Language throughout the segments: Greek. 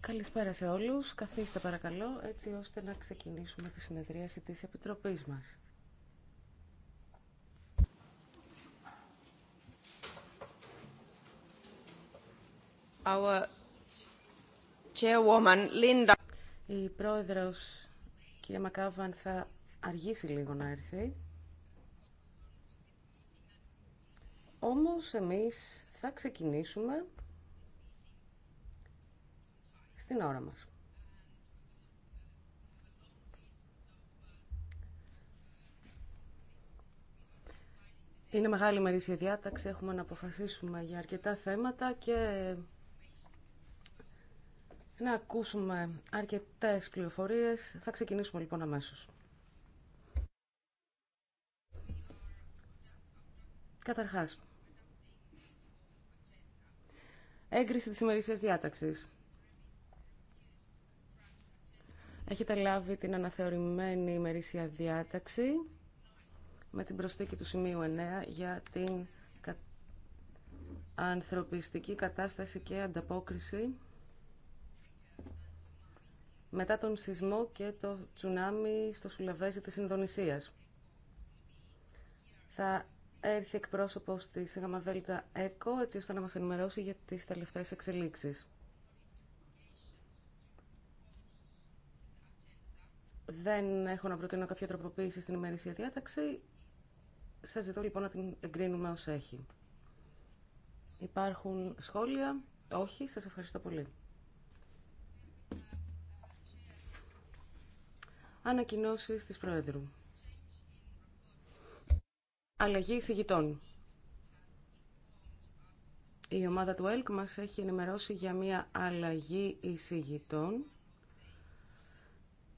Καλησπέρα σε όλους. Καθίστε παρακαλώ έτσι ώστε να ξεκινήσουμε τη συνεδρίαση της Επιτροπής μας. Our chairwoman, Linda. Η πρόεδρος, κυρία Μακάβαν, θα αργήσει λίγο να έρθει. Όμως εμείς θα ξεκινήσουμε στην ώρα μας. Είναι μεγάλη μερίσια διάταξη, έχουμε να αποφασίσουμε για αρκετά θέματα και να ακούσουμε αρκετές πληροφορίες. Θα ξεκινήσουμε λοιπόν αμέσως. Καταρχάς, Έγκριση της ημερήσιας διάταξης. Έχετε λάβει την αναθεωρημένη ημερήσια διάταξη με την προσθήκη του σημείου 9 για την ανθρωπιστική κατάσταση και ανταπόκριση μετά τον σεισμό και το τσουνάμι στο Σουλαβέζι της Ινδονησίας. Θα έρθει εκπρόσωπο της ΓΔΕΛΤΑ ΕΚΟ έτσι ώστε να μας ενημερώσει για τις τελευταίες εξελίξεις. Δεν έχω να προτείνω κάποια τροποποίηση στην ημερήσια διάταξη. Σας ζητώ λοιπόν να την εγκρίνουμε ω έχει. Υπάρχουν σχόλια. Όχι, σας ευχαριστώ πολύ. Ανακοινώσεις της Προέδρου. Αλλαγή εισηγητών. Η ομάδα του ΕΛΚ μας έχει ενημερώσει για μια αλλαγή εισηγητών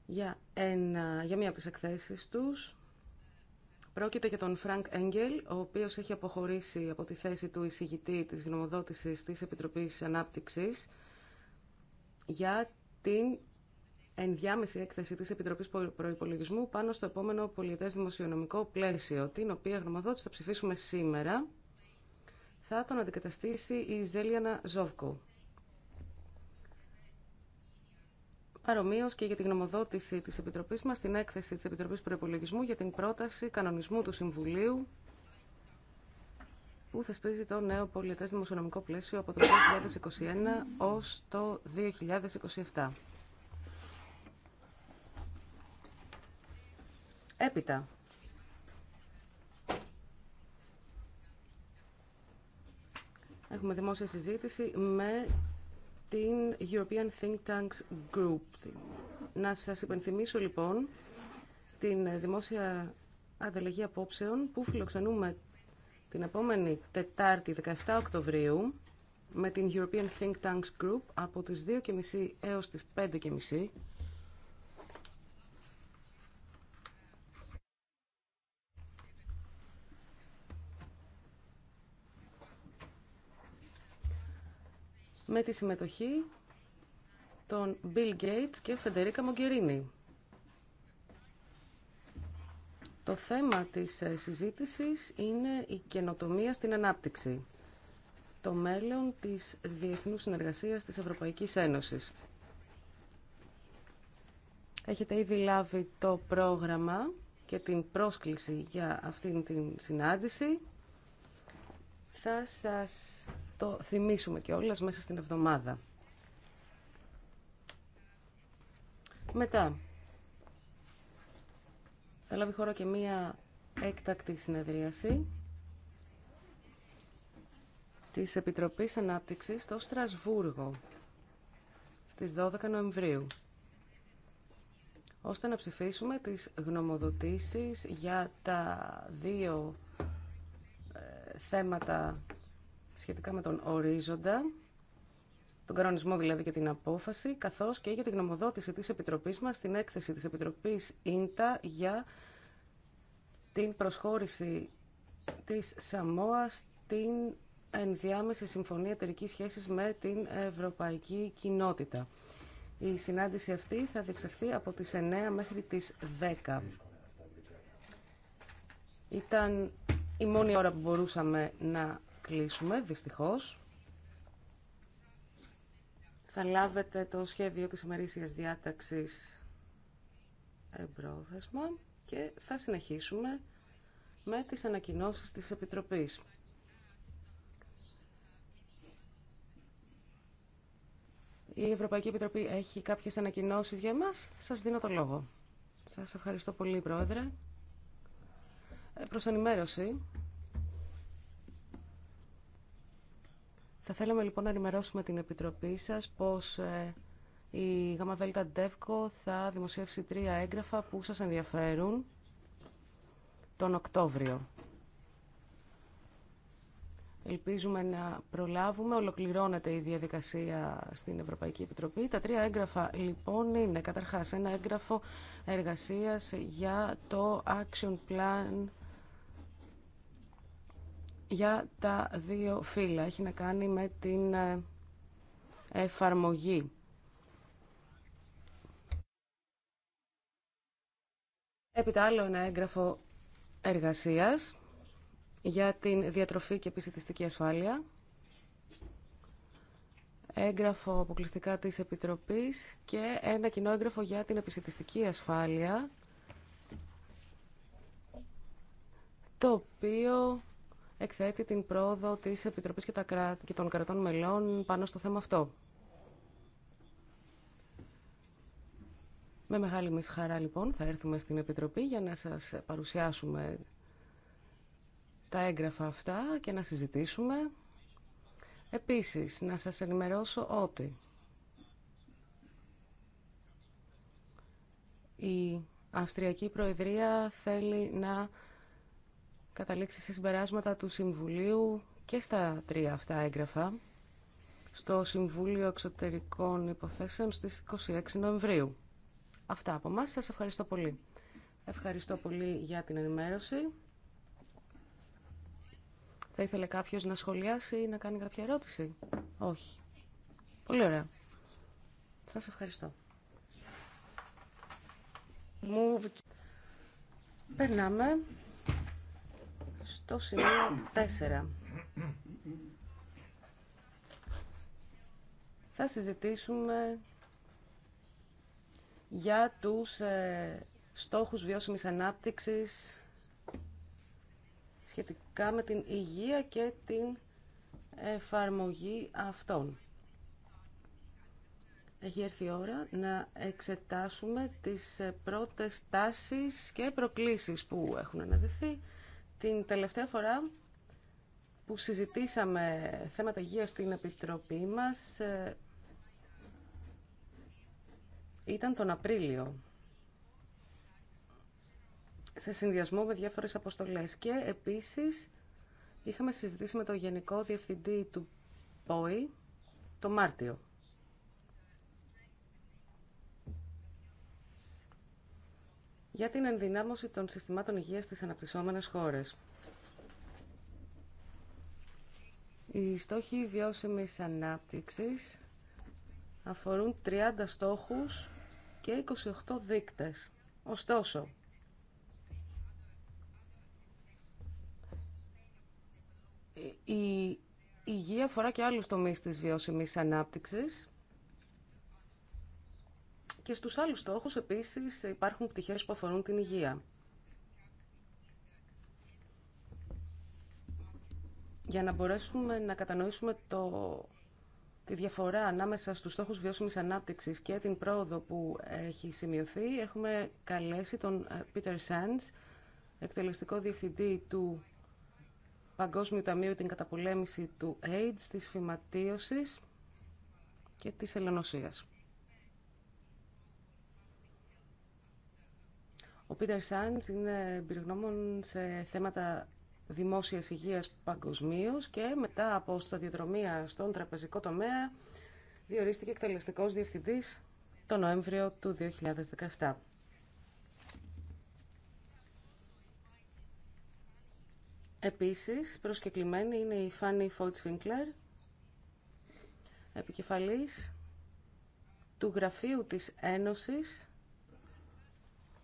για, ένα, για μία από τις εκθέσεις τους. Πρόκειται για τον Φρανκ Έγγελ, ο οποίος έχει αποχωρήσει από τη θέση του εισηγητή της γνωμοδότησης της Επιτροπής Ανάπτυξης για την ενδιάμεση έκθεση τη Επιτροπή προπολογισμού πάνω στο επόμενο πολιτεύσιο δημοσιονομικό πλαίσιο, την οποία γνωμοδότηση θα ψηφίσουμε σήμερα, θα τον αντικαταστήσει η Ζέλιανα Ζόβκο. Παρομοίω και για τη γνωμοδότηση τη Επιτροπή μα την έκθεση τη Επιτροπή Προπολογισμού για την πρόταση κανονισμού του Συμβουλίου που θεσπίζει το νέο πολιτέ δημοσιονομικό πλαίσιο από το 2021 ω το 2027. Έπειτα, έχουμε δημόσια συζήτηση με την European Think Tanks Group. Να σας υπενθυμίσω λοιπόν την δημόσια ανταλλαγή απόψεων που φιλοξενούμε την επόμενη Τετάρτη 17 Οκτωβρίου με την European Think Tanks Group από τις 2.30 έως τις 5.30 με τη συμμετοχή των Bill Gates και Φεντερίκα Μογκερίνη. Το θέμα της ε, συζήτησης είναι η καινοτομία στην ανάπτυξη, το μέλλον της διεθνούς συνεργασίας της Ευρωπαϊκής Ένωσης. Έχετε ήδη λάβει το πρόγραμμα και την πρόσκληση για αυτήν την συνάντηση. Θα σας το θυμίσουμε όλες μέσα στην εβδομάδα. Μετά, θα λάβει χώρα και μία έκτακτη συνεδρίαση της Επιτροπής Ανάπτυξης στο Στρασβούργο στις 12 Νοεμβρίου ώστε να ψηφίσουμε τις γνωμοδοτήσεις για τα δύο ε, θέματα σχετικά με τον ορίζοντα, τον κανονισμό δηλαδή και την απόφαση, καθώς και για την γνωμοδότηση της Επιτροπής μας, την έκθεση της Επιτροπής ΙΝΤΑ για την προσχώρηση της Σαμόα στην ενδιάμεση συμφωνία εταιρική σχέσης με την Ευρωπαϊκή Κοινότητα. Η συνάντηση αυτή θα διεξαχθεί από τις 9 μέχρι τις 10. Ήταν η μόνη ώρα που μπορούσαμε να κλείσουμε, δυστυχώς. Θα λάβετε το σχέδιο της ημερήσιας διάταξης εμπρόθεσμα και θα συνεχίσουμε με τις ανακοινώσεις της Επιτροπής. Η Ευρωπαϊκή Επιτροπή έχει κάποιες ανακοινώσεις για μας. Σας δίνω το λόγο. Σας ευχαριστώ πολύ, Πρόεδρε. Ε, προς ενημέρωση, Θα θέλαμε λοιπόν να ενημερώσουμε την Επιτροπή σας πως ε, η ΓΔ θα δημοσιεύσει τρία έγγραφα που σας ενδιαφέρουν τον Οκτώβριο. Ελπίζουμε να προλάβουμε. Ολοκληρώνεται η διαδικασία στην Ευρωπαϊκή Επιτροπή. Τα τρία έγγραφα λοιπόν είναι καταρχάς ένα έγγραφο εργασίας για το Action Plan για τα δύο φύλλα. Έχει να κάνει με την ε, εφαρμογή. Έπειτα άλλο ένα έγγραφο εργασίας για την διατροφή και επιστημιστική ασφάλεια. Έγγραφο αποκλειστικά της Επιτροπής και ένα κοινό έγγραφο για την επιστημιστική ασφάλεια το οποίο εκθέτει την πρόοδο της Επιτροπής και, τα και των κρατών μελών πάνω στο θέμα αυτό. Με μεγάλη μας χαρά λοιπόν θα έρθουμε στην Επιτροπή για να σας παρουσιάσουμε τα έγγραφα αυτά και να συζητήσουμε. Επίσης, να σας ενημερώσω ότι η Αυστριακή Προεδρία θέλει να καταλήξει σε συμπεράσματα του Συμβουλίου και στα τρία αυτά έγγραφα στο Συμβούλιο Εξωτερικών Υποθέσεων στις 26 Νοεμβρίου. Αυτά από εμάς. Σας ευχαριστώ πολύ. Ευχαριστώ πολύ για την ενημέρωση. Θα ήθελε κάποιος να σχολιάσει ή να κάνει κάποια ερώτηση. Όχι. Πολύ ωραία. Σας ευχαριστώ. Move. Περνάμε στο σημείο 4. Θα συζητήσουμε για τους ε, στόχους βιώσιμης ανάπτυξης σχετικά με την υγεία και την εφαρμογή αυτών. Έχει έρθει η ώρα να εξετάσουμε τις ε, πρώτες τάσεις και προκλήσεις που έχουν αναδεθεί την τελευταία φορά που συζητήσαμε θέματα υγείας στην Επιτροπή μας ε, ήταν τον Απρίλιο σε συνδυασμό με διάφορες αποστολές και επίσης είχαμε συζητήσει με το Γενικό Διευθυντή του ΠΟΗ το Μάρτιο. για την ενδυνάμωση των συστημάτων υγείας στις αναπτυσσόμενες χώρες. Οι στόχοι βιώσιμης ανάπτυξης αφορούν 30 στόχους και 28 δείκτες. Ωστόσο, η υγεία αφορά και άλλους τομείς της βιώσιμης ανάπτυξης και στους άλλους στόχους επίσης υπάρχουν πτυχές που αφορούν την υγεία. Για να μπορέσουμε να κατανοήσουμε το, τη διαφορά ανάμεσα στους στόχους βιώσιμης ανάπτυξης και την πρόοδο που έχει σημειωθεί, έχουμε καλέσει τον Πίτερ Sands, εκτελεστικό διευθυντή του Παγκόσμιου Ταμείου την καταπολέμηση του AIDS, της φυματίωσης και της ελονοσίας. Ο Πίτερ Σάντς είναι εμπειρογνώμων σε θέματα δημόσιας υγείας παγκοσμίω και μετά από σταδιοδρομία στον τραπεζικό τομέα διορίστηκε εκτελεστικός διευθυντής το Νοέμβριο του 2017. Επίσης, προσκεκλημένη είναι η Φάνη Φότσφινκλερ, επικεφαλής του Γραφείου της Ένωσης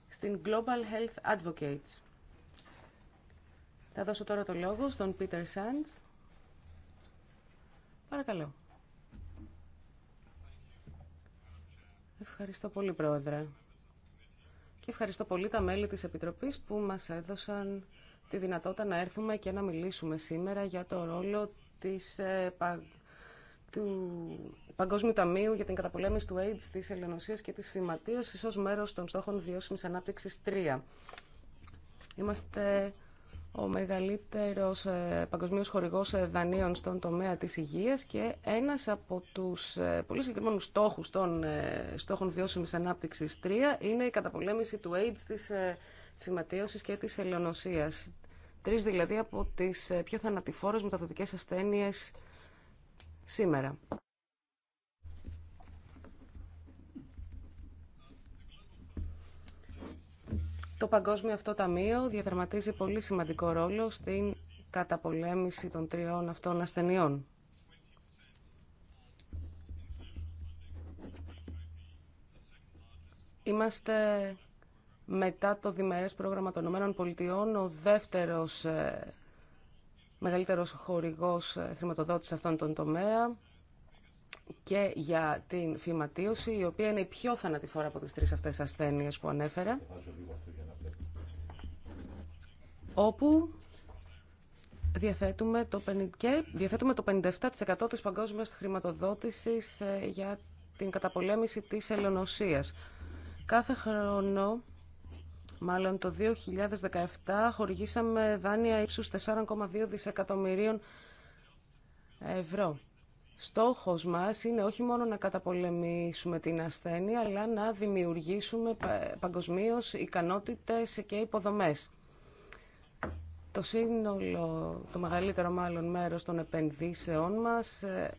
στην Global Health Advocates. Θα δώσω τώρα το λόγο στον Πίτερ Σάντς. Παρακαλώ. Ευχαριστώ πολύ, Πρόεδρε. Και ευχαριστώ πολύ τα μέλη της Επιτροπής που μας έδωσαν τη δυνατότητα να έρθουμε και να μιλήσουμε σήμερα για το ρόλο της ε, του Παγκόσμιου Ταμείου για την καταπολέμηση του AIDS, της Ελληνοσίας και της φυματίωσης ως μέρος των στόχων βιώσιμης ανάπτυξης 3. Είμαστε ο μεγαλύτερος ε, παγκοσμίος χορηγός ε, δανείων στον τομέα της υγείας και ένας από τους ε, πολύ συγκεκριμένους στόχους των στόχων βιώσιμης ανάπτυξης 3 είναι η καταπολέμηση του AIDS, της φυματίωσης και της ελαιονοσίας. Τρεις δηλαδή από τις πιο θανατηφόρες μεταδοτικές ασθένειες σήμερα. Το Παγκόσμιο αυτό ταμείο διαδραματίζει πολύ σημαντικό ρόλο στην καταπολέμηση των τριών αυτών ασθενειών. Είμαστε μετά το διμερές πρόγραμμα των ΗΠΑ ο δεύτερος ε, μεγαλύτερος χορηγός ε, χρηματοδότηση αυτών τον τομέα και για την φυματίωση, η οποία είναι η πιο θανατηφόρα από τις τρεις αυτές ασθένειες που ανέφερα, όπου διαθέτουμε το, και το 57% της παγκόσμιας χρηματοδότησης ε, για την καταπολέμηση της ελαιονοσίας. Κάθε χρόνο Μάλλον το 2017 χορηγήσαμε δάνεια ύψους 4,2 δισεκατομμυρίων ευρώ. Στόχος μας είναι όχι μόνο να καταπολεμήσουμε την ασθένεια, αλλά να δημιουργήσουμε παγκοσμίω ικανότητες και υποδομές. Το σύνολο, το μεγαλύτερο μάλλον μέρος των επενδύσεών μας ε,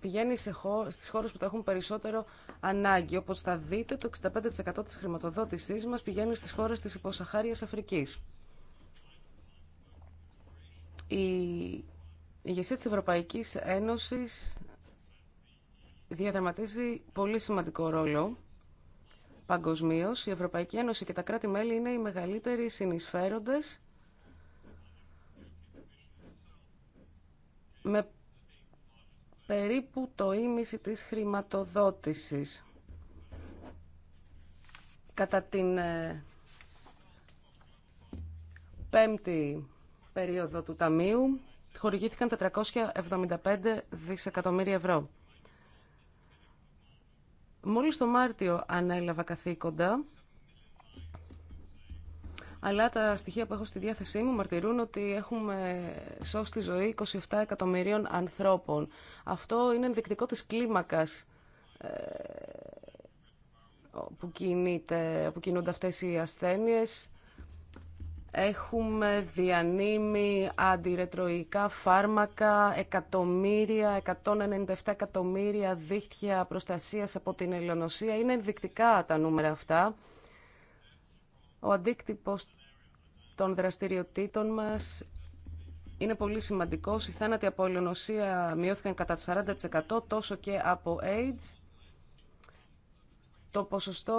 πηγαίνει σε χώ, στις χώρες που το έχουν περισσότερο ανάγκη. Όπως θα δείτε, το 65% της χρηματοδότησής μας πηγαίνει στις χώρες της υποσαχάριας Αφρικής. Η ηγεσία της Ευρωπαϊκής Ένωσης διαδραματίζει πολύ σημαντικό ρόλο παγκοσμίω. Η Ευρωπαϊκή Ένωση και τα κράτη-μέλη είναι οι μεγαλύτεροι συνεισφέροντες με περίπου το ίμιση της χρηματοδότησης. Κατά την ε, πέμπτη περίοδο του Ταμείου χορηγήθηκαν 475 δισεκατομμύρια ευρώ. Μόλις το Μάρτιο ανέλαβα καθήκοντα, αλλά τα στοιχεία που έχω στη διάθεσή μου μαρτυρούν ότι έχουμε σώσει τη ζωή 27 εκατομμυρίων ανθρώπων. Αυτό είναι ενδεικτικό της κλίμακας ε, που, κινείται, που κινούνται αυτές οι ασθένειες. Έχουμε διανύμει αντιρετροϊκά φάρμακα, εκατομμύρια, 197 εκατομμύρια δίχτυα προστασίας από την ελαιονοσία. Είναι ενδεικτικά τα νούμερα αυτά. Ο αντίκτυπος των δραστηριοτήτων μας είναι πολύ σημαντικό. Οι θάνατοι από ελαιονοσία μειώθηκαν κατά 40% τόσο και από AIDS. Το ποσοστό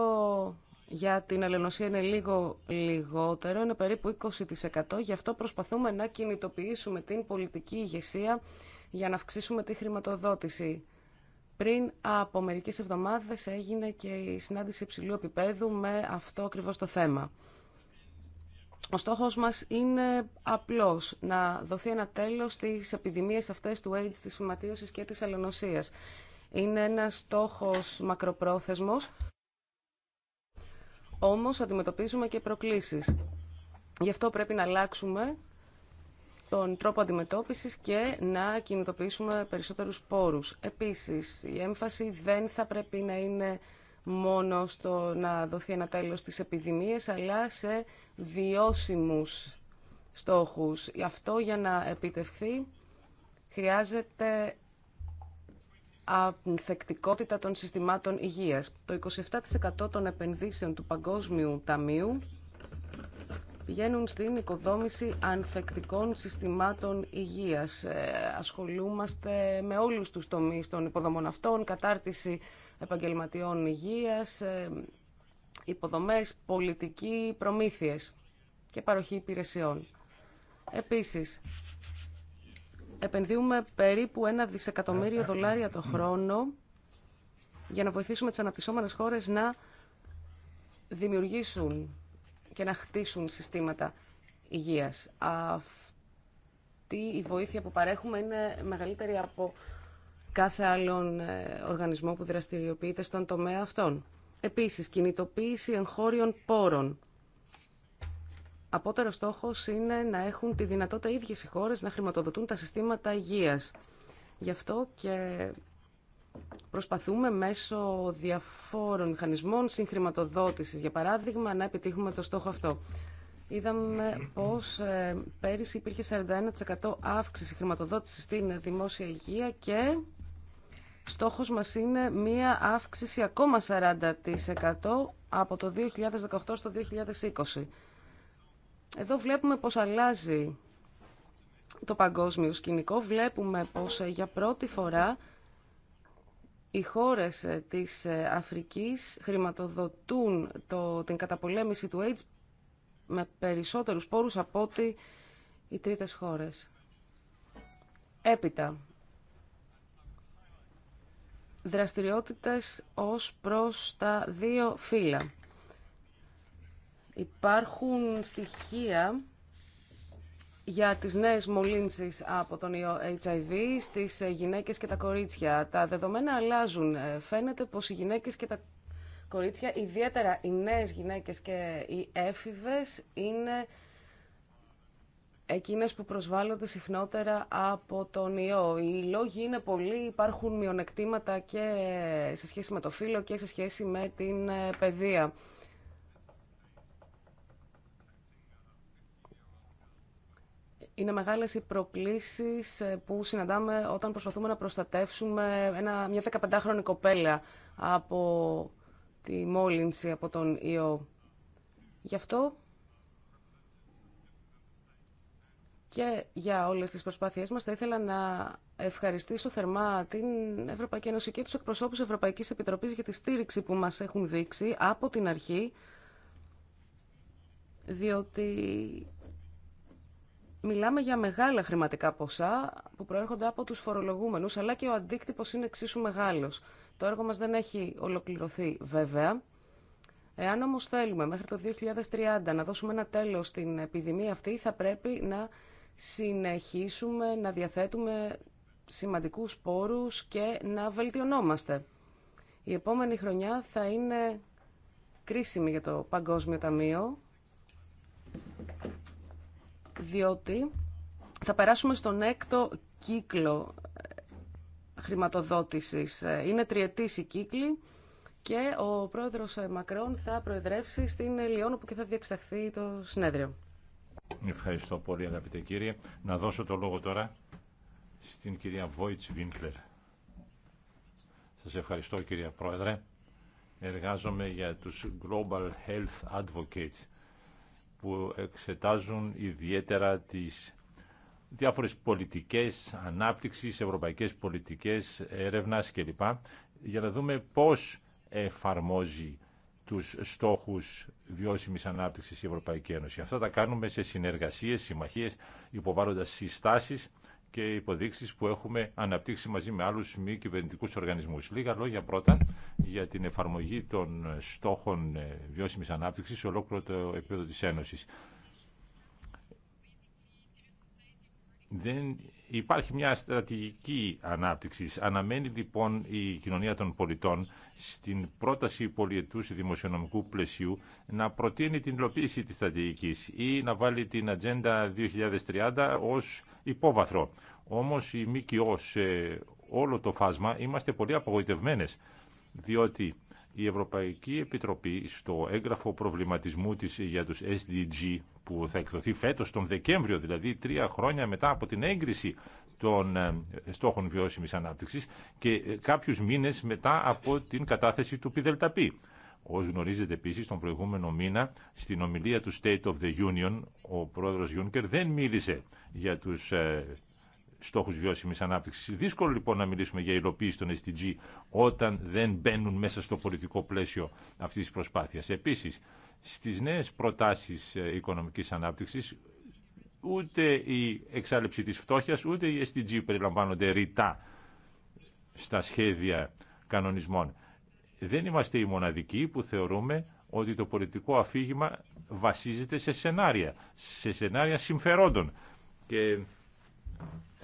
για την ελληνοσία είναι λίγο λιγότερο, είναι περίπου 20%. Γι' αυτό προσπαθούμε να κινητοποιήσουμε την πολιτική ηγεσία για να αυξήσουμε τη χρηματοδότηση. Πριν από μερικές εβδομάδες έγινε και η συνάντηση υψηλού επίπεδου με αυτό ακριβώς το θέμα. Ο στόχος μας είναι απλώς να δοθεί ένα τέλος στις επιδημίες αυτές του AIDS, της φυματίωσης και της αλλονοσίας. Είναι ένας στόχος μακροπρόθεσμος, όμως αντιμετωπίζουμε και προκλήσεις. Γι' αυτό πρέπει να αλλάξουμε τον τρόπο αντιμετώπισης και να κινητοποιήσουμε περισσότερους πόρους. Επίσης, η έμφαση δεν θα πρέπει να είναι μόνο στο να δοθεί ένα τέλος στις επιδημίες, αλλά σε βιώσιμους στόχους. Αυτό για να επιτευχθεί χρειάζεται ανθεκτικότητα των συστημάτων υγείας. Το 27% των επενδύσεων του Παγκόσμιου Ταμείου πηγαίνουν στην οικοδόμηση ανθεκτικών συστημάτων υγείας. Ε, ασχολούμαστε με όλους τους τομείς των υποδομών αυτών, κατάρτιση επαγγελματιών υγείας, ε, υποδομές, πολιτική, προμήθειες και παροχή υπηρεσιών. Επίσης, επενδύουμε περίπου ένα δισεκατομμύριο δολάρια το χρόνο για να βοηθήσουμε τις αναπτυσσόμενες χώρες να δημιουργήσουν και να χτίσουν συστήματα υγείας. Αυτή η βοήθεια που παρέχουμε είναι μεγαλύτερη από κάθε άλλον ε, οργανισμό που δραστηριοποιείται στον τομέα αυτών. Επίσης, κινητοποίηση εγχώριων πόρων. Απότερο στόχος είναι να έχουν τη δυνατότητα οι ίδιες οι χώρες να χρηματοδοτούν τα συστήματα υγείας. Γι' αυτό και προσπαθούμε μέσω διαφόρων μηχανισμών συγχρηματοδότησης, για παράδειγμα, να επιτύχουμε το στόχο αυτό. Είδαμε πως ε, πέρυσι υπήρχε 41% αύξηση χρηματοδότησης στην δημόσια υγεία και στόχος μας είναι μία αύξηση ακόμα 40% από το 2018 στο 2020. Εδώ βλέπουμε πως αλλάζει το παγκόσμιο σκηνικό. Βλέπουμε πως ε, για πρώτη φορά οι χώρες ε, της ε, Αφρικής χρηματοδοτούν το, την καταπολέμηση του AIDS με περισσότερους πόρους από ότι οι τρίτες χώρες. Έπειτα, δραστηριότητες ως προς τα δύο φύλλα. Υπάρχουν στοιχεία για τις νέες μολύνσεις από τον ιό HIV στις ε, γυναίκες και τα κορίτσια. Τα δεδομένα αλλάζουν. Ε, φαίνεται πως οι γυναίκες και τα κορίτσια, ιδιαίτερα οι νέες γυναίκες και οι έφηβες, είναι εκείνες που προσβάλλονται συχνότερα από τον ιό. Οι λόγοι είναι πολλοί, υπάρχουν μειονεκτήματα και ε, σε σχέση με το φύλλο και σε σχέση με την παιδεία. Είναι μεγάλες οι προκλήσεις ε, που συναντάμε όταν προσπαθούμε να προστατεύσουμε ένα, μια 15χρονη κοπέλα από τη μόλυνση, από τον ιό. Γι' αυτό και για όλες τις προσπάθειές μας θα ήθελα να ευχαριστήσω θερμά την Ευρωπαϊκή Ένωση και τους εκπροσώπους Ευρωπαϊκής Επιτροπής για τη στήριξη που μας έχουν δείξει από την αρχή, διότι μιλάμε για μεγάλα χρηματικά ποσά που προέρχονται από τους φορολογούμενους, αλλά και ο αντίκτυπος είναι εξίσου μεγάλος. Το έργο μας δεν έχει ολοκληρωθεί βέβαια. Εάν όμως θέλουμε μέχρι το 2030 να δώσουμε ένα τέλος στην επιδημία αυτή, θα πρέπει να συνεχίσουμε να διαθέτουμε σημαντικούς πόρους και να βελτιωνόμαστε. Η επόμενη χρονιά θα είναι κρίσιμη για το Παγκόσμιο Ταμείο διότι θα περάσουμε στον έκτο κύκλο ε, χρηματοδότησης. Ε, είναι τριετής η κύκλη και ο πρόεδρος ε, Μακρόν θα προεδρεύσει στην Λιόν όπου και θα διεξαχθεί το συνέδριο. Ευχαριστώ πολύ αγαπητέ κύριε. Να δώσω το λόγο τώρα στην κυρία Βόιτς Βίνκλερ. Σας ευχαριστώ κυρία Πρόεδρε. Εργάζομαι για τους Global Health Advocates που εξετάζουν ιδιαίτερα τις διάφορες πολιτικές ανάπτυξης, ευρωπαϊκές πολιτικές έρευνας κλπ. για να δούμε πώς εφαρμόζει τους στόχους βιώσιμης ανάπτυξης η Ευρωπαϊκή Ένωση. Αυτά τα κάνουμε σε συνεργασίες, συμμαχίες, υποβάλλοντας συστάσεις και υποδείξεις που έχουμε αναπτύξει μαζί με άλλους μη κυβερνητικούς οργανισμούς. Λίγα λόγια πρώτα για την εφαρμογή των στόχων ε, βιώσιμης ανάπτυξης σε ολόκληρο το επίπεδο της Ένωσης. Δεν υπάρχει μια στρατηγική ανάπτυξη. Αναμένει λοιπόν η κοινωνία των πολιτών στην πρόταση πολιετού δημοσιονομικού πλαισίου να προτείνει την υλοποίηση της στρατηγικής ή να βάλει την Ατζέντα 2030 ως υπόβαθρο. Όμως η ΜΚΟ σε όλο το φάσμα είμαστε πολύ απογοητευμένες, διότι η Ευρωπαϊκή Επιτροπή στο έγγραφο προβληματισμού της για τους SDG που θα εκδοθεί φέτος τον Δεκέμβριο, δηλαδή τρία χρόνια μετά από την έγκριση των ε, στόχων βιώσιμης ανάπτυξης και ε, κάποιους μήνες μετά από την κατάθεση του ΠΙΔΕΛΤΑΠΗ. Ω γνωρίζετε επίση, τον προηγούμενο μήνα, στην ομιλία του State of the Union, ο πρόεδρο Juncker δεν μίλησε για του ε, στόχου βιώσιμη ανάπτυξη. Δύσκολο λοιπόν να μιλήσουμε για υλοποίηση των SDG όταν δεν μπαίνουν μέσα στο πολιτικό πλαίσιο αυτή τη προσπάθεια. Επίση, στι νέε προτάσει ε, οικονομική ανάπτυξη, ούτε η εξάλληψη της φτώχειας, ούτε οι SDG περιλαμβάνονται ρητά στα σχέδια κανονισμών. Δεν είμαστε οι μοναδικοί που θεωρούμε ότι το πολιτικό αφήγημα βασίζεται σε σενάρια, σε σενάρια συμφερόντων. Και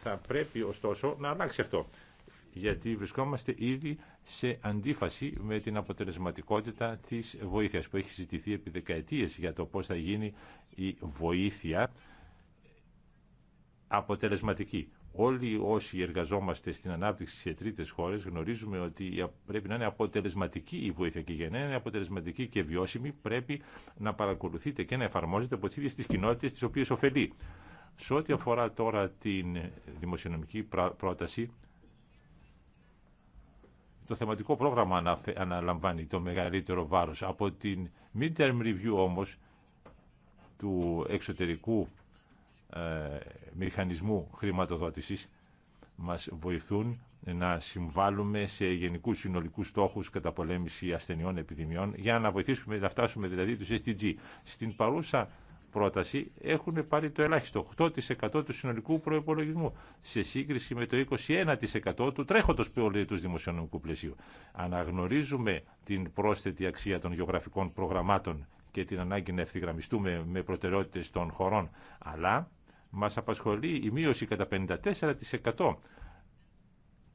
θα πρέπει ωστόσο να αλλάξει αυτό, γιατί βρισκόμαστε ήδη σε αντίφαση με την αποτελεσματικότητα της βοήθειας που έχει συζητηθεί επί δεκαετίες για το πώς θα γίνει η βοήθεια αποτελεσματική. Όλοι όσοι εργαζόμαστε στην ανάπτυξη σε τρίτες χώρες γνωρίζουμε ότι πρέπει να είναι αποτελεσματική η βοήθεια και για να είναι αποτελεσματική και βιώσιμη πρέπει να παρακολουθείτε και να εφαρμόζετε από τις ίδιες τις κοινότητες τις οποίες ωφελεί. Σε ό,τι αφορά τώρα την δημοσιονομική πρόταση, το θεματικό πρόγραμμα αναλαμβάνει το μεγαλύτερο βάρος. Από την midterm review όμως του εξωτερικού ε, μηχανισμού χρηματοδότησης μας βοηθούν να συμβάλλουμε σε γενικούς συνολικούς στόχους κατά πολέμηση ασθενειών επιδημιών για να βοηθήσουμε να φτάσουμε δηλαδή τους SDG. Στην παρούσα πρόταση έχουν πάρει το ελάχιστο 8% του συνολικού προϋπολογισμού σε σύγκριση με το 21% του τρέχοντος του δημοσιονομικού πλαισίου. Αναγνωρίζουμε την πρόσθετη αξία των γεωγραφικών προγραμμάτων και την ανάγκη να ευθυγραμμιστούμε με προτεραιότητες των χωρών, αλλά μας απασχολεί η μείωση κατά 54%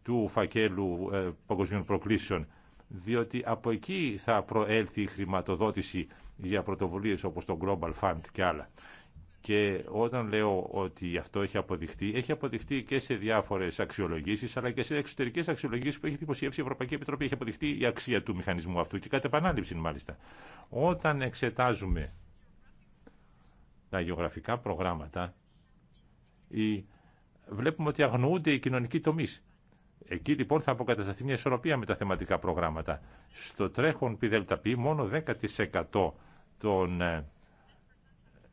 του φακέλου ε, παγκοσμίων προκλήσεων διότι από εκεί θα προέλθει η χρηματοδότηση για πρωτοβουλίες όπως το Global Fund και άλλα. Και όταν λέω ότι αυτό έχει αποδειχτεί, έχει αποδειχτεί και σε διάφορε αξιολογήσει, αλλά και σε εξωτερικέ αξιολογήσεις που έχει δημοσιεύσει η Ευρωπαϊκή Επιτροπή. Έχει αποδειχτεί η αξία του μηχανισμού αυτού και κατ' επανάληψη μάλιστα. Όταν εξετάζουμε τα γεωγραφικά προγράμματα, βλέπουμε ότι αγνοούνται οι κοινωνικοί τομεί. Εκεί λοιπόν θα αποκατασταθεί μια ισορροπία με τα θεματικά προγράμματα. Στο τρέχον ΠΔΠ μόνο 10% των ε,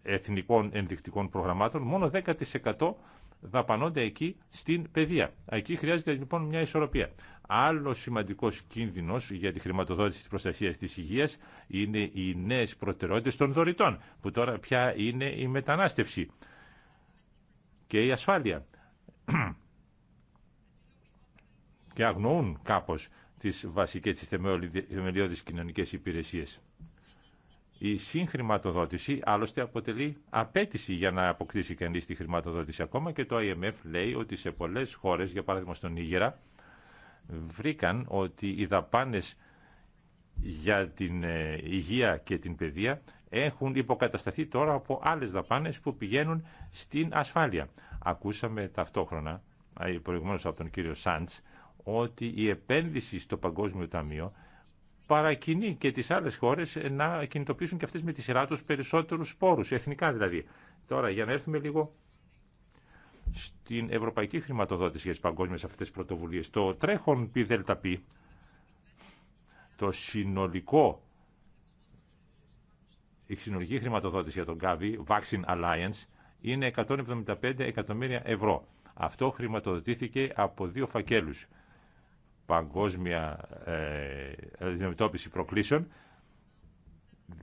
εθνικών ενδεικτικών προγραμμάτων, μόνο 10% δαπανώνται εκεί στην παιδεία. Εκεί χρειάζεται λοιπόν μια ισορροπία. Άλλο σημαντικό κίνδυνο για τη χρηματοδότηση τη προστασία τη υγεία είναι οι νέε προτεραιότητε των δωρητών, που τώρα πια είναι η μετανάστευση και η ασφάλεια και αγνοούν κάπως τις βασικές, τις θεμελιώδεις κοινωνικές υπηρεσίες. Η συγχρηματοδότηση άλλωστε αποτελεί απέτηση για να αποκτήσει κανεί τη χρηματοδότηση. Ακόμα και το IMF λέει ότι σε πολλές χώρες, για παράδειγμα στον Ήγερα, βρήκαν ότι οι δαπάνες για την ε, υγεία και την παιδεία έχουν υποκατασταθεί τώρα από άλλες δαπάνες που πηγαίνουν στην ασφάλεια. Ακούσαμε ταυτόχρονα, ε, προηγουμένως από τον κύριο Σάντς, ότι η επένδυση στο Παγκόσμιο Ταμείο παρακινεί και τις άλλες χώρες να κινητοποιήσουν και αυτές με τη σειρά τους περισσότερους σπόρους, εθνικά δηλαδή. Τώρα, για να έρθουμε λίγο στην ευρωπαϊκή χρηματοδότηση για τις παγκόσμιες αυτές πρωτοβουλίες. Το τρέχον πι το συνολικό, η συνολική χρηματοδότηση για τον ΚΑΒΗ, Vaccine Alliance, είναι 175 εκατομμύρια ευρώ. Αυτό χρηματοδοτήθηκε από δύο φακέλους παγκόσμια ε, αντιμετώπιση προκλήσεων,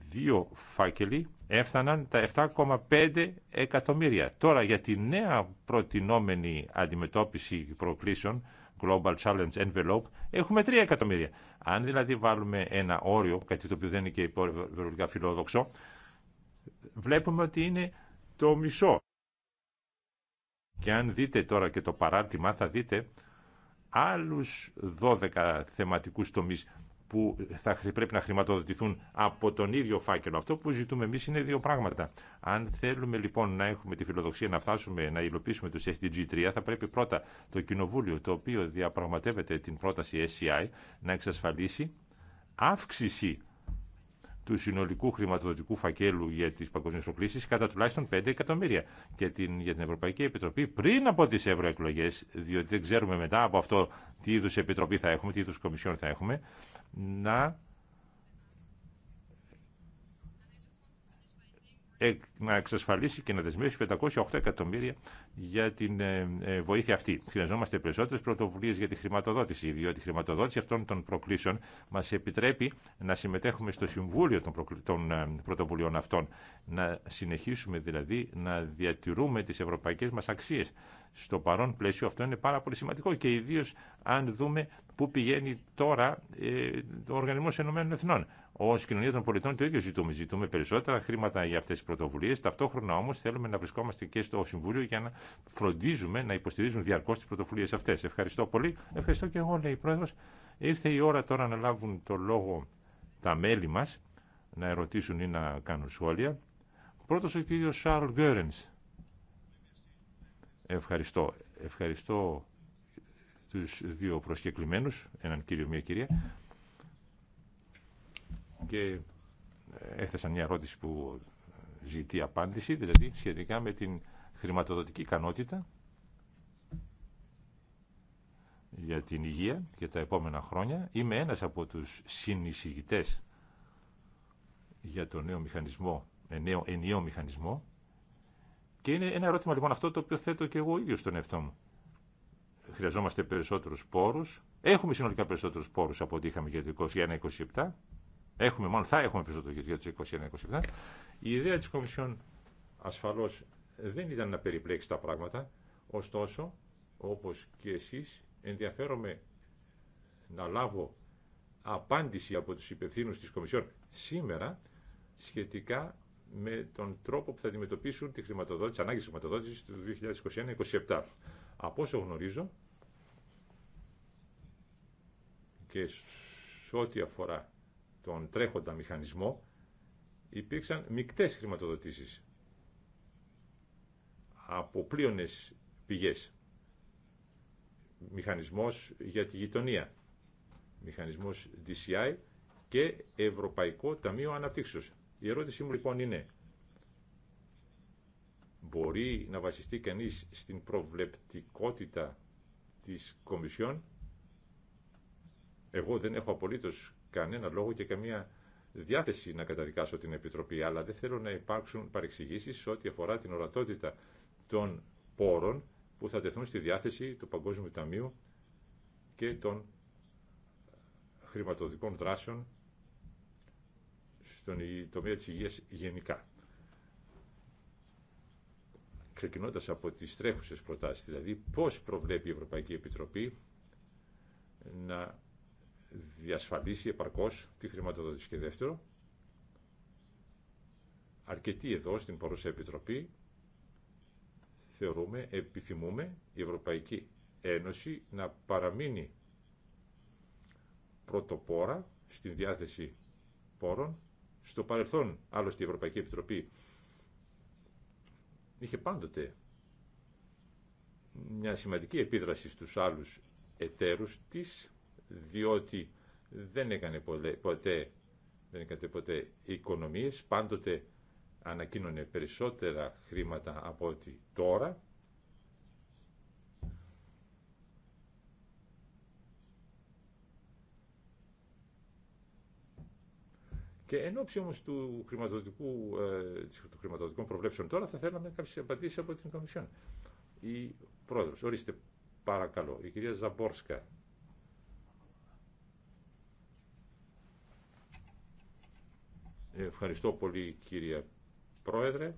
δύο φάκελοι έφταναν τα 7,5 εκατομμύρια. Τώρα για τη νέα προτινόμενη αντιμετώπιση προκλήσεων, Global Challenge Envelope, έχουμε 3 εκατομμύρια. Αν δηλαδή βάλουμε ένα όριο, κάτι το οποίο δεν είναι και υπερβολικά φιλόδοξο, βλέπουμε ότι είναι το μισό. Και αν δείτε τώρα και το παράρτημα, θα δείτε άλλους 12 θεματικούς τομείς που θα πρέπει να χρηματοδοτηθούν από τον ίδιο φάκελο. Αυτό που ζητούμε εμείς είναι δύο πράγματα. Αν θέλουμε λοιπόν να έχουμε τη φιλοδοξία να φτάσουμε να υλοποιήσουμε το SDG 3, θα πρέπει πρώτα το Κοινοβούλιο, το οποίο διαπραγματεύεται την πρόταση SCI, να εξασφαλίσει αύξηση του συνολικού χρηματοδοτικού φακέλου για τις παγκοσμίες προκλήσει κατά τουλάχιστον 5 εκατομμύρια και την, για την Ευρωπαϊκή Επιτροπή πριν από τις ευρωεκλογέ, διότι δεν ξέρουμε μετά από αυτό τι είδου επιτροπή θα έχουμε, τι είδου κομισιόν θα έχουμε, να Ε, να εξασφαλίσει και να δεσμεύσει 508 εκατομμύρια για την ε, ε, βοήθεια αυτή. Χρειαζόμαστε περισσότερε πρωτοβουλίε για τη χρηματοδότηση, διότι η χρηματοδότηση αυτών των προκλήσεων μα επιτρέπει να συμμετέχουμε στο Συμβούλιο των Πρωτοβουλίων αυτών. Να συνεχίσουμε δηλαδή να διατηρούμε τι ευρωπαϊκέ μα αξίε. Στο παρόν πλαίσιο αυτό είναι πάρα πολύ σημαντικό και ιδίω αν δούμε πού πηγαίνει τώρα ο Οργανισμό Ενωμένων Ω κοινωνία των πολιτών το ίδιο ζητούμε. Ζητούμε περισσότερα χρήματα για αυτέ τι πρωτοβουλίε. Ταυτόχρονα όμω θέλουμε να βρισκόμαστε και στο Συμβούλιο για να φροντίζουμε να υποστηρίζουν διαρκώ τι πρωτοβουλίε αυτέ. Ευχαριστώ πολύ. Ευχαριστώ και εγώ, λέει η Πρόεδρο. Ήρθε η ώρα τώρα να λάβουν το λόγο τα μέλη μα να ερωτήσουν ή να κάνουν σχόλια. Πρώτο ο κύριο Σάρλ Γκέρεν. Ευχαριστώ. Ευχαριστώ του δύο προσκεκλημένου, έναν κύριο, μία κυρία και ε, έθεσαν μια ερώτηση που ζητεί απάντηση, δηλαδή σχετικά με την χρηματοδοτική ικανότητα για την υγεία για τα επόμενα χρόνια. Είμαι ένας από τους συνεισηγητές για το νέο μηχανισμό, ε, νέο ενιαίο μηχανισμό και είναι ένα ερώτημα λοιπόν αυτό το οποίο θέτω και εγώ ίδιο στον εαυτό μου. Χρειαζόμαστε περισσότερους πόρους. Έχουμε συνολικά περισσότερους πόρους από ό,τι είχαμε για το 2021-2027 Έχουμε, μάλλον θα έχουμε περισσότερο για το 2021-2027. Η ιδέα της Κομισιόν ασφαλώς δεν ήταν να περιπλέξει τα πράγματα, ωστόσο, όπως και εσείς, ενδιαφέρομαι να λάβω απάντηση από τους υπευθύνους της Κομισιόν σήμερα σχετικά με τον τρόπο που θα αντιμετωπίσουν τη χρηματοδότηση, ανάγκη χρηματοδότηση του 2021-2027. Από όσο γνωρίζω και σε ό,τι αφορά τον τρέχοντα μηχανισμό υπήρξαν μικτές χρηματοδοτήσεις από πλείονες πηγές. Μηχανισμός για τη γειτονία, μηχανισμός DCI και Ευρωπαϊκό Ταμείο Αναπτύξεως. Η ερώτησή μου λοιπόν είναι, μπορεί να βασιστεί κανείς στην προβλεπτικότητα της Κομισιόν. Εγώ δεν έχω απολύτως κανένα λόγο και καμία διάθεση να καταδικάσω την Επιτροπή, αλλά δεν θέλω να υπάρξουν παρεξηγήσεις ό,τι αφορά την ορατότητα των πόρων που θα τεθούν στη διάθεση του Παγκόσμιου Ταμείου και των χρηματοδοτικών δράσεων στον τομέα της υγείας γενικά. Ξεκινώντας από τις τρέχουσες προτάσεις, δηλαδή πώς προβλέπει η Ευρωπαϊκή Επιτροπή να διασφαλίσει επαρκώς τη χρηματοδότηση. Και δεύτερο, αρκετοί εδώ στην παρούσα Επιτροπή θεωρούμε, επιθυμούμε η Ευρωπαϊκή Ένωση να παραμείνει πρωτοπόρα στην διάθεση πόρων. Στο παρελθόν, άλλωστε, η Ευρωπαϊκή Επιτροπή είχε πάντοτε μια σημαντική επίδραση στους άλλους εταίρους της διότι δεν έκανε ποτέ, δεν έκανε ποτέ οικονομίες, πάντοτε ανακοίνωνε περισσότερα χρήματα από ότι τώρα. Και εν ώψη όμως του χρηματοδοτικού, ε, προβλέψεων τώρα θα θέλαμε κάποιες απαντήσεις από την Κομισιόν. Η Πρόεδρος, ορίστε παρακαλώ, η κυρία Ζαμπόρσκα. Ευχαριστώ πολύ κύριε Πρόεδρε.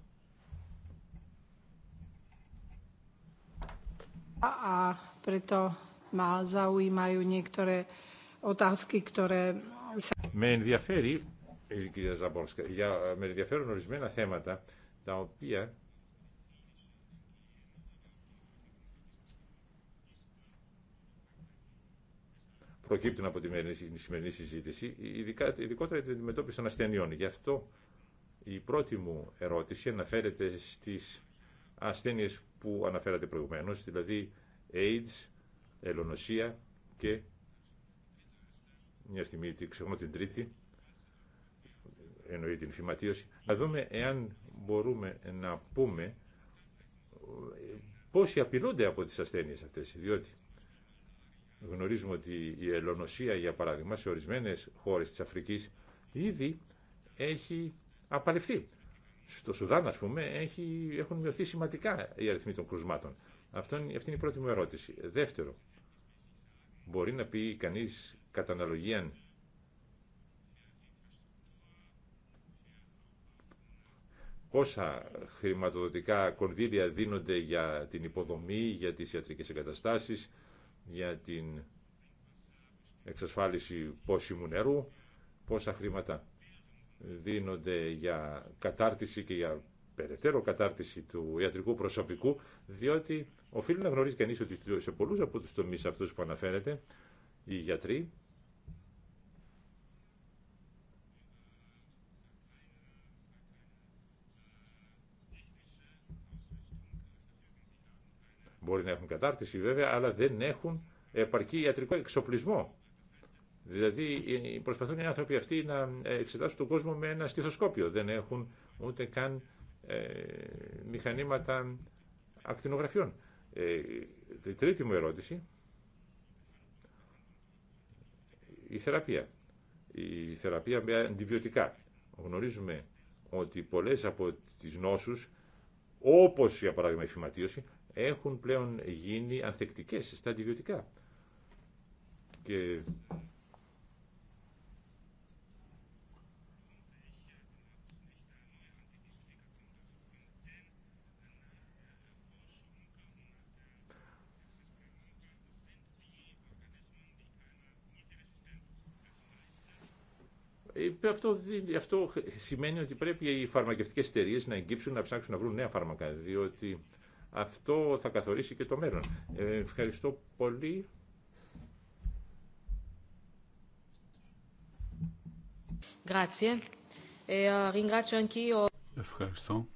A preto ma zaujímajú niektoré otázky, ktoré... Με ενδιαφέρει, ε, κυρία Ζαμπόρσκα, για, με ενδιαφέρουν ορισμένα θέματα τα οποία προκύπτουν από τη σημερινή συζήτηση, ειδικά, ειδικότερα την αντιμετώπιση των ασθενειών. Γι' αυτό η πρώτη μου ερώτηση αναφέρεται στις ασθένειες που αναφέρατε προηγουμένως, δηλαδή AIDS, ελονοσία και μια στιγμή ξεχνώ την τρίτη, εννοεί την φυματίωση, να δούμε εάν μπορούμε να πούμε ε, πόσοι απειλούνται από τις ασθένειες αυτές, διότι Γνωρίζουμε ότι η ελονοσία, για παράδειγμα, σε ορισμένες χώρες της Αφρικής ήδη έχει απαλληφθεί. Στο Σουδάν, ας πούμε, έχει, έχουν μειωθεί σημαντικά οι αριθμοί των κρουσμάτων. Αυτό είναι, αυτή είναι η πρώτη μου ερώτηση. Δεύτερο, μπορεί να πει κανείς κατά αναλογία πόσα χρηματοδοτικά κονδύλια δίνονται για την υποδομή, για τις ιατρικές εγκαταστάσεις, για την εξασφάλιση πόσιμου νερού, πόσα χρήματα δίνονται για κατάρτιση και για περαιτέρω κατάρτιση του ιατρικού προσωπικού, διότι οφείλει να γνωρίζει κανείς ότι σε πολλούς από τους τομείς αυτούς που αναφέρεται, οι γιατροί Μπορεί να έχουν κατάρτιση βέβαια, αλλά δεν έχουν επαρκή ιατρικό εξοπλισμό. Δηλαδή ε, προσπαθούν οι άνθρωποι αυτοί να ε, εξετάσουν τον κόσμο με ένα στιθοσκόπιο. Δεν έχουν ούτε καν ε, μηχανήματα ακτινογραφιών. Ε, τρίτη μου ερώτηση, η θεραπεία. Η θεραπεία με αντιβιωτικά. Γνωρίζουμε ότι πολλές από τις νόσους, όπως για παράδειγμα η φυματίωση, έχουν πλέον γίνει ανθεκτικές στα αντιβιωτικά. Και ε, Αυτό, αυτό σημαίνει ότι πρέπει οι φαρμακευτικές εταιρείε να εγκύψουν, να ψάξουν να βρουν νέα φάρμακα, διότι αυτό θα καθορίσει και το μέλλον. Ε, ευχαριστώ πολύ. Ε, ευχαριστώ.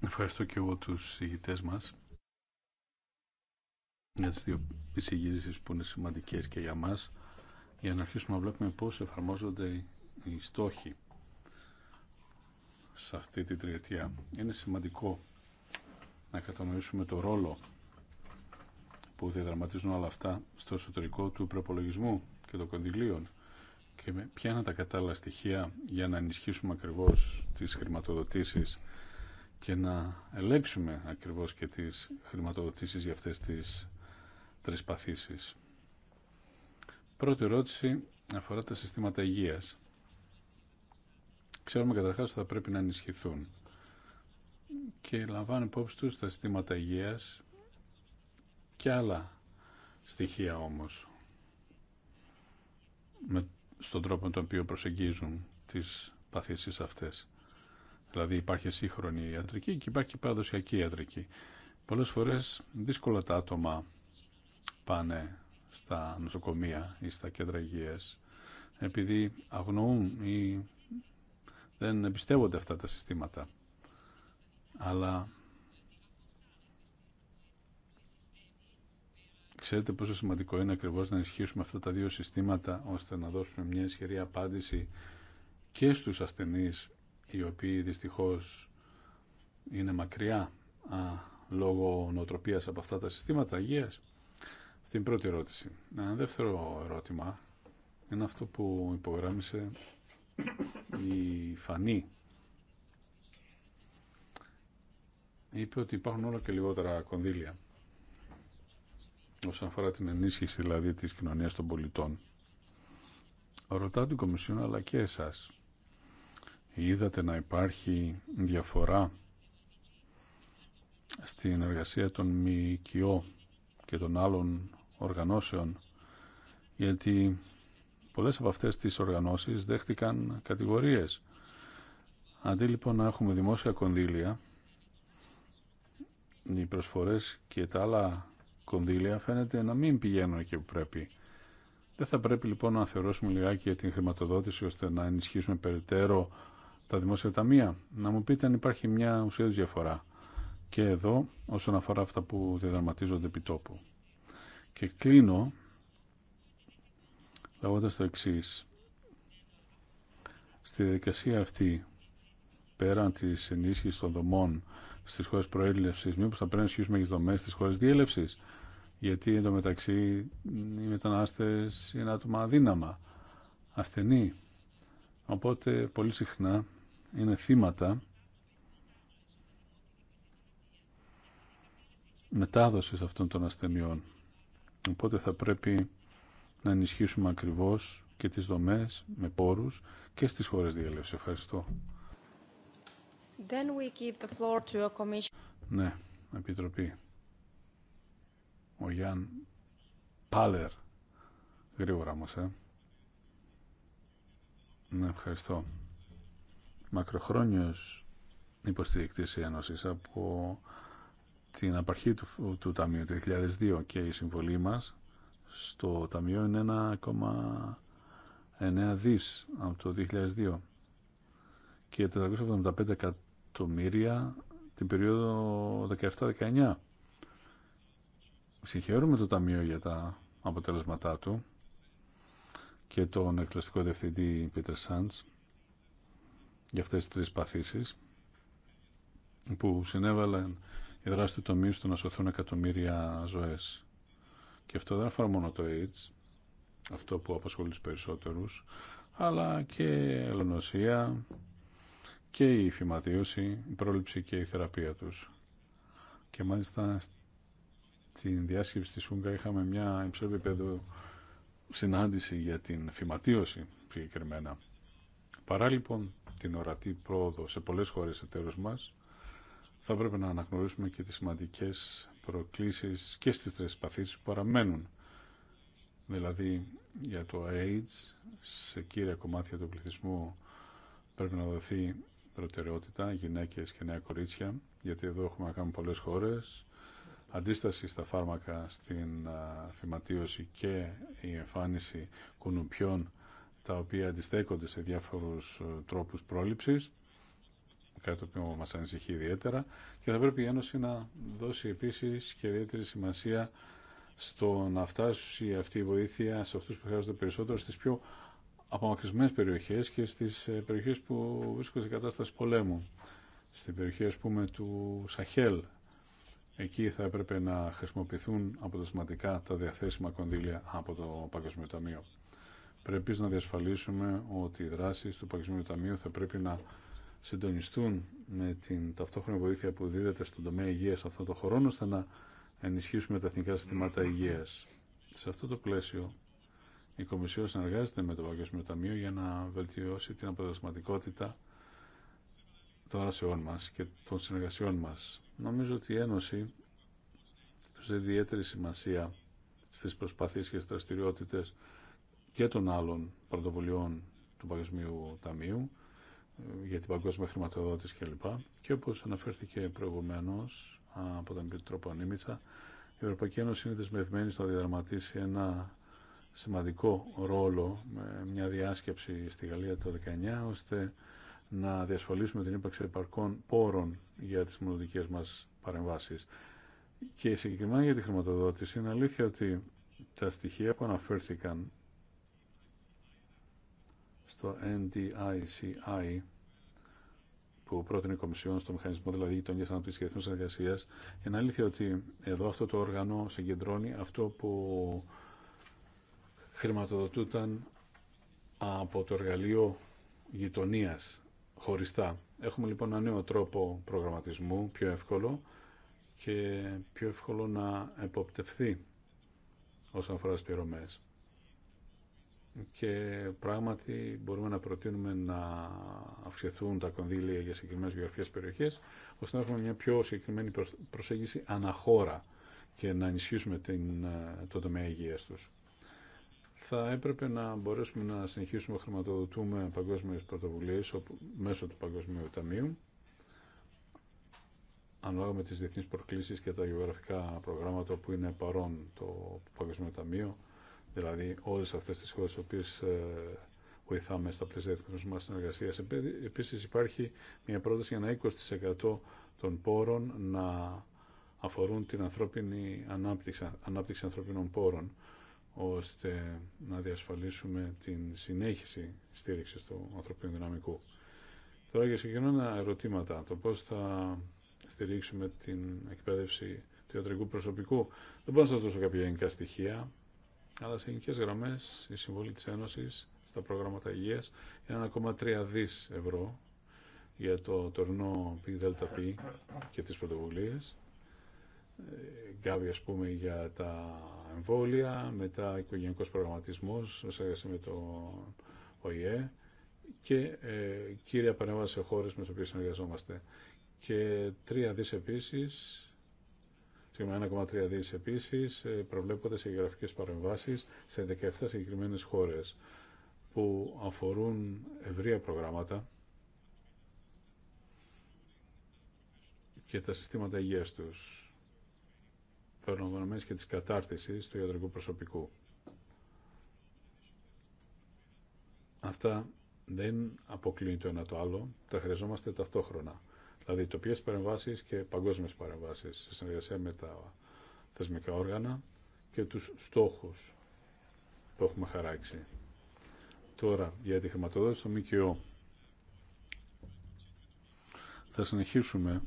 Ευχαριστώ και εγώ τους ηγητές μας για τις δύο εισηγήσεις που είναι σημαντικές και για μας για να αρχίσουμε να βλέπουμε πώς εφαρμόζονται οι στόχοι σε αυτή τη τριετία. Είναι σημαντικό να κατανοήσουμε το ρόλο που διαδραματίζουν όλα αυτά στο εσωτερικό του προπολογισμού και των κονδυλίων και με ποια είναι τα κατάλληλα στοιχεία για να ενισχύσουμε ακριβώς τις χρηματοδοτήσεις και να ελέγξουμε ακριβώς και τις χρηματοδοτήσεις για αυτές τις τρεις παθήσεις. Πρώτη ερώτηση αφορά τα συστήματα υγείας. Ξέρουμε καταρχάς ότι θα πρέπει να ενισχυθούν και λαμβάνουν υπόψη τους τα συστήματα υγείας και άλλα στοιχεία όμως με, στον τρόπο με τον οποίο προσεγγίζουν τις παθήσεις αυτές. Δηλαδή υπάρχει σύγχρονη ιατρική και υπάρχει παραδοσιακή ιατρική. Πολλές φορές δύσκολα τα άτομα πάνε στα νοσοκομεία ή στα κέντρα υγείας επειδή αγνοούν ή δεν εμπιστεύονται αυτά τα συστήματα αλλά ξέρετε πόσο σημαντικό είναι ακριβώς να ενισχύσουμε αυτά τα δύο συστήματα ώστε να δώσουμε μια ισχυρή απάντηση και στους ασθενείς οι οποίοι δυστυχώς είναι μακριά α, λόγω νοοτροπίας από αυτά τα συστήματα υγείας. Αυτή είναι η πρώτη ερώτηση. Ένα δεύτερο ερώτημα είναι αυτό που υπογράμμισε η Φανή είπε ότι υπάρχουν όλο και λιγότερα κονδύλια όσον αφορά την ενίσχυση δηλαδή της κοινωνίας των πολιτών. Ρωτά την Κομισιόν αλλά και εσάς. Είδατε να υπάρχει διαφορά στην εργασία των ΜΚΟ και των άλλων οργανώσεων γιατί πολλές από αυτές τις οργανώσεις δέχτηκαν κατηγορίες. Αντί λοιπόν να έχουμε δημόσια κονδύλια οι προσφορές και τα άλλα κονδύλια φαίνεται να μην πηγαίνουν εκεί που πρέπει. Δεν θα πρέπει λοιπόν να θεωρώσουμε λιγάκι για την χρηματοδότηση ώστε να ενισχύσουμε περαιτέρω τα δημόσια ταμεία. Να μου πείτε αν υπάρχει μια ουσιαστική διαφορά και εδώ όσον αφορά αυτά που διαδραματίζονται επί τόπου. Και κλείνω λέγοντα το εξή. Στη διαδικασία αυτή, πέραν της ενίσχυσης των δομών στι χώρε προέλευση, μήπω θα πρέπει να ισχύσουμε και τι δομέ στι χώρε διέλευση. Γιατί εντωμεταξύ οι μετανάστε είναι άτομα αδύναμα, ασθενή. Οπότε πολύ συχνά είναι θύματα μετάδοσης αυτών των ασθενειών. Οπότε θα πρέπει να ενισχύσουμε ακριβώς και τις δομές με πόρους και στις χώρες διέλευση. Ευχαριστώ. Then we give the floor to a commission. Ναι, Επιτροπή. Ο Γιάν Πάλερ. Γρήγορα μα. ε. Ναι, ευχαριστώ. Μακροχρόνιος υποστηρικτή τη Ένωσης από την απαρχή του, του Ταμείου του 2002 και η συμβολή μας στο Ταμείο είναι 1,9 δις από το 2002 και 475 εκατομμύρια την περίοδο 17-19. Συγχαίρουμε το Ταμείο για τα αποτελέσματά του και τον εκκληστικό διευθυντή Πίτερ Σάντς για αυτές τις τρεις παθήσεις που συνέβαλαν η δράση του τομείου στο να σωθούν εκατομμύρια ζωές. Και αυτό δεν αφορά μόνο το AIDS, αυτό που απασχολεί τους περισσότερους, αλλά και ελονοσία, και η φυματίωση, η πρόληψη και η θεραπεία τους. Και μάλιστα στην διάσκεψη της ΦΟΥΓΚΑ είχαμε μια υψηλό επίπεδο συνάντηση για την φυματίωση συγκεκριμένα. Παρά λοιπόν την ορατή πρόοδο σε πολλές χώρες εταίρους μας, θα πρέπει να αναγνωρίσουμε και τις σημαντικές προκλήσεις και στις τρεις παθήσεις που παραμένουν. Δηλαδή για το AIDS, σε κύρια κομμάτια του πληθυσμού πρέπει να δοθεί προτεραιότητα γυναίκες και νέα κορίτσια, γιατί εδώ έχουμε να κάνουμε πολλές χώρες, αντίσταση στα φάρμακα στην θυματίωση και η εμφάνιση κουνουπιών τα οποία αντιστέκονται σε διάφορους τρόπους πρόληψης κάτι το οποίο μας ανησυχεί ιδιαίτερα και θα πρέπει η Ένωση να δώσει επίσης και ιδιαίτερη σημασία στο να φτάσει αυτή η βοήθεια σε αυτούς που χρειάζονται περισσότερο στις πιο μακρισμένε περιοχέ και στι ε, περιοχέ που βρίσκονται σε κατάσταση πολέμου. Στην περιοχή, α πούμε, του Σαχέλ. Εκεί θα έπρεπε να χρησιμοποιηθούν αποτελεσματικά τα διαθέσιμα κονδύλια από το Παγκοσμίο Ταμείο. Πρέπει να διασφαλίσουμε ότι οι δράσει του Παγκοσμίου Ταμείου θα πρέπει να συντονιστούν με την ταυτόχρονη βοήθεια που δίδεται στον τομέα σε αυτό το χρόνο, ώστε να ενισχύσουμε τα εθνικά συστήματα υγεία Σε αυτό το πλαίσιο η Κομισιόν συνεργάζεται με το Παγκόσμιο Ταμείο για να βελτιώσει την αποτελεσματικότητα των δράσεών μα και των συνεργασιών μα. Νομίζω ότι η Ένωση του δίνει ιδιαίτερη σημασία στι προσπαθήσει και στι δραστηριότητε και των άλλων πρωτοβουλειών του Παγκοσμίου Ταμείου ε, για την παγκόσμια χρηματοδότηση κλπ. Και όπως αναφέρθηκε προηγουμένως από τον Επιτρόπο η Ευρωπαϊκή Ένωση είναι δεσμευμένη στο να διαδραματίσει ένα σημαντικό ρόλο με μια διάσκεψη στη Γαλλία το 19 ώστε να διασφαλίσουμε την ύπαρξη επαρκών πόρων για τις μονοδικές μας παρεμβάσεις. Και συγκεκριμένα για τη χρηματοδότηση είναι αλήθεια ότι τα στοιχεία που αναφέρθηκαν στο NDICI που πρότεινε η Κομισιόν στο Μηχανισμό δηλαδή Γειτονία Ανάπτυξη και Εθνού Εργασία, είναι αλήθεια ότι εδώ αυτό το όργανο συγκεντρώνει αυτό που χρηματοδοτούταν από το εργαλείο γειτονίας χωριστά. Έχουμε λοιπόν ένα νέο τρόπο προγραμματισμού, πιο εύκολο και πιο εύκολο να εποπτευθεί όσον αφορά τις πληρωμές. Και πράγματι μπορούμε να προτείνουμε να αυξηθούν τα κονδύλια για συγκεκριμένε βιογραφικές περιοχές, ώστε να έχουμε μια πιο συγκεκριμένη προσέγγιση αναχώρα και να ενισχύσουμε την, ε, το τομέα υγείας τους θα έπρεπε να μπορέσουμε να συνεχίσουμε να χρηματοδοτούμε παγκόσμιες πρωτοβουλίε μέσω του Παγκόσμιου Ταμείου ανάλογα με τις διεθνείς προκλήσεις και τα γεωγραφικά προγράμματα που είναι παρόν το Παγκόσμιο Ταμείο, δηλαδή όλες αυτές τις χώρες οποίες ε, βοηθάμε στα πλαίσια διεθνούς μας συνεργασία. Επίσης υπάρχει μια πρόταση για ένα 20% των πόρων να αφορούν την ανθρώπινη ανάπτυξη, ανάπτυξη ανθρώπινων πόρων ώστε να διασφαλίσουμε την συνέχιση στήριξης του ανθρωπίνου δυναμικού. Τώρα για συγκεκριμένα ερωτήματα, το πώς θα στηρίξουμε την εκπαίδευση του ιατρικού προσωπικού. Δεν μπορώ να σας δώσω κάποια γενικά στοιχεία, αλλά σε γενικές γραμμές η συμβολή της Ένωσης στα προγράμματα υγείας είναι 1,3 δις ευρώ για το τωρινό ΠΔΠ και τις πρωτοβουλίες ε, Γκάβη, ας πούμε, για τα εμβόλια, μετά οικογενικός προγραμματισμός, σε με το ΟΗΕ και ε, κύρια παρέμβαση σε χώρες με τις οποίες συνεργαζόμαστε. Και τρία δις επίσης, σήμερα 1,3 δις επίσης, ε, προβλέπονται σε γεωγραφικές παρεμβάσεις σε 17 συγκεκριμένε χώρες που αφορούν ευρεία προγράμματα και τα συστήματα υγείας τους περιλαμβανομένης και της κατάρτισης του ιατρικού προσωπικού. Αυτά δεν αποκλίνει το ένα το άλλο, τα χρειαζόμαστε ταυτόχρονα. Δηλαδή τοπικέ παρεμβάσεις και παγκόσμιες παρεμβάσεις σε συνεργασία με τα θεσμικά όργανα και τους στόχους που έχουμε χαράξει. Τώρα, για τη χρηματοδότηση στο ΜΚΟ. Θα συνεχίσουμε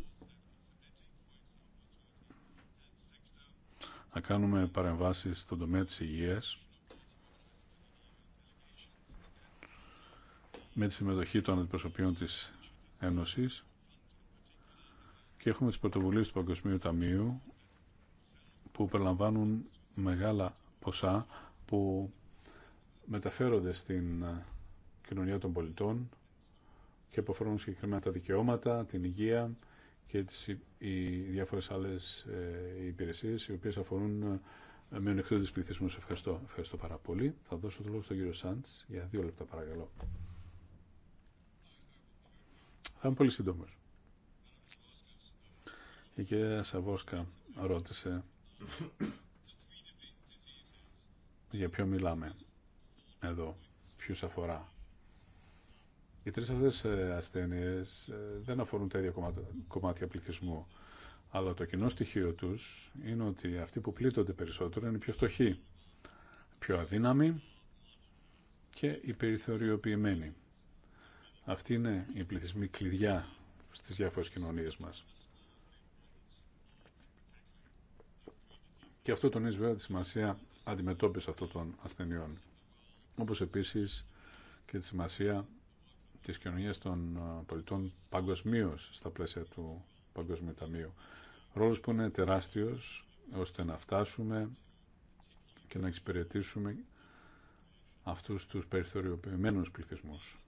να κάνουμε παρεμβάσει στον τομέα της υγείας με τη συμμετοχή των αντιπροσωπείων της Ένωσης και έχουμε τις πρωτοβουλίες του Παγκοσμίου Ταμείου που περιλαμβάνουν μεγάλα ποσά που μεταφέρονται στην ε, κοινωνία των πολιτών και αποφέρουν συγκεκριμένα τα δικαιώματα, την υγεία, και τις, οι διάφορες άλλες ε, υπηρεσίες οι οποίες αφορούν με μειονεκτών της πληθυσμούς. Ευχαριστώ. Ευχαριστώ πάρα πολύ. Θα δώσω το λόγο στον κύριο Σάντς για δύο λεπτά παρακαλώ. Θα είμαι πολύ σύντομος. Η κυρία Σαβόσκα ρώτησε για ποιο μιλάμε εδώ, ποιους αφορά οι τρει αυτέ ε, ασθένειες ε, δεν αφορούν τα ίδια κομμάτια πληθυσμού, αλλά το κοινό στοιχείο τους είναι ότι αυτοί που πλήττονται περισσότερο είναι πιο φτωχοί, πιο αδύναμοι και υπεριθωριοποιημένοι. Αυτοί είναι οι πληθυσμοί κλειδιά στις διάφορες κοινωνίες μας. Και αυτό τονίζει βέβαια τη σημασία αντιμετώπιση αυτών των ασθενειών. Όπως επίσης και τη σημασία της κοινωνίας των ε, πολιτών παγκοσμίω στα πλαίσια του Παγκοσμίου Ταμείου. Ρόλος που είναι τεράστιος ώστε να φτάσουμε και να εξυπηρετήσουμε αυτούς τους περιθωριοποιημένους πληθυσμούς.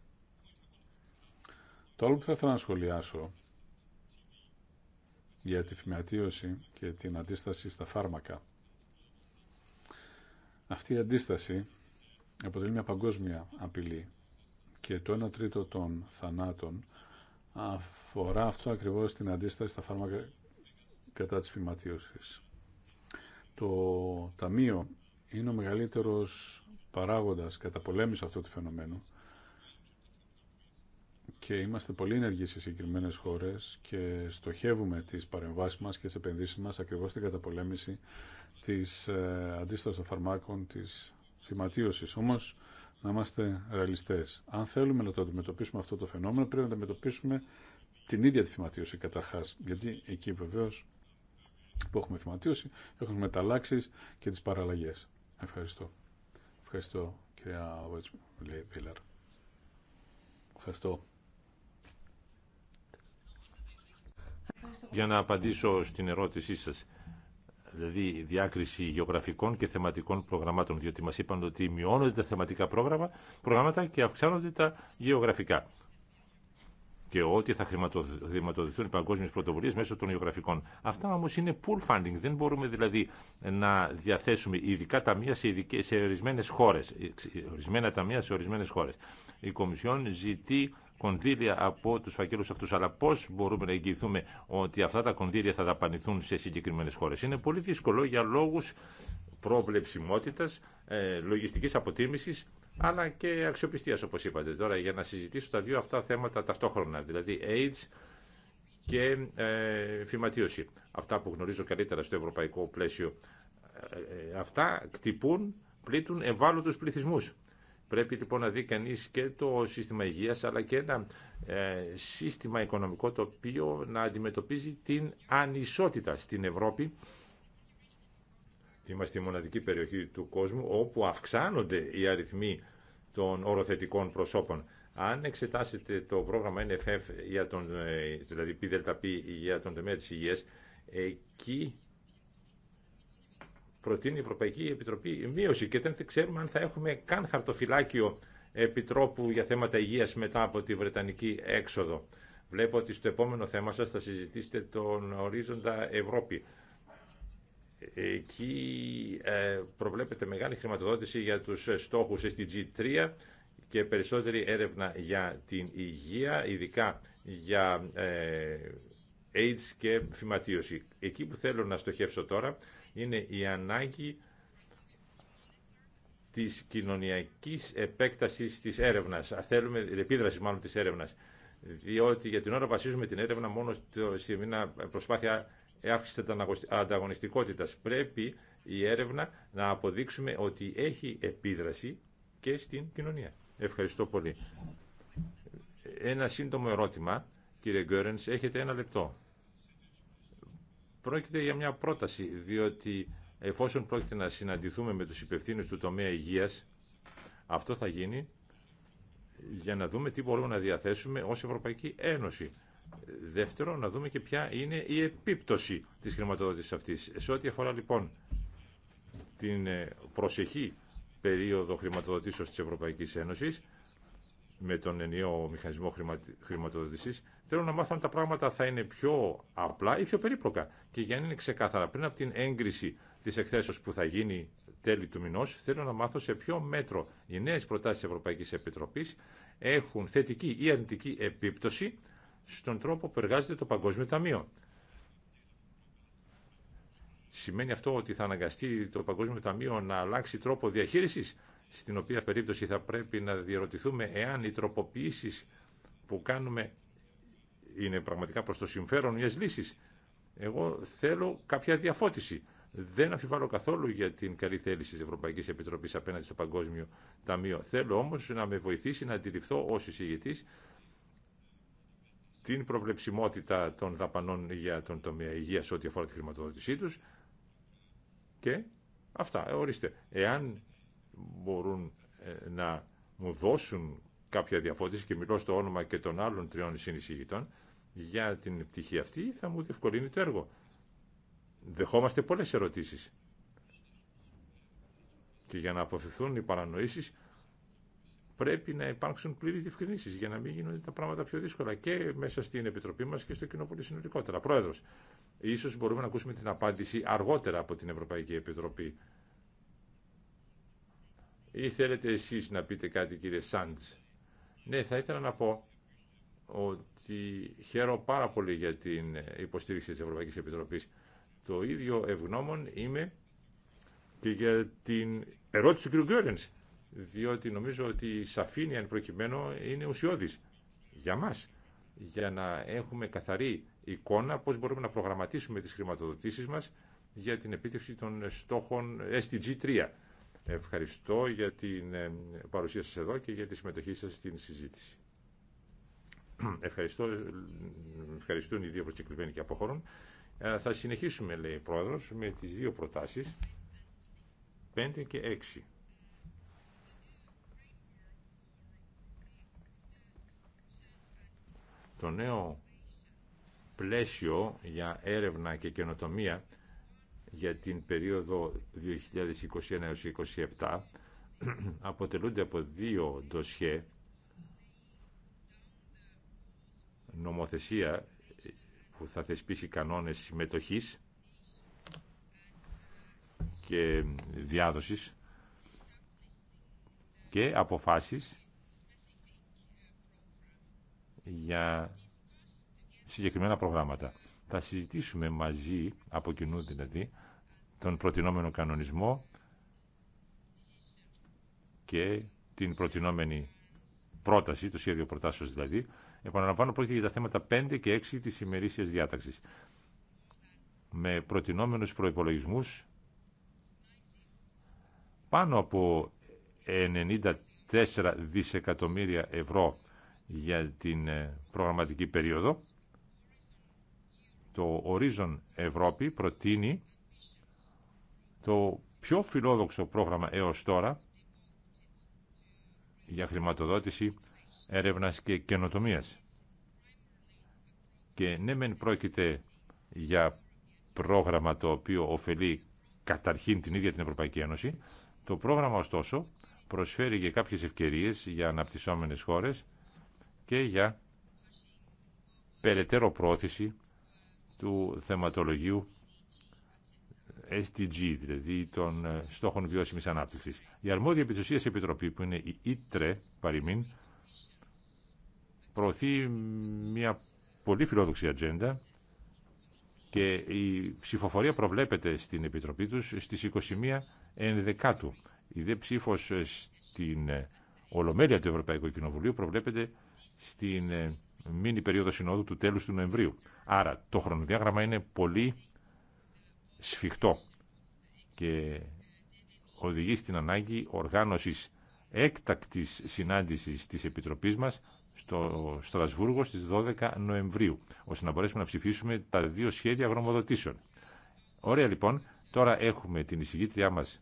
Το άλλο που θα ήθελα να σχολιάσω για τη φυματίωση και την αντίσταση στα φάρμακα. Αυτή η αντίσταση αποτελεί μια παγκόσμια απειλή και το 1 τρίτο των θανάτων αφορά αυτό ακριβώς την αντίσταση στα φάρμακα κατά της φυματίωσης. Το Ταμείο είναι ο μεγαλύτερος παράγοντας κατά πολέμηση αυτού του φαινομένου και είμαστε πολύ ενεργοί σε συγκεκριμένες χώρες και στοχεύουμε τις παρεμβάσεις μας και τις επενδύσεις μας ακριβώς στην καταπολέμηση της ε, αντίστασης των φαρμάκων της φυματίωσης. Όμως να είμαστε ρεαλιστέ. Αν θέλουμε να το αντιμετωπίσουμε αυτό το φαινόμενο, πρέπει να αντιμετωπίσουμε την ίδια τη θυματίωση καταρχά. Γιατί εκεί βεβαίω που έχουμε φυματίωση έχουμε μεταλλάξει και τι παραλλαγέ. Ευχαριστώ. Ευχαριστώ, κυρία Βίλαρ. Ευχαριστώ. Για να απαντήσω στην ερώτησή σας, δηλαδή διάκριση γεωγραφικών και θεματικών προγραμμάτων, διότι μας είπαν ότι μειώνονται τα θεματικά πρόγραμμα, προγράμματα και αυξάνονται τα γεωγραφικά. Και ότι θα χρηματοδοτηθούν οι παγκόσμιες πρωτοβουλίες μέσω των γεωγραφικών. Αυτά όμως είναι pool funding, δεν μπορούμε δηλαδή να διαθέσουμε ειδικά ταμεία σε, ειδικές, σε ε, ε, ορισμένα ταμεία σε ορισμένες χώρες. Η Κομισιόν ζητεί κονδύλια από τους φακέλους αυτούς, αλλά πώς μπορούμε να εγγυηθούμε ότι αυτά τα κονδύλια θα δαπανηθούν σε συγκεκριμένε χώρες. Είναι πολύ δύσκολο για λόγους προβλεψιμότητας, ε, λογιστική αποτίμηση, αλλά και αξιοπιστίας, όπως είπατε τώρα, για να συζητήσω τα δύο αυτά θέματα ταυτόχρονα, δηλαδή AIDS και ε, φυματίωση. Αυτά που γνωρίζω καλύτερα στο ευρωπαϊκό πλαίσιο, ε, αυτά κτυπούν, πλήττουν ευάλωτου πληθυσμού. Πρέπει λοιπόν να δει κανεί και το σύστημα υγείας αλλά και ένα ε, σύστημα οικονομικό το οποίο να αντιμετωπίζει την ανισότητα στην Ευρώπη. Είμαστε η μοναδική περιοχή του κόσμου όπου αυξάνονται οι αριθμοί των οροθετικών προσώπων. Αν εξετάσετε το πρόγραμμα NFF, για τον, ε, δηλαδή ΠΔΠ για τον τομέα της υγείας, εκεί προτείνει η Ευρωπαϊκή Επιτροπή μείωση και δεν ξέρουμε αν θα έχουμε καν χαρτοφυλάκιο επιτρόπου για θέματα υγείας μετά από τη Βρετανική έξοδο. Βλέπω ότι στο επόμενο θέμα σας θα συζητήσετε τον ορίζοντα Ευρώπη. Εκεί ε, προβλέπεται μεγάλη χρηματοδότηση για τους στόχους SDG3 και περισσότερη έρευνα για την υγεία, ειδικά για ε, AIDS και φυματίωση. Εκεί που θέλω να στοχεύσω τώρα είναι η ανάγκη της κοινωνιακής επέκτασης της έρευνας, θέλουμε επίδραση μάλλον της έρευνας, διότι για την ώρα βασίζουμε την έρευνα μόνο σε μια προσπάθεια αύξηση της ανταγωνιστικότητας. Πρέπει η έρευνα να αποδείξουμε ότι έχει επίδραση και στην κοινωνία. Ευχαριστώ πολύ. Ένα σύντομο ερώτημα, κύριε Γκέρενς, έχετε ένα λεπτό. Πρόκειται για μια πρόταση, διότι εφόσον πρόκειται να συναντηθούμε με τους υπευθύνους του τομέα υγείας, αυτό θα γίνει για να δούμε τι μπορούμε να διαθέσουμε ως Ευρωπαϊκή Ένωση. Δεύτερο, να δούμε και ποια είναι η επίπτωση της χρηματοδότησης αυτής. Σε ό,τι αφορά λοιπόν την ε, προσεχή περίοδο χρηματοδοτήσεως της Ευρωπαϊκής Ένωσης, με τον ενιαίο μηχανισμό χρηματοδότησης, θέλω να μάθω αν τα πράγματα θα είναι πιο απλά ή πιο περίπλοκα. Και για να είναι ξεκάθαρα, πριν από την έγκριση της εκθέσεως που θα γίνει τέλη του μηνό, θέλω να μάθω σε ποιο μέτρο οι νέες προτάσεις της Ευρωπαϊκής Επιτροπής έχουν θετική ή αρνητική επίπτωση στον τρόπο που εργάζεται το Παγκόσμιο Ταμείο. Σημαίνει αυτό ότι θα αναγκαστεί το Παγκόσμιο Ταμείο να αλλάξει τρόπο διαχείρισης στην οποία περίπτωση θα πρέπει να διερωτηθούμε εάν οι τροποποιήσεις που κάνουμε είναι πραγματικά προς το συμφέρον μιας λύσης. Εγώ θέλω κάποια διαφώτιση. Δεν αφιβάλλω καθόλου για την καλή θέληση της Ευρωπαϊκής Επιτροπής απέναντι στο Παγκόσμιο Ταμείο. Θέλω όμως να με βοηθήσει να αντιληφθώ ω εισηγητής την προβλεψιμότητα των δαπανών για τον τομέα υγεία ό,τι αφορά τη χρηματοδότησή τους. Και αυτά, ε, ορίστε. Εάν μπορούν ε, να μου δώσουν κάποια διαφώτιση και μιλώ στο όνομα και των άλλων τριών συνεισηγητών για την πτυχή αυτή θα μου διευκολύνει το έργο. Δεχόμαστε πολλές ερωτήσεις. Και για να αποφευθούν οι παρανοήσεις πρέπει να υπάρξουν πλήρες διευκρινήσεις για να μην γίνονται τα πράγματα πιο δύσκολα και μέσα στην Επιτροπή μας και στο Κοινοβούλιο συνολικότερα. Πρόεδρος, ίσως μπορούμε να ακούσουμε την απάντηση αργότερα από την Ευρωπαϊκή Επιτροπή ή θέλετε εσείς να πείτε κάτι κύριε Σάντς. Ναι, θα ήθελα να πω ότι χαίρομαι πάρα πολύ για την υποστήριξη της Ευρωπαϊκής Επιτροπής. Το ίδιο ευγνώμων είμαι και για την ερώτηση του κ. Γκέρενς, διότι νομίζω ότι η σαφήνεια εν προκειμένου είναι ουσιώδης για μας, για να έχουμε καθαρή εικόνα πώς μπορούμε να προγραμματίσουμε τις χρηματοδοτήσεις μας για την επίτευξη των στόχων SDG 3. Ευχαριστώ για την ε, παρουσία σας εδώ και για τη συμμετοχή σας στην συζήτηση. Ευχαριστώ, ε, ευχαριστούν οι δύο προσκεκλημένοι και από ε, Θα συνεχίσουμε, λέει η Πρόεδρος, με τις δύο προτάσεις, 5 και 6. Το νέο πλαίσιο για έρευνα και καινοτομία για την περίοδο 2021-2027 αποτελούνται από δύο ντοσιέ νομοθεσία που θα θεσπίσει κανόνες συμμετοχής και διάδοσης και αποφάσεις για συγκεκριμένα προγράμματα θα συζητήσουμε μαζί, από κοινού δηλαδή, τον προτινόμενο κανονισμό και την προτινόμενη πρόταση, το σχέδιο προτάσεω δηλαδή. Επαναλαμβάνω, πρόκειται για τα θέματα 5 και 6 της ημερήσια διάταξης. Με προτινόμενου προπολογισμού πάνω από 94 δισεκατομμύρια ευρώ για την ε, προγραμματική περίοδο το Horizon Ευρώπη προτείνει το πιο φιλόδοξο πρόγραμμα έως τώρα για χρηματοδότηση έρευνας και καινοτομίας. Και ναι μεν πρόκειται για πρόγραμμα το οποίο ωφελεί καταρχήν την ίδια την Ευρωπαϊκή Ένωση, το πρόγραμμα ωστόσο προσφέρει και κάποιες ευκαιρίες για αναπτυσσόμενες χώρες και για περαιτέρω πρόθεση του θεματολογίου SDG, δηλαδή των ε, στόχων βιώσιμης ανάπτυξης. Η αρμόδια επιτουσίας επιτροπή που είναι η ΙΤΡΕ, παροιμήν, προωθεί μια πολύ φιλόδοξη ατζέντα και η ψηφοφορία προβλέπεται στην επιτροπή τους στις 21 ενδεκάτου. Η δε ψήφος ε, στην ε, Ολομέλεια του Ευρωπαϊκού Κοινοβουλίου προβλέπεται στην μήνυ περίοδο συνόδου του τέλου του Νοεμβρίου. Άρα το χρονοδιάγραμμα είναι πολύ σφιχτό και οδηγεί στην ανάγκη οργάνωσης έκτακτης συνάντησης της Επιτροπής μας στο Στρασβούργο στις 12 Νοεμβρίου, ώστε να μπορέσουμε να ψηφίσουμε τα δύο σχέδια γνωμοδοτήσεων. Ωραία λοιπόν, τώρα έχουμε την εισηγήτριά μας,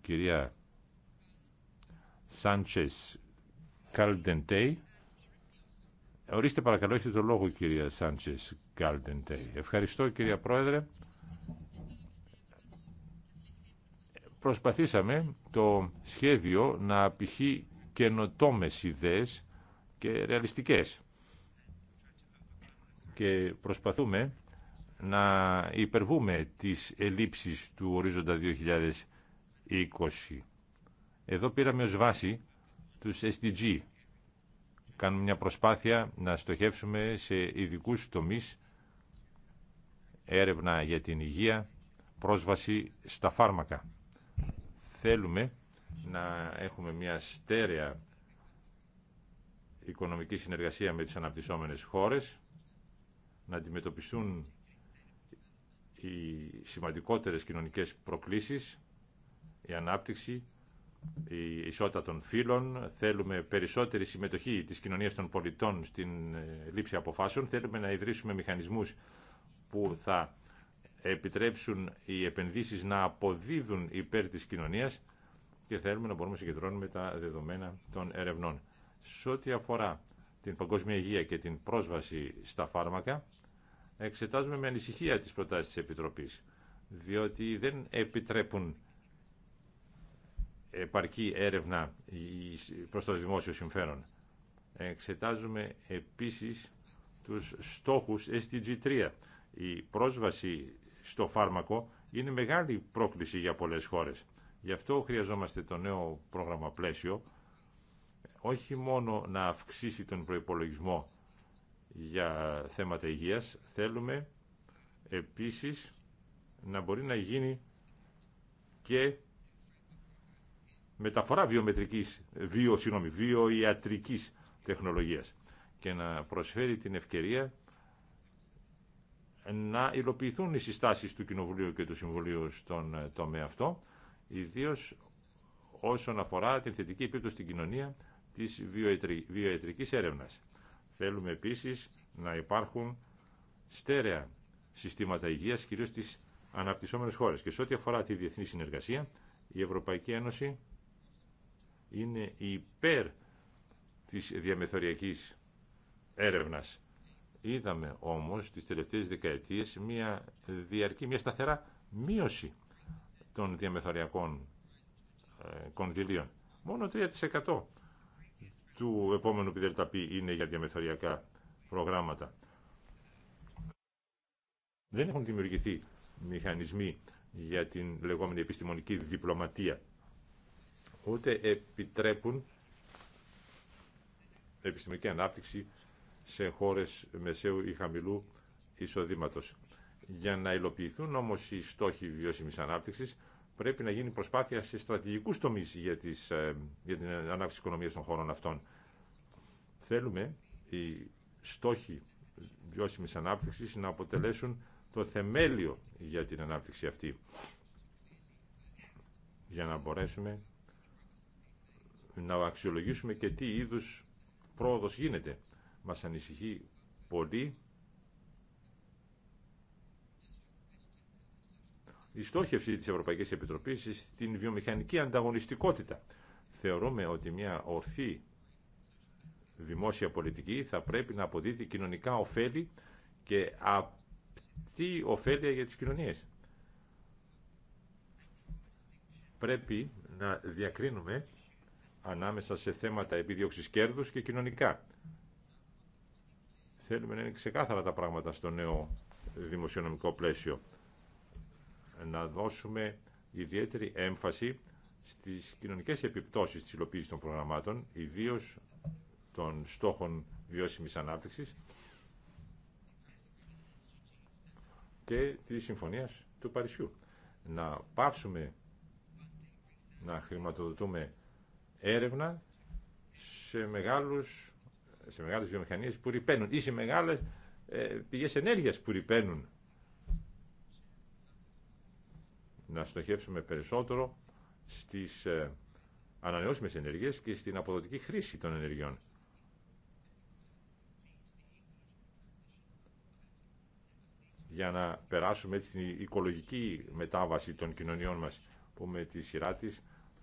κυρία Σάντσες Καλντεντέι, Ορίστε παρακαλώ, έχετε το λόγο κυρία Σάντσες Γκάλτεντέι. Ευχαριστώ κυρία Πρόεδρε. Προσπαθήσαμε το σχέδιο να απηχεί καινοτόμες ιδέες και ρεαλιστικές. Και προσπαθούμε να υπερβούμε τις ελλείψεις του ορίζοντα 2020. Εδώ πήραμε ως βάση τους SDG κάνουμε μια προσπάθεια να στοχεύσουμε σε ειδικού τομεί, έρευνα για την υγεία, πρόσβαση στα φάρμακα. Θέλουμε να έχουμε μια στέρεα οικονομική συνεργασία με τις αναπτυσσόμενες χώρες, να αντιμετωπιστούν οι σημαντικότερες κοινωνικές προκλήσεις, η ανάπτυξη η ισότητα των φύλων, θέλουμε περισσότερη συμμετοχή της κοινωνίας των πολιτών στην ε, λήψη αποφάσεων, θέλουμε να ιδρύσουμε μηχανισμούς που θα επιτρέψουν οι επενδύσεις να αποδίδουν υπέρ της κοινωνίας και θέλουμε να μπορούμε να συγκεντρώνουμε τα δεδομένα των ερευνών. Σε ό,τι αφορά την παγκόσμια υγεία και την πρόσβαση στα φάρμακα, εξετάζουμε με ανησυχία τις προτάσεις της Επιτροπής, διότι δεν επιτρέπουν επαρκή έρευνα προς το δημόσιο συμφέρον. Εξετάζουμε επίσης τους στόχους SDG3. Η πρόσβαση στο φάρμακο είναι μεγάλη πρόκληση για πολλές χώρες. Γι' αυτό χρειαζόμαστε το νέο πρόγραμμα πλαίσιο, όχι μόνο να αυξήσει τον προϋπολογισμό για θέματα υγείας, θέλουμε επίσης να μπορεί να γίνει και μεταφορά βιομετρικής, βιο, συγγνώμη, βιοιατρικής τεχνολογίας και να προσφέρει την ευκαιρία να υλοποιηθούν οι συστάσεις του Κοινοβουλίου και του Συμβουλίου στον ε, τομέα αυτό, ιδίως όσον αφορά την θετική επίπτωση στην κοινωνία της βιοϊατρικής έρευνας. Θέλουμε επίσης να υπάρχουν στέρεα συστήματα υγείας, κυρίως στις αναπτυσσόμενες χώρες. Και σε ό,τι αφορά τη διεθνή συνεργασία, η Ευρωπαϊκή Ένωση είναι υπέρ της διαμεθοριακής έρευνας. Είδαμε όμως τις τελευταίες δεκαετίες μια διαρκή, μια σταθερά μείωση των διαμεθοριακών ε, κονδυλίων. Μόνο 3% του επόμενου πιδελταπή είναι για διαμεθοριακά προγράμματα. Δεν έχουν δημιουργηθεί μηχανισμοί για την λεγόμενη επιστημονική διπλωματία ούτε επιτρέπουν επιστημονική ανάπτυξη σε χώρες μεσαίου ή χαμηλού εισοδήματος. Για να υλοποιηθούν όμως οι στόχοι βιώσιμης ανάπτυξης, πρέπει να γίνει προσπάθεια σε στρατηγικούς τομείς για, τις, ε, για την ανάπτυξη οικονομίας των χώρων αυτών. Θέλουμε οι στόχοι βιώσιμης ανάπτυξης να αποτελέσουν το θεμέλιο για την ανάπτυξη αυτή για να μπορέσουμε να αξιολογήσουμε και τι είδους πρόοδος γίνεται. Μας ανησυχεί πολύ η στόχευση της Ευρωπαϊκής Επιτροπής στην βιομηχανική ανταγωνιστικότητα. Θεωρούμε ότι μια ορθή δημόσια πολιτική θα πρέπει να αποδίδει κοινωνικά ωφέλη και απτή ωφέλεια για τις κοινωνίες. Πρέπει να διακρίνουμε ανάμεσα σε θέματα επιδίωξης κέρδους και κοινωνικά. Θέλουμε να είναι ξεκάθαρα τα πράγματα στο νέο δημοσιονομικό πλαίσιο. Να δώσουμε ιδιαίτερη έμφαση στις κοινωνικές επιπτώσεις της υλοποίησης των προγραμμάτων, ιδίως των στόχων βιώσιμης ανάπτυξης και της Συμφωνίας του Παρισιού. Να πάψουμε να χρηματοδοτούμε έρευνα σε, μεγάλους, σε μεγάλες βιομηχανίες που ρηπαίνουν ή σε μεγάλες ε, πηγές ενέργειας που ρηπαίνουν. Να στοχεύσουμε περισσότερο στις ε, ανανεώσιμες ενέργειες και στην αποδοτική χρήση των ενεργειών. για να περάσουμε έτσι την οικολογική μετάβαση των κοινωνιών μας που με τη σειρά της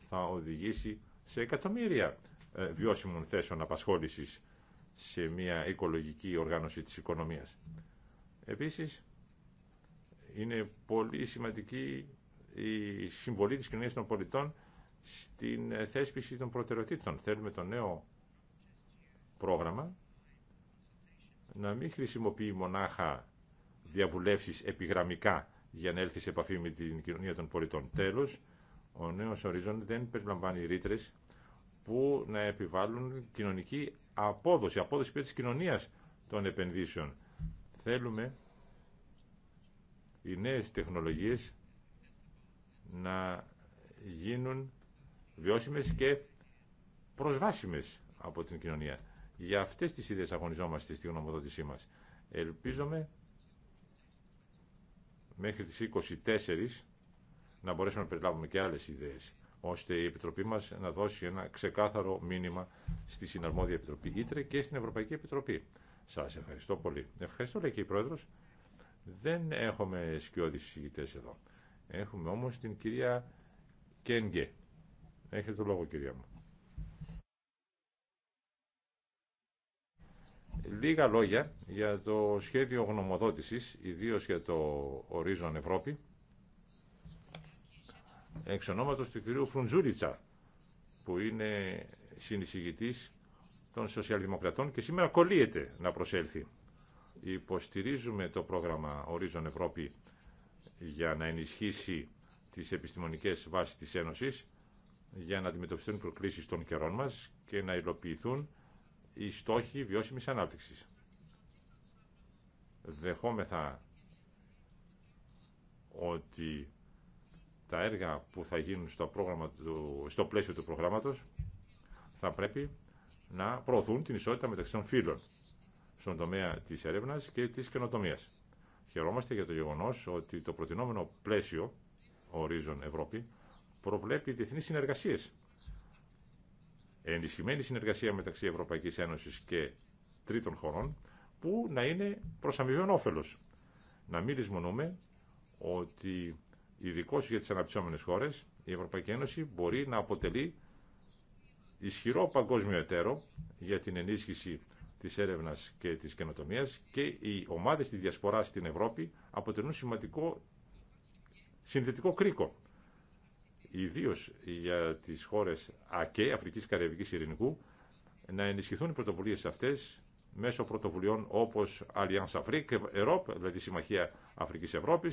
θα οδηγήσει σε εκατομμύρια ε, βιώσιμων θέσεων απασχόλησης σε μια οικολογική οργάνωση της οικονομίας. Επίσης, είναι πολύ σημαντική η συμβολή της κοινωνίας των πολιτών στην ε, θέσπιση των προτεραιοτήτων. Θέλουμε το νέο πρόγραμμα να μην χρησιμοποιεί μονάχα διαβουλεύσεις επιγραμμικά για να έλθει σε επαφή με την κοινωνία των πολιτών. Τέλος, ο νέος ορίζον δεν περιλαμβάνει ρήτρες που να επιβάλλουν κοινωνική απόδοση, απόδοση πέρα κοινωνίας των επενδύσεων. Θέλουμε οι νέες τεχνολογίες να γίνουν βιώσιμες και προσβάσιμες από την κοινωνία. Για αυτές τις ιδέες αγωνιζόμαστε στη γνωμοδότησή μας. Ελπίζομαι μέχρι τις 24 να μπορέσουμε να περιλάβουμε και άλλες ιδέες ώστε η Επιτροπή μας να δώσει ένα ξεκάθαρο μήνυμα στη Συναρμόδια Επιτροπή Ήτρε και στην Ευρωπαϊκή Επιτροπή. Σας ευχαριστώ πολύ. Ευχαριστώ, λέει και η Πρόεδρος. Δεν έχουμε σκιώδεις συζητητές εδώ. Έχουμε όμως την κυρία Κένγκε. Έχετε το λόγο, κυρία μου. Λίγα λόγια για το σχέδιο γνωμοδότησης, ιδίως για το ορίζον Ευρώπη εξ ονόματος του κυρίου Φρουντζούριτσα, που είναι συνεισηγητής των Σοσιαλδημοκρατών και σήμερα κολλείεται να προσέλθει. Υποστηρίζουμε το πρόγραμμα Ορίζον Ευρώπη για να ενισχύσει τις επιστημονικές βάσεις της Ένωσης, για να αντιμετωπιστούν οι προκλήσεις των καιρών μας και να υλοποιηθούν οι στόχοι βιώσιμης ανάπτυξης. Δεχόμεθα ότι τα έργα που θα γίνουν στο, πρόγραμμα του, πλαίσιο του προγράμματος θα πρέπει να προωθούν την ισότητα μεταξύ των φύλων στον τομέα της έρευνας και της καινοτομίας. Χαιρόμαστε για το γεγονός ότι το προτινόμενο πλαίσιο ορίζων Ευρώπη προβλέπει διεθνείς συνεργασίες. Ενισχυμένη συνεργασία μεταξύ Ευρωπαϊκής Ένωσης και τρίτων χωρών που να είναι προς αμοιβέων Να μην λησμονούμε ότι ειδικώ για τι αναπτυσσόμενες χώρε, η Ευρωπαϊκή Ένωση μπορεί να αποτελεί ισχυρό παγκόσμιο εταίρο για την ενίσχυση τη έρευνα και τη καινοτομία και οι ομάδε τη διασποράς στην Ευρώπη αποτελούν σημαντικό συνδετικό κρίκο. Ιδίω για τι χώρε ΑΚΕ, Αφρική Καραϊβική Ειρηνικού, να ενισχυθούν οι πρωτοβουλίε αυτέ μέσω πρωτοβουλειών όπω Alliance Afrique, Europe, δηλαδή Συμμαχία Αφρική Ευρώπη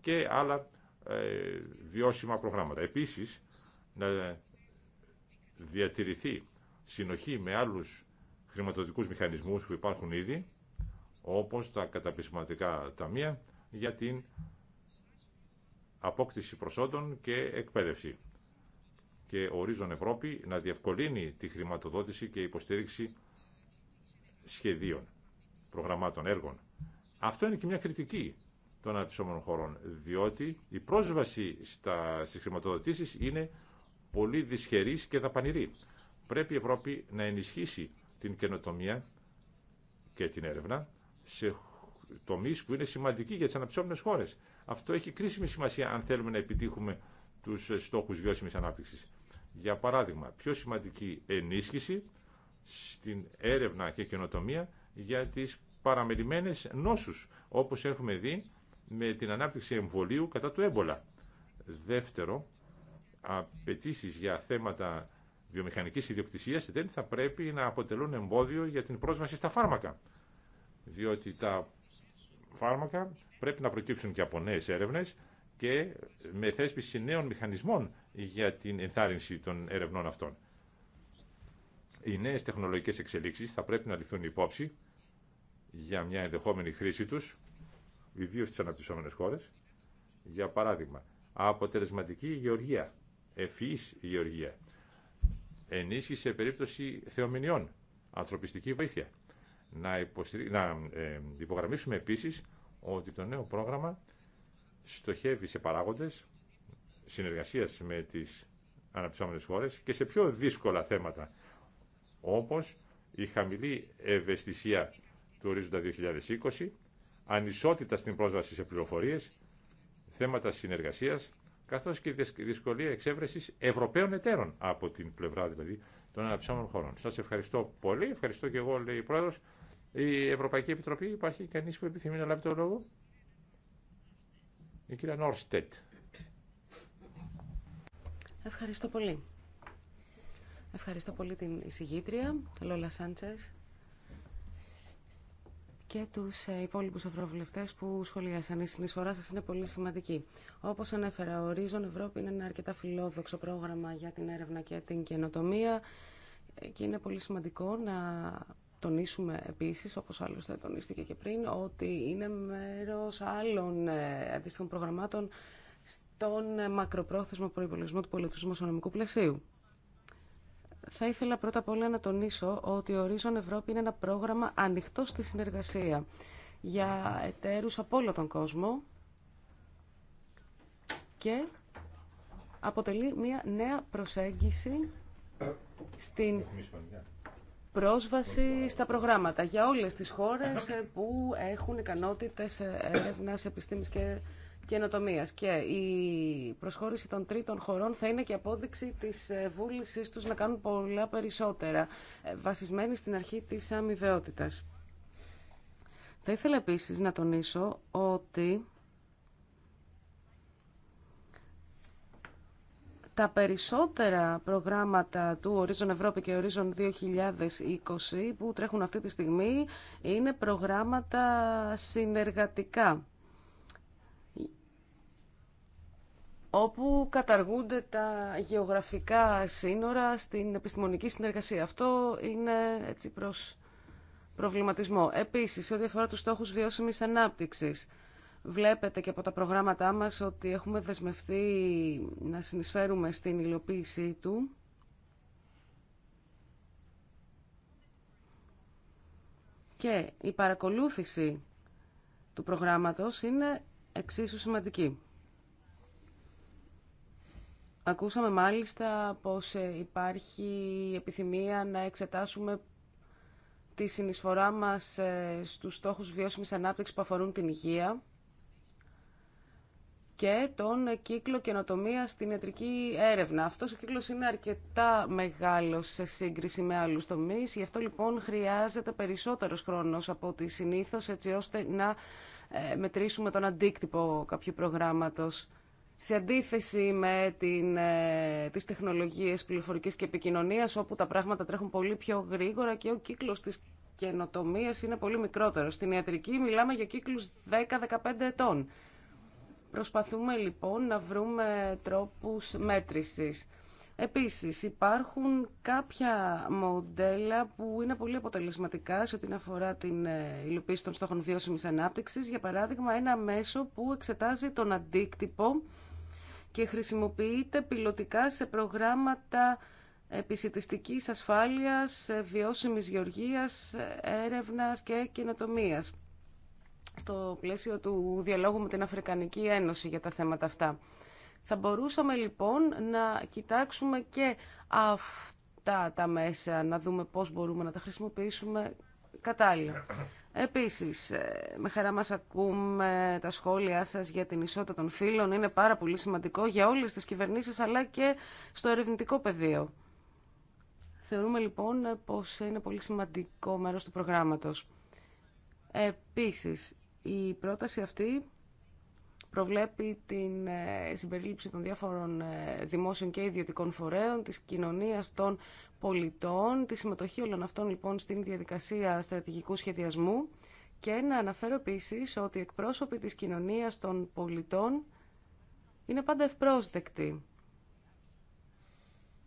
και άλλα ε, βιώσιμα προγράμματα. Επίσης, να διατηρηθεί συνοχή με άλλους χρηματοδοτικούς μηχανισμούς που υπάρχουν ήδη, όπως τα καταπισματικά ταμεία για την απόκτηση προσόντων και εκπαίδευση. Και ορίζον Ευρώπη να διευκολύνει τη χρηματοδότηση και υποστήριξη σχεδίων, προγραμμάτων, έργων. Αυτό είναι και μια κριτική των αναπτυσσόμενων χωρών, διότι η πρόσβαση στα, στις χρηματοδοτήσεις είναι πολύ δυσχερής και δαπανηρή. Πρέπει η Ευρώπη να ενισχύσει την καινοτομία και την έρευνα σε τομείς που είναι σημαντικοί για τις αναπτυσσόμενες χώρες. Αυτό έχει κρίσιμη σημασία αν θέλουμε να επιτύχουμε τους στόχους βιώσιμης ανάπτυξης. Για παράδειγμα, πιο σημαντική ενίσχυση στην έρευνα και καινοτομία για τις παραμελημένες νόσους, όπως έχουμε δει με την ανάπτυξη εμβολίου κατά του έμπολα. Δεύτερο, απαιτήσει για θέματα βιομηχανικής ιδιοκτησίας δεν θα πρέπει να αποτελούν εμπόδιο για την πρόσβαση στα φάρμακα. Διότι τα φάρμακα πρέπει να προκύψουν και από νέες έρευνες και με θέσπιση νέων μηχανισμών για την ενθάρρυνση των ερευνών αυτών. Οι νέες τεχνολογικές εξελίξεις θα πρέπει να ληφθούν υπόψη για μια ενδεχόμενη χρήση τους ιδίω στι αναπτυσσόμενε χώρε. Για παράδειγμα, αποτελεσματική γεωργία, ευφυή γεωργία, ενίσχυση σε περίπτωση θεομηνιών, ανθρωπιστική βοήθεια. Να, να ε, υπογραμμίσουμε επίσης ότι το νέο πρόγραμμα στοχεύει σε παράγοντε συνεργασία με τις αναπτυσσόμενες χώρες και σε πιο δύσκολα θέματα, όπως η χαμηλή ευαισθησία του ορίζοντα 2020, ανισότητα στην πρόσβαση σε πληροφορίες, θέματα συνεργασίας, καθώς και δυσκολία εξέβρεσης Ευρωπαίων εταίρων από την πλευρά δηλαδή των αναπτυσσόμενων χωρών. Σας ευχαριστώ πολύ, ευχαριστώ και εγώ λέει η Πρόεδρος. Η Ευρωπαϊκή Επιτροπή, υπάρχει κανείς που επιθυμεί να λάβει το λόγο. Η κυρία Νόρστετ. Ευχαριστώ πολύ. Ευχαριστώ πολύ την εισηγήτρια, Λόλα Σάντσες, και τους ε, υπόλοιπους ευρωβουλευτές που σχολίασαν. Η συνεισφορά σας είναι πολύ σημαντική. Όπως ανέφερα, ο Horizon Ευρώπη είναι ένα αρκετά φιλόδοξο πρόγραμμα για την έρευνα και την καινοτομία και είναι πολύ σημαντικό να τονίσουμε επίσης, όπως άλλωστε τονίστηκε και πριν, ότι είναι μέρος άλλων ε, αντίστοιχων προγραμμάτων στον μακροπρόθεσμο προϋπολογισμό του πολιτισμού οικονομικού πλαισίου. Θα ήθελα πρώτα απ' όλα να τονίσω ότι ο Horizon Ευρώπη είναι ένα πρόγραμμα ανοιχτό στη συνεργασία για εταίρους από όλο τον κόσμο και αποτελεί μια νέα προσέγγιση στην πρόσβαση στα προγράμματα για όλες τις χώρες που έχουν ικανότητες έρευνας, επιστήμης και καινοτομία. Και η προσχώρηση των τρίτων χωρών θα είναι και απόδειξη τη ε, βούλησή του να κάνουν πολλά περισσότερα, ε, βασισμένη στην αρχή τη αμοιβαιότητα. Θα ήθελα επίσης να τονίσω ότι τα περισσότερα προγράμματα του Horizon Ευρώπη και Horizon 2020 που τρέχουν αυτή τη στιγμή είναι προγράμματα συνεργατικά όπου καταργούνται τα γεωγραφικά σύνορα στην επιστημονική συνεργασία. Αυτό είναι έτσι προς προβληματισμό. Επίσης, σε ό,τι αφορά τους στόχους βιώσιμης ανάπτυξης, βλέπετε και από τα προγράμματά μας ότι έχουμε δεσμευτεί να συνεισφέρουμε στην υλοποίησή του. Και η παρακολούθηση του προγράμματος είναι εξίσου σημαντική. Ακούσαμε μάλιστα πως ε, υπάρχει επιθυμία να εξετάσουμε τη συνεισφορά μας ε, στους στόχους βιώσιμης ανάπτυξης που αφορούν την υγεία και τον ε, κύκλο καινοτομία στην ιατρική έρευνα. Αυτός ο κύκλος είναι αρκετά μεγάλος σε σύγκριση με άλλους τομείς, γι' αυτό λοιπόν χρειάζεται περισσότερος χρόνος από ό,τι συνήθως, έτσι ώστε να μετρήσουμε τον αντίκτυπο κάποιου προγράμματος σε αντίθεση με την, ε, τις τεχνολογίες πληροφορικής και επικοινωνίας, όπου τα πράγματα τρέχουν πολύ πιο γρήγορα και ο κύκλος της καινοτομίας είναι πολύ μικρότερο. Στην ιατρική μιλάμε για κύκλους 10-15 ετών. Προσπαθούμε λοιπόν να βρούμε τρόπους μέτρησης. Επίσης υπάρχουν κάποια μοντέλα που είναι πολύ αποτελεσματικά σε ό,τι αφορά την ε, υλοποίηση των στόχων βιώσιμης ανάπτυξης. Για παράδειγμα ένα μέσο που εξετάζει τον αντίκτυπο και χρησιμοποιείται πιλωτικά σε προγράμματα επισητιστικής ασφάλειας, βιώσιμης γεωργίας, έρευνας και κοινοτομίας στο πλαίσιο του διαλόγου με την Αφρικανική Ένωση για τα θέματα αυτά. Θα μπορούσαμε λοιπόν να κοιτάξουμε και αυτά τα μέσα, να δούμε πώς μπορούμε να τα χρησιμοποιήσουμε κατάλληλα. Επίσης, ε, με χαρά μας ακούμε τα σχόλιά σας για την ισότητα των φύλων. Είναι πάρα πολύ σημαντικό για όλες τις κυβερνήσεις, αλλά και στο ερευνητικό πεδίο. Θεωρούμε λοιπόν πως είναι πολύ σημαντικό μέρος του προγράμματος. Επίσης, η πρόταση αυτή προβλέπει την ε, συμπερίληψη των διάφορων ε, δημόσιων και ιδιωτικών φορέων, της κοινωνίας των πολιτών, τη συμμετοχή όλων αυτών λοιπόν στην διαδικασία στρατηγικού σχεδιασμού και να αναφέρω επίσης ότι οι εκπρόσωποι της κοινωνίας των πολιτών είναι πάντα ευπρόσδεκτοι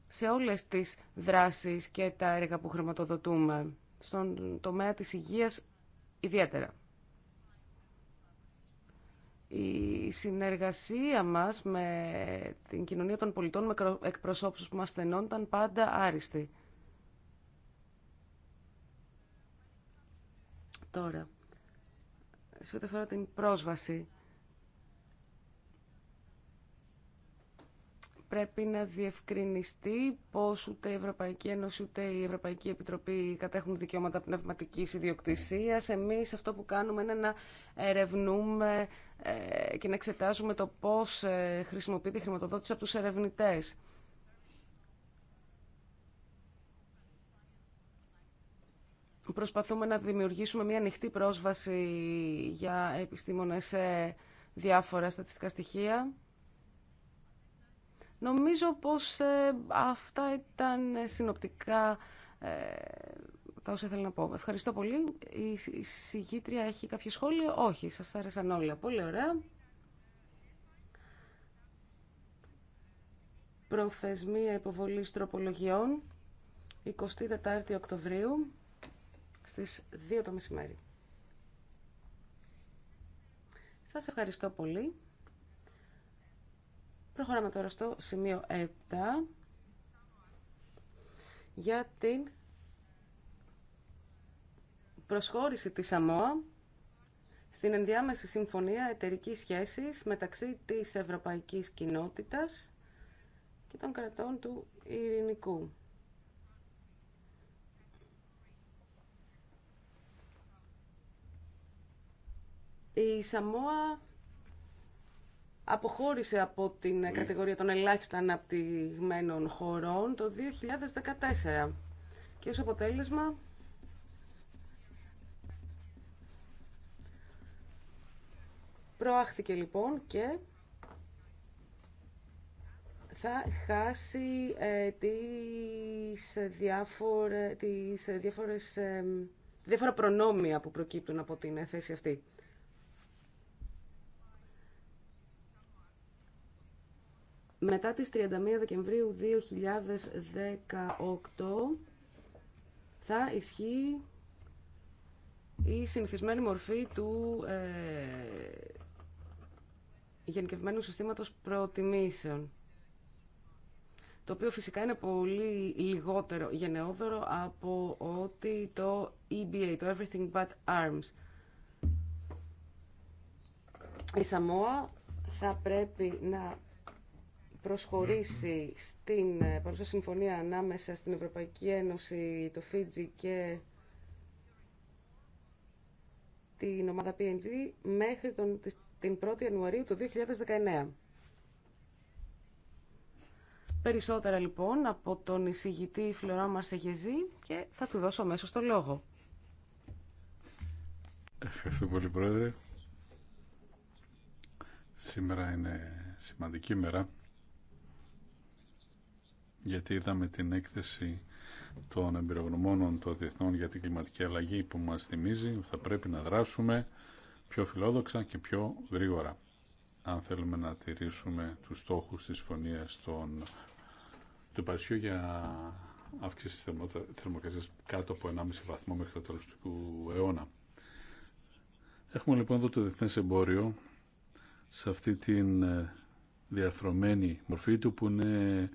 σε όλες τις δράσεις και τα έργα που χρηματοδοτούμε, στον τομέα της υγείας ιδιαίτερα η συνεργασία μας με την κοινωνία των πολιτών, με εκπροσώπους που μας στενών, πάντα άριστη. Τώρα, σε ό,τι αφορά την πρόσβαση πρέπει να διευκρινιστεί πως ούτε η Ευρωπαϊκή Ένωση ούτε η Ευρωπαϊκή Επιτροπή κατέχουν δικαιώματα πνευματικής ιδιοκτησίας. Εμείς αυτό που κάνουμε είναι να ερευνούμε ε, και να εξετάζουμε το πώς ε, χρησιμοποιείται η χρηματοδότηση από τους ερευνητές. Προσπαθούμε να δημιουργήσουμε μια ανοιχτή πρόσβαση για επιστήμονες σε διάφορα στατιστικά στοιχεία. Νομίζω πως ε, αυτά ήταν συνοπτικά ε, τα όσα ήθελα να πω. Ευχαριστώ πολύ. Η συγγήτρια έχει κάποιο σχόλιο. Όχι, σας άρεσαν όλα. Πολύ ωραία. Προθεσμία υποβολής τροπολογιών 24 Οκτωβρίου στις 2 το μεσημέρι. Σας ευχαριστώ πολύ. Προχωράμε τώρα στο σημείο 7 για την προσχώρηση της ΣΑΜΟΑ στην ενδιάμεση συμφωνία εταιρικής σχέσης μεταξύ της Ευρωπαϊκής Κοινότητας και των κρατών του Ειρηνικού. Η Σαμόα αποχώρησε από την κατηγορία των ελάχιστα αναπτυγμένων χωρών το 2014. Και ως αποτέλεσμα προάχθηκε λοιπόν και θα χάσει ε, τις, διάφορε, τις διάφορες, ε, διάφορα προνόμια που προκύπτουν από την θέση αυτή. Μετά τις 31 Δεκεμβρίου 2018 θα ισχύει η συνηθισμένη μορφή του ε, γενικευμένου συστήματος προτιμήσεων το οποίο φυσικά είναι πολύ λιγότερο γενναιόδωρο από ότι το EBA, το Everything But Arms. Η Σαμόα θα πρέπει να προσχωρήσει στην ε, παρούσα συμφωνία ανάμεσα στην Ευρωπαϊκή Ένωση, το Φίτζι και την ομάδα PNG μέχρι τον, την 1η Ιανουαρίου του 2019. Περισσότερα λοιπόν από τον εισηγητή Φλωρά Μαρσεγεζή και θα του δώσω αμέσω το λόγο. Ευχαριστώ πολύ Πρόεδρε. Σήμερα είναι σημαντική μέρα γιατί είδαμε την έκθεση των εμπειρογνωμόνων των διεθνών για την κλιματική αλλαγή που μας θυμίζει ότι θα πρέπει να δράσουμε πιο φιλόδοξα και πιο γρήγορα αν θέλουμε να τηρήσουμε τους στόχους της φωνίας των, του Παρισιού για αύξηση της θερμοκρασίας κάτω από 1,5 βαθμό μέχρι το τελευταίο του αιώνα. Έχουμε λοιπόν εδώ το διεθνές εμπόριο σε αυτή την ε, διαρθρωμένη μορφή του που είναι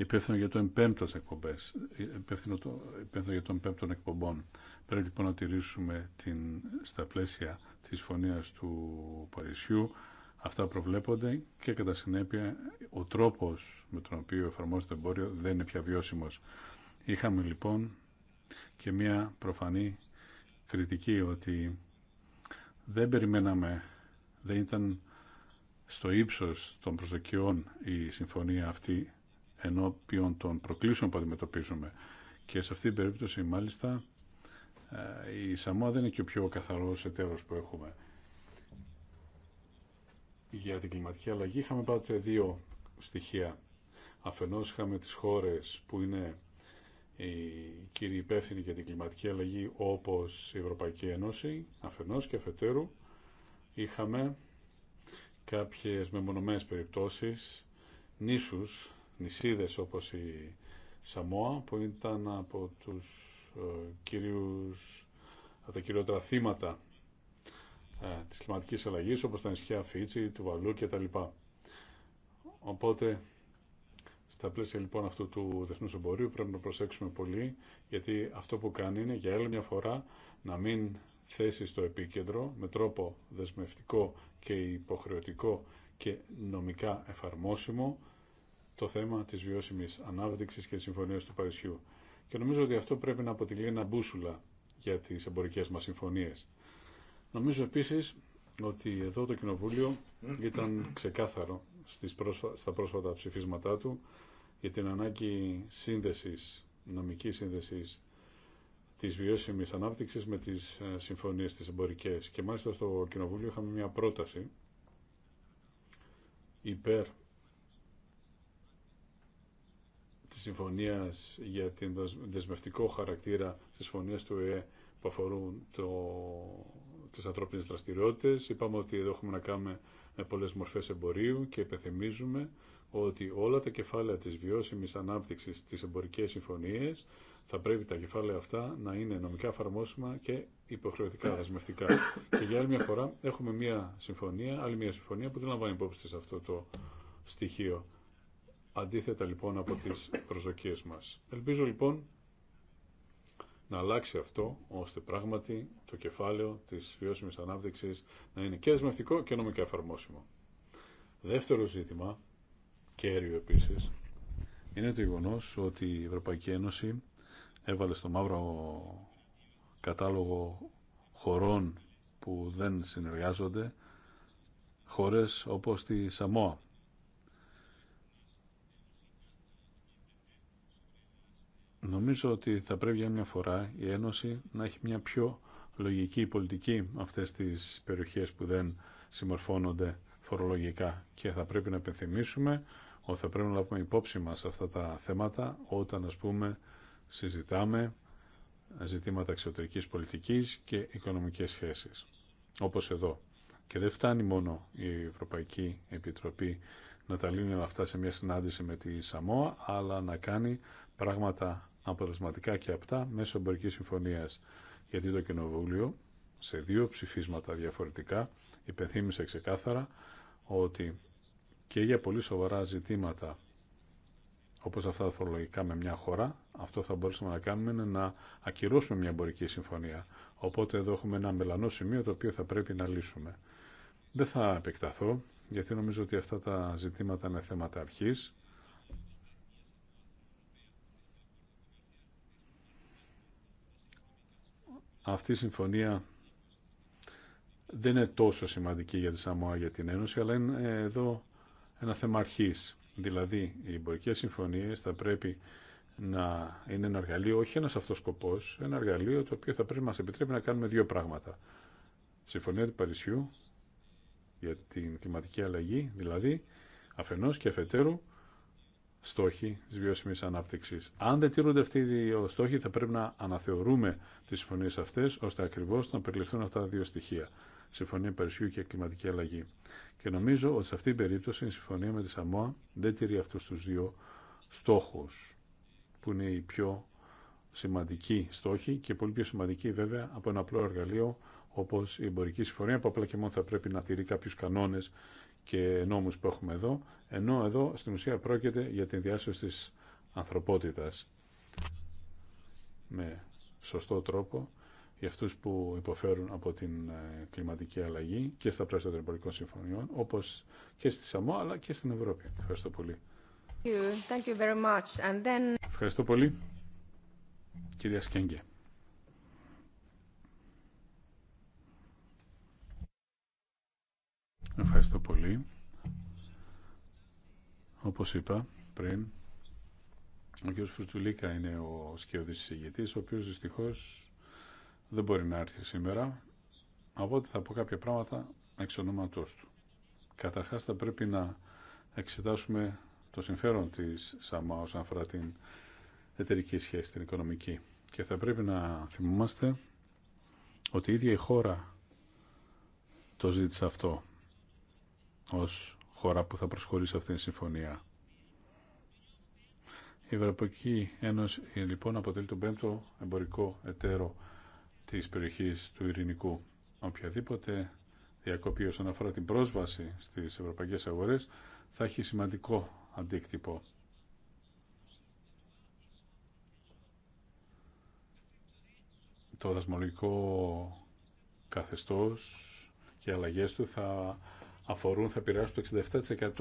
υπεύθυνο για τον πέμπτο εκπομπές, υπεύθυνο, το, υπεύθυνο για τον πέμπτο εκπομπών. Πρέπει λοιπόν να τηρήσουμε την, στα πλαίσια της φωνίας του Παρισιού αυτά προβλέπονται και κατά συνέπεια ο τρόπος με τον οποίο εφαρμόζεται το εμπόριο δεν είναι πια βιώσιμο. Είχαμε λοιπόν και μια προφανή κριτική ότι δεν περιμέναμε, δεν ήταν στο ύψος των προσδοκιών η συμφωνία αυτή ενώπιον των προκλήσεων που αντιμετωπίζουμε. Και σε αυτή την περίπτωση, μάλιστα, ε, η Σαμόα δεν είναι και ο πιο καθαρός εταίρος που έχουμε. Για την κλιματική αλλαγή είχαμε πάντοτε δύο στοιχεία. Αφενός είχαμε τις χώρες που είναι οι κύριοι υπεύθυνοι για την κλιματική αλλαγή όπως η Ευρωπαϊκή Ένωση, αφενός και αφετέρου, είχαμε κάποιες μεμονωμένες περιπτώσεις, νήσους νησίδες όπως η Σαμόα που ήταν από τους ε, κυρίους, από τα κυριότερα θύματα ε, της κλιματικής αλλαγής όπως τα νησιά Φίτσι, του Βαλού κτλ. Οπότε στα πλαίσια λοιπόν αυτού του διεθνούς εμπορίου πρέπει να προσέξουμε πολύ γιατί αυτό που κάνει είναι για άλλη μια φορά να μην θέσει στο επίκεντρο με τρόπο δεσμευτικό και υποχρεωτικό και νομικά εφαρμόσιμο το θέμα της βιώσιμη ανάπτυξη και τη συμφωνία του Παρισιού. Και νομίζω ότι αυτό πρέπει να αποτελεί ένα μπούσουλα για τις εμπορικές μα συμφωνίες. Νομίζω επίσης ότι εδώ το Κοινοβούλιο ήταν ξεκάθαρο στις στα πρόσφατα ψηφίσματά του για την ανάγκη σύνδεση, νομικής σύνδεση της βιώσιμης ανάπτυξης με τις ε, συμφωνίες τις εμπορικές. Και μάλιστα στο Κοινοβούλιο είχαμε μια πρόταση υπέρ της συμφωνίας για την δεσμευτικό χαρακτήρα της συμφωνίας του ΕΕ που αφορούν το, τις ανθρώπινες δραστηριότητες. Είπαμε ότι εδώ έχουμε να κάνουμε με πολλές μορφές εμπορίου και επιθυμίζουμε ότι όλα τα κεφάλαια της βιώσιμης ανάπτυξης στις εμπορικές συμφωνίες θα πρέπει τα κεφάλαια αυτά να είναι νομικά εφαρμόσιμα και υποχρεωτικά δεσμευτικά. και για άλλη μια φορά έχουμε μια συμφωνία, άλλη μια συμφωνία που δεν λαμβάνει υπόψη σε αυτό το στοιχείο αντίθετα λοιπόν από τις προσδοκίες μας. Ελπίζω λοιπόν να αλλάξει αυτό, ώστε πράγματι το κεφάλαιο της βιώσιμης ανάπτυξης να είναι και δεσμευτικό και νομικά εφαρμόσιμο. Δεύτερο ζήτημα, κέριο επίσης, είναι το γεγονό ότι η Ευρωπαϊκή Ένωση έβαλε στο μαύρο κατάλογο χωρών που δεν συνεργάζονται χώρες όπως τη Σαμόα Νομίζω ότι θα πρέπει για μια φορά η Ένωση να έχει μια πιο λογική πολιτική αυτές τις περιοχές που δεν συμμορφώνονται φορολογικά και θα πρέπει να επενθυμίσουμε ότι θα πρέπει να λάβουμε υπόψη μας αυτά τα θέματα όταν ας πούμε συζητάμε ζητήματα εξωτερικής πολιτικής και οικονομικές σχέσεις όπως εδώ. Και δεν φτάνει μόνο η Ευρωπαϊκή Επιτροπή να τα λύνει αυτά σε μια συνάντηση με τη ΣΑΜΟΑ αλλά να κάνει πράγματα αποτελεσματικά και απτά μέσω εμπορική συμφωνίας. Γιατί το Κοινοβούλιο σε δύο ψηφίσματα διαφορετικά υπενθύμησε ξεκάθαρα ότι και για πολύ σοβαρά ζητήματα όπως αυτά τα φορολογικά με μια χώρα, αυτό θα μπορούσαμε να κάνουμε είναι να ακυρώσουμε μια εμπορική συμφωνία. Οπότε εδώ έχουμε ένα μελανό σημείο το οποίο θα πρέπει να λύσουμε. Δεν θα επεκταθώ, γιατί νομίζω ότι αυτά τα ζητήματα είναι θέματα αρχής αυτή η συμφωνία δεν είναι τόσο σημαντική για τη ΣΑΜΟΑ για την Ένωση, αλλά είναι ε, εδώ ένα θέμα αρχή. Δηλαδή, οι εμπορικέ συμφωνίε θα πρέπει να είναι ένα εργαλείο, όχι ένα αυτό, σκοπό, ένα εργαλείο το οποίο θα πρέπει να μα επιτρέπει να κάνουμε δύο πράγματα. Συμφωνία του Παρισιού για την κλιματική αλλαγή, δηλαδή, αφενός και αφετέρου, στόχοι τη βιώσιμη ανάπτυξη. Αν δεν τηρούνται αυτοί οι δύο στόχοι θα πρέπει να αναθεωρούμε τι συμφωνίε αυτέ ώστε ακριβώ να περιληφθούν αυτά τα δύο στοιχεία. Συμφωνία Παρισιού και Κλιματική Αλλαγή. Και νομίζω ότι σε αυτή την περίπτωση η συμφωνία με τη ΣΑΜΟΑ δεν τηρεί αυτού του δύο στόχου, που είναι οι πιο σημαντικοί στόχοι και πολύ πιο σημαντικοί βέβαια από ένα απλό εργαλείο όπω η εμπορική συμφωνία που απλά και μόνο θα πρέπει να τηρεί κάποιου κανόνε και νόμους που έχουμε εδώ, ενώ εδώ στην ουσία πρόκειται για την διάσωση της ανθρωπότητας με σωστό τρόπο για αυτούς που υποφέρουν από την ε, κλιματική αλλαγή και στα πλαίσια των εμπορικών συμφωνιών, όπως και στη ΣΑΜΟ αλλά και στην Ευρώπη. Ευχαριστώ πολύ. you. Thank you very much. And then... Ευχαριστώ πολύ, κυρία Σκέγγε. Ευχαριστώ πολύ. Όπως είπα πριν, ο κ. Φρουτζουλίκα είναι ο σκιώδης εισηγητής, ο οποίος δυστυχώς δεν μπορεί να έρθει σήμερα. Από ό,τι θα πω κάποια πράγματα εξ ονόματός του. Καταρχάς θα πρέπει να εξετάσουμε το συμφέρον της ΣΑΜΑ όσον αφορά την εταιρική σχέση, την οικονομική. Και θα πρέπει να θυμόμαστε ότι η ίδια η χώρα το ζήτησε αυτό ως χώρα που θα προσχωρήσει αυτήν τη συμφωνία. Η Ευρωπαϊκή Ένωση λοιπόν αποτελεί τον πέμπτο εμπορικό εταίρο της περιοχής του Ειρηνικού. Οποιαδήποτε διακοπή όσον αφορά την πρόσβαση στις ευρωπαϊκές αγορές θα έχει σημαντικό αντίκτυπο. Το δασμολογικό καθεστώς και οι αλλαγές του θα αφορούν θα πειράσουν το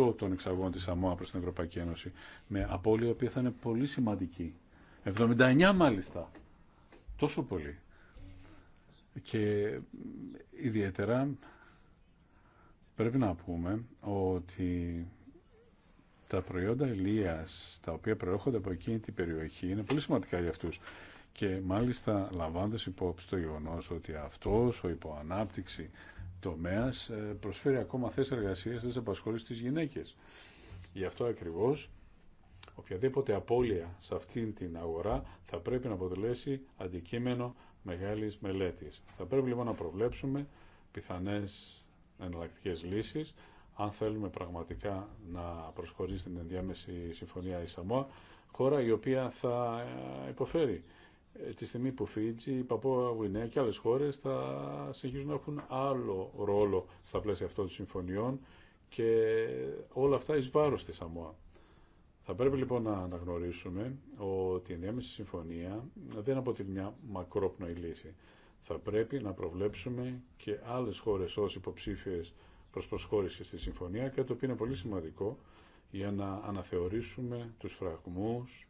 67% των εξαγών της ΑΜΟΑ προς την Ευρωπαϊκή Ένωση με απώλεια η οποία θα είναι πολύ σημαντική. 79 μάλιστα. Τόσο πολύ. Και ιδιαίτερα πρέπει να πούμε ότι τα προϊόντα ελίας τα οποία προέρχονται από εκείνη την περιοχή είναι πολύ σημαντικά για αυτούς. Και μάλιστα λαμβάνοντας υπόψη το γεγονό ότι αυτός ο υποανάπτυξη Τομέα ε, προσφέρει ακόμα θέσει εργασία στις απασχόλησης στις γυναίκες. Γι' αυτό ακριβώς οποιαδήποτε απώλεια σε αυτήν την αγορά θα πρέπει να αποτελέσει αντικείμενο μεγάλη μελέτης. Θα πρέπει λοιπόν να προβλέψουμε πιθανές εναλλακτικέ λύσεις αν θέλουμε πραγματικά να προσχωρήσει την ενδιάμεση συμφωνία η Σαμόα, χώρα η οποία θα ε, υποφέρει ε, τη στιγμή που Φίτζη, η Παπόα Γουινέα και άλλες χώρες θα συνεχίζουν να έχουν άλλο ρόλο στα πλαίσια αυτών των συμφωνιών και όλα αυτά εις βάρος της ΑΜΟΑ. Θα πρέπει λοιπόν να αναγνωρίσουμε ότι η ενδιάμεση συμφωνία δεν αποτελεί μια μακρόπνοη λύση. Θα πρέπει να προβλέψουμε και άλλες χώρες ως υποψήφιες προς προσχώρηση στη συμφωνία, κάτι το οποίο είναι πολύ σημαντικό για να αναθεωρήσουμε τους φραγμούς,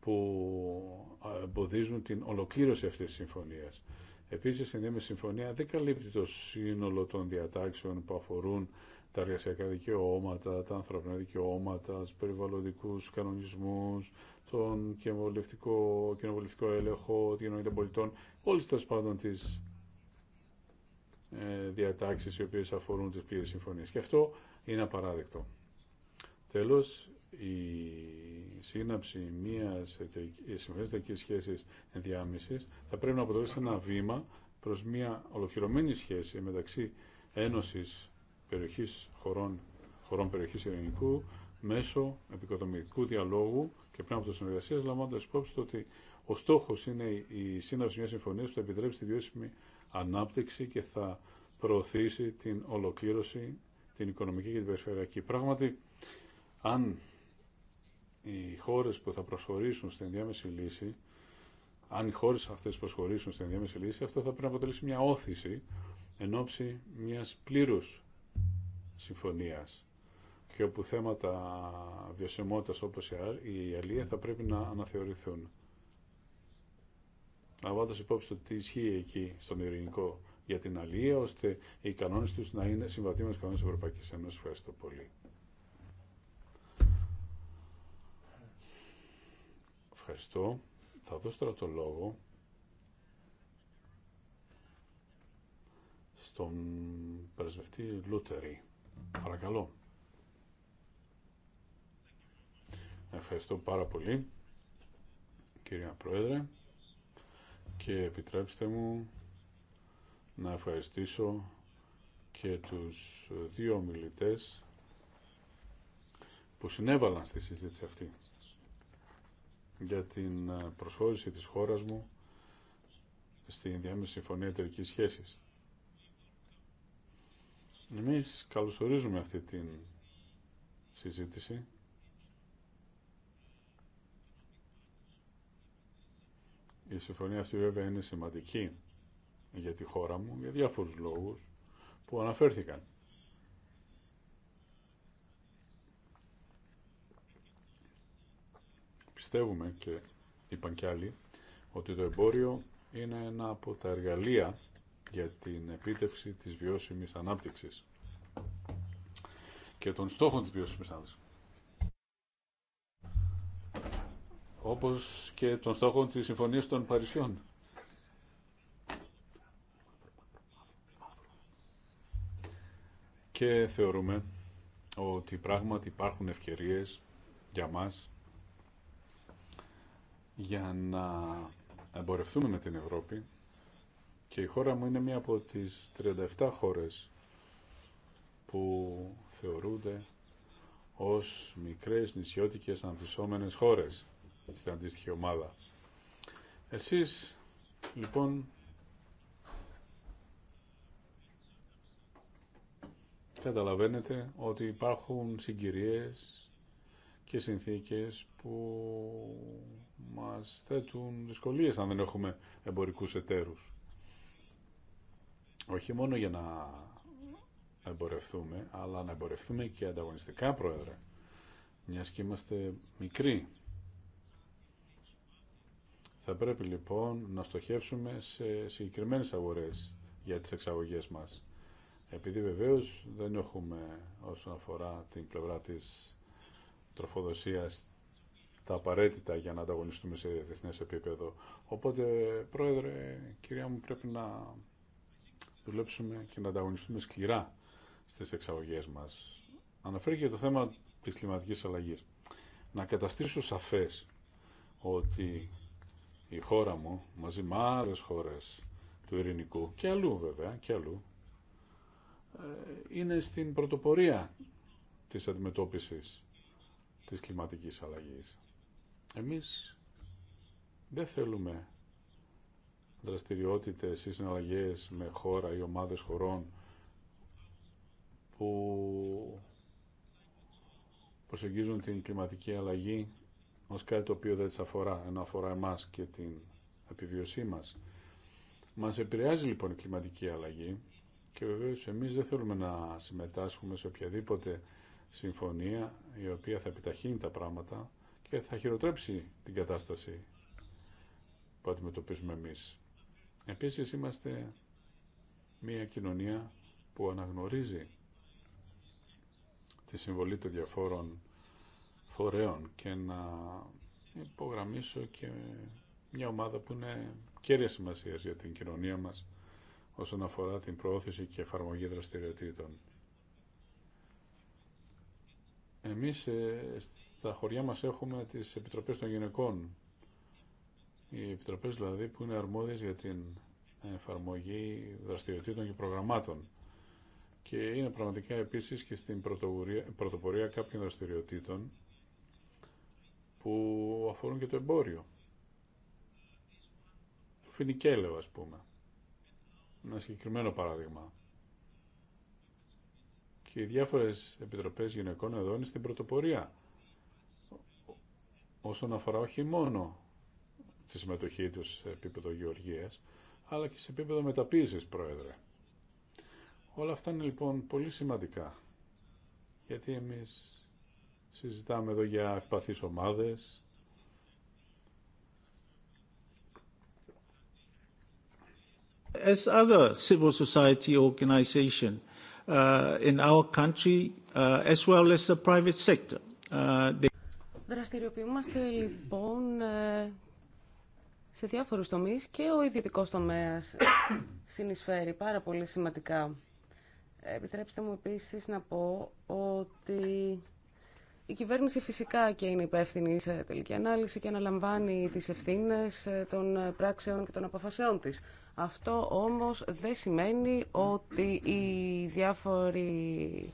που ε, εμποδίζουν την ολοκλήρωση αυτής της συμφωνίας. Επίσης, η νέα συμφωνία δεν καλύπτει το σύνολο των διατάξεων που αφορούν τα εργασιακά δικαιώματα, τα ανθρώπινα δικαιώματα, του περιβαλλοντικού κανονισμούς, τον κοινοβουλευτικό, έλεγχο, την κοινωνία των πολιτών, όλε τέλο πάντων τι ε, διατάξεις οι οποίε αφορούν τι πλήρε συμφωνίε. Και αυτό είναι απαράδεκτο. Τέλος, η σύναψη μιας ε, συμφωνίας σχέσης ενδιάμεσης θα πρέπει να αποτελέσει ένα βήμα προς μια ολοκληρωμένη σχέση μεταξύ Ένωσης περιοχής χωρών, χωρών περιοχής ειρηνικού μέσω επικοδομητικού διαλόγου και πριν από το συνεργασία, λαμβάνοντα υπόψη ότι ο στόχο είναι η σύναψη μια συμφωνία που θα επιτρέψει τη βιώσιμη ανάπτυξη και θα προωθήσει την ολοκλήρωση, την οικονομική και την περιφερειακή. Πράγματι, αν οι χώρες που θα προσχωρήσουν στην διάμεση λύση, αν οι χώρες αυτές προσχωρήσουν στην διάμεση λύση, αυτό θα πρέπει να αποτελέσει μια όθηση εν ώψη μιας πλήρους συμφωνίας και όπου θέματα βιωσιμότητας όπως η αλία θα πρέπει να αναθεωρηθούν. Λαμβάνοντα υπόψη το τι ισχύει εκεί στον Ειρηνικό για την αλία, ώστε οι κανόνες τους να είναι συμβατοί με τους κανόνες της Ευρωπαϊκής Ένωσης. Ευχαριστώ πολύ. Ευχαριστώ. Θα δώσω τώρα το λόγο στον πρεσβευτή Λούτερη. Παρακαλώ. Ευχαριστώ πάρα πολύ, κύριε Πρόεδρε, και επιτρέψτε μου να ευχαριστήσω και τους δύο ομιλητές που συνέβαλαν στη συζήτηση αυτή για την ε, προσχώρηση της χώρας μου στην διάμεση συμφωνία εταιρικής σχέσης. Εμείς καλωσορίζουμε αυτή την συζήτηση Η συμφωνία αυτή βέβαια είναι σημαντική για τη χώρα μου για διάφορους λόγους που αναφέρθηκαν. Πιστεύουμε και είπαν και άλλοι ότι το εμπόριο είναι ένα από τα εργαλεία για την επίτευξη της βιώσιμης ανάπτυξης και των στόχων της βιώσιμης ανάπτυξης. Όπως και των στόχων της Συμφωνίας των Παρισιών. Και θεωρούμε ότι πράγματι υπάρχουν ευκαιρίες για μας για να εμπορευτούμε με την Ευρώπη και η χώρα μου είναι μία από τις 37 χώρες που θεωρούνται ως μικρές νησιώτικες αναπτυσσόμενες χώρες στην αντίστοιχη ομάδα. Εσείς, λοιπόν, καταλαβαίνετε ότι υπάρχουν συγκυρίες και συνθήκες που μας θέτουν δυσκολίες αν δεν έχουμε εμπορικούς εταίρους. Όχι μόνο για να εμπορευτούμε, αλλά να εμπορευτούμε και ανταγωνιστικά, Πρόεδρε, μιας και είμαστε μικροί. Θα πρέπει λοιπόν να στοχεύσουμε σε συγκεκριμένες αγορές για τις εξαγωγές μας. Επειδή βεβαίως δεν έχουμε όσον αφορά την πλευρά της τροφοδοσία τα απαραίτητα για να ανταγωνιστούμε σε διεθνές επίπεδο. Οπότε, Πρόεδρε, κυρία μου, πρέπει να δουλέψουμε και να ανταγωνιστούμε σκληρά στις εξαγωγές μας. Αναφέρει και το θέμα της κλιματικής αλλαγής. Να καταστήσω σαφές ότι η χώρα μου, μαζί με άλλε χώρες του ειρηνικού και αλλού βέβαια, και αλλού, ε, είναι στην πρωτοπορία της αντιμετώπισης της κλιματικής αλλαγής. Εμείς δεν θέλουμε δραστηριότητες ή συναλλαγές με χώρα ή ομάδες χωρών που προσεγγίζουν την κλιματική αλλαγή ως κάτι το οποίο δεν τις αφορά, ενώ αφορά εμάς και την επιβίωσή μας. Μας επηρεάζει λοιπόν η κλιματική αλλαγή και βεβαίως εμείς δεν θέλουμε να συμμετάσχουμε σε οποιαδήποτε συμφωνία η οποία θα επιταχύνει τα πράγματα και θα χειροτρέψει την κατάσταση που αντιμετωπίζουμε εμείς. Επίσης είμαστε μια κοινωνία που αναγνωρίζει τη συμβολή των διαφόρων φορέων και να υπογραμμίσω και μια ομάδα που είναι κέρια σημασία για την κοινωνία μας όσον αφορά την προώθηση και εφαρμογή δραστηριοτήτων. Εμείς ε, στα χωριά μας έχουμε τις Επιτροπές των Γυναικών. Οι Επιτροπές δηλαδή που είναι αρμόδιες για την εφαρμογή δραστηριοτήτων και προγραμμάτων. Και είναι πραγματικά επίσης και στην πρωτοπορία κάποιων δραστηριοτήτων που αφορούν και το εμπόριο. Το ας πούμε. Ένα συγκεκριμένο παράδειγμα και οι διάφορες επιτροπές γυναικών εδώ είναι στην πρωτοπορία όσον αφορά όχι μόνο τη συμμετοχή τους σε επίπεδο γεωργίας, αλλά και σε επίπεδο μεταποίησης, Πρόεδρε. Όλα αυτά είναι λοιπόν πολύ σημαντικά, γιατί εμείς συζητάμε εδώ για ευπαθείς ομάδες, As other civil society organization, Uh, in our country uh, as well as uh, Δραστηριοποιούμαστε λοιπόν ε, σε διάφορους τομείς και ο ιδιωτικός τομέας συνεισφέρει πάρα πολύ σημαντικά. Ε, επιτρέψτε μου επίσης να πω ότι η κυβέρνηση φυσικά και είναι υπεύθυνη σε τελική ανάλυση και αναλαμβάνει τις ευθύνες ε, των πράξεων και των αποφασεών της. Αυτό όμως δεν σημαίνει ότι οι διάφοροι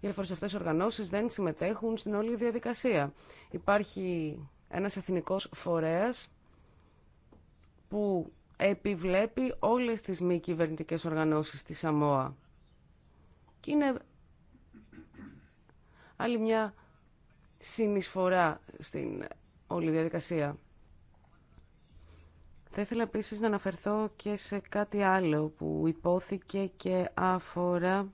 διάφορες αυτές οργανώσεις δεν συμμετέχουν στην όλη διαδικασία. Υπάρχει ένας εθνικό φορέας που επιβλέπει όλες τις μη κυβερνητικέ οργανώσει τη ΑΜΟΑ. Και είναι άλλη μια συνεισφορά στην όλη διαδικασία. Θα ήθελα επίσης να αναφερθώ και σε κάτι άλλο που υπόθηκε και αφορά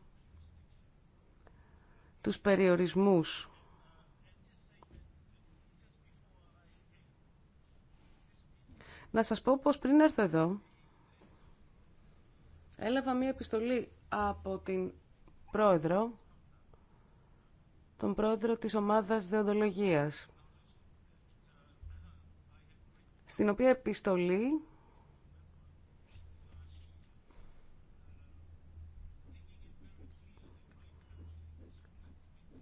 τους περιορισμούς. Να σας πω πως πριν έρθω εδώ, έλαβα μία επιστολή από την πρόεδρο, τον πρόεδρο της ομάδας δεοντολογίας στην οποία επιστολή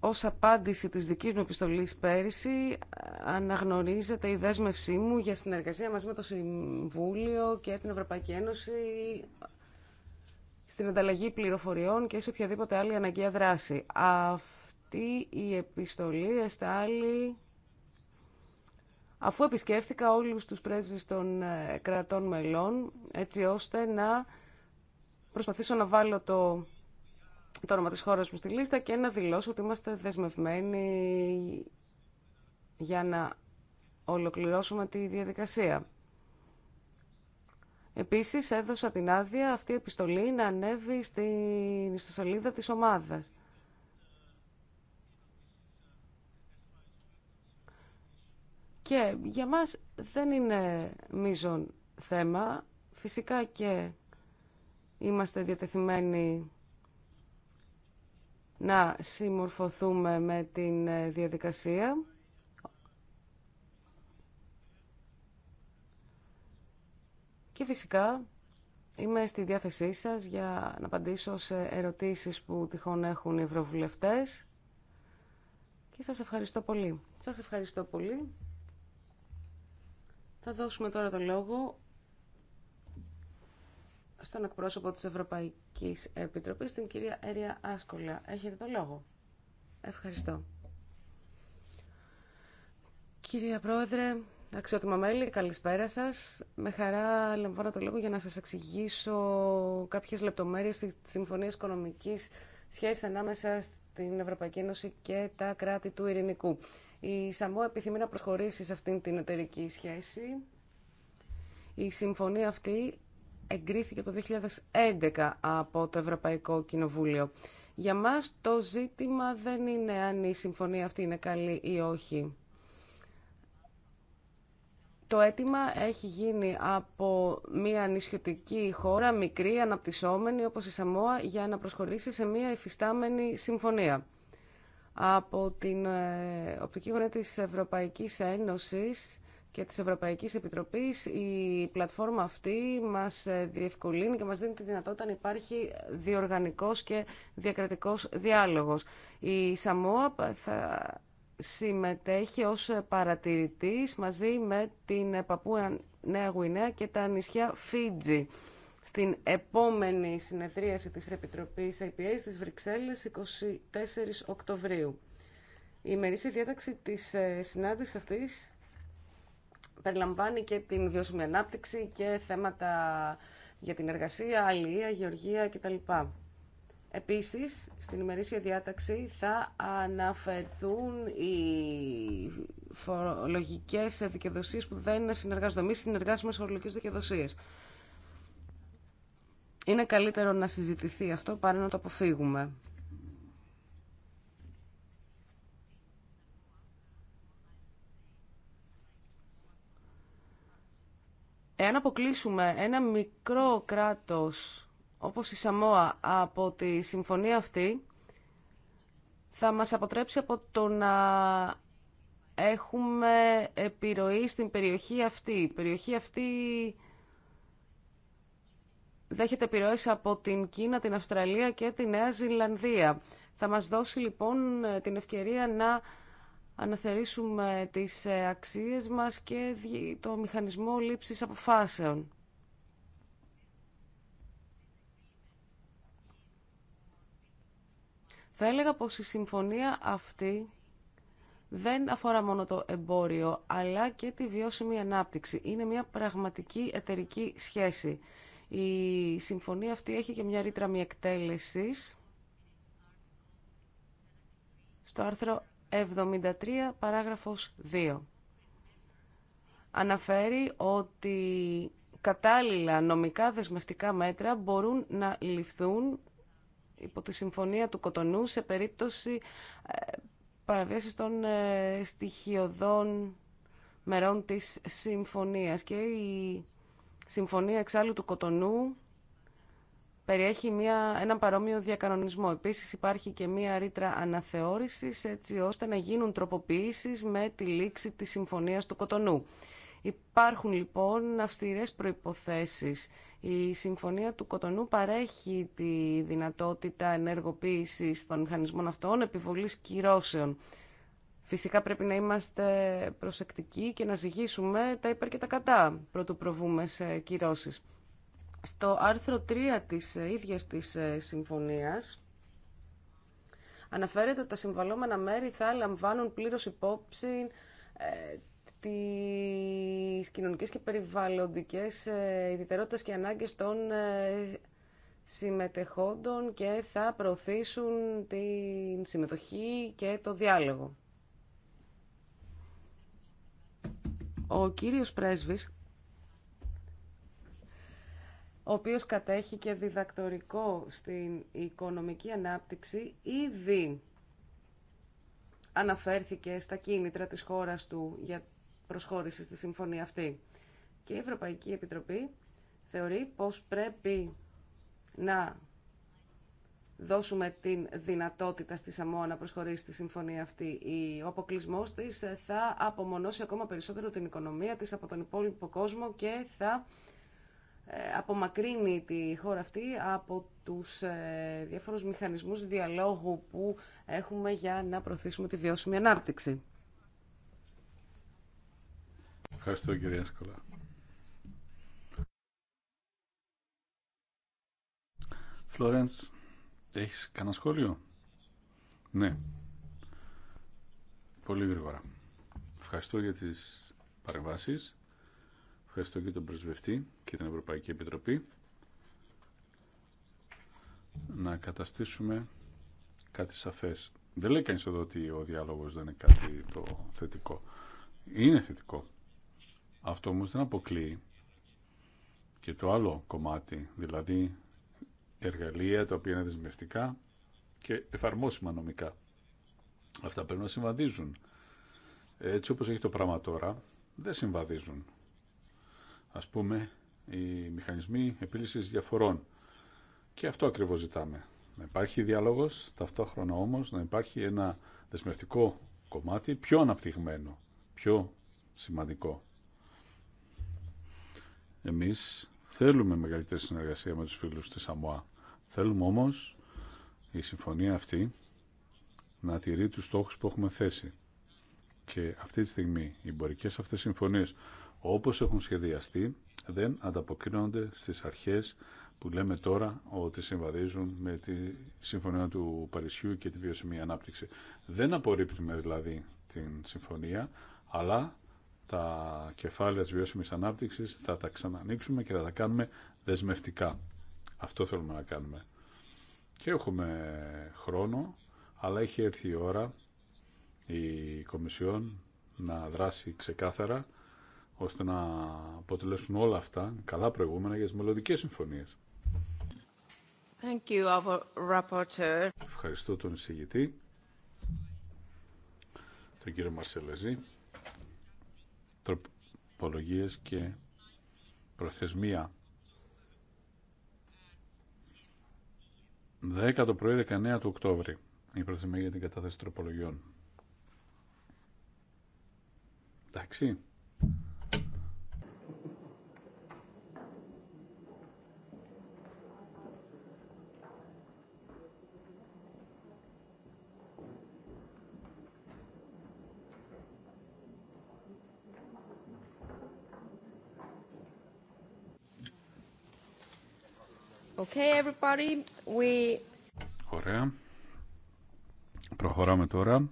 ως απάντηση της δικής μου επιστολής πέρυσι αναγνωρίζεται η δέσμευσή μου για συνεργασία μαζί με το Συμβούλιο και την Ευρωπαϊκή Ένωση στην ανταλλαγή πληροφοριών και σε οποιαδήποτε άλλη αναγκαία δράση. Αυτή η επιστολή εστάλει αφού επισκέφθηκα όλους τους πρέσβεις των ε, κρατών μελών, έτσι ώστε να προσπαθήσω να βάλω το, το όνομα της χώρας μου στη λίστα και να δηλώσω ότι είμαστε δεσμευμένοι για να ολοκληρώσουμε τη διαδικασία. Επίσης έδωσα την άδεια αυτή η επιστολή να ανέβει στην ιστοσελίδα της ομάδας. Και για μας δεν είναι μείζον θέμα. Φυσικά και είμαστε διατεθειμένοι να συμμορφωθούμε με την ε, διαδικασία. Και φυσικά είμαι στη διάθεσή σας για να απαντήσω σε ερωτήσεις που τυχόν έχουν οι ευρωβουλευτές. Και σας ευχαριστώ πολύ. Σας ευχαριστώ πολύ. Θα δώσουμε τώρα το λόγο στον εκπρόσωπο της Ευρωπαϊκής Επιτροπής, την κυρία Έρια Άσκολα. Έχετε το λόγο. Ευχαριστώ. Κυρία Πρόεδρε, αξιότιμα μέλη, καλησπέρα σας. Με χαρά λαμβάνω το λόγο για να σας εξηγήσω κάποιες λεπτομέρειες της Συμφωνίας Οικονομικής Σχέσης ανάμεσα στην Ευρωπαϊκή Ένωση και τα κράτη του Ειρηνικού. Η ΣΑΜΟ επιθυμεί να προσχωρήσει σε αυτήν την εταιρική σχέση. Η συμφωνία αυτή εγκρίθηκε το 2011 από το Ευρωπαϊκό Κοινοβούλιο. Για μας το ζήτημα δεν είναι αν η συμφωνία αυτή είναι καλή ή όχι. Το αίτημα έχει γίνει από μια νησιωτική χώρα, μικρή, αναπτυσσόμενη, όπως η Σαμόα, για να προσχωρήσει σε μια υφιστάμενη συμφωνία από την ε, οπτική γωνία της Ευρωπαϊκής Ένωσης και της Ευρωπαϊκής Επιτροπής η πλατφόρμα αυτή μας ε, διευκολύνει και μας δίνει τη δυνατότητα να υπάρχει διοργανικός και διακρατικός διάλογος. Η ΣΑΜΟΑ θα συμμετέχει ως παρατηρητής μαζί με την παππού Νέα Γουινέα και τα νησιά Φίτζι στην επόμενη συνεδρίαση της Επιτροπής APA στις Βρυξέλλες 24 Οκτωβρίου. Η ημερήσια διάταξη της ε, συνάντησης αυτής περιλαμβάνει και την βιώσιμη ανάπτυξη και θέματα για την εργασία, αλληλεία, γεωργία κτλ. Επίσης, στην ημερήσια διάταξη θα αναφερθούν οι φορολογικές δικαιοδοσίες που δεν συνεργάζονται. Μη συνεργάσουμε στις φορολογικές δικαιοδοσίες είναι καλύτερο να συζητηθεί αυτό παρά να το αποφύγουμε. Εάν αποκλείσουμε ένα μικρό κράτος όπως η Σαμόα από τη συμφωνία αυτή, θα μας αποτρέψει από το να έχουμε επιρροή στην περιοχή αυτή. περιοχή αυτή δέχεται επιρροές από την Κίνα, την Αυστραλία και τη Νέα Ζηλανδία. Θα μας δώσει λοιπόν ε, την ευκαιρία να αναθερήσουμε τις ε, αξίες μας και το μηχανισμό λήψης αποφάσεων. Θα έλεγα πως η συμφωνία αυτή δεν αφορά μόνο το εμπόριο, αλλά και τη βιώσιμη ανάπτυξη. Είναι μια πραγματική εταιρική σχέση. Η συμφωνία αυτή έχει και μια ρήτρα μη εκτέλεσης. Στο άρθρο 73, παράγραφος 2. Αναφέρει ότι κατάλληλα νομικά δεσμευτικά μέτρα μπορούν να ληφθούν υπό τη συμφωνία του Κοτονού σε περίπτωση ε, παραβίασης των ε, στοιχειωδών μερών της συμφωνίας και η συμφωνία εξάλλου του Κοτονού περιέχει μια, έναν παρόμοιο διακανονισμό. Επίσης υπάρχει και μια ρήτρα αναθεώρησης έτσι ώστε να γίνουν τροποποιήσεις με τη λήξη της συμφωνίας του Κοτονού. Υπάρχουν λοιπόν αυστηρές προϋποθέσεις. Η Συμφωνία του Κοτονού παρέχει τη δυνατότητα ενεργοποίησης των μηχανισμών αυτών, επιβολής κυρώσεων. Φυσικά πρέπει να είμαστε προσεκτικοί και να ζυγίσουμε τα υπέρ και τα κατά πρωτού προβούμε σε κυρώσεις. Στο άρθρο 3 της ίδιας της ε, συμφωνίας αναφέρεται ότι τα συμβαλώμενα μέρη θα λαμβάνουν πλήρως υπόψη ε, τις κοινωνικές και περιβαλλοντικές ε, και ανάγκες των ε, συμμετεχόντων και θα προωθήσουν την συμμετοχή και το διάλογο. Ο κύριος πρέσβης, ο οποίος κατέχει και διδακτορικό στην οικονομική ανάπτυξη, ήδη αναφέρθηκε στα κίνητρα της χώρας του για προσχώρηση στη συμφωνία αυτή. Και η Ευρωπαϊκή Επιτροπή θεωρεί πως πρέπει να δώσουμε την δυνατότητα στη ΣΑΜΟΑ να προσχωρήσει στη συμφωνία αυτή. Ο αποκλεισμό τη ε, θα απομονώσει ακόμα περισσότερο την οικονομία της από τον υπόλοιπο κόσμο και θα ε, απομακρύνει τη χώρα αυτή από τους ε, διάφορους μηχανισμούς διαλόγου που έχουμε για να προωθήσουμε τη βιώσιμη ανάπτυξη. Ευχαριστώ κύριε Σκολά. Florence. Έχεις κανένα σχόλιο? Ναι. Πολύ γρήγορα. Ευχαριστώ για τις παρεμβάσει, Ευχαριστώ και τον Πρεσβευτή και την Ευρωπαϊκή Επιτροπή. Να καταστήσουμε κάτι σαφές. Δεν λέει κανείς εδώ ότι ο διάλογος δεν είναι κάτι το θετικό. Είναι θετικό. Αυτό όμως δεν αποκλείει και το άλλο κομμάτι, δηλαδή εργαλεία τα οποία είναι δεσμευτικά και εφαρμόσιμα νομικά. Αυτά πρέπει να συμβαδίζουν. Έτσι όπως έχει το πράγμα τώρα, δεν συμβαδίζουν. Ας πούμε, οι μηχανισμοί επίλυσης διαφορών. Και αυτό ακριβώς ζητάμε. Να υπάρχει διάλογος, ταυτόχρονα όμως να υπάρχει ένα δεσμευτικό κομμάτι πιο αναπτυγμένο, πιο σημαντικό. Εμείς θέλουμε μεγαλύτερη συνεργασία με τους φίλους της ΑΜΟΑ. Θέλουμε όμως η συμφωνία αυτή να τηρεί τους στόχους που έχουμε θέσει. Και αυτή τη στιγμή οι εμπορικέ αυτές συμφωνίες όπως έχουν σχεδιαστεί δεν ανταποκρίνονται στις αρχές που λέμε τώρα ότι συμβαδίζουν με τη Συμφωνία του Παρισιού και τη βιωσιμή ανάπτυξη. Δεν απορρίπτουμε δηλαδή την συμφωνία, αλλά τα κεφάλαια της βιώσιμης ανάπτυξης θα τα ξανανοίξουμε και θα τα κάνουμε δεσμευτικά. Αυτό θέλουμε να κάνουμε. Και έχουμε χρόνο, αλλά έχει έρθει η ώρα η Κομισιόν να δράσει ξεκάθαρα ώστε να αποτελέσουν όλα αυτά καλά προηγούμενα για τις μελλοντικές συμφωνίες. you, our Ευχαριστώ τον εισηγητή, τον κύριο Μαρσελεζή, τροπολογίες και προθεσμία 10 το πρωί 19 του Οκτώβρη η προθυμία για την κατάθεση τροπολογιών. Εντάξει. Okay, everybody. We... Ωραία. Προχωράμε τώρα.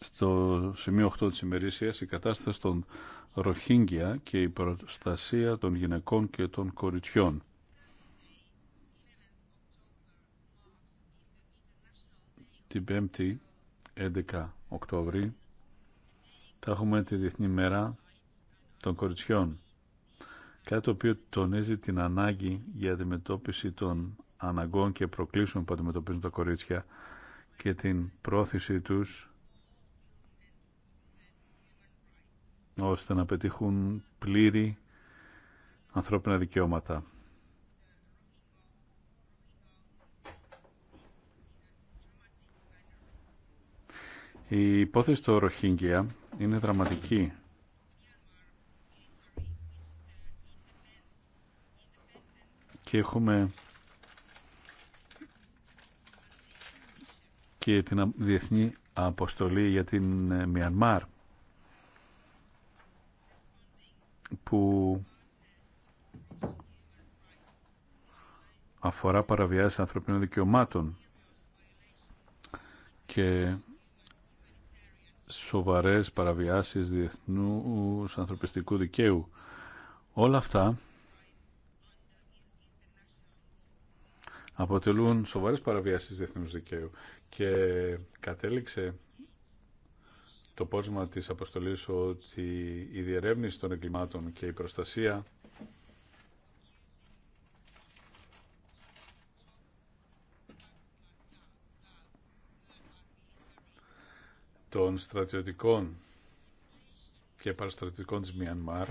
Στο σημείο 8 της ημερήσία η κατάσταση των Ροχίνγκια και η προστασία των γυναικών και των κοριτσιών. Την 5η 11 Οκτώβρη θα έχουμε τη Διεθνή Μέρα των Κοριτσιών κάτι το οποίο τονίζει την ανάγκη για αντιμετώπιση των αναγκών και προκλήσεων που αντιμετωπίζουν τα κορίτσια και την πρόθεσή τους ώστε να πετύχουν πλήρη ανθρώπινα δικαιώματα. Η υπόθεση στο Ροχίνγκια είναι δραματική και έχουμε και την διεθνή αποστολή για την ε, Μιανμάρ που αφορά παραβιάσεις ανθρωπίνων δικαιωμάτων και σοβαρές παραβιάσεις διεθνούς ανθρωπιστικού δικαίου. Όλα αυτά αποτελούν σοβαρές παραβιάσεις διεθνούς δικαίου και κατέληξε το πόρισμα της αποστολής ότι η διερεύνηση των εγκλημάτων και η προστασία των στρατιωτικών και παραστρατιωτικών της Μιανμάρ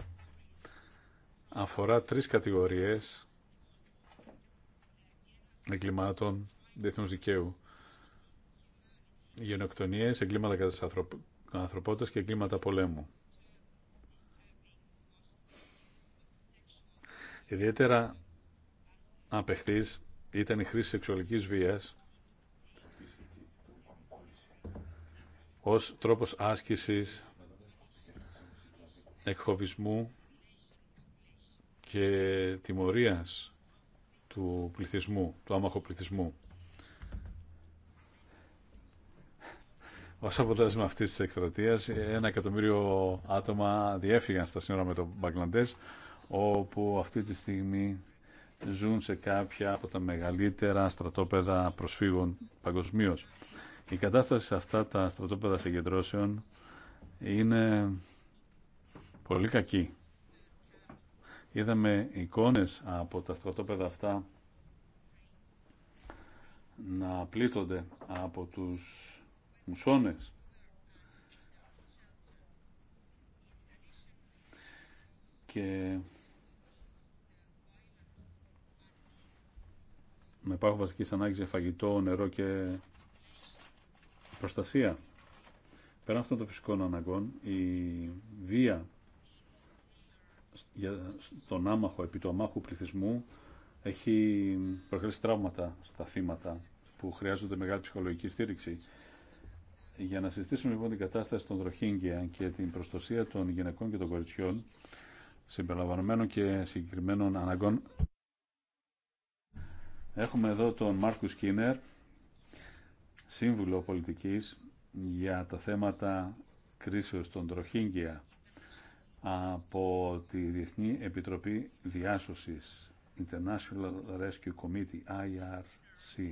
αφορά τρεις κατηγορίες εγκλημάτων διεθνούς δικαίου. Γενοκτονίες, εγκλήματα κατά της ανθρωπότητας και εγκλήματα πολέμου. Ιδιαίτερα απεχτής ήταν η χρήση σεξουαλικής βίας ως τρόπος άσκησης εκφοβισμού και τιμωρίας του πληθυσμού, του άμαχου πληθυσμού. Ως αποτέλεσμα αυτής της εκστρατείας, ένα εκατομμύριο άτομα διέφυγαν στα σύνορα με τον Μπαγκλαντές, όπου αυτή τη στιγμή ζουν σε κάποια από τα μεγαλύτερα στρατόπεδα προσφύγων παγκοσμίω. Η κατάσταση σε αυτά τα στρατόπεδα συγκεντρώσεων είναι πολύ κακή. Είδαμε εικόνες από τα στρατόπεδα αυτά να πλήττονται από τους μουσώνες. Και με υπάρχουν βασικής ανάγκης για φαγητό, νερό και προστασία. Πέραν αυτών των φυσικών αναγκών, η βία για στον άμαχο, επί του αμάχου πληθυσμού έχει προκαλέσει τραύματα στα θύματα που χρειάζονται μεγάλη ψυχολογική στήριξη. Για να συζητήσουμε λοιπόν την κατάσταση των Ροχίνγκια και την προστασία των γυναικών και των κοριτσιών, συμπεριλαμβανομένων και συγκεκριμένων αναγκών, έχουμε εδώ τον Μάρκου Σκίνερ, σύμβουλο πολιτικής για τα θέματα κρίσεως των Ροχίνγκια από τη Διεθνή Επιτροπή Διάσωσης International Rescue Committee, IRC.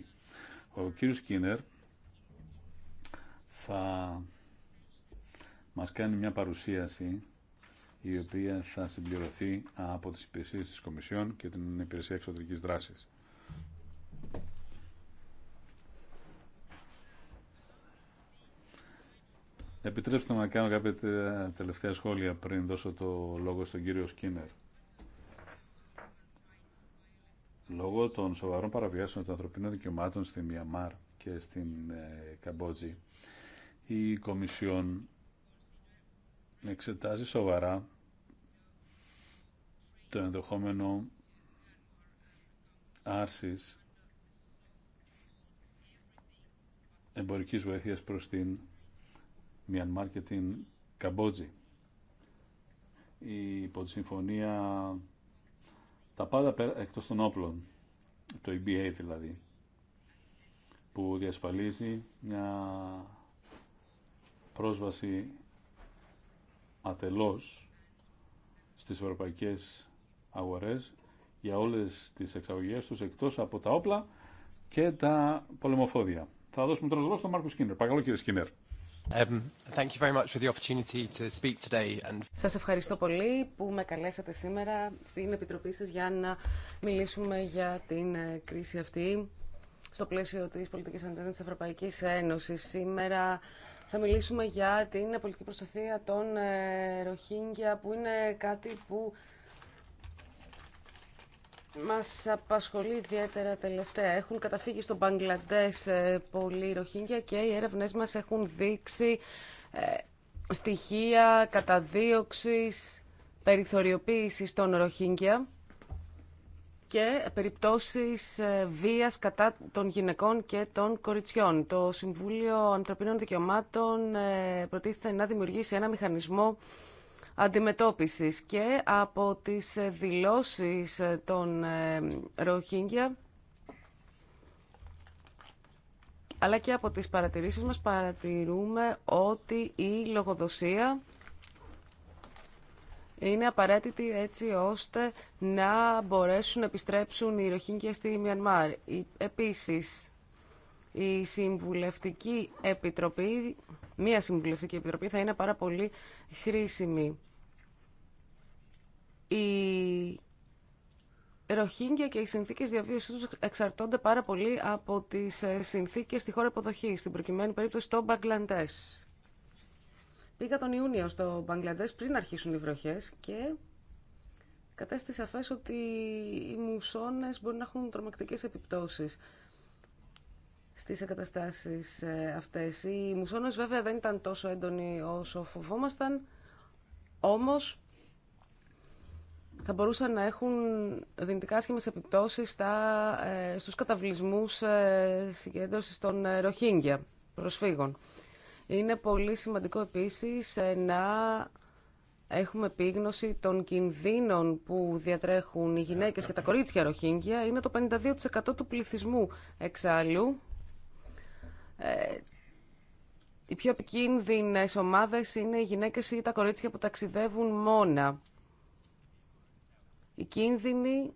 Ο κύριος Κίνερ θα μας κάνει μια παρουσίαση η οποία θα συμπληρωθεί από τις υπηρεσίες της Κομισιόν και την Υπηρεσία Εξωτερικής Δράσης. Επιτρέψτε να κάνω κάποια τελευταία σχόλια πριν δώσω το λόγο στον κύριο Σκίνερ. Λόγω των σοβαρών παραβιάσεων των ανθρωπίνων δικαιωμάτων στη Μιαμάρ και στην ε, Καμπότζη, η Κομισιόν εξετάζει σοβαρά το ενδεχόμενο άρσης εμπορικής βοήθειας προς την Μιανμάρ και την Καμπότζη. Η υποσυμφωνία τα πάντα εκτός των όπλων, το EBA δηλαδή, που διασφαλίζει μια πρόσβαση ατελώς στις ευρωπαϊκές αγορές για όλες τις εξαγωγές τους εκτός από τα όπλα και τα πολεμοφόδια. Θα δώσουμε τώρα λόγο στον Μάρκο Σκίνερ. Παρακαλώ κύριε Σκίνερ. Σας ευχαριστώ πολύ που με καλέσατε σήμερα στην Επιτροπή σας για να μιλήσουμε για την ε, κρίση αυτή στο πλαίσιο της πολιτικής αντζέντα της Ευρωπαϊκής Ένωσης. Σήμερα θα μιλήσουμε για την πολιτική προστασία των ε, Ροχίνγκια που είναι κάτι που μας απασχολεί ιδιαίτερα τελευταία. Έχουν καταφύγει στο Μπαγκλαντές ε, πολλοί Ροχίνγκια και οι έρευνες μας έχουν δείξει ε, στοιχεία καταδίωξης, περιθωριοποίησης των Ροχίνγκια και περιπτώσεις ε, βίας κατά των γυναικών και των κοριτσιών. Το Συμβούλιο Ανθρωπίνων Δικαιωμάτων προτίθεται να δημιουργήσει ένα μηχανισμό αντιμετώπισης και από τις δηλώσεις των ε, Ροχίνγκια αλλά και από τις παρατηρήσεις μας παρατηρούμε ότι η λογοδοσία είναι απαραίτητη έτσι ώστε να μπορέσουν να επιστρέψουν οι Ροχίνγκια στη Μιανμάρ. Επίσης, η Συμβουλευτική Επιτροπή μία συμβουλευτική επιτροπή θα είναι πάρα πολύ χρήσιμη. Η Ροχίνγκια και οι συνθήκες διαβίωσης τους εξαρτώνται πάρα πολύ από τις ε, συνθήκες στη χώρα υποδοχή, στην προκειμένη περίπτωση στο Μπαγκλαντές. Πήγα τον Ιούνιο στο Μπαγκλαντές πριν αρχίσουν οι βροχές και κατέστησα σαφές ότι οι μουσώνες μπορεί να έχουν τρομακτικές επιπτώσεις στις εγκαταστάσεις ε, αυτές. Η μουσόνος βέβαια δεν ήταν τόσο έντονη όσο φοβόμασταν, όμως θα μπορούσαν να έχουν δυνητικά άσχημες επιπτώσεις στα, ε, στους καταβλισμούς ε, συγκέντρωσης των Ροχίνγκια προσφύγων. Είναι πολύ σημαντικό επίσης να έχουμε επίγνωση των κινδύνων που διατρέχουν οι γυναίκες και τα κορίτσια Ροχίνγκια. Είναι το 52% του πληθυσμού εξάλλου ε, οι πιο επικίνδυνε ομάδες είναι οι γυναίκες ή τα κορίτσια που ταξιδεύουν μόνα. Οι κίνδυνοι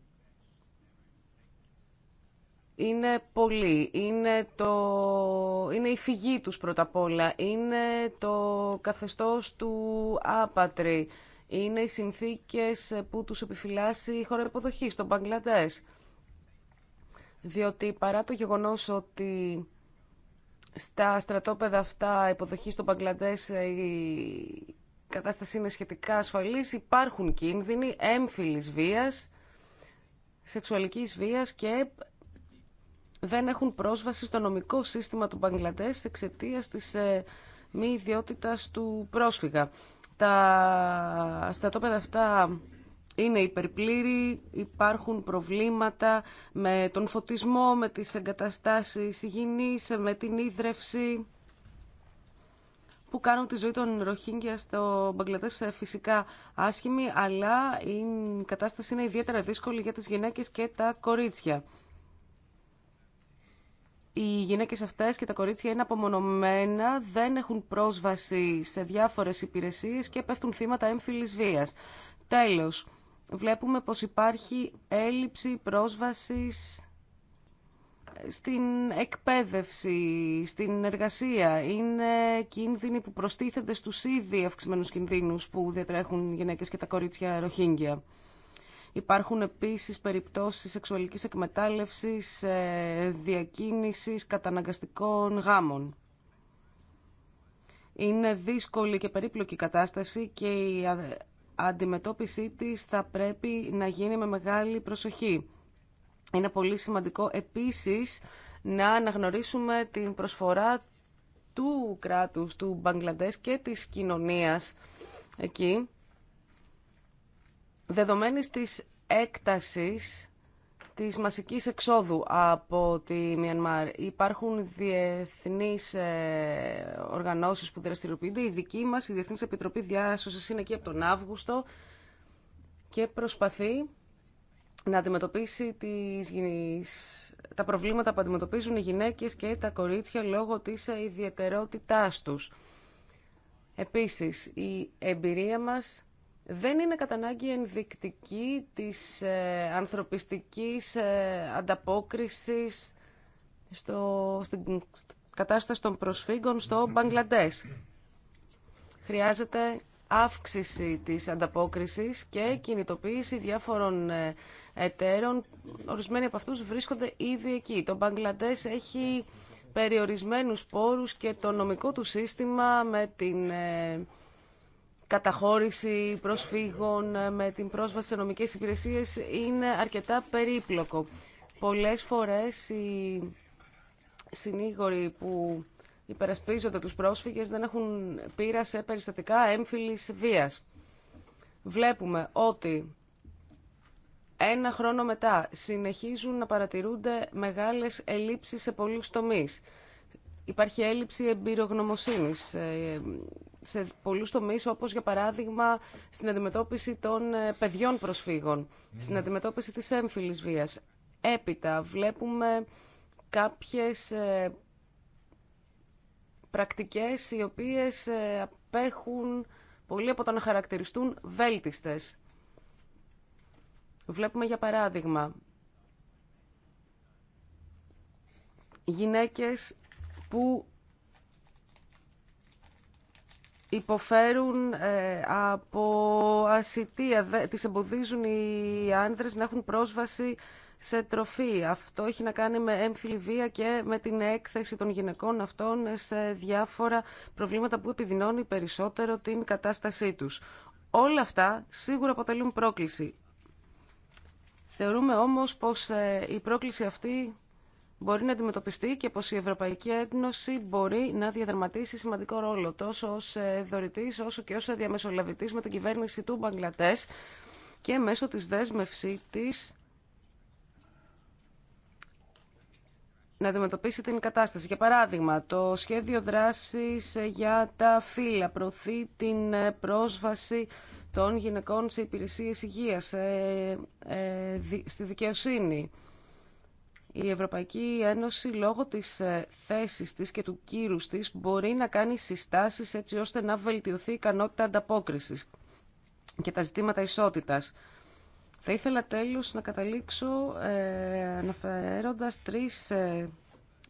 είναι πολλοί. Είναι, το... είναι η φυγή τους πρώτα απ' όλα. Είναι το καθεστώς του άπατρη. Είναι οι συνθήκες που τους επιφυλάσσει η χώρα υποδοχής, τον Μπαγκλαντές. Διότι παρά το γεγονός ότι στα στρατόπεδα αυτά υποδοχή στο Παγκλαντές ε, η κατάσταση είναι σχετικά ασφαλής. Υπάρχουν κίνδυνοι έμφυλης βίας, σεξουαλικής βίας και δεν έχουν πρόσβαση στο νομικό σύστημα του Μπαγκλαντές εξαιτία της ε, μη ιδιότητας του πρόσφυγα. Τα στρατόπεδα αυτά είναι υπερπλήρη, υπάρχουν προβλήματα με τον φωτισμό, με τις εγκαταστάσεις υγιεινής, με την ίδρευση που κάνουν τη ζωή των Ροχίνγκια στο Μπαγκλατές φυσικά άσχημη, αλλά η κατάσταση είναι ιδιαίτερα δύσκολη για τις γυναίκες και τα κορίτσια. Οι γυναίκες αυτές και τα κορίτσια είναι απομονωμένα, δεν έχουν πρόσβαση σε διάφορες υπηρεσίες και πέφτουν θύματα έμφυλης βίας. Τέλος, βλέπουμε πως υπάρχει έλλειψη πρόσβασης στην εκπαίδευση, στην εργασία. Είναι κίνδυνοι που προστίθενται στους ήδη αυξημένους κινδύνους που διατρέχουν οι γυναίκες και τα κορίτσια ροχίνγκια. Υπάρχουν επίσης περιπτώσεις σεξουαλικής εκμετάλλευσης, ε, διακίνησης, καταναγκαστικών γάμων. Είναι δύσκολη και περίπλοκη κατάσταση και αντιμετώπιση της θα πρέπει να γίνει με μεγάλη προσοχή. Είναι πολύ σημαντικό επίσης να αναγνωρίσουμε την προσφορά του κράτους, του Μπαγκλαντές και της κοινωνίας εκεί, δεδομένης της έκτασης της μασικής εξόδου από τη Μιανμάρ. Υπάρχουν διεθνείς ε, οργανώσεις που δραστηριοποιούνται. Η δική μας, η Διεθνής Επιτροπή Διάσωσης είναι εκεί από τον Αύγουστο και προσπαθεί να αντιμετωπίσει τις, τα προβλήματα που αντιμετωπίζουν οι γυναίκες και τα κορίτσια λόγω της ιδιαιτερότητάς τους. Επίσης, η εμπειρία μας δεν είναι κατά ανάγκη ενδεικτική της ε, ανθρωπιστικής ε, ανταπόκρισης στο, στην κατάσταση των προσφύγων στο mm-hmm. Μπαγκλαντές. Χρειάζεται αύξηση της ανταπόκρισης και κινητοποίηση διάφορων ε, εταίρων. Ορισμένοι από αυτούς βρίσκονται ήδη εκεί. Το Μπαγκλαντές έχει περιορισμένους πόρους και το νομικό του σύστημα με την ε, καταχώρηση προσφύγων ε, με την πρόσβαση σε νομικές υπηρεσίες είναι αρκετά περίπλοκο. Πολλές φορές οι συνήγοροι που υπερασπίζονται τους πρόσφυγες δεν έχουν πείρα σε περιστατικά έμφυλης βίας. Βλέπουμε ότι ένα χρόνο μετά συνεχίζουν να παρατηρούνται μεγάλες ελλείψεις σε πολλούς τομείς. Υπάρχει έλλειψη εμπειρογνωμοσύνης ε, σε πολλούς τομείς, όπως για παράδειγμα στην αντιμετώπιση των ε, παιδιών προσφύγων, ναι. στην αντιμετώπιση της έμφυλης βίας. Έπειτα βλέπουμε κάποιες ε, πρακτικές οι οποίες απέχουν πολύ από το να χαρακτηριστούν βέλτιστες. Βλέπουμε για παράδειγμα γυναίκες που υποφέρουν ε, από ασυτεία, τις εμποδίζουν οι άνδρες να έχουν πρόσβαση σε τροφή. Αυτό έχει να κάνει με έμφυλη βία και με την έκθεση των γυναικών αυτών σε διάφορα προβλήματα που επιδεινώνει περισσότερο την κατάστασή τους. Όλα αυτά σίγουρα αποτελούν πρόκληση. Θεωρούμε όμως πως ε, η πρόκληση αυτή μπορεί να αντιμετωπιστεί και πως η Ευρωπαϊκή Ένωση μπορεί να διαδραματίσει σημαντικό ρόλο τόσο ως ε, δωρητής όσο και ως διαμεσολαβητής με την κυβέρνηση του Μπαγκλατές και μέσω της δέσμευσή της να αντιμετωπίσει την κατάσταση. Για παράδειγμα, το σχέδιο δράσης για τα φύλλα προωθεί την ε, πρόσβαση των γυναικών σε υπηρεσίες υγείας, ε, στη δικαιοσύνη η Ευρωπαϊκή Ένωση λόγω της ε, θέσης της και του κύρους της μπορεί να κάνει συστάσεις έτσι ώστε να βελτιωθεί η ικανότητα ανταπόκρισης και τα ζητήματα ισότητας. Θα ήθελα τέλος να καταλήξω ε, αναφέροντας τρεις ε,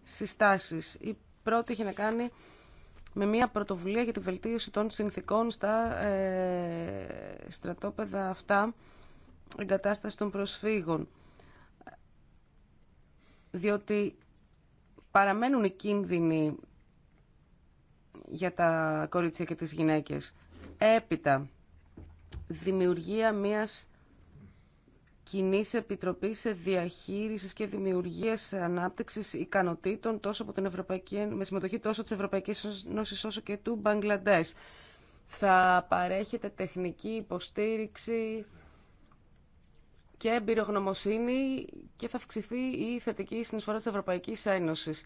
συστάσεις. Η πρώτη έχει να κάνει με μια πρωτοβουλία για τη βελτίωση των συνθήκων στα ε, στρατόπεδα αυτά εγκατάσταση των προσφύγων διότι παραμένουν οι κίνδυνοι για τα κορίτσια και τις γυναίκες. Έπειτα, δημιουργία μιας κοινή επιτροπή διαχείριση και δημιουργία ανάπτυξη ικανοτήτων τόσο από την Ευρωπαϊκή, με συμμετοχή τόσο τη Ευρωπαϊκή Ένωση όσο και του Μπαγκλαντέ. Θα παρέχεται τεχνική υποστήριξη και εμπειρογνωμοσύνη και θα αυξηθεί η θετική συνεισφορά της Ευρωπαϊκής Ένωσης.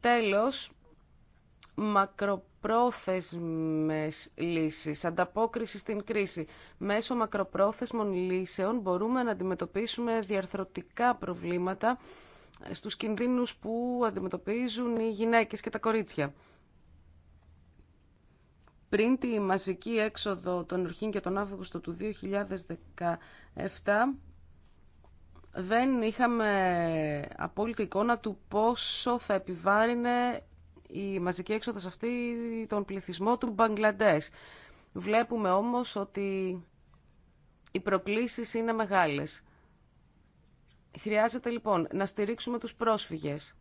Τέλος, μακροπρόθεσμες λύσεις, ανταπόκριση στην κρίση. Μέσω μακροπρόθεσμων λύσεων μπορούμε να αντιμετωπίσουμε διαρθρωτικά προβλήματα στους κινδύνους που αντιμετωπίζουν οι γυναίκες και τα κορίτσια πριν τη μαζική έξοδο των Ορχήν και τον Αύγουστο του 2017 δεν είχαμε απόλυτη εικόνα του πόσο θα επιβάρυνε η μαζική έξοδος αυτή τον πληθυσμό του Μπαγκλαντές. Βλέπουμε όμως ότι οι προκλήσεις είναι μεγάλες. Χρειάζεται λοιπόν να στηρίξουμε τους πρόσφυγες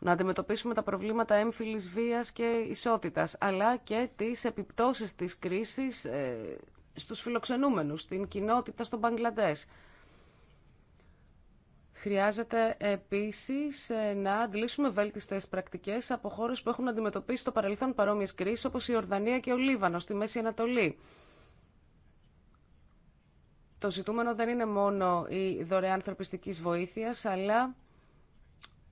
να αντιμετωπίσουμε τα προβλήματα έμφυλης βίας και ισότητας, αλλά και τις επιπτώσεις της κρίσης ε, στους φιλοξενούμενους, στην κοινότητα στον Μπαγκλαντές. Χρειάζεται επίσης ε, να αντλήσουμε βέλτιστες πρακτικές από χώρες που έχουν αντιμετωπίσει στο παρελθόν παρόμοιες κρίσεις, όπως η Ορδανία και ο Λίβανο, στη Μέση Ανατολή. Το ζητούμενο δεν είναι μόνο η δωρεάν ανθρωπιστικής βοήθειας, αλλά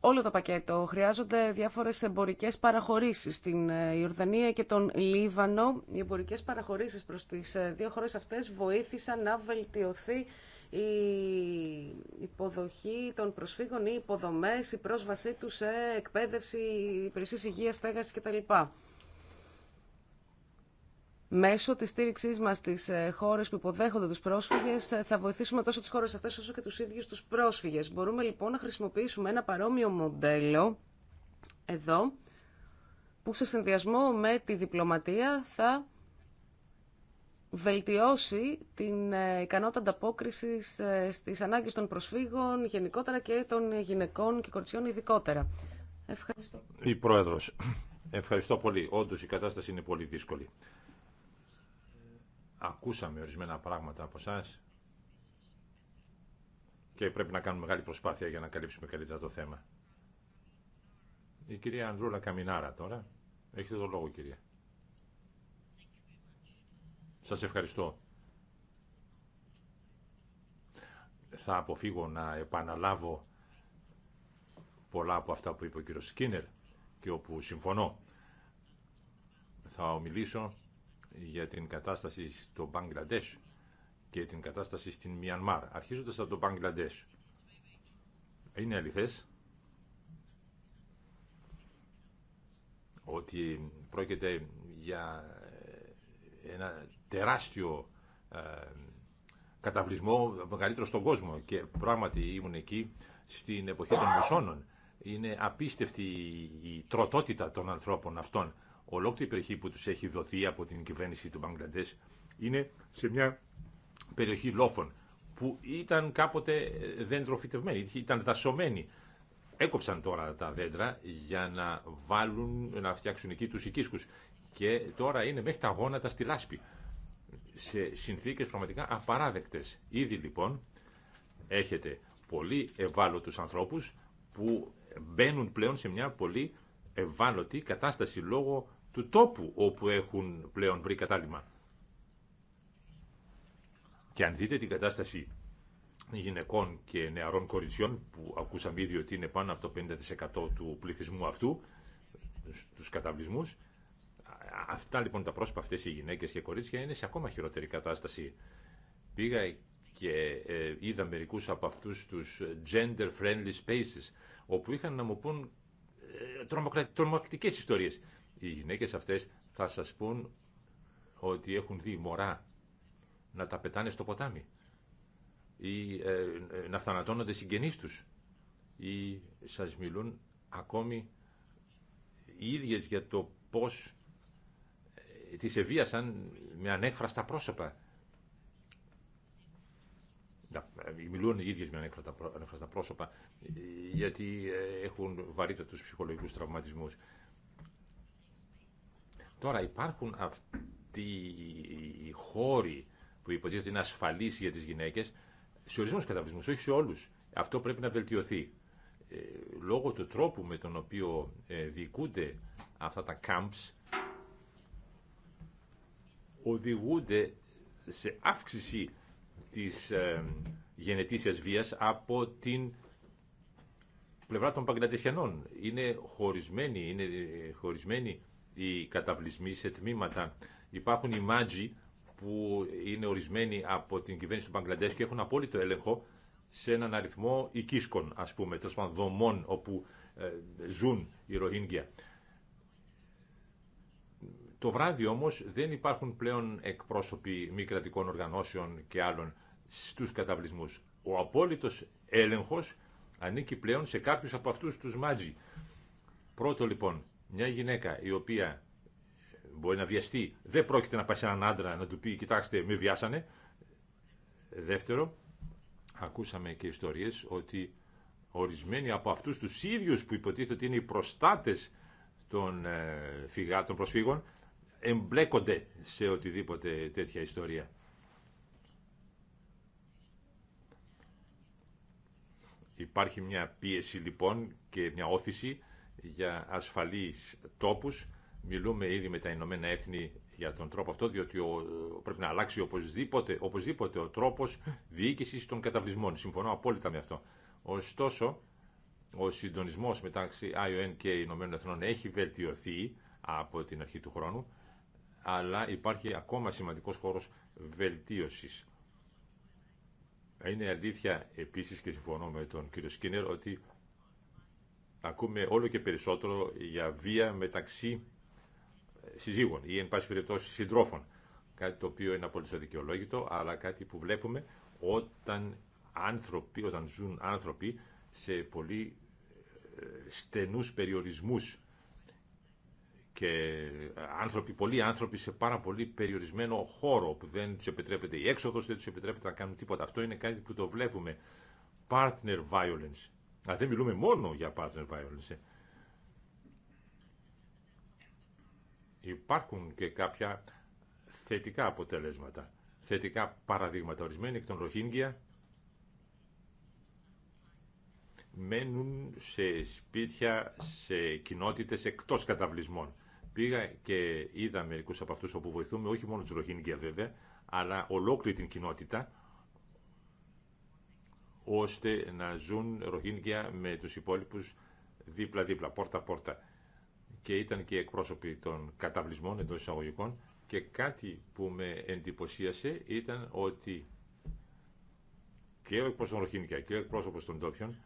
όλο το πακέτο. Χρειάζονται διάφορες εμπορικές παραχωρήσεις στην ε, Ιορδανία και τον Λίβανο. Οι εμπορικές παραχωρήσεις προς τις ε, δύο χώρες αυτές βοήθησαν να βελτιωθεί η υποδοχή των προσφύγων, οι υποδομές, η πρόσβασή τους σε εκπαίδευση, υπηρεσίες υγείας, στέγαση κτλ. Μέσω της στήριξή μας στις ε, χώρες που υποδέχονται τους πρόσφυγες ε, θα βοηθήσουμε τόσο τις χώρες αυτές όσο και τους ίδιους τους πρόσφυγες. Μπορούμε λοιπόν να χρησιμοποιήσουμε ένα παρόμοιο μοντέλο εδώ που σε συνδυασμό με τη διπλωματία θα βελτιώσει την ε, ικανότητα ανταπόκριση στις ανάγκες των προσφύγων γενικότερα και των γυναικών και κοριτσιών ειδικότερα. Ευχαριστώ. Η Πρόεδρος. Ευχαριστώ πολύ. Όντως η κατάσταση είναι πολύ δύσκολη. Ακούσαμε ορισμένα πράγματα από εσά και πρέπει να κάνουμε μεγάλη προσπάθεια για να καλύψουμε καλύτερα το θέμα. Η κυρία Ανδρούλα Καμινάρα τώρα. Έχετε το λόγο κυρία. Σας ευχαριστώ. Θα αποφύγω να επαναλάβω πολλά από αυτά που είπε ο κύριος Σκίνερ και όπου συμφωνώ. Θα ομιλήσω για την κατάσταση στο Μπαγκλαντές και την κατάσταση στην Μιανμάρ, αρχίζοντας από το Μπαγκλαντές. Είναι αληθές ότι πρόκειται για ε, ένα τεράστιο ε, καταβλισμό, μεγαλύτερο στον κόσμο και πράγματι ήμουν εκεί στην εποχή των μουσώνων. Είναι απίστευτη η τροτότητα των ανθρώπων αυτών ολόκληρη περιοχή που τους έχει δοθεί από την κυβέρνηση του Μπαγκλαντές είναι σε μια περιοχή λόφων που ήταν κάποτε ε, δέντρο φυτευμένη, ήταν δασωμένη. Έκοψαν τώρα τα δέντρα για να βάλουν, να φτιάξουν εκεί τους οικίσκους και τώρα είναι μέχρι τα γόνατα στη λάσπη σε συνθήκες πραγματικά απαράδεκτες. Ήδη λοιπόν έχετε πολύ ευάλωτους ανθρώπους που μπαίνουν πλέον σε μια πολύ ευάλωτη κατάσταση λόγω του τόπου όπου έχουν πλέον βρει κατάλημα. Και αν δείτε την κατάσταση γυναικών και νεαρών κοριτσιών που ακούσαμε ήδη ότι είναι πάνω από το 50% του πληθυσμού αυτού στους καταβλισμούς αυτά λοιπόν τα πρόσωπα αυτές οι γυναίκες και κορίτσια είναι σε ακόμα χειρότερη κατάσταση πήγα και ε, είδα μερικούς από αυτούς τους gender friendly spaces όπου είχαν να μου πούν ε, τρομοκρατικές ιστορίες οι γυναίκες αυτές θα σας πούν ότι έχουν δει μωρά να τα πετάνε στο ποτάμι ή ε, να θανατώνονται συγγενείς τους ή σας μιλούν ακόμη οι ίδιες για το πώς ε, τις εβίασαν με ανέκφραστα πρόσωπα. Ε, μιλούν οι ίδιες με ανέκφραστα πρόσωπα γιατί έχουν βαρύτατους ψυχολογικούς τραυματισμούς. Τώρα υπάρχουν αυτοί οι χώροι που υποτίθεται είναι ασφαλεί για τι γυναίκες σε ορισμένου καταβλισμού, όχι σε όλους. Αυτό πρέπει να βελτιωθεί. Ε, λόγω του τρόπου με τον οποίο ε, διοικούνται αυτά τα camps οδηγούνται σε αύξηση της ε, γενετήσιας βίας από την πλευρά των Παγκλατεσιανών. Είναι χωρισμένοι, είναι χωρισμένοι οι καταβλισμοί σε τμήματα. Υπάρχουν οι μάτζι που είναι ορισμένοι από την κυβέρνηση του Μπαγκλαντές και έχουν απόλυτο έλεγχο σε έναν αριθμό οικίσκων, ας πούμε, τόσο πάντων δομών όπου ε, ζουν οι Ροχίνγκια. Το βράδυ όμως δεν υπάρχουν πλέον εκπρόσωποι μη κρατικών οργανώσεων και άλλων στους καταβλισμούς. Ο απόλυτος έλεγχος ανήκει πλέον σε κάποιους από αυτούς τους μάτζι. Πρώτο λοιπόν, μια γυναίκα η οποία ε, μπορεί να βιαστεί, δεν πρόκειται να πάει σε έναν άντρα να του πει «Κοιτάξτε, με βιάσανε». Δεύτερο, ακούσαμε και ιστορίες ότι ορισμένοι από αυτούς τους ίδιους που υποτίθεται ότι είναι οι προστάτες των, ε, φυγά, των προσφύγων εμπλέκονται σε οτιδήποτε τέτοια ιστορία. Υπάρχει μια πίεση λοιπόν και μια όθηση για ασφαλείς τόπους. Μιλούμε ήδη με τα Ηνωμένα Έθνη για τον τρόπο αυτό, διότι πρέπει να αλλάξει οπωσδήποτε, οπωσδήποτε ο τρόπος διοίκησης των καταβλισμών. Συμφωνώ απόλυτα με αυτό. Ωστόσο, ο συντονισμός μεταξύ ION και Ηνωμένων Εθνών έχει βελτιωθεί από την αρχή του χρόνου, αλλά υπάρχει ακόμα σημαντικός χώρος βελτίωσης. Είναι αλήθεια επίσης και συμφωνώ με τον κύριο Σκίνερ ότι ακούμε όλο και περισσότερο για βία μεταξύ ε, συζύγων ή εν πάση περιπτώσει συντρόφων. Κάτι το οποίο είναι απολύτω αδικαιολόγητο, αλλά κάτι που βλέπουμε όταν, άνθρωποι, όταν ζουν άνθρωποι σε πολύ ε, στενούς περιορισμούς και ε, άνθρωποι, πολλοί άνθρωποι σε πάρα πολύ περιορισμένο χώρο που δεν τους επιτρέπεται η έξοδος, δεν τους επιτρέπεται να κάνουν τίποτα. Αυτό είναι κάτι που το βλέπουμε. Partner violence αλλά δεν μιλούμε μόνο για partner violence. Υπάρχουν και κάποια θετικά αποτελέσματα, θετικά παραδείγματα. Ορισμένοι εκ των Ροχίνγκια μένουν σε σπίτια, σε κοινότητες εκτός καταβλισμών. Πήγα και είδα μερικούς από αυτούς όπου βοηθούμε, όχι μόνο τους Ροχίνγκια βέβαια, αλλά ολόκληρη την κοινότητα, ώστε να ζουν Ροχίνγκια με τους υπόλοιπους δίπλα-δίπλα, πόρτα-πόρτα. Και ήταν και εκπρόσωποι των καταβλισμών εντός εισαγωγικών και κάτι που με εντυπωσίασε ήταν ότι και ο εκπρόσωπος των Ροχίνγκια και ο εκπρόσωπος των Τόπιων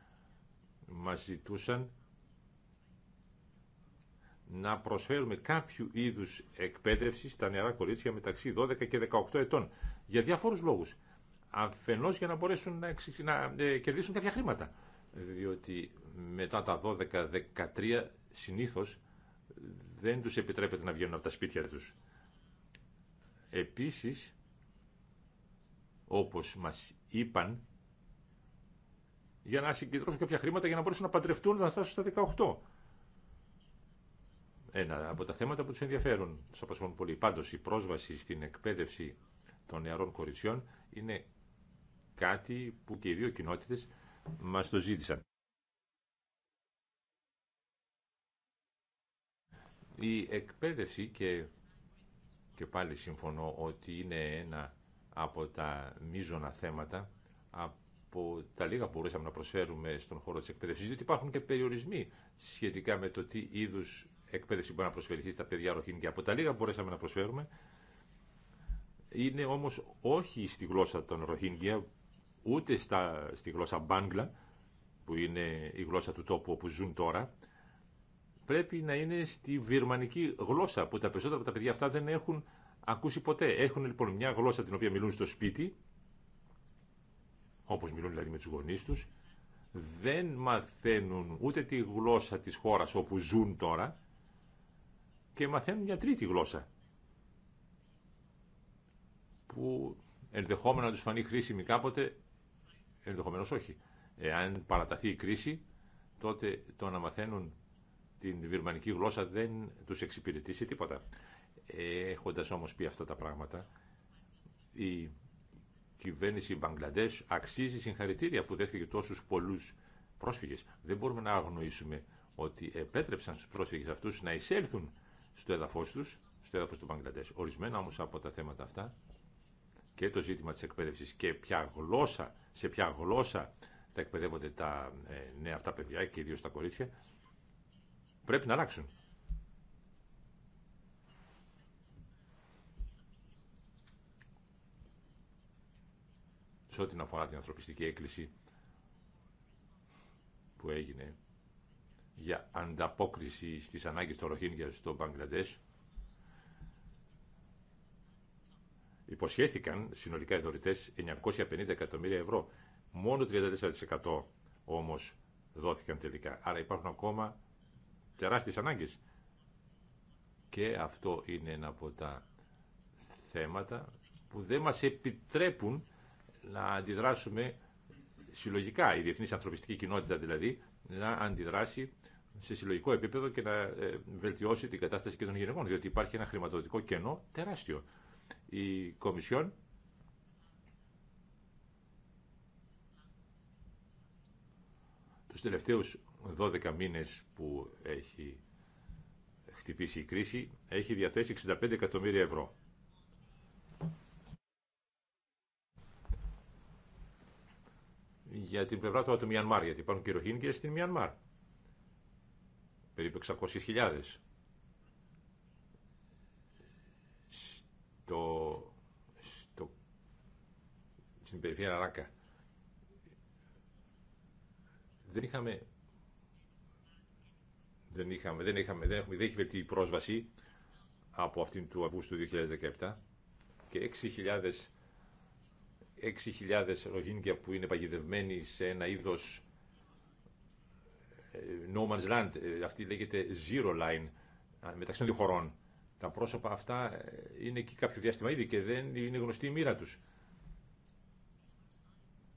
μας ζητούσαν να προσφέρουμε κάποιο είδους εκπαίδευση στα νεαρά κορίτσια μεταξύ 12 και 18 ετών για διάφορους λόγους Αφενός για να μπορέσουν να, να ε, κερδίσουν κάποια χρήματα. Διότι μετά τα 12-13 συνήθως δεν τους επιτρέπεται να βγαίνουν από τα σπίτια τους. Επίσης, όπως μας είπαν, για να συγκεντρώσουν κάποια χρήματα για να μπορέσουν να παντρευτούν να φτάσουν στα 18. Ένα από τα θέματα που τους ενδιαφέρουν, τους απασχολούν πολύ. Πάντως, η πρόσβαση στην εκπαίδευση των νεαρών κοριτσιών είναι κάτι που και οι δύο κοινότητες μας το ζήτησαν. Η εκπαίδευση και, και πάλι συμφωνώ ότι είναι ένα από τα μείζωνα θέματα από τα λίγα που μπορούσαμε να προσφέρουμε στον χώρο της εκπαίδευσης, διότι υπάρχουν και περιορισμοί σχετικά με το τι είδους εκπαίδευση μπορεί να προσφερθεί στα παιδιά Ροχίνγκια. Από τα λίγα που μπορέσαμε να προσφέρουμε, είναι όμως όχι στη γλώσσα των Ροχίνγκια ούτε στα, στη γλώσσα Μπάνγκλα, που είναι η γλώσσα του τόπου όπου ζουν τώρα, πρέπει να είναι στη βιρμανική γλώσσα, που τα περισσότερα από τα παιδιά αυτά δεν έχουν ακούσει ποτέ. Έχουν λοιπόν μια γλώσσα την οποία μιλούν στο σπίτι, όπως μιλούν δηλαδή με τους γονείς τους, δεν μαθαίνουν ούτε τη γλώσσα της χώρας όπου ζουν τώρα και μαθαίνουν μια τρίτη γλώσσα που ενδεχόμενα να τους φανεί χρήσιμη κάποτε ενδεχομένω όχι. Εάν παραταθεί η κρίση, τότε το να μαθαίνουν την βιρμανική γλώσσα δεν τους εξυπηρετεί σε τίποτα. Έχοντας όμως πει αυτά τα πράγματα, η κυβέρνηση Μπαγκλαντέ αξίζει συγχαρητήρια που δέχτηκε τόσους πολλούς πρόσφυγες. Δεν μπορούμε να αγνοήσουμε ότι επέτρεψαν στου πρόσφυγες αυτού να εισέλθουν στο εδαφο τους, στο έδαφο του Μπαγκλαντέ. Ορισμένα όμως από τα θέματα αυτά και το ζήτημα της εκπαίδευσης και ποια γλώσσα, σε ποια γλώσσα τα εκπαιδεύονται τα ε, νέα αυτά παιδιά και ιδίως τα κορίτσια, πρέπει να αλλάξουν. Σε ό,τι αφορά την ανθρωπιστική έκκληση που έγινε για ανταπόκριση στις ανάγκες των Ροχίνγκια στο Μπαγκλαντές, Υποσχέθηκαν συνολικά οι δωρητέ 950 εκατομμύρια ευρώ. Μόνο 34% όμω δόθηκαν τελικά. Άρα υπάρχουν ακόμα τεράστιε ανάγκε. Και αυτό είναι ένα από τα θέματα που δεν μας επιτρέπουν να αντιδράσουμε συλλογικά, η διεθνής ανθρωπιστική κοινότητα δηλαδή, να αντιδράσει σε συλλογικό επίπεδο και να ε, βελτιώσει την κατάσταση και των γυναικών, διότι υπάρχει ένα χρηματοδοτικό κενό τεράστιο η Κομισιόν. Τους τελευταίους 12 μήνες που έχει χτυπήσει η κρίση έχει διαθέσει 65 εκατομμύρια ευρώ. Για την πλευρά του Μιανμάρ, γιατί υπάρχουν και στην Μιανμάρ. Περίπου 600.000. το, στο, στην περιφέρεια Ράκα. Δεν είχαμε δεν είχαμε, δεν είχαμε, δεν έχουμε, έχει βελτιωθεί η πρόσβαση από αυτήν του Αυγούστου 2017 και 6.000 6.000 που είναι παγιδευμένοι σε ένα είδος ε, no man's ε, αυτή λέγεται zero line ε, μεταξύ των δύο χωρών τα πρόσωπα αυτά ε, είναι εκεί κάποιο διάστημα ήδη και δεν είναι γνωστή η μοίρα τους.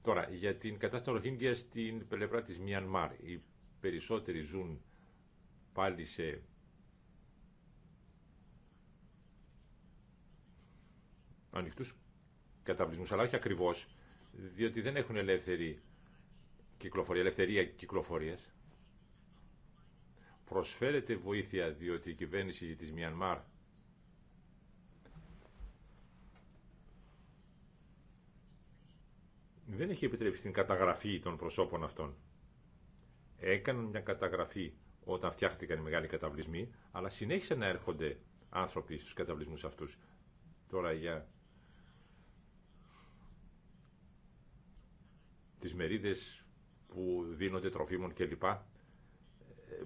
Τώρα, για την κατάσταση Ροχίνγκια στην πλευρά της Μιανμάρ. Οι περισσότεροι ζουν πάλι σε ανοιχτούς καταβλισμούς, αλλά όχι ακριβώς, διότι δεν έχουν ελεύθερη κυκλοφορία, ελευθερία κυκλοφορίας. Προσφέρεται βοήθεια διότι η κυβέρνηση της Μιανμάρ δεν έχει επιτρέψει την καταγραφή των προσώπων αυτών. Έκαναν μια καταγραφή όταν φτιάχτηκαν οι μεγάλοι καταβλισμοί, αλλά συνέχισαν να έρχονται άνθρωποι στους καταβλισμούς αυτούς. Τώρα για τις μερίδες που δίνονται τροφίμων κλπ. Ε,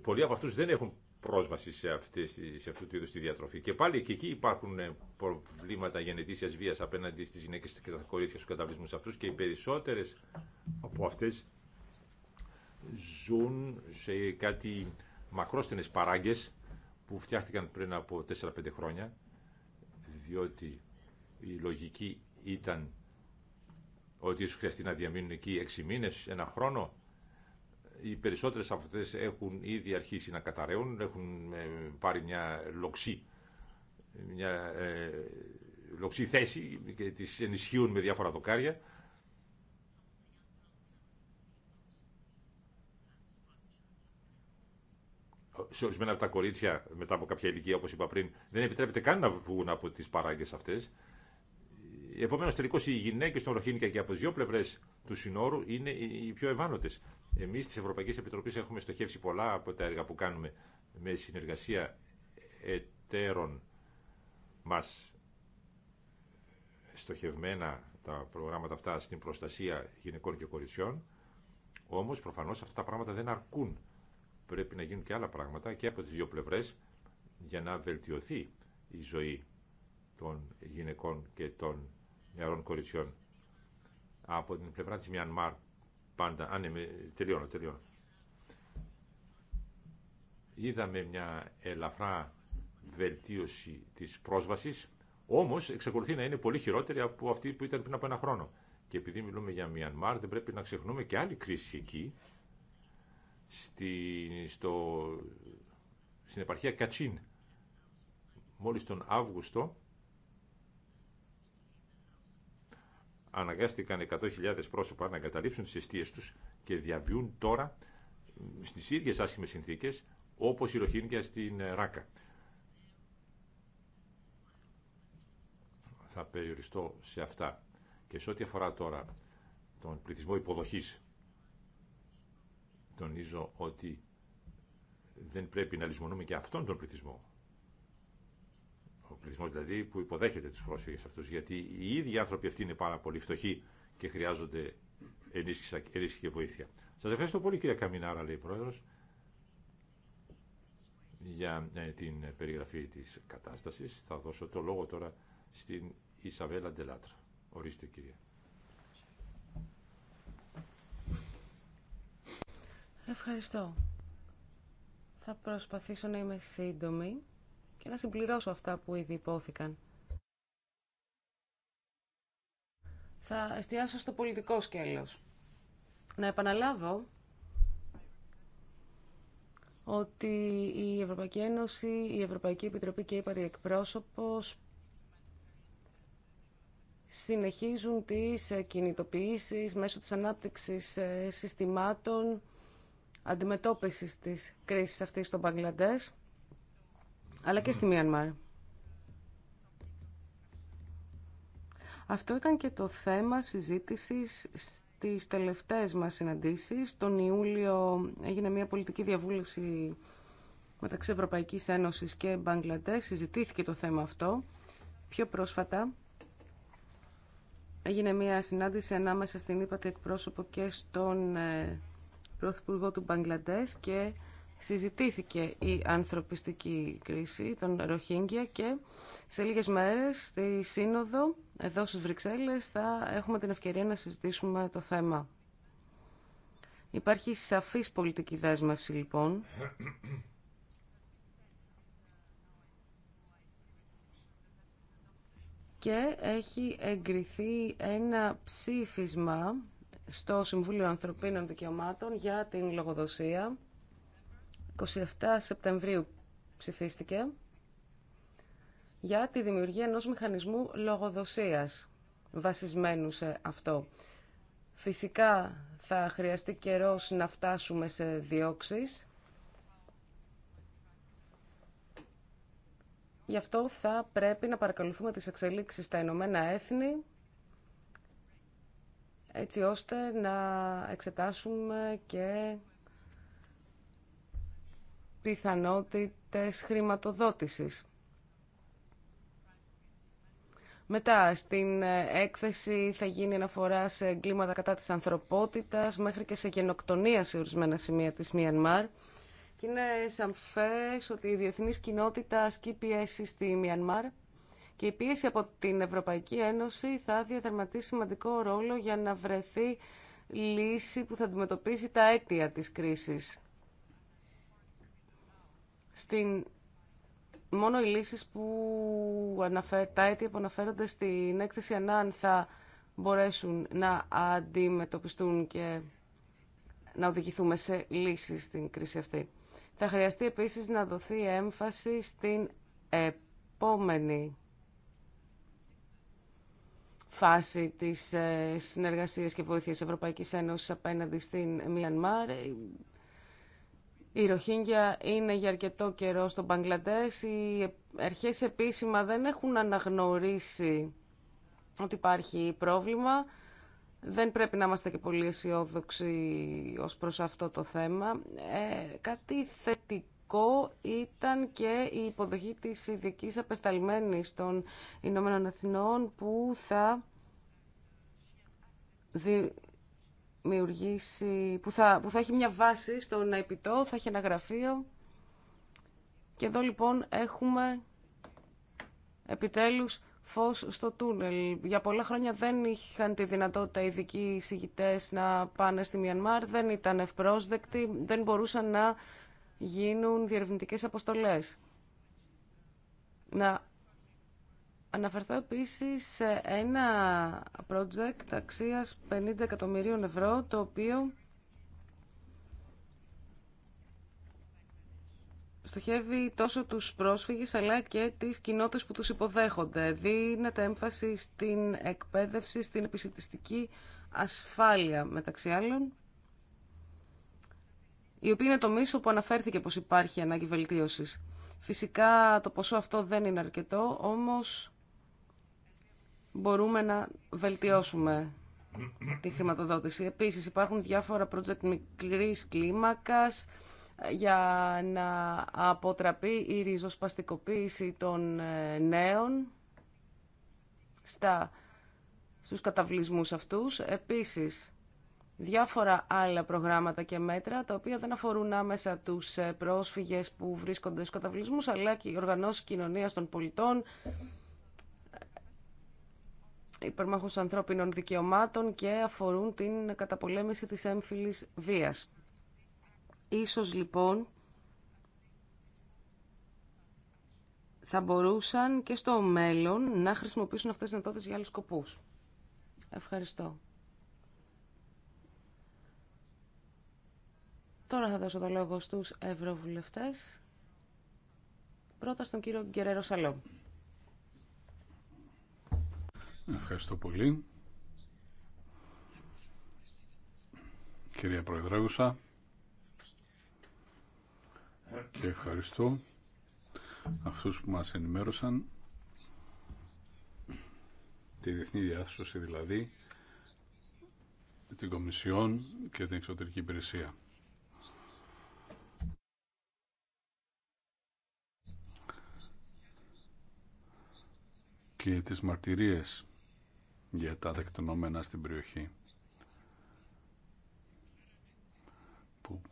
πολλοί από αυτούς δεν έχουν πρόσβαση σε, αυτές, σε αυτού του είδου τη διατροφή. Και πάλι και εκεί υπάρχουν ε, προβλήματα γενετήσια βία απέναντι στις γυναίκε και τα κορίτσια στου καταβλισμούς αυτούς και οι περισσότερε από αυτέ ζουν σε κάτι μακρόστινε παράγκες που φτιάχτηκαν πριν από 4-5 χρόνια διότι η λογική ήταν ότι ίσως χρειαστεί να διαμείνουν εκεί 6 μήνες, ένα χρόνο οι περισσότερες από αυτές έχουν ήδη αρχίσει να καταραίουν, έχουν ε, πάρει μια λοξή, μια ε, λοξή θέση και τις ενισχύουν με διάφορα δοκάρια. Σε ορισμένα από τα κορίτσια, μετά από κάποια ηλικία, όπως είπα πριν, δεν επιτρέπεται καν να βγουν από τις παράγκες αυτές. Επομένως τελικώς οι γυναίκε των Ροχίνικα και από τις δύο πλευρές του συνόρου είναι οι πιο ευάλωτε. Εμεί τη Ευρωπαϊκή Επιτροπή έχουμε στοχεύσει πολλά από τα έργα που κάνουμε με συνεργασία εταίρων μας στοχευμένα τα προγράμματα αυτά στην προστασία γυναικών και κοριτσιών. Όμως προφανώς αυτά τα πράγματα δεν αρκούν. Πρέπει να γίνουν και άλλα πράγματα και από τις δύο πλευρές για να βελτιωθεί η ζωή των γυναικών και των νεαρών κοριτσιών. Από την πλευρά τη Μιανμάρ πάντα. Α, ναι, τελειώνω, τελειώνω. Είδαμε μια ελαφρά βελτίωση της πρόσβασης, όμως εξακολουθεί να είναι πολύ χειρότερη από αυτή που ήταν πριν από ένα χρόνο. Και επειδή μιλούμε για Μιανμάρ, δεν πρέπει να ξεχνούμε και άλλη κρίση εκεί, στη, στο, στην επαρχία Κατσίν. Μόλις τον Αύγουστο αναγκάστηκαν 100.000 πρόσωπα να εγκαταλείψουν τι αιστείε τους και διαβιούν τώρα στις ίδιε άσχημες συνθήκες όπως η Ροχίνγκια στην ε, Ράκα. Θα περιοριστώ σε αυτά. Και σε ό,τι αφορά τώρα τον πληθυσμό υποδοχής, τονίζω ότι δεν πρέπει να λησμονούμε και αυτόν τον πληθυσμό ο πληθυσμό δηλαδή που υποδέχεται τους πρόσφυγε αυτούς, γιατί οι ίδιοι άνθρωποι αυτοί είναι πάρα πολύ φτωχοί και χρειάζονται ενίσχυση και βοήθεια. Σα ευχαριστώ πολύ κυρία Καμινάρα, λέει η πρόεδρο, για ε, την περιγραφή της κατάστασης. Θα δώσω το λόγο τώρα στην Ισαβέλα Ντελάτρα. Ορίστε κυρία. Ευχαριστώ. Θα προσπαθήσω να είμαι σύντομη και να συμπληρώσω αυτά που ήδη υπόθηκαν. Θα εστιάσω στο πολιτικό σκέλος. Να επαναλάβω ότι η Ευρωπαϊκή Ένωση, η Ευρωπαϊκή Επιτροπή και η Παριεκπρόσωπος συνεχίζουν τις κινητοποιήσεις μέσω της ανάπτυξης συστημάτων αντιμετώπισης της κρίσης αυτής στον Παγκλαντές αλλά και στη Μιανμάρ. Αυτό ήταν και το θέμα συζήτησης στις τελευταίες μας συναντήσεις. Τον Ιούλιο έγινε μια πολιτική διαβούλευση μεταξύ Ευρωπαϊκής Ένωσης και Μπαγκλαντές. Συζητήθηκε το θέμα αυτό. Πιο πρόσφατα έγινε μια συνάντηση ανάμεσα στην ΥΠΑΤΕ εκπρόσωπο και στον ε, Πρωθυπουργό του Μπαγκλαντές και συζητήθηκε η ανθρωπιστική κρίση των Ροχίνγκια και σε λίγες μέρες στη Σύνοδο εδώ στις Βρυξέλλες θα έχουμε την ευκαιρία να συζητήσουμε το θέμα. Υπάρχει σαφής πολιτική δέσμευση λοιπόν. Και έχει εγκριθεί ένα ψήφισμα στο Συμβούλιο Ανθρωπίνων Δικαιωμάτων για την λογοδοσία 27 Σεπτεμβρίου ψηφίστηκε για τη δημιουργία ενός μηχανισμού λογοδοσίας βασισμένου σε αυτό. Φυσικά θα χρειαστεί καιρός να φτάσουμε σε διώξεις. Γι' αυτό θα πρέπει να παρακολουθούμε τις εξελίξεις στα Ηνωμένα Έθνη έτσι ώστε να εξετάσουμε και πιθανότητες χρηματοδότησης. Μετά, στην έκθεση θα γίνει αναφορά σε εγκλήματα κατά της ανθρωπότητας, μέχρι και σε γενοκτονία σε ορισμένα σημεία της Μιανμάρ. Και είναι σαμφές ότι η διεθνής κοινότητα ασκεί πιέση στη Μιανμάρ και η πίεση από την Ευρωπαϊκή Ένωση θα διαδραματίσει σημαντικό ρόλο για να βρεθεί λύση που θα αντιμετωπίσει τα αίτια της κρίσης στην μόνο οι λύσεις που, αναφέρ, τα αίτια που αναφέρονται στην έκθεση ΑΝΑΝ θα μπορέσουν να αντιμετωπιστούν και να οδηγηθούμε σε λύσεις στην κρίση αυτή. Θα χρειαστεί επίσης να δοθεί έμφαση στην επόμενη φάση της ε, συνεργασίας και βοήθειας Ευρωπαϊκής Ένωσης απέναντι στην Μιανμάρ. Η Ροχίνγκια είναι για αρκετό καιρό στο Μπαγκλαντές. Οι αρχές επίσημα δεν έχουν αναγνωρίσει ότι υπάρχει πρόβλημα. Δεν πρέπει να είμαστε και πολύ αισιόδοξοι ως προς αυτό το θέμα. Ε, κάτι θετικό ήταν και η υποδοχή της ειδική απεσταλμένης των Ηνωμένων Εθνών που θα δημιουργήσει, που θα, που θα έχει μια βάση στον επιτό, θα έχει ένα γραφείο. Και εδώ λοιπόν έχουμε επιτέλους φως στο τούνελ. Για πολλά χρόνια δεν είχαν τη δυνατότητα οι ειδικοί συγητές να πάνε στη Μιανμάρ, δεν ήταν ευπρόσδεκτοι, δεν μπορούσαν να γίνουν διερευνητικές αποστολές. Να αναφερθώ επίσης σε ένα project αξίας 50 εκατομμυρίων ευρώ, το οποίο στοχεύει τόσο τους πρόσφυγες αλλά και τις κοινότητες που τους υποδέχονται. Δίνεται έμφαση στην εκπαίδευση, στην επισητιστική ασφάλεια μεταξύ άλλων, η οποία είναι το μίσο που αναφέρθηκε πως υπάρχει ανάγκη βελτίωσης. Φυσικά το ποσό αυτό δεν είναι αρκετό, όμως μπορούμε να βελτιώσουμε τη χρηματοδότηση. Επίσης υπάρχουν διάφορα project μικρής κλίμακας για να αποτραπεί η ριζοσπαστικοποίηση των ε, νέων στα, στους καταβλισμούς αυτούς. Επίσης, διάφορα άλλα προγράμματα και μέτρα, τα οποία δεν αφορούν άμεσα τους ε, πρόσφυγες που βρίσκονται στους καταβλισμούς, αλλά και οι οργανώσεις κοινωνίας των πολιτών, υπερμάχους ανθρώπινων δικαιωμάτων και αφορούν την καταπολέμηση της έμφυλης βίας. Ίσως λοιπόν θα μπορούσαν και στο μέλλον να χρησιμοποιήσουν αυτές τις δυνατότητες για άλλους σκοπούς. Ευχαριστώ. Τώρα θα δώσω το λόγο στους ευρωβουλευτές. Πρώτα στον κύριο Γκερέρο Σαλό. Ευχαριστώ πολύ. Κυρία Προεδρεύουσα, και ευχαριστώ αυτούς που μας ενημέρωσαν τη διεθνή διάσωση δηλαδή την Κομισιόν και την Εξωτερική Υπηρεσία. Και τις μαρτυρίες για τα δεκτονόμενα στην περιοχή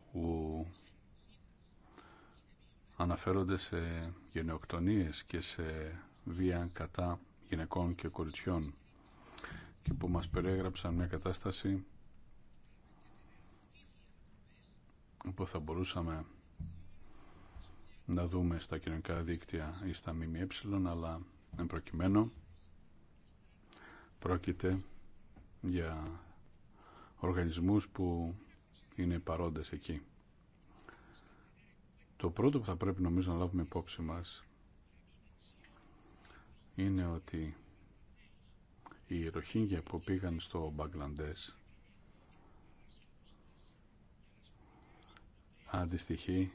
που αναφέρονται σε γενεοκτονίες και σε βία κατά γυναικών και κοριτσιών και που μας περιέγραψαν μια κατάσταση που θα μπορούσαμε να δούμε στα κοινωνικά δίκτυα ή στα ΜΜΕ αλλά εν Πρόκειται για οργανισμούς που είναι παρόντες εκεί. Το πρώτο που θα πρέπει νομίζω να λάβουμε υπόψη μας είναι ότι οι Ροχίνγκια που πήγαν στο Μπαγκλαντές αντιστοιχεί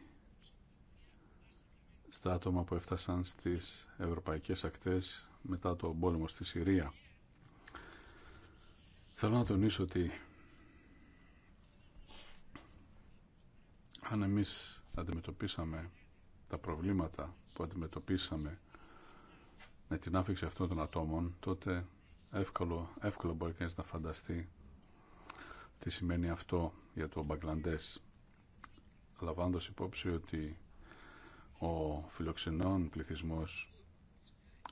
στα άτομα που έφτασαν στις ευρωπαϊκές ακτές μετά το πόλεμο στη Συρία. Θέλω να τονίσω ότι αν εμείς αντιμετωπίσαμε τα προβλήματα που αντιμετωπίσαμε με την άφηξη αυτών των ατόμων, τότε εύκολο, εύκολο μπορεί κανείς να φανταστεί τι σημαίνει αυτό για το Μπαγκλαντές. Λαμβάνοντας υπόψη ότι ο φιλοξενών πληθυσμός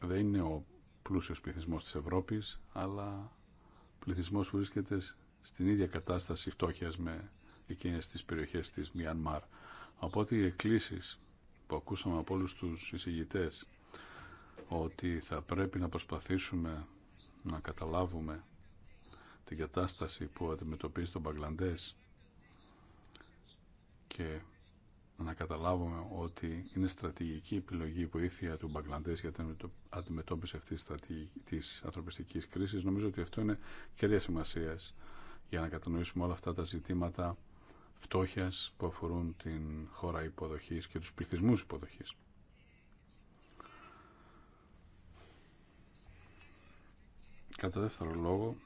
δεν είναι ο πλούσιος πληθυσμός της Ευρώπης, αλλά Πληθυσμό βρίσκεται στην ίδια κατάσταση φτώχειας με εκείνε τι περιοχές της Μιανμάρ. Οπότε οι εκκλησει που ακούσαμε από όλου του εισηγητέ ότι θα πρέπει να προσπαθήσουμε να καταλάβουμε την κατάσταση που αντιμετωπίζει τον Μπαγκλαντές και να καταλάβουμε ότι είναι στρατηγική επιλογή η βοήθεια του Μπαγκλαντές για την αντιμετώπιση αυτής της ανθρωπιστικής κρίσης. Νομίζω ότι αυτό είναι κέρια σημασία για να κατανοήσουμε όλα αυτά τα ζητήματα φτώχειας που αφορούν την χώρα υποδοχής και τους πληθυσμούς υποδοχής. Κατά δεύτερο λόγο,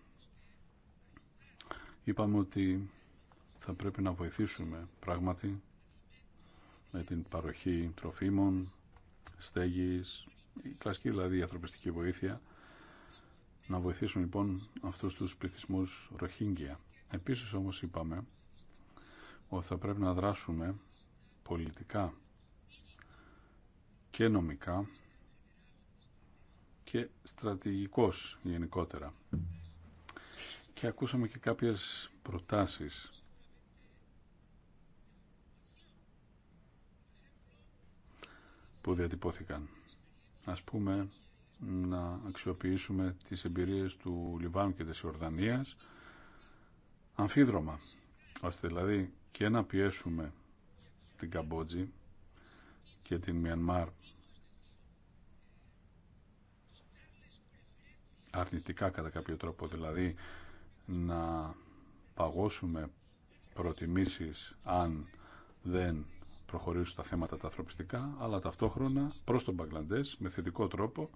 είπαμε ότι θα πρέπει να βοηθήσουμε πράγματι με την παροχή τροφίμων, στέγης, η κλασική δηλαδή η ανθρωπιστική βοήθεια, να βοηθήσουν λοιπόν αυτούς τους πληθυσμούς Ροχίνγκια. Επίσης όμως είπαμε ότι θα πρέπει να δράσουμε πολιτικά και νομικά και στρατηγικός γενικότερα. Και ακούσαμε και κάποιες προτάσεις που διατυπώθηκαν. Ας πούμε να αξιοποιήσουμε τις εμπειρίες του Λιβάνου και της Ιορδανίας αμφίδρομα, ώστε δηλαδή και να πιέσουμε την Καμπότζη και την Μιανμάρ αρνητικά κατά κάποιο τρόπο, δηλαδή να παγώσουμε προτιμήσεις αν δεν προχωρήσουν στα θέματα τα ανθρωπιστικά, αλλά ταυτόχρονα προς τον Παγκλαντέ με θετικό τρόπο,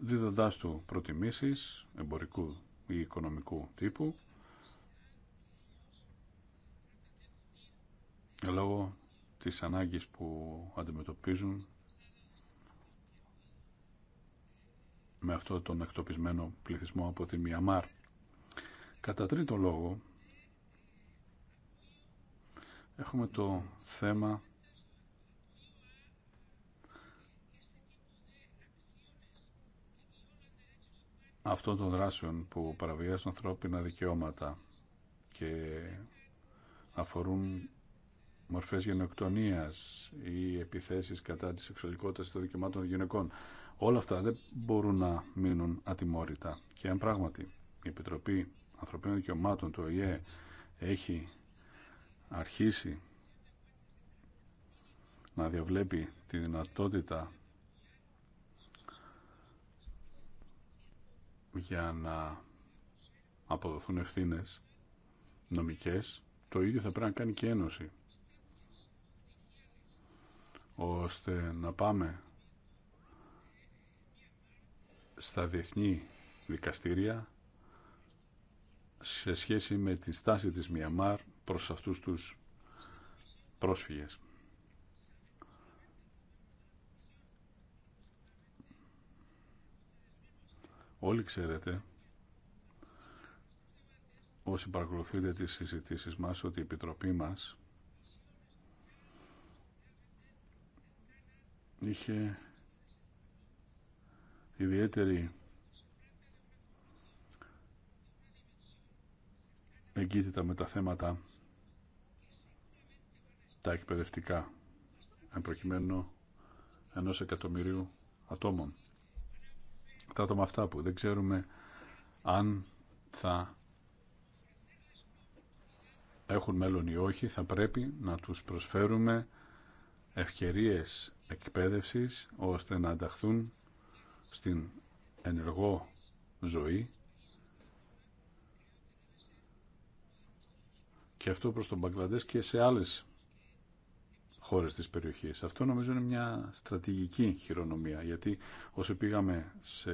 δίδοντάς του προτιμήσει εμπορικού ή οικονομικού τύπου, λόγω της ανάγκης που αντιμετωπίζουν με αυτό τον εκτοπισμένο πληθυσμό από τη Μιαμάρ. Κατά τρίτο λόγο, έχουμε το θέμα αυτών των δράσεων που παραβιάζουν ανθρώπινα δικαιώματα και αφορούν μορφές γενοκτονίας ή επιθέσεις κατά της σεξουαλικότητας των δικαιωμάτων των γυναικών. Όλα αυτά δεν μπορούν να μείνουν ατιμόρυτα. Και αν πράγματι η Επιτροπή Ανθρωπίνων Δικαιωμάτων του ΟΗΕ έχει αρχίσει να διαβλέπει τη δυνατότητα για να αποδοθούν ευθύνες νομικές, το ίδιο θα πρέπει να κάνει και Ένωση ώστε να πάμε στα διεθνή δικαστήρια σε σχέση με τη στάση της Μιαμάρ προς αυτούς τους πρόσφυγες. Όλοι ξέρετε, όσοι παρακολουθείτε τις συζητήσεις μας, ότι η Επιτροπή μας είχε ιδιαίτερη εγκύτητα με τα θέματα τα εκπαιδευτικά εν προκειμένου ενός εκατομμυρίου ατόμων. Τα άτομα αυτά που δεν ξέρουμε αν θα έχουν μέλλον ή όχι, θα πρέπει να τους προσφέρουμε ευκαιρίες εκπαίδευσης ώστε να ανταχθούν στην ενεργό ζωή και αυτό προς τον Μπαγκλαντές και σε άλλες χώρες της περιοχής. Αυτό νομίζω είναι μια στρατηγική χειρονομία, γιατί όσο πήγαμε σε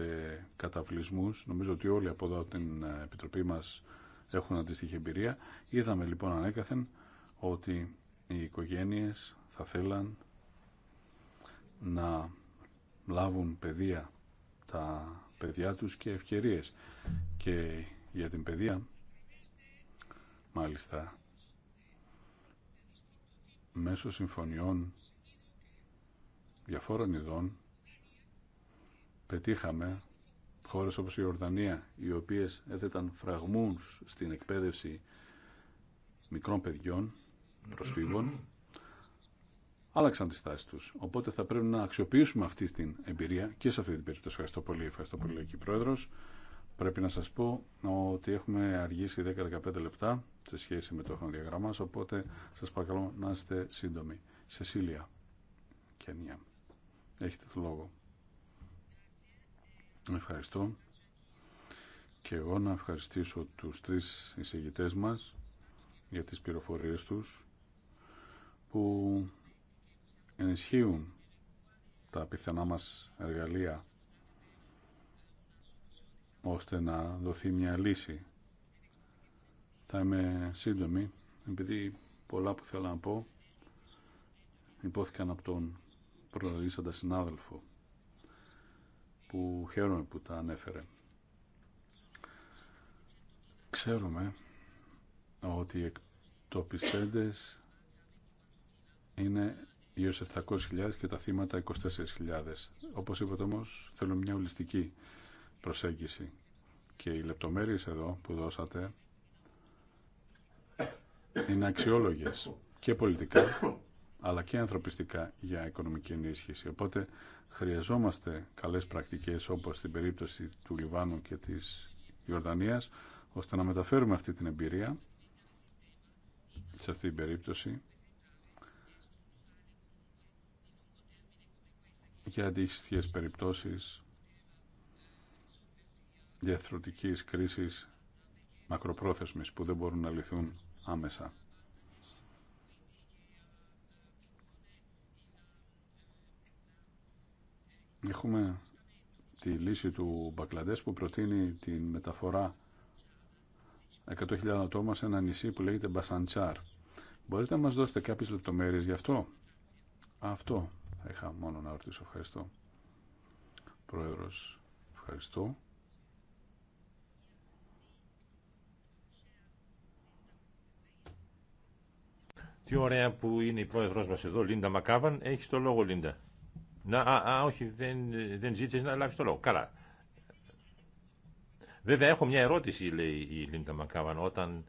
καταβλισμού, νομίζω ότι όλοι από εδώ την Επιτροπή μας έχουν αντίστοιχη εμπειρία, είδαμε λοιπόν ανέκαθεν ότι οι οικογένειε θα θέλαν να λάβουν παιδεία τα παιδιά τους και ευκαιρίες. Και για την παιδεία, μάλιστα, μέσω συμφωνιών διαφόρων ειδών πετύχαμε χώρες όπως η Ορδανία, οι οποίες έθεταν φραγμούς στην εκπαίδευση μικρών παιδιών, προσφύγων, άλλαξαν τις τάσεις τους. Οπότε θα πρέπει να αξιοποιήσουμε αυτή την εμπειρία και σε αυτή την περίπτωση. Ευχαριστώ πολύ, ευχαριστώ πολύ, κύριε Πρόεδρος. Πρέπει να σας πω ότι έχουμε αργήσει 10-15 λεπτά σε σχέση με το χρονοδιαγραμμά οπότε σας παρακαλώ να είστε σύντομοι. Σεσίλια Κένια, έχετε το λόγο. Ευχαριστώ και εγώ να ευχαριστήσω τους τρεις εισηγητές μας για τις πληροφορίες τους που ενισχύουν τα πιθανά μας εργαλεία ώστε να δοθεί μια λύση θα είμαι σύντομη, επειδή πολλά που θέλω να πω υπόθηκαν από τον προλαλήσαντα συνάδελφο που χαίρομαι που τα ανέφερε. Ξέρουμε ότι οι εκτοπιστέντες είναι γύρω σε 700.000 και τα θύματα 24.000. Όπως είπατε όμως, θέλουμε μια ολιστική προσέγγιση και οι λεπτομέρειες εδώ που δώσατε είναι αξιόλογες και πολιτικά αλλά και ανθρωπιστικά για οικονομική ενίσχυση. Οπότε χρειαζόμαστε καλές πρακτικές όπως στην περίπτωση του Λιβάνου και της Ιορδανίας ώστε να μεταφέρουμε αυτή την εμπειρία σε αυτή την περίπτωση για αντίστοιχε περιπτώσεις διαθρωτικής κρίσης μακροπρόθεσμης που δεν μπορούν να λυθούν άμεσα. Έχουμε τη λύση του Μπακλαντές που προτείνει την μεταφορά 100.000 ατόμων σε ένα νησί που λέγεται Μπασαντσάρ. Μπορείτε να μας δώσετε κάποιες λεπτομέρειες γι' αυτό. Αυτό θα είχα μόνο να ρωτήσω. Ευχαριστώ. Πρόεδρος, ευχαριστώ. Τι ωραία που είναι η πρόεδρός μας εδώ, Λίντα Μακάβαν. Έχεις το λόγο, Λίντα. Να, α, όχι, δεν, δεν ζήτησες να λάβεις το λόγο. Καλά. Βέβαια, έχω μια ερώτηση, λέει η Λίντα Μακάβαν, όταν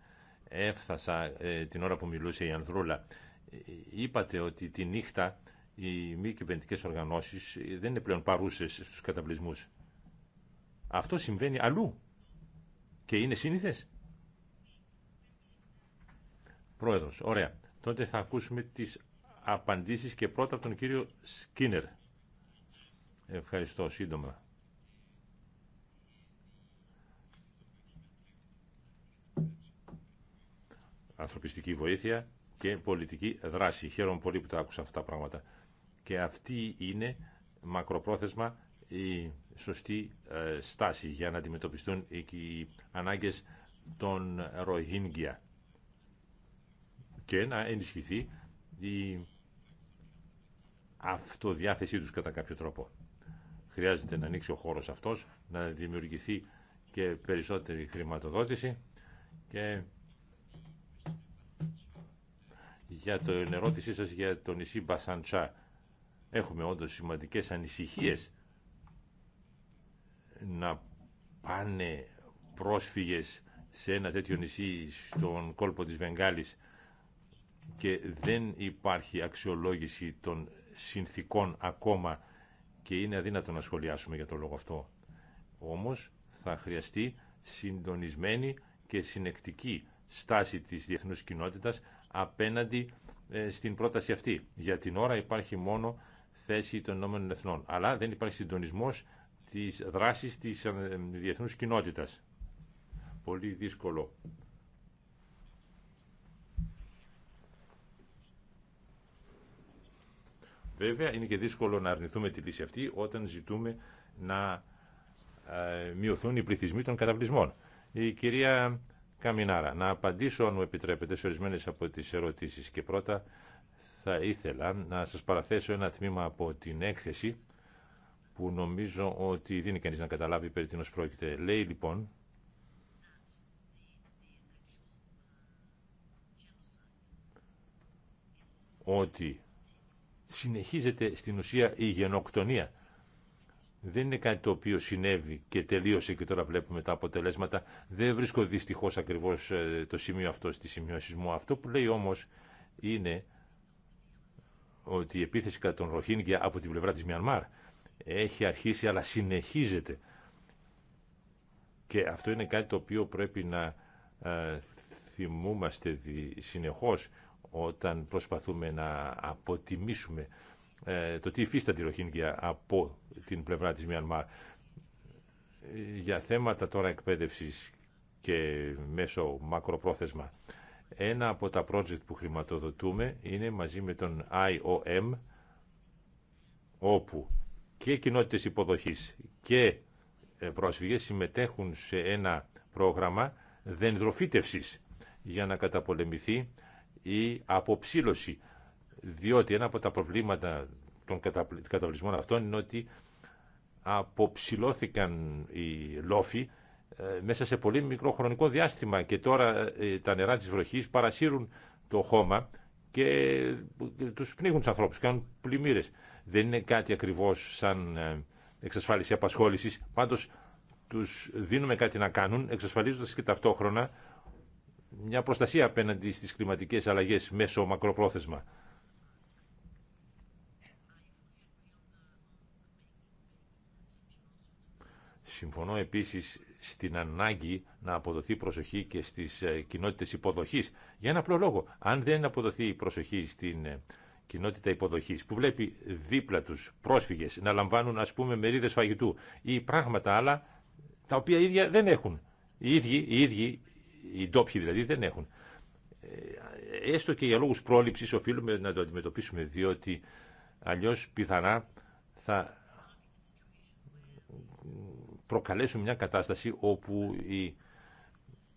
έφτασα ε, την ώρα που μιλούσε η Ανδρούλα. Ε, είπατε ότι τη νύχτα οι μη κυβερνητικέ οργανώσεις ε, δεν είναι πλέον παρούσες στους καταπλησμούς Αυτό συμβαίνει αλλού και είναι σύνηθες. Πρόεδρος, ωραία τότε θα ακούσουμε τις απαντήσεις και πρώτα από τον κύριο Σκίνερ. Ευχαριστώ σύντομα. Ανθρωπιστική βοήθεια και πολιτική δράση. Χαίρομαι πολύ που τα άκουσα αυτά τα πράγματα. Και αυτή είναι μακροπρόθεσμα η σωστή ε, στάση για να αντιμετωπιστούν οι ανάγκες των Ροχίνγκια και να ενισχυθεί η αυτοδιάθεσή τους κατά κάποιο τρόπο. Χρειάζεται να ανοίξει ο χώρος αυτός, να δημιουργηθεί και περισσότερη χρηματοδότηση και για το ερώτησή σας για το νησί Μπασαντσά έχουμε όντως σημαντικές ανησυχίες να πάνε πρόσφυγες σε ένα τέτοιο νησί στον κόλπο της Βενγάλης και δεν υπάρχει αξιολόγηση των συνθήκων ακόμα και είναι αδύνατο να σχολιάσουμε για τον λόγο αυτό. Όμως θα χρειαστεί συντονισμένη και συνεκτική στάση της διεθνούς κοινότητας απέναντι ε, στην πρόταση αυτή. Για την ώρα υπάρχει μόνο θέση των ΗΕ. Εθνών, αλλά δεν υπάρχει συντονισμός της δράσης της ε, διεθνούς κοινότητας. Πολύ δύσκολο Βέβαια είναι και δύσκολο να αρνηθούμε τη λύση αυτή όταν ζητούμε να ε, μειωθούν οι πληθυσμοί των καταβλισμών. Η κυρία Καμινάρα, να απαντήσω αν μου επιτρέπετε σε ορισμένε από τις ερωτήσεις και πρώτα θα ήθελα να σας παραθέσω ένα τμήμα από την έκθεση που νομίζω ότι δίνει κανείς να καταλάβει περί τίνος πρόκειται. Λέει λοιπόν ότι συνεχίζεται στην ουσία η γενοκτονία. Δεν είναι κάτι το οποίο συνέβη και τελείωσε και τώρα βλέπουμε τα αποτελέσματα. Δεν βρίσκω δυστυχώς ακριβώς ε, το σημείο αυτό στη σημειώσεις μου. Αυτό που λέει όμως είναι ότι η επίθεση κατά τον Ροχίνγκια από την πλευρά της Μιανμάρ έχει αρχίσει αλλά συνεχίζεται. Και αυτό είναι κάτι το οποίο πρέπει να ε, θυμούμαστε συνεχώς όταν προσπαθούμε να αποτιμήσουμε ε, το τι υφίσταται η Ροχίνγκια από την πλευρά της Μιανμάρ. Ε, για θέματα τώρα εκπαίδευσης και μέσω μακροπρόθεσμα, ένα από τα project που χρηματοδοτούμε είναι μαζί με τον IOM, όπου και κοινότητες υποδοχής και ε, πρόσφυγες συμμετέχουν σε ένα πρόγραμμα δενδροφύτευσης για να καταπολεμηθεί η αποψήλωση. Διότι ένα από τα προβλήματα των καταβλισμών αυτών είναι ότι αποψηλώθηκαν οι λόφοι ε, μέσα σε πολύ μικρό χρονικό διάστημα και τώρα ε, τα νερά της βροχής παρασύρουν το χώμα και ε, τους πνίγουν τους ανθρώπους, κάνουν πλημμύρες. Δεν είναι κάτι ακριβώς σαν εξασφάλιση απασχόλησης, πάντως τους δίνουμε κάτι να κάνουν, εξασφαλίζοντας και ταυτόχρονα μια προστασία απέναντι στις κλιματικές αλλαγές μέσω μακροπρόθεσμα. Συμφωνώ επίσης στην ανάγκη να αποδοθεί προσοχή και στις ε, κοινότητες υποδοχής. Για ένα απλό λόγο, αν δεν αποδοθεί προσοχή στην ε, κοινότητα υποδοχής που βλέπει δίπλα τους πρόσφυγες να λαμβάνουν ας πούμε μερίδες φαγητού ή πράγματα άλλα τα οποία ίδια δεν έχουν. Οι ίδιοι, οι ίδιοι οι ντόπιοι δηλαδή δεν έχουν. Ε, έστω και για λόγου πρόληψη οφείλουμε να το αντιμετωπίσουμε διότι αλλιώ πιθανά θα προκαλέσουν μια κατάσταση όπου η,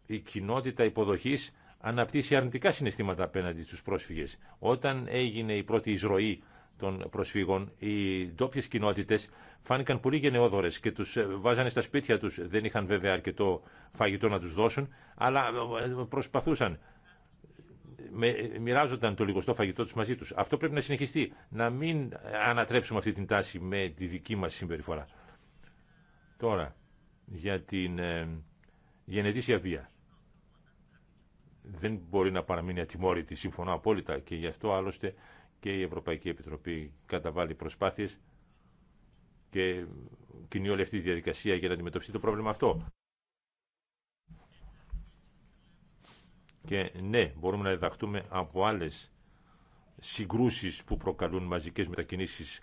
η κοινότητα υποδοχή αναπτύσσει αρνητικά συναισθήματα απέναντι στους πρόσφυγες. Όταν έγινε η πρώτη εισρωή των προσφύγων, οι ντόπιε κοινότητε φάνηκαν πολύ γενναιόδορε και του ε, βάζανε στα σπίτια του. Δεν είχαν βέβαια αρκετό φαγητό να του δώσουν, αλλά ε, ε, προσπαθούσαν. μοιράζονταν το λιγοστό φαγητό του μαζί του. Αυτό πρέπει να συνεχιστεί. Να μην ανατρέψουμε αυτή την τάση με τη δική μα συμπεριφορά. Τώρα, για την γενετήσια βία. Δεν μπορεί να παραμείνει ατιμόρυτη, συμφωνώ απόλυτα και γι' αυτό άλλωστε και η Ευρωπαϊκή Επιτροπή καταβάλει προσπάθειες και κινεί όλη αυτή τη διαδικασία για να αντιμετωπιστεί το πρόβλημα αυτό. Και ναι, μπορούμε να διδαχτούμε από άλλες συγκρούσεις που προκαλούν μαζικές μετακινήσεις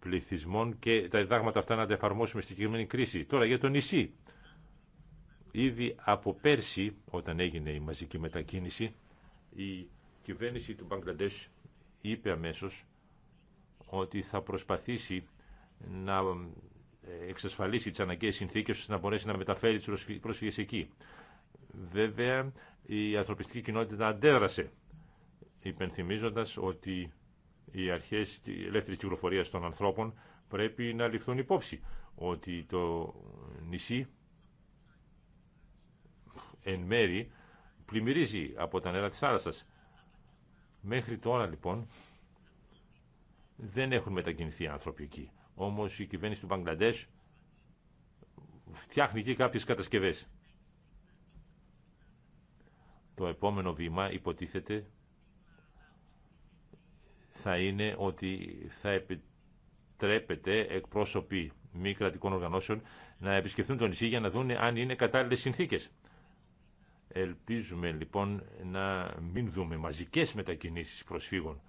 πληθυσμών και τα διδάγματα αυτά να τα εφαρμόσουμε στη συγκεκριμένη κρίση. Τώρα για το νησί. Ήδη από πέρσι, όταν έγινε η μαζική μετακίνηση, η κυβέρνηση του Μπαγκλαντές είπε αμέσως ότι θα προσπαθήσει να εξασφαλίσει τις αναγκαίες συνθήκες ώστε να μπορέσει να μεταφέρει τις πρόσφυγες εκεί. Βέβαια, η ανθρωπιστική κοινότητα αντέδρασε, υπενθυμίζοντας ότι οι αρχές ελεύθερης κυκλοφορίας των ανθρώπων πρέπει να ληφθούν υπόψη ότι το νησί εν μέρη πλημμυρίζει από τα νερά της θάλασσας Μέχρι τώρα λοιπόν δεν έχουν μετακινηθεί άνθρωποι εκεί. Όμως η κυβέρνηση του Μπαγκλαντές φτιάχνει εκεί κάποιες κατασκευές. Το επόμενο βήμα υποτίθεται θα είναι ότι θα επιτρέπεται εκπρόσωποι μη κρατικών οργανώσεων να επισκεφθούν το νησί για να δουν αν είναι κατάλληλες συνθήκες. Ελπίζουμε λοιπόν να μην δούμε μαζικές μετακινήσεις προσφύγων.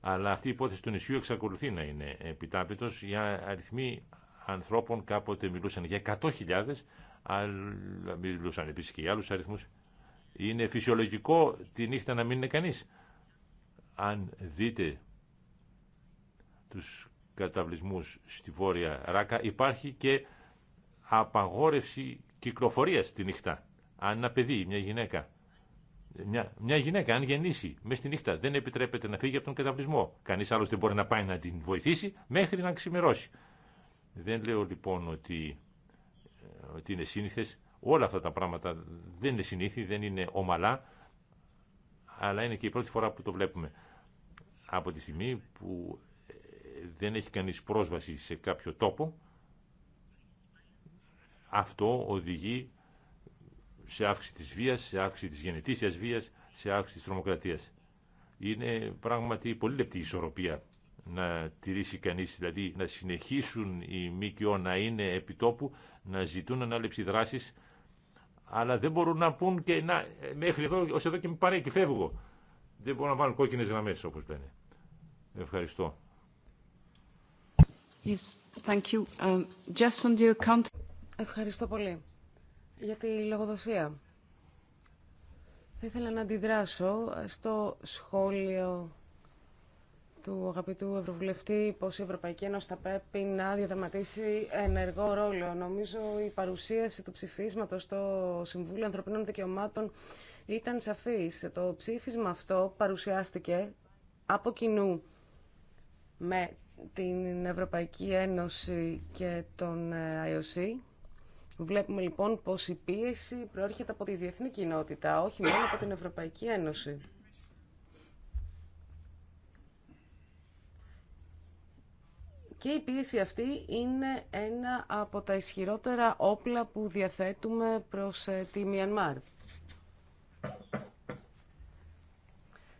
Αλλά αυτή η υπόθεση του νησιού εξακολουθεί να είναι επιτάπητος. Οι αριθμοί ανθρώπων κάποτε μιλούσαν για 100.000, αλλά μιλούσαν επίσης και για άλλους αριθμούς. Είναι φυσιολογικό τη νύχτα να μην είναι κανείς. Αν δείτε τους καταβλισμούς στη Βόρεια Ράκα υπάρχει και απαγόρευση κυκλοφορίας τη νύχτα. Αν ένα παιδί, μια γυναίκα, μια, μια γυναίκα, αν γεννήσει μέσα στη νύχτα, δεν επιτρέπεται να φύγει από τον καταπλησμό. Κανεί άλλο δεν μπορεί να πάει να την βοηθήσει μέχρι να ξημερώσει. Δεν λέω λοιπόν ότι, ε, ότι είναι σύνηθε. Όλα αυτά τα πράγματα δεν είναι συνήθι, δεν είναι ομαλά, αλλά είναι και η πρώτη φορά που το βλέπουμε. Από τη στιγμή που ε, δεν έχει κανείς πρόσβαση σε κάποιο τόπο, αυτό οδηγεί σε αύξηση της βίας, σε αύξηση της γενετήσιας βίας, σε αύξηση της τρομοκρατίας. Είναι πράγματι πολύ λεπτή ισορροπία να τηρήσει κανείς, δηλαδή να συνεχίσουν οι ΜΚΟ να είναι επιτόπου, να ζητούν ανάληψη δράσης, αλλά δεν μπορούν να πούν και να, μέχρι εδώ, ως εδώ και με παρέ και φεύγω. Δεν μπορούν να βάλουν κόκκινες γραμμές, όπως λένε. Ευχαριστώ. Yes, thank you. Um, just on the account... Ευχαριστώ πολύ για τη λογοδοσία. Θα ήθελα να αντιδράσω στο σχόλιο του αγαπητού Ευρωβουλευτή πως η Ευρωπαϊκή Ένωση θα πρέπει να διαδραματίσει ενεργό ρόλο. Νομίζω η παρουσίαση του ψηφίσματος στο Συμβούλιο Ανθρωπίνων Δικαιωμάτων ήταν σαφής. Το ψήφισμα αυτό παρουσιάστηκε από κοινού με την Ευρωπαϊκή Ένωση και τον ε, IOC Βλέπουμε λοιπόν πως η πίεση προέρχεται από τη διεθνή κοινότητα, όχι μόνο από την Ευρωπαϊκή Ένωση. Και η πίεση αυτή είναι ένα από τα ισχυρότερα όπλα που διαθέτουμε προς ε, τη Μιανμάρ.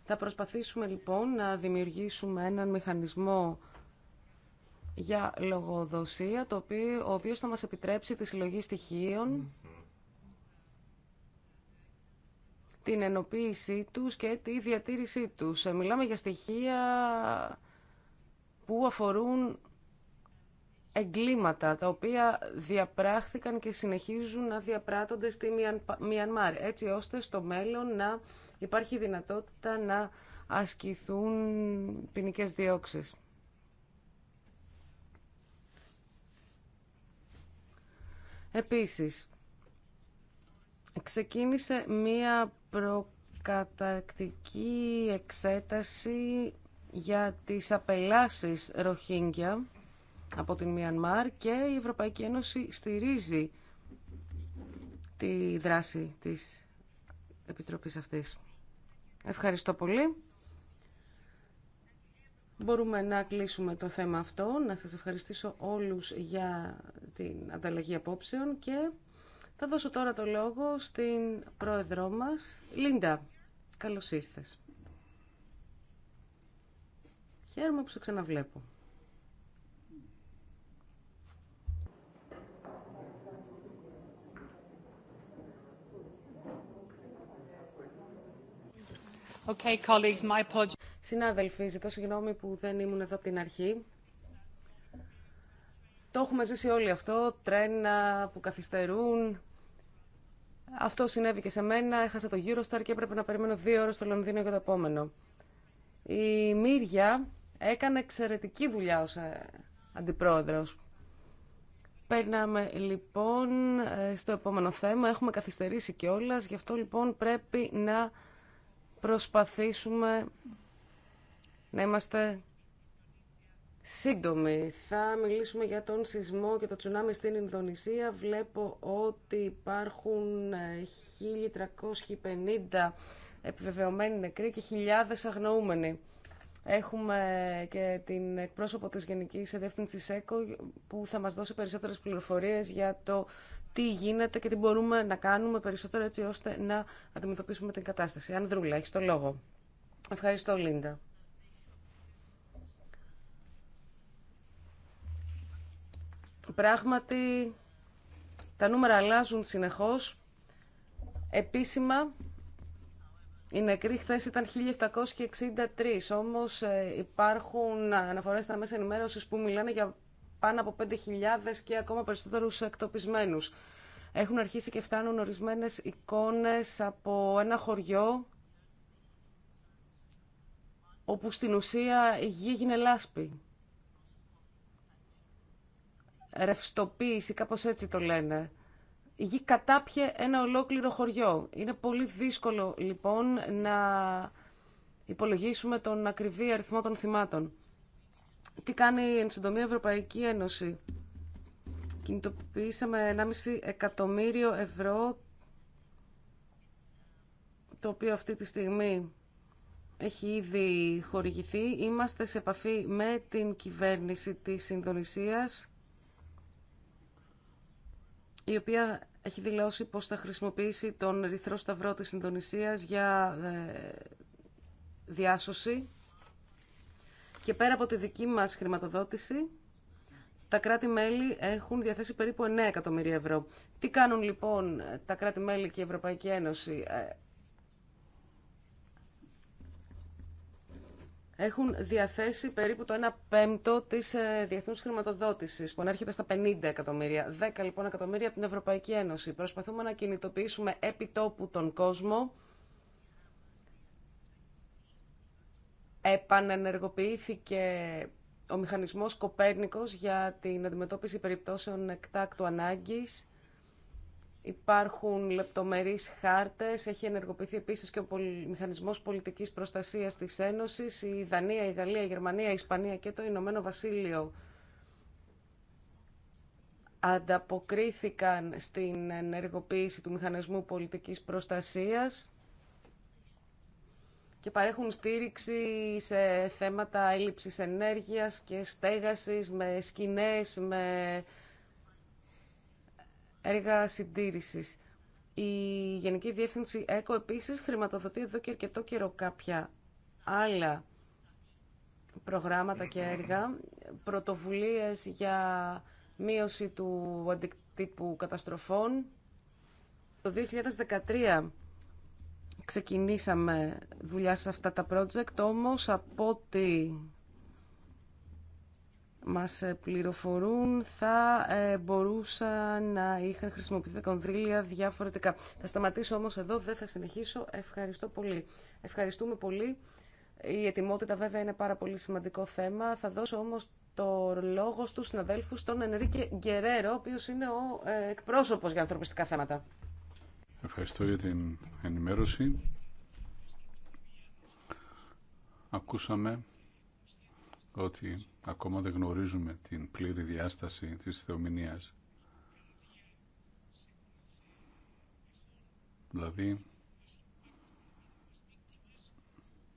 Θα προσπαθήσουμε λοιπόν να δημιουργήσουμε έναν μηχανισμό για λογοδοσία, το οποίο, ο οποίος θα μας επιτρέψει τη συλλογή στοιχείων, την ενοποίησή τους και τη διατήρησή τους. Ε, μιλάμε για στοιχεία που αφορούν εγκλήματα, τα οποία διαπράχθηκαν και συνεχίζουν να διαπράττονται στη Μιανμάρ, έτσι ώστε στο μέλλον να υπάρχει δυνατότητα να ασκηθούν ποινικές διώξεις. Επίσης, ξεκίνησε μία προκαταρκτική εξέταση για τις απελάσεις Ροχίνγκια από την Μιανμάρ και η Ευρωπαϊκή Ένωση στηρίζει τη δράση της Επιτροπής αυτής. Ευχαριστώ πολύ. Μπορούμε να κλείσουμε το θέμα αυτό, να σας ευχαριστήσω όλους για την ανταλλαγή απόψεων και θα δώσω τώρα το λόγο στην πρόεδρό μας, Λίντα. Καλώς ήρθες. Χαίρομαι που σε ξαναβλέπω. Okay, colleagues, my apologies. Συνάδελφοι, ζητώ συγγνώμη που δεν ήμουν εδώ από την αρχή. Το έχουμε ζήσει όλοι αυτό, τρένα που καθυστερούν. Αυτό συνέβη και σε μένα, έχασα το Eurostar και έπρεπε να περιμένω δύο ώρες στο Λονδίνο για το επόμενο. Η Μύρια έκανε εξαιρετική δουλειά ως ε, αντιπρόεδρος. Παίρναμε λοιπόν ε, στο επόμενο θέμα. Έχουμε καθυστερήσει κιόλα, γι' αυτό λοιπόν πρέπει να προσπαθήσουμε να είμαστε σύντομοι. Θα μιλήσουμε για τον σεισμό και το τσουνάμι στην Ινδονησία. Βλέπω ότι υπάρχουν 1.350 ε, επιβεβαιωμένοι νεκροί και χιλιάδες αγνοούμενοι. Έχουμε και την εκπρόσωπο της Γενικής Διεύθυνσης ΕΚΟ που θα μας δώσει περισσότερες πληροφορίες για το τι γίνεται και τι μπορούμε να κάνουμε περισσότερο έτσι ώστε να αντιμετωπίσουμε την κατάσταση. Αν δρούλα, έχεις το λόγο. Ευχαριστώ, Λίντα. Πράγματι, τα νούμερα αλλάζουν συνεχώς. Επίσημα, η νεκροί χθε ήταν 1763, όμως ε, υπάρχουν αναφορές στα μέσα ενημέρωσης που μιλάνε για πάνω από 5.000 και ακόμα περισσότερους εκτοπισμένους. Έχουν αρχίσει και φτάνουν ορισμένες εικόνες από ένα χωριό όπου στην ουσία η γη γίνεται λάσπη ρευστοποίηση, κάπως έτσι το λένε. Η γη κατάπιε ένα ολόκληρο χωριό. Είναι πολύ δύσκολο λοιπόν να υπολογίσουμε τον ακριβή αριθμό των θυμάτων. Τι κάνει εν συντομία Ευρωπαϊκή Ένωση. Κινητοποιήσαμε 1,5 εκατομμύριο ευρώ το οποίο αυτή τη στιγμή έχει ήδη χορηγηθεί. Είμαστε σε επαφή με την κυβέρνηση της Ινδονησίας η οποία έχει δηλώσει πως θα χρησιμοποιήσει τον ρυθρό Σταυρό της Ινδονησίας για ε, διάσωση και πέρα από τη δική μας χρηματοδότηση τα κράτη-μέλη έχουν διαθέσει περίπου 9 εκατομμύρια ευρώ. Τι κάνουν λοιπόν τα κράτη-μέλη και η Ευρωπαϊκή Ένωση. Ε, έχουν διαθέσει περίπου το 1 πέμπτο τη ε, διεθνού χρηματοδότηση, που ανέρχεται στα 50 εκατομμύρια. 10 λοιπόν εκατομμύρια από την Ευρωπαϊκή Ένωση. Προσπαθούμε να κινητοποιήσουμε επί τόπου τον κόσμο. Επανενεργοποιήθηκε ο μηχανισμός Κοπέρνικος για την αντιμετώπιση περιπτώσεων εκτάκτου ανάγκης Υπάρχουν λεπτομερείς χάρτες, έχει ενεργοποιηθεί επίσης και ο Μηχανισμός Πολιτικής Προστασίας της Ένωση. η Δανία, η Γαλλία, η Γερμανία, η Ισπανία και το Ηνωμένο Βασίλειο ανταποκρίθηκαν στην ενεργοποίηση του Μηχανισμού Πολιτικής Προστασίας και παρέχουν στήριξη σε θέματα έλλειψης ενέργειας και στέγασης με σκηνές, με έργα συντήρηση Η Γενική Διεύθυνση ΕΚΟ επίση χρηματοδοτεί εδώ και αρκετό καιρό κάποια άλλα προγράμματα και έργα, πρωτοβουλίε για μείωση του αντικτύπου καταστροφών. Το 2013 ξεκινήσαμε δουλειά σε αυτά τα project, όμως από ό,τι μας ε, πληροφορούν θα ε, μπορούσαν να είχαν χρησιμοποιηθεί τα κονδύλια διαφορετικά. Θα σταματήσω όμως εδώ, δεν θα συνεχίσω. Ευχαριστώ πολύ. Ευχαριστούμε πολύ. Η ετοιμότητα βέβαια είναι πάρα πολύ σημαντικό θέμα. Θα δώσω όμως το λόγο στους συναδέλφους, τον Ενρίκε Γκερέρο, ο οποίος είναι ο ε, εκπρόσωπος για ανθρωπιστικά θέματα. Ευχαριστώ για την ενημέρωση. Ακούσαμε ότι ακόμα δεν γνωρίζουμε την πλήρη διάσταση της θεομηνίας. Δηλαδή,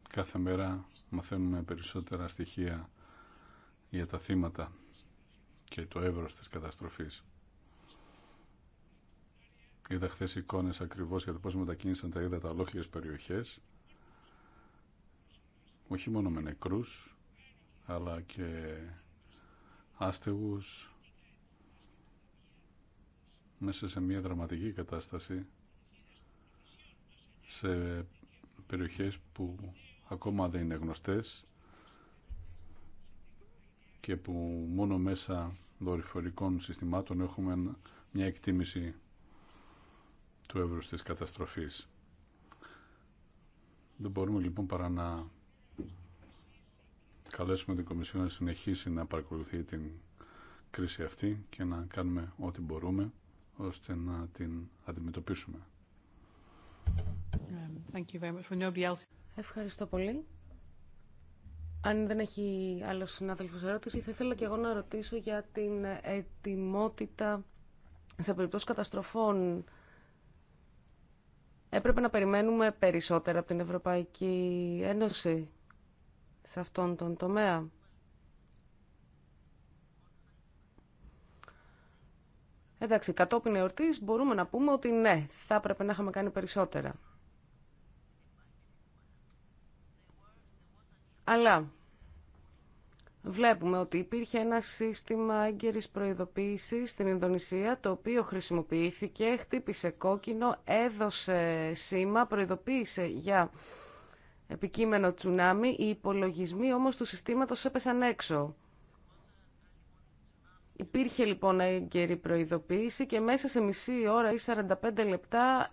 κάθε μέρα μαθαίνουμε περισσότερα στοιχεία για τα θύματα και το εύρος της καταστροφής. Είδα χθε εικόνες ακριβώς για το πώς μετακίνησαν τα τα ολόκληρες περιοχές, όχι μόνο με νεκρούς, αλλά και άστεγους μέσα σε μια δραματική κατάσταση σε περιοχές που ακόμα δεν είναι γνωστές και που μόνο μέσα δορυφορικών συστημάτων έχουμε μια εκτίμηση του εύρους της καταστροφής. Δεν μπορούμε λοιπόν παρά να καλέσουμε την Κομισιόν να συνεχίσει να παρακολουθεί την κρίση αυτή και να κάνουμε ό,τι μπορούμε ώστε να την αντιμετωπίσουμε. Um, Ευχαριστώ πολύ. Αν δεν έχει άλλο συνάδελφο ερώτηση, θα ήθελα και εγώ να ρωτήσω για την ετοιμότητα σε περιπτώσει καταστροφών. Έπρεπε να περιμένουμε περισσότερα από την Ευρωπαϊκή Ένωση σε αυτόν τον τομέα. Εντάξει, κατόπιν εορτής μπορούμε να πούμε ότι ναι, θα έπρεπε να είχαμε κάνει περισσότερα. Αλλά βλέπουμε ότι υπήρχε ένα σύστημα έγκαιρης προειδοποίησης στην Ινδονησία, το οποίο χρησιμοποιήθηκε, χτύπησε κόκκινο, έδωσε σήμα, προειδοποίησε για επικείμενο τσουνάμι, οι υπολογισμοί όμως του συστήματος έπεσαν έξω. Υπήρχε λοιπόν έγκαιρη προειδοποίηση και μέσα σε μισή ώρα ή 45 λεπτά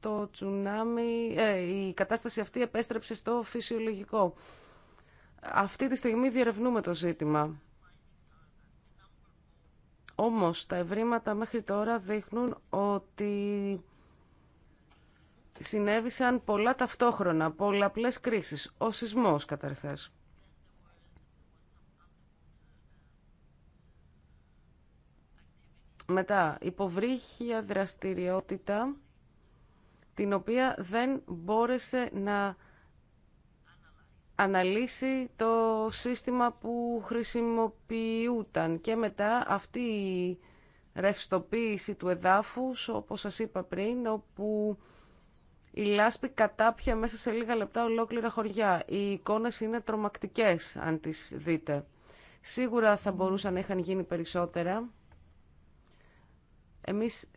το τσουνάμι, ε, η κατάσταση αυτή επέστρεψε στο φυσιολογικό. Αυτή τη στιγμή διερευνούμε το ζήτημα. Όμως τα ευρήματα μέχρι τώρα δείχνουν ότι συνέβησαν πολλά ταυτόχρονα, πολλαπλές κρίσεις, ο σεισμός καταρχάς. Μετά, υποβρύχια δραστηριότητα, την οποία δεν μπόρεσε να αναλύσει το σύστημα που χρησιμοποιούταν. Και μετά αυτή η ρευστοποίηση του εδάφους, όπως σας είπα πριν, όπου η λάσπη κατάπια μέσα σε λίγα λεπτά ολόκληρα χωριά. Οι εικόνες είναι τρομακτικές αν τις δείτε. Σίγουρα θα μπορούσαν να είχαν γίνει περισσότερα. Εμείς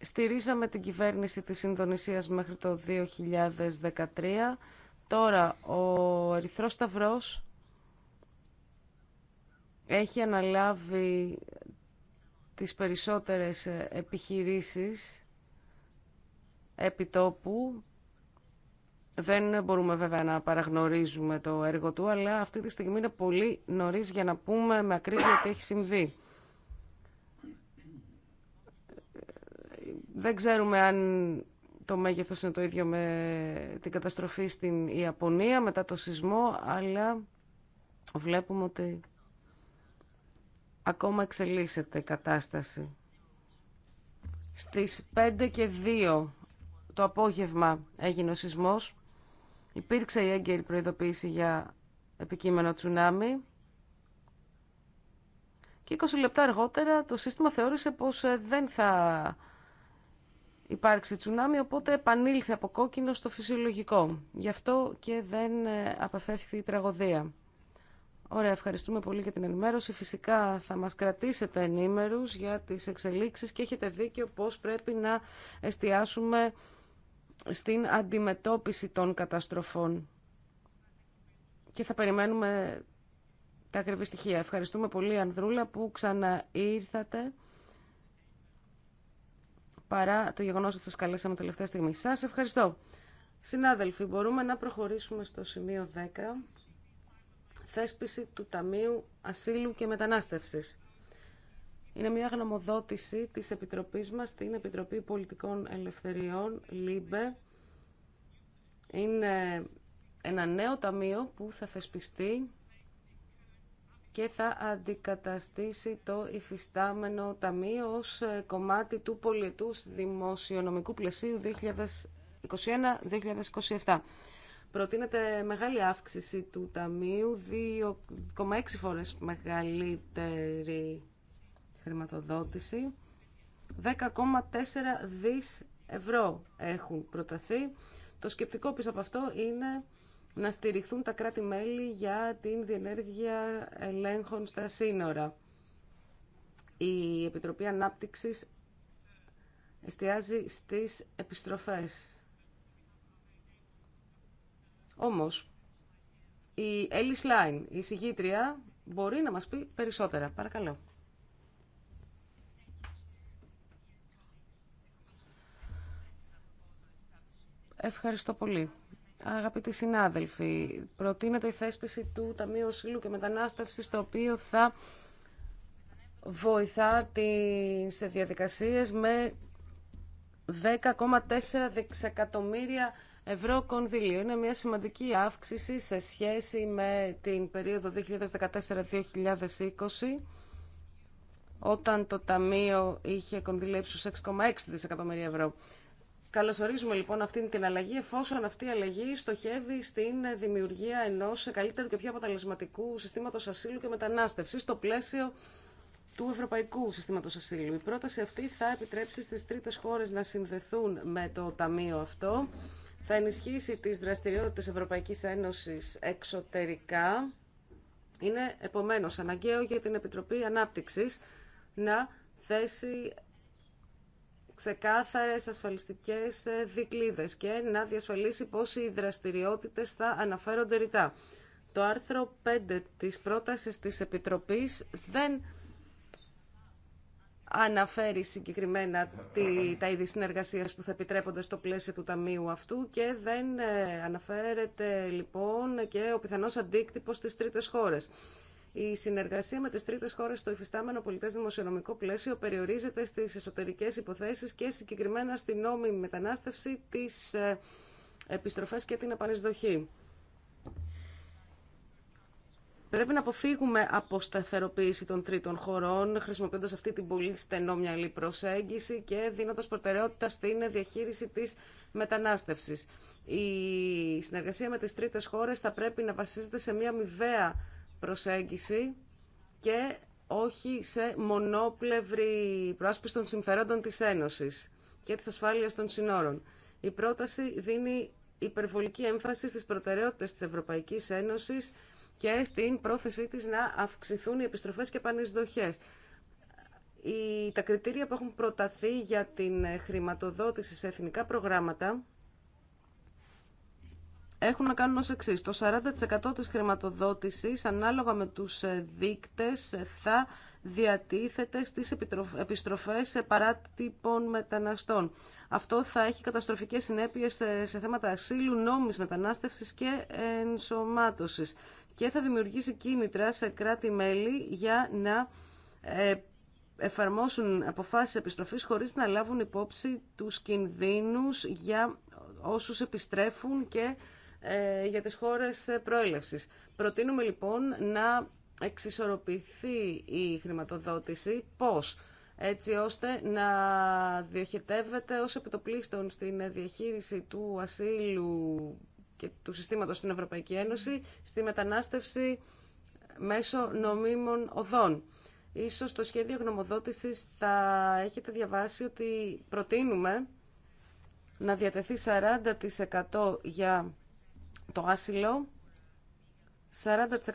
στηρίζαμε την κυβέρνηση της Ινδονησίας μέχρι το 2013. Τώρα ο Ερυθρός Σταυρός έχει αναλάβει τις περισσότερες επιχειρήσεις επιτόπου. Δεν μπορούμε βέβαια να παραγνωρίζουμε το έργο του, αλλά αυτή τη στιγμή είναι πολύ νωρίς για να πούμε με ακρίβεια τι έχει συμβεί. Δεν ξέρουμε αν το μέγεθος είναι το ίδιο με την καταστροφή στην Ιαπωνία μετά το σεισμό, αλλά βλέπουμε ότι ακόμα εξελίσσεται η κατάσταση. Στις 5 και 2 το απόγευμα έγινε ο σεισμός. Υπήρξε η έγκαιρη προειδοποίηση για επικείμενο τσουνάμι. Και 20 λεπτά αργότερα το σύστημα θεώρησε πως ε, δεν θα υπάρξει τσουνάμι, οπότε επανήλθε από κόκκινο στο φυσιολογικό. Γι' αυτό και δεν ε, απεφεύχθη η τραγωδία. Ωραία, ευχαριστούμε πολύ για την ενημέρωση. Φυσικά θα μας κρατήσετε ενήμερους για τις εξελίξεις και έχετε δίκιο πώς πρέπει να εστιάσουμε στην αντιμετώπιση των καταστροφών. Και θα περιμένουμε τα ακριβή στοιχεία. Ευχαριστούμε πολύ, Ανδρούλα, που ξαναήρθατε παρά το γεγονός ότι σας καλέσαμε τελευταία στιγμή. Σας ευχαριστώ. Συνάδελφοι, μπορούμε να προχωρήσουμε στο σημείο 10, θέσπιση του Ταμείου Ασύλου και Μετανάστευσης. Είναι μια γνωμοδότηση της Επιτροπής μας, την Επιτροπή Πολιτικών Ελευθεριών, ΛΥΜΠΕ. Είναι ένα νέο ταμείο που θα θεσπιστεί και θα αντικαταστήσει το υφιστάμενο ταμείο ως ε, κομμάτι του πολιτού δημοσιονομικού πλαισίου 2021-2027. Προτείνεται μεγάλη αύξηση του ταμείου, 2,6 φορές μεγαλύτερη χρηματοδότηση. 10,4 δις ευρώ έχουν προταθεί. Το σκεπτικό πίσω από αυτό είναι να στηριχθούν τα κράτη-μέλη για την διενέργεια ελέγχων στα σύνορα. Η Επιτροπή Ανάπτυξης εστιάζει στις επιστροφές. Όμως, η Ellis Line, η συγγήτρια, μπορεί να μας πει περισσότερα. Παρακαλώ. Ευχαριστώ πολύ. Αγαπητοί συνάδελφοι, προτείνεται η θέσπιση του Ταμείου Σύλλου και Μετανάστευση, το οποίο θα βοηθά τις διαδικασίες με 10,4 δισεκατομμύρια ευρώ κονδύλιο. Είναι μια σημαντική αύξηση σε σχέση με την περίοδο 2014-2020 όταν το Ταμείο είχε κονδυλέψει 6,6 δισεκατομμύρια ευρώ. Καλωσορίζουμε λοιπόν αυτήν την αλλαγή, εφόσον αυτή η αλλαγή στοχεύει στην δημιουργία ενό καλύτερου και πιο αποτελεσματικού συστήματο ασύλου και μετανάστευση στο πλαίσιο του Ευρωπαϊκού Συστήματο Ασύλου. Η πρόταση αυτή θα επιτρέψει στι τρίτε χώρε να συνδεθούν με το Ταμείο αυτό, θα ενισχύσει τι δραστηριότητε Ευρωπαϊκή Ένωση εξωτερικά. Είναι επομένω αναγκαίο για την Επιτροπή Ανάπτυξη να θέσει ξεκάθαρες ασφαλιστικές ε, δικλίδες και να διασφαλίσει πώς οι δραστηριότητες θα αναφέρονται ρητά. Το άρθρο 5 της πρότασης της Επιτροπής δεν αναφέρει συγκεκριμένα τα είδη συνεργασίας που θα επιτρέπονται στο πλαίσιο του Ταμείου αυτού και δεν ε, αναφέρεται λοιπόν και ο πιθανός αντίκτυπος στις τρίτες χώρες. Η συνεργασία με τι τρίτε χώρε στο υφιστάμενο πολιτέ δημοσιονομικό πλαίσιο περιορίζεται στι εσωτερικέ υποθέσει και συγκεκριμένα στην νόμιμη μετανάστευση, τι ε, επιστροφέ και την επανεισδοχή. Πρέπει να αποφύγουμε από σταθεροποίηση των τρίτων χωρών, χρησιμοποιώντας αυτή την πολύ στενόμυαλη προσέγγιση και δίνοντα προτεραιότητα στην διαχείριση της μετανάστευσης. Η συνεργασία με τις τρίτες χώρες θα πρέπει να βασίζεται σε μια μηβαία προσέγγιση και όχι σε μονόπλευρη πρόσπιση των συμφερόντων της Ένωσης και της ασφάλειας των συνόρων. Η πρόταση δίνει υπερβολική έμφαση στις προτεραιότητες της Ευρωπαϊκής Ένωσης και στην πρόθεσή της να αυξηθούν οι επιστροφές και πανεσδοχές. Τα κριτήρια που έχουν προταθεί για την χρηματοδότηση σε εθνικά προγράμματα έχουν να κάνουν ως εξής. Το 40% της χρηματοδότησης, ανάλογα με τους ε, δείκτες, ε, θα διατίθεται στις επιστροφές ε, παράτυπων μεταναστών. Αυτό θα έχει καταστροφικές συνέπειες σε θέματα ασύλου, νόμης, μετανάστευσης και ενσωμάτωσης και θα δημιουργήσει κίνητρα σε κράτη-μέλη για να εφαρμόσουν αποφάσεις επιστροφής χωρίς να λάβουν υπόψη τους κινδύνους για όσους επιστρέφουν και ε, για τις χώρες προέλευσης. Προτείνουμε λοιπόν να εξισορροπηθεί η χρηματοδότηση. Πώς? έτσι ώστε να διοχετεύεται ως επιτοπλίστων στην διαχείριση του ασύλου και του συστήματος στην Ευρωπαϊκή Ένωση στη μετανάστευση μέσω νομίμων οδών. Ίσως το σχέδιο γνωμοδότησης θα έχετε διαβάσει ότι προτείνουμε να διατεθεί 40% για το άσυλο,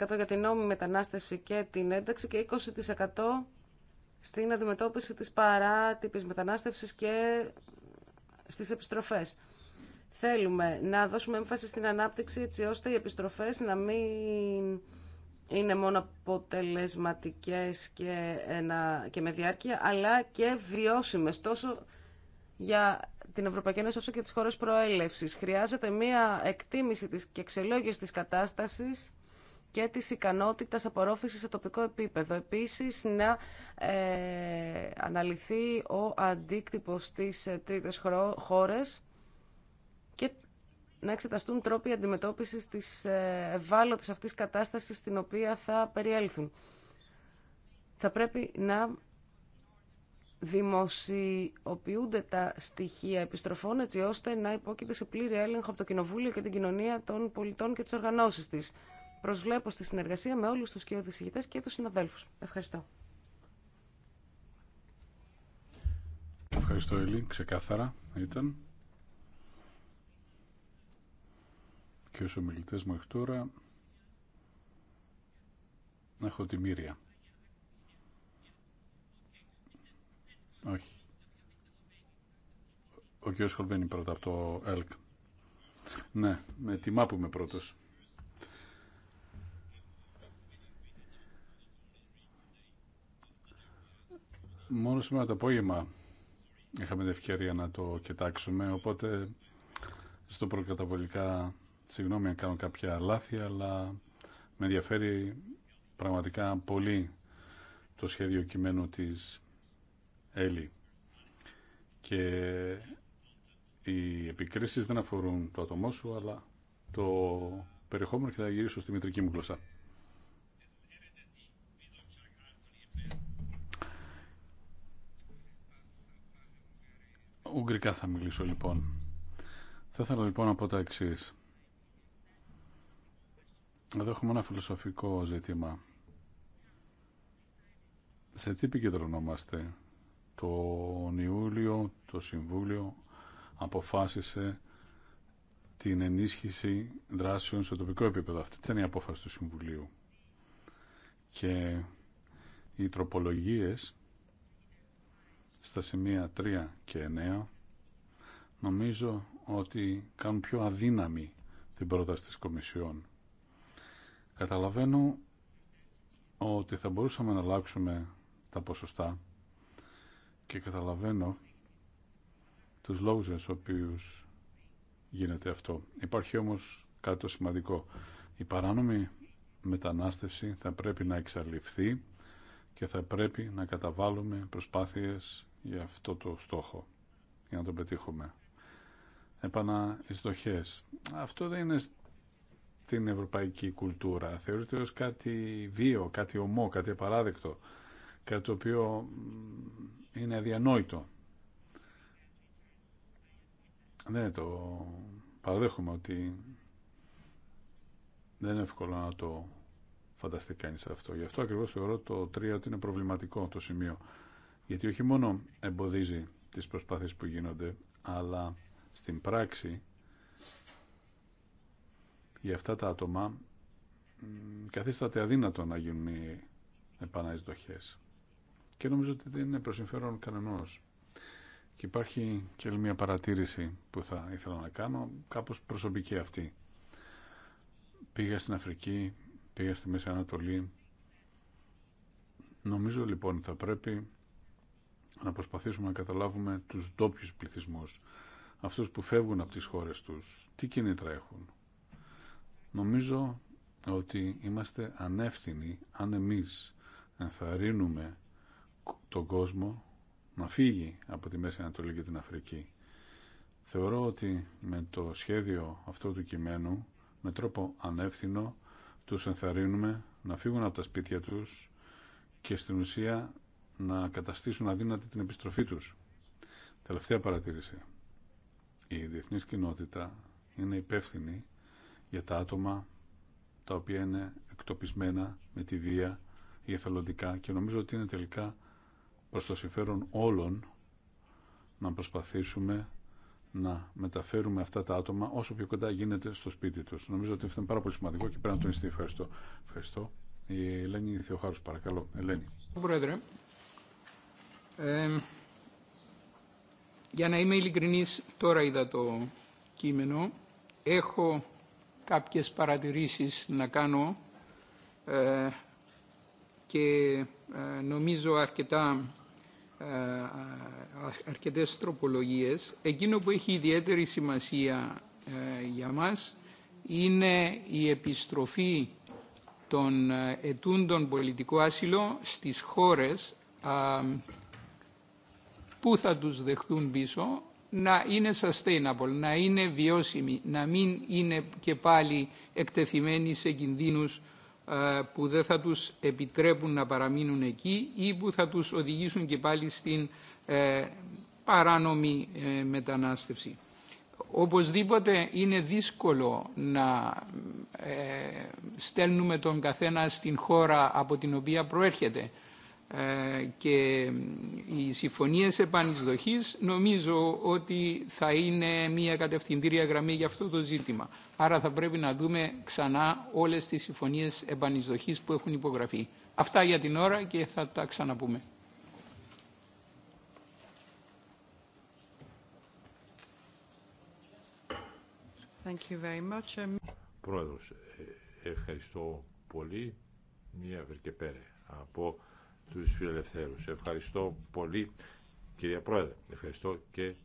40% για την νόμιμη μετανάστευση και την ένταξη και 20% στην αντιμετώπιση της παράτυπης μετανάστευσης και στις επιστροφές. Θέλουμε να δώσουμε έμφαση στην ανάπτυξη έτσι ώστε οι επιστροφές να μην είναι μόνο αποτελεσματικές και, ένα, και με διάρκεια, αλλά και βιώσιμες τόσο για την Ευρωπαϊκή Ένωση όσο και τις χώρες προέλευσης. Χρειάζεται μία εκτίμηση της και εξελόγηση της κατάστασης και της ικανότητας απορρόφησης σε τοπικό επίπεδο. Επίσης, να ε, αναλυθεί ο αντίκτυπος στις ε, τρίτες χώρες και να εξεταστούν τρόποι αντιμετώπισης της ε, ευάλωτης αυτής κατάστασης στην οποία θα περιέλθουν. Θα πρέπει να δημοσιοποιούνται τα στοιχεία επιστροφών έτσι ώστε να υπόκειται σε πλήρη έλεγχο από το Κοινοβούλιο και την κοινωνία των πολιτών και τις οργανώσεις της. Προσβλέπω στη συνεργασία με όλους τους και ηγητές και τους συναδέλφους. Ευχαριστώ. Ευχαριστώ Ελή, ξεκάθαρα ήταν. Και ως ομιλητές μέχρι τώρα έχω τη μοίρια. Όχι. Ο κ. Χολβένη πρώτα από το ΕΛΚ. Ναι, με τιμά που είμαι πρώτος. Μόνο σήμερα το απόγευμα είχαμε την ευκαιρία να το κοιτάξουμε, οπότε στο προκαταβολικά, συγγνώμη αν κάνω κάποια λάθη, αλλά με ενδιαφέρει πραγματικά πολύ το σχέδιο κειμένου της Έλλη. Και οι επικρίσεις δεν αφορούν το άτομό σου, αλλά το περιεχόμενο και θα γυρίσω στη μητρική μου γλωσσά. Ουγγρικά θα μιλήσω λοιπόν. Θα ήθελα λοιπόν να πω τα εξή. Εδώ έχουμε ένα φιλοσοφικό ζήτημα. Σε τι επικεντρωνόμαστε τον Ιούλιο το Συμβούλιο αποφάσισε την ενίσχυση δράσεων στο τοπικό επίπεδο. Αυτή ήταν η απόφαση του Συμβουλίου. Και οι τροπολογίες στα σημεία 3 και 9 νομίζω ότι κάνουν πιο αδύναμη την πρόταση της Κομισιόν. Καταλαβαίνω ότι θα μπορούσαμε να αλλάξουμε τα ποσοστά και καταλαβαίνω τους λόγους για τους οποίους γίνεται αυτό. Υπάρχει όμως κάτι το σημαντικό. Η παράνομη μετανάστευση θα πρέπει να εξαλειφθεί και θα πρέπει να καταβάλουμε προσπάθειες για αυτό το στόχο, για να το πετύχουμε. Επαναειστοχές. Αυτό δεν είναι στην ευρωπαϊκή κουλτούρα. Θεωρείται ως κάτι βίο, κάτι ομό, κάτι απαράδεκτο κάτι το οποίο είναι αδιανόητο. Ναι, το παραδέχομαι ότι δεν είναι εύκολο να το φανταστεί κανείς αυτό. Γι' αυτό ακριβώς θεωρώ το 3 ότι είναι προβληματικό το σημείο. Γιατί όχι μόνο εμποδίζει τις προσπάθειες που γίνονται, αλλά στην πράξη για αυτά τα άτομα καθίσταται αδύνατο να γίνουν οι και νομίζω ότι δεν είναι προσυμφέρον Και υπάρχει και άλλη μια παρατήρηση που θα ήθελα να κάνω, κάπως προσωπική αυτή. Πήγα στην Αφρική, πήγα στη Μέση Ανατολή. Νομίζω λοιπόν θα πρέπει να προσπαθήσουμε να καταλάβουμε τους ντόπιου πληθυσμού, αυτούς που φεύγουν από τις χώρες τους, τι κινήτρα έχουν. Νομίζω ότι είμαστε ανεύθυνοι αν εμείς ενθαρρύνουμε τον κόσμο να φύγει από τη Μέση Ανατολή και την Αφρική. Θεωρώ ότι με το σχέδιο αυτό του κειμένου, με τρόπο ανεύθυνο, τους ενθαρρύνουμε να φύγουν από τα σπίτια τους και στην ουσία να καταστήσουν αδύνατη την επιστροφή τους. Τελευταία παρατήρηση. Η διεθνής κοινότητα είναι υπεύθυνη για τα άτομα τα οποία είναι εκτοπισμένα με τη βία ή εθελοντικά και νομίζω ότι είναι τελικά προς το συμφέρον όλων να προσπαθήσουμε να μεταφέρουμε αυτά τα άτομα όσο πιο κοντά γίνεται στο σπίτι τους. Νομίζω ότι αυτό είναι πάρα πολύ σημαντικό και πρέπει να τονιστεί. Ευχαριστώ. Ευχαριστώ. Η Ελένη Θεοχάρους, παρακαλώ. Ελένη. Πρόεδρε, για να είμαι ειλικρινής, τώρα είδα το κείμενο. Έχω κάποιες παρατηρήσεις να κάνω ε, και ε, νομίζω αρκετά ε, ε, αρκετές τροπολογίες. Εκείνο που έχει ιδιαίτερη σημασία ε, για μας είναι η επιστροφή των ετούντων πολιτικού άσυλο στις χώρες που θα τους δεχθούν πίσω να είναι sustainable, να είναι βιώσιμη, να μην είναι και πάλι εκτεθειμένοι σε κινδύνους ε, που δεν θα τους επιτρέπουν να παραμείνουν εκεί ή που θα τους οδηγήσουν και πάλι στην ε, παράνομη ε, μετανάστευση. Οπωσδήποτε είναι δύσκολο να στέλνουμε τον καθένα στην χώρα από την οποία προέρχεται ε, και οι συμφωνίες επανεισδοχής νομίζω ότι θα είναι μια κατευθυντήρια γραμμή για αυτό το ζήτημα. Άρα θα πρέπει να δούμε ξανά όλες τις συμφωνίες επανεισδοχής που έχουν υπογραφεί. Αυτά για την ώρα και θα τα ξαναπούμε. Thank you um, Πρόεδρος, ε, ευχαριστώ πολύ. Μία βρήκε από τους φιλελευθέρους. Ευχαριστώ πολύ κυρία Πρόεδρε. Ευχαριστώ και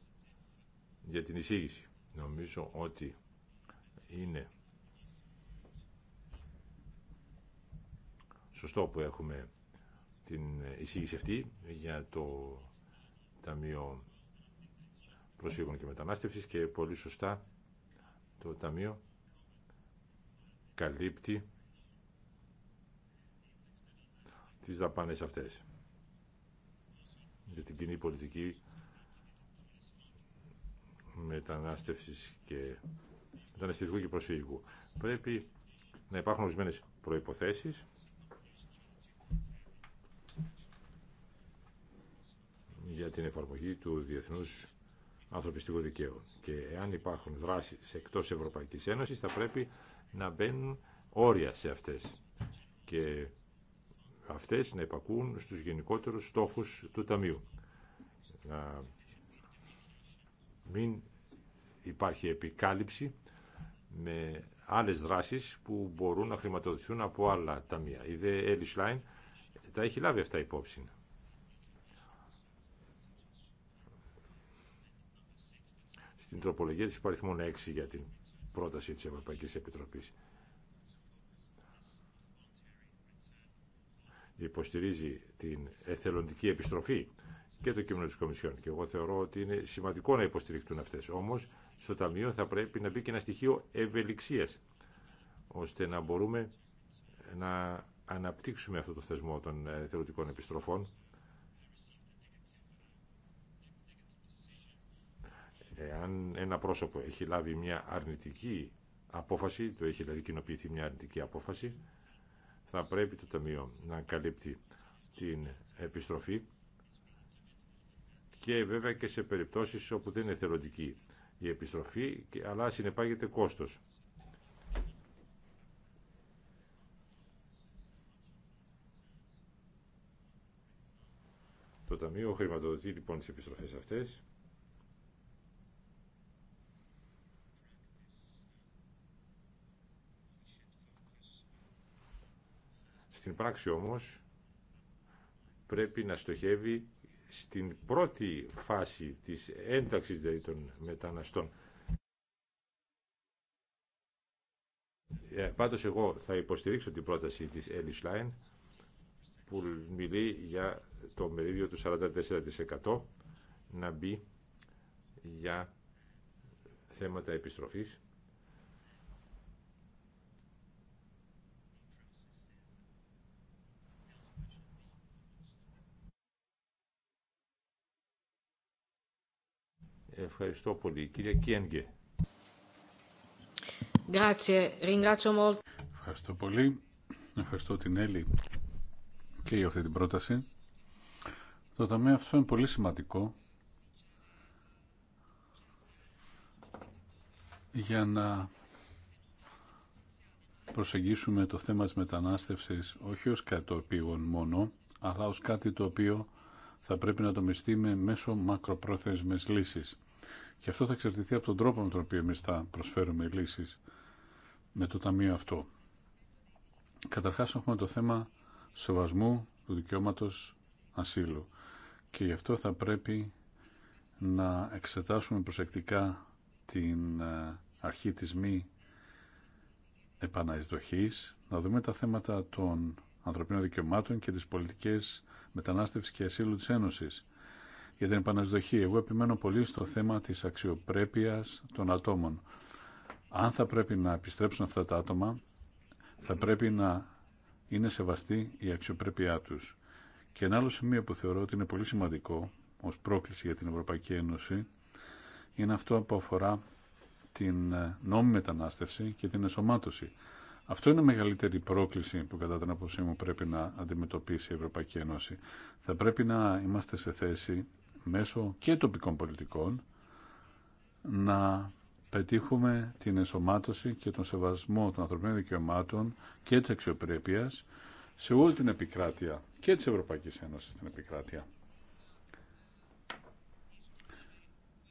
για την εισήγηση. Νομίζω ότι είναι σωστό που έχουμε την εισήγηση αυτή για το Ταμείο Προσφύγων και Μετανάστευσης και πολύ σωστά το Ταμείο καλύπτει τις δαπάνες αυτές για την κοινή πολιτική μετανάστευσης και μεταναστευτικού και προσφυγικού. Πρέπει να υπάρχουν ορισμένε προϋποθέσεις για την εφαρμογή του διεθνούς ανθρωπιστικού δικαίου. Και αν υπάρχουν δράσεις εκτός Ευρωπαϊκής Ένωσης θα πρέπει να μπαίνουν όρια σε αυτές. Και αυτές να υπακούν στους γενικότερους στόχους του Ταμείου. Να μην υπάρχει επικάλυψη με άλλες δράσεις που μπορούν να χρηματοδοτηθούν από άλλα ταμεία. Η δε Έλλης τα έχει λάβει αυτά υπόψη. Στην τροπολογία της μόνο 6 για την πρόταση της Ευρωπαϊκής Επιτροπής. υποστηρίζει την εθελοντική επιστροφή και το κείμενο τη Κομισιόν. Και εγώ θεωρώ ότι είναι σημαντικό να υποστηριχτούν αυτές. Όμως, στο Ταμείο θα πρέπει να μπει και ένα στοιχείο ευελιξίας, ώστε να μπορούμε να αναπτύξουμε αυτό το θεσμό των ε, εθελοντικών επιστροφών. Εάν ένα πρόσωπο έχει λάβει μια αρνητική απόφαση, το έχει δηλαδή κοινοποιηθεί μια αρνητική απόφαση, θα πρέπει το Ταμείο να καλύπτει την επιστροφή και βέβαια και σε περιπτώσεις όπου δεν είναι θελοντική η επιστροφή αλλά συνεπάγεται κόστος. Το Ταμείο χρηματοδοτεί λοιπόν τις επιστροφές αυτές Στην πράξη όμως πρέπει να στοχεύει στην πρώτη φάση της ένταξης δηλαδή των μεταναστών. Ε, πάντως εγώ θα υποστηρίξω την πρόταση της Ellis Line που μιλεί για το μερίδιο του 44% να μπει για θέματα επιστροφής Ευχαριστώ πολύ. Κυρία Κιένγκε. Ευχαριστώ πολύ. Ευχαριστώ την Έλλη και για αυτή την πρόταση. Το ταμείο αυτό είναι πολύ σημαντικό για να προσεγγίσουμε το θέμα της μετανάστευσης όχι ως κάτι το οποίο μόνο, αλλά ως κάτι το οποίο θα πρέπει να το μισθεί με μέσω μακροπρόθεσμες λύσεις. Και αυτό θα εξαρτηθεί από τον τρόπο με τον οποίο εμεί θα προσφέρουμε λύσει με το Ταμείο αυτό. Καταρχά έχουμε το θέμα σεβασμού του δικαιώματος ασύλου και γι' αυτό θα πρέπει να εξετάσουμε προσεκτικά την ε, αρχή της μη επαναεισδοχής, να δούμε τα θέματα των ανθρωπίνων δικαιωμάτων και τις πολιτικές μετανάστευση και ασύλου της Ένωσης για την επανασδοχή. Εγώ επιμένω πολύ στο θέμα της αξιοπρέπειας των ατόμων. Αν θα πρέπει να επιστρέψουν αυτά τα άτομα, θα πρέπει να είναι σεβαστή η αξιοπρέπειά τους. Και ένα άλλο σημείο που θεωρώ ότι είναι πολύ σημαντικό ως πρόκληση για την Ευρωπαϊκή Ένωση είναι αυτό που αφορά την ε, νόμιμη μετανάστευση και την εσωμάτωση. Αυτό είναι η μεγαλύτερη πρόκληση που κατά την άποψή μου πρέπει να αντιμετωπίσει η Ευρωπαϊκή Ένωση. Θα πρέπει να είμαστε σε θέση μέσω και τοπικών πολιτικών να πετύχουμε την ενσωμάτωση και τον σεβασμό των ανθρωπίνων δικαιωμάτων και της αξιοπρέπειας σε όλη την επικράτεια και της Ευρωπαϊκής Ένωσης στην επικράτεια.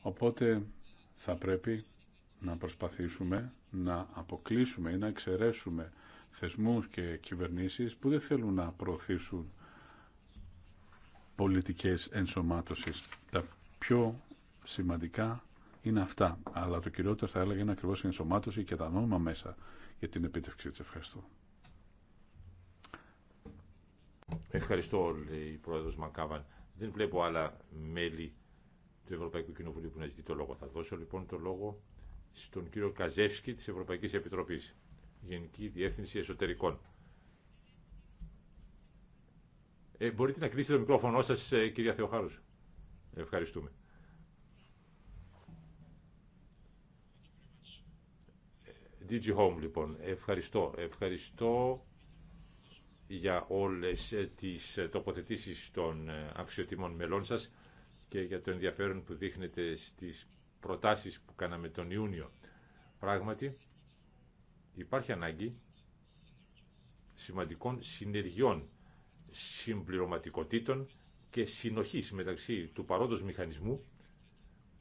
Οπότε θα πρέπει να προσπαθήσουμε να αποκλείσουμε ή να εξαιρέσουμε θεσμούς και κυβερνήσεις που δεν θέλουν να προωθήσουν πολιτικές ενσωμάτωσης. Τα πιο σημαντικά είναι αυτά. Αλλά το κυριότερο θα έλεγα είναι ακριβώς η ενσωμάτωση και τα νόμιμα μέσα για την επίτευξη της. Ευχαριστώ. Ευχαριστώ, λέει η πρόεδρος Μακάβαν. Δεν βλέπω άλλα μέλη του Ευρωπαϊκού Κοινοβουλίου που να ζητεί το λόγο. Θα δώσω λοιπόν το λόγο στον κύριο Καζεύσκη της Ευρωπαϊκής Επιτροπής, Γενική Διεύθυνση Εσωτερικών. Ε, μπορείτε να κλείσετε το μικρόφωνο σας, ε, κυρία Θεοχάρους. Ευχαριστούμε. Ε, DG Home, λοιπόν. Ευχαριστώ. Ευχαριστώ για όλες ε, τις τοποθετήσεις των αξιοτήμων μελών σας και για το ενδιαφέρον που δείχνετε στις προτάσεις που κάναμε τον Ιούνιο. Πράγματι, υπάρχει ανάγκη σημαντικών συνεργειών συμπληρωματικοτήτων και συνοχής μεταξύ του παρόντος μηχανισμού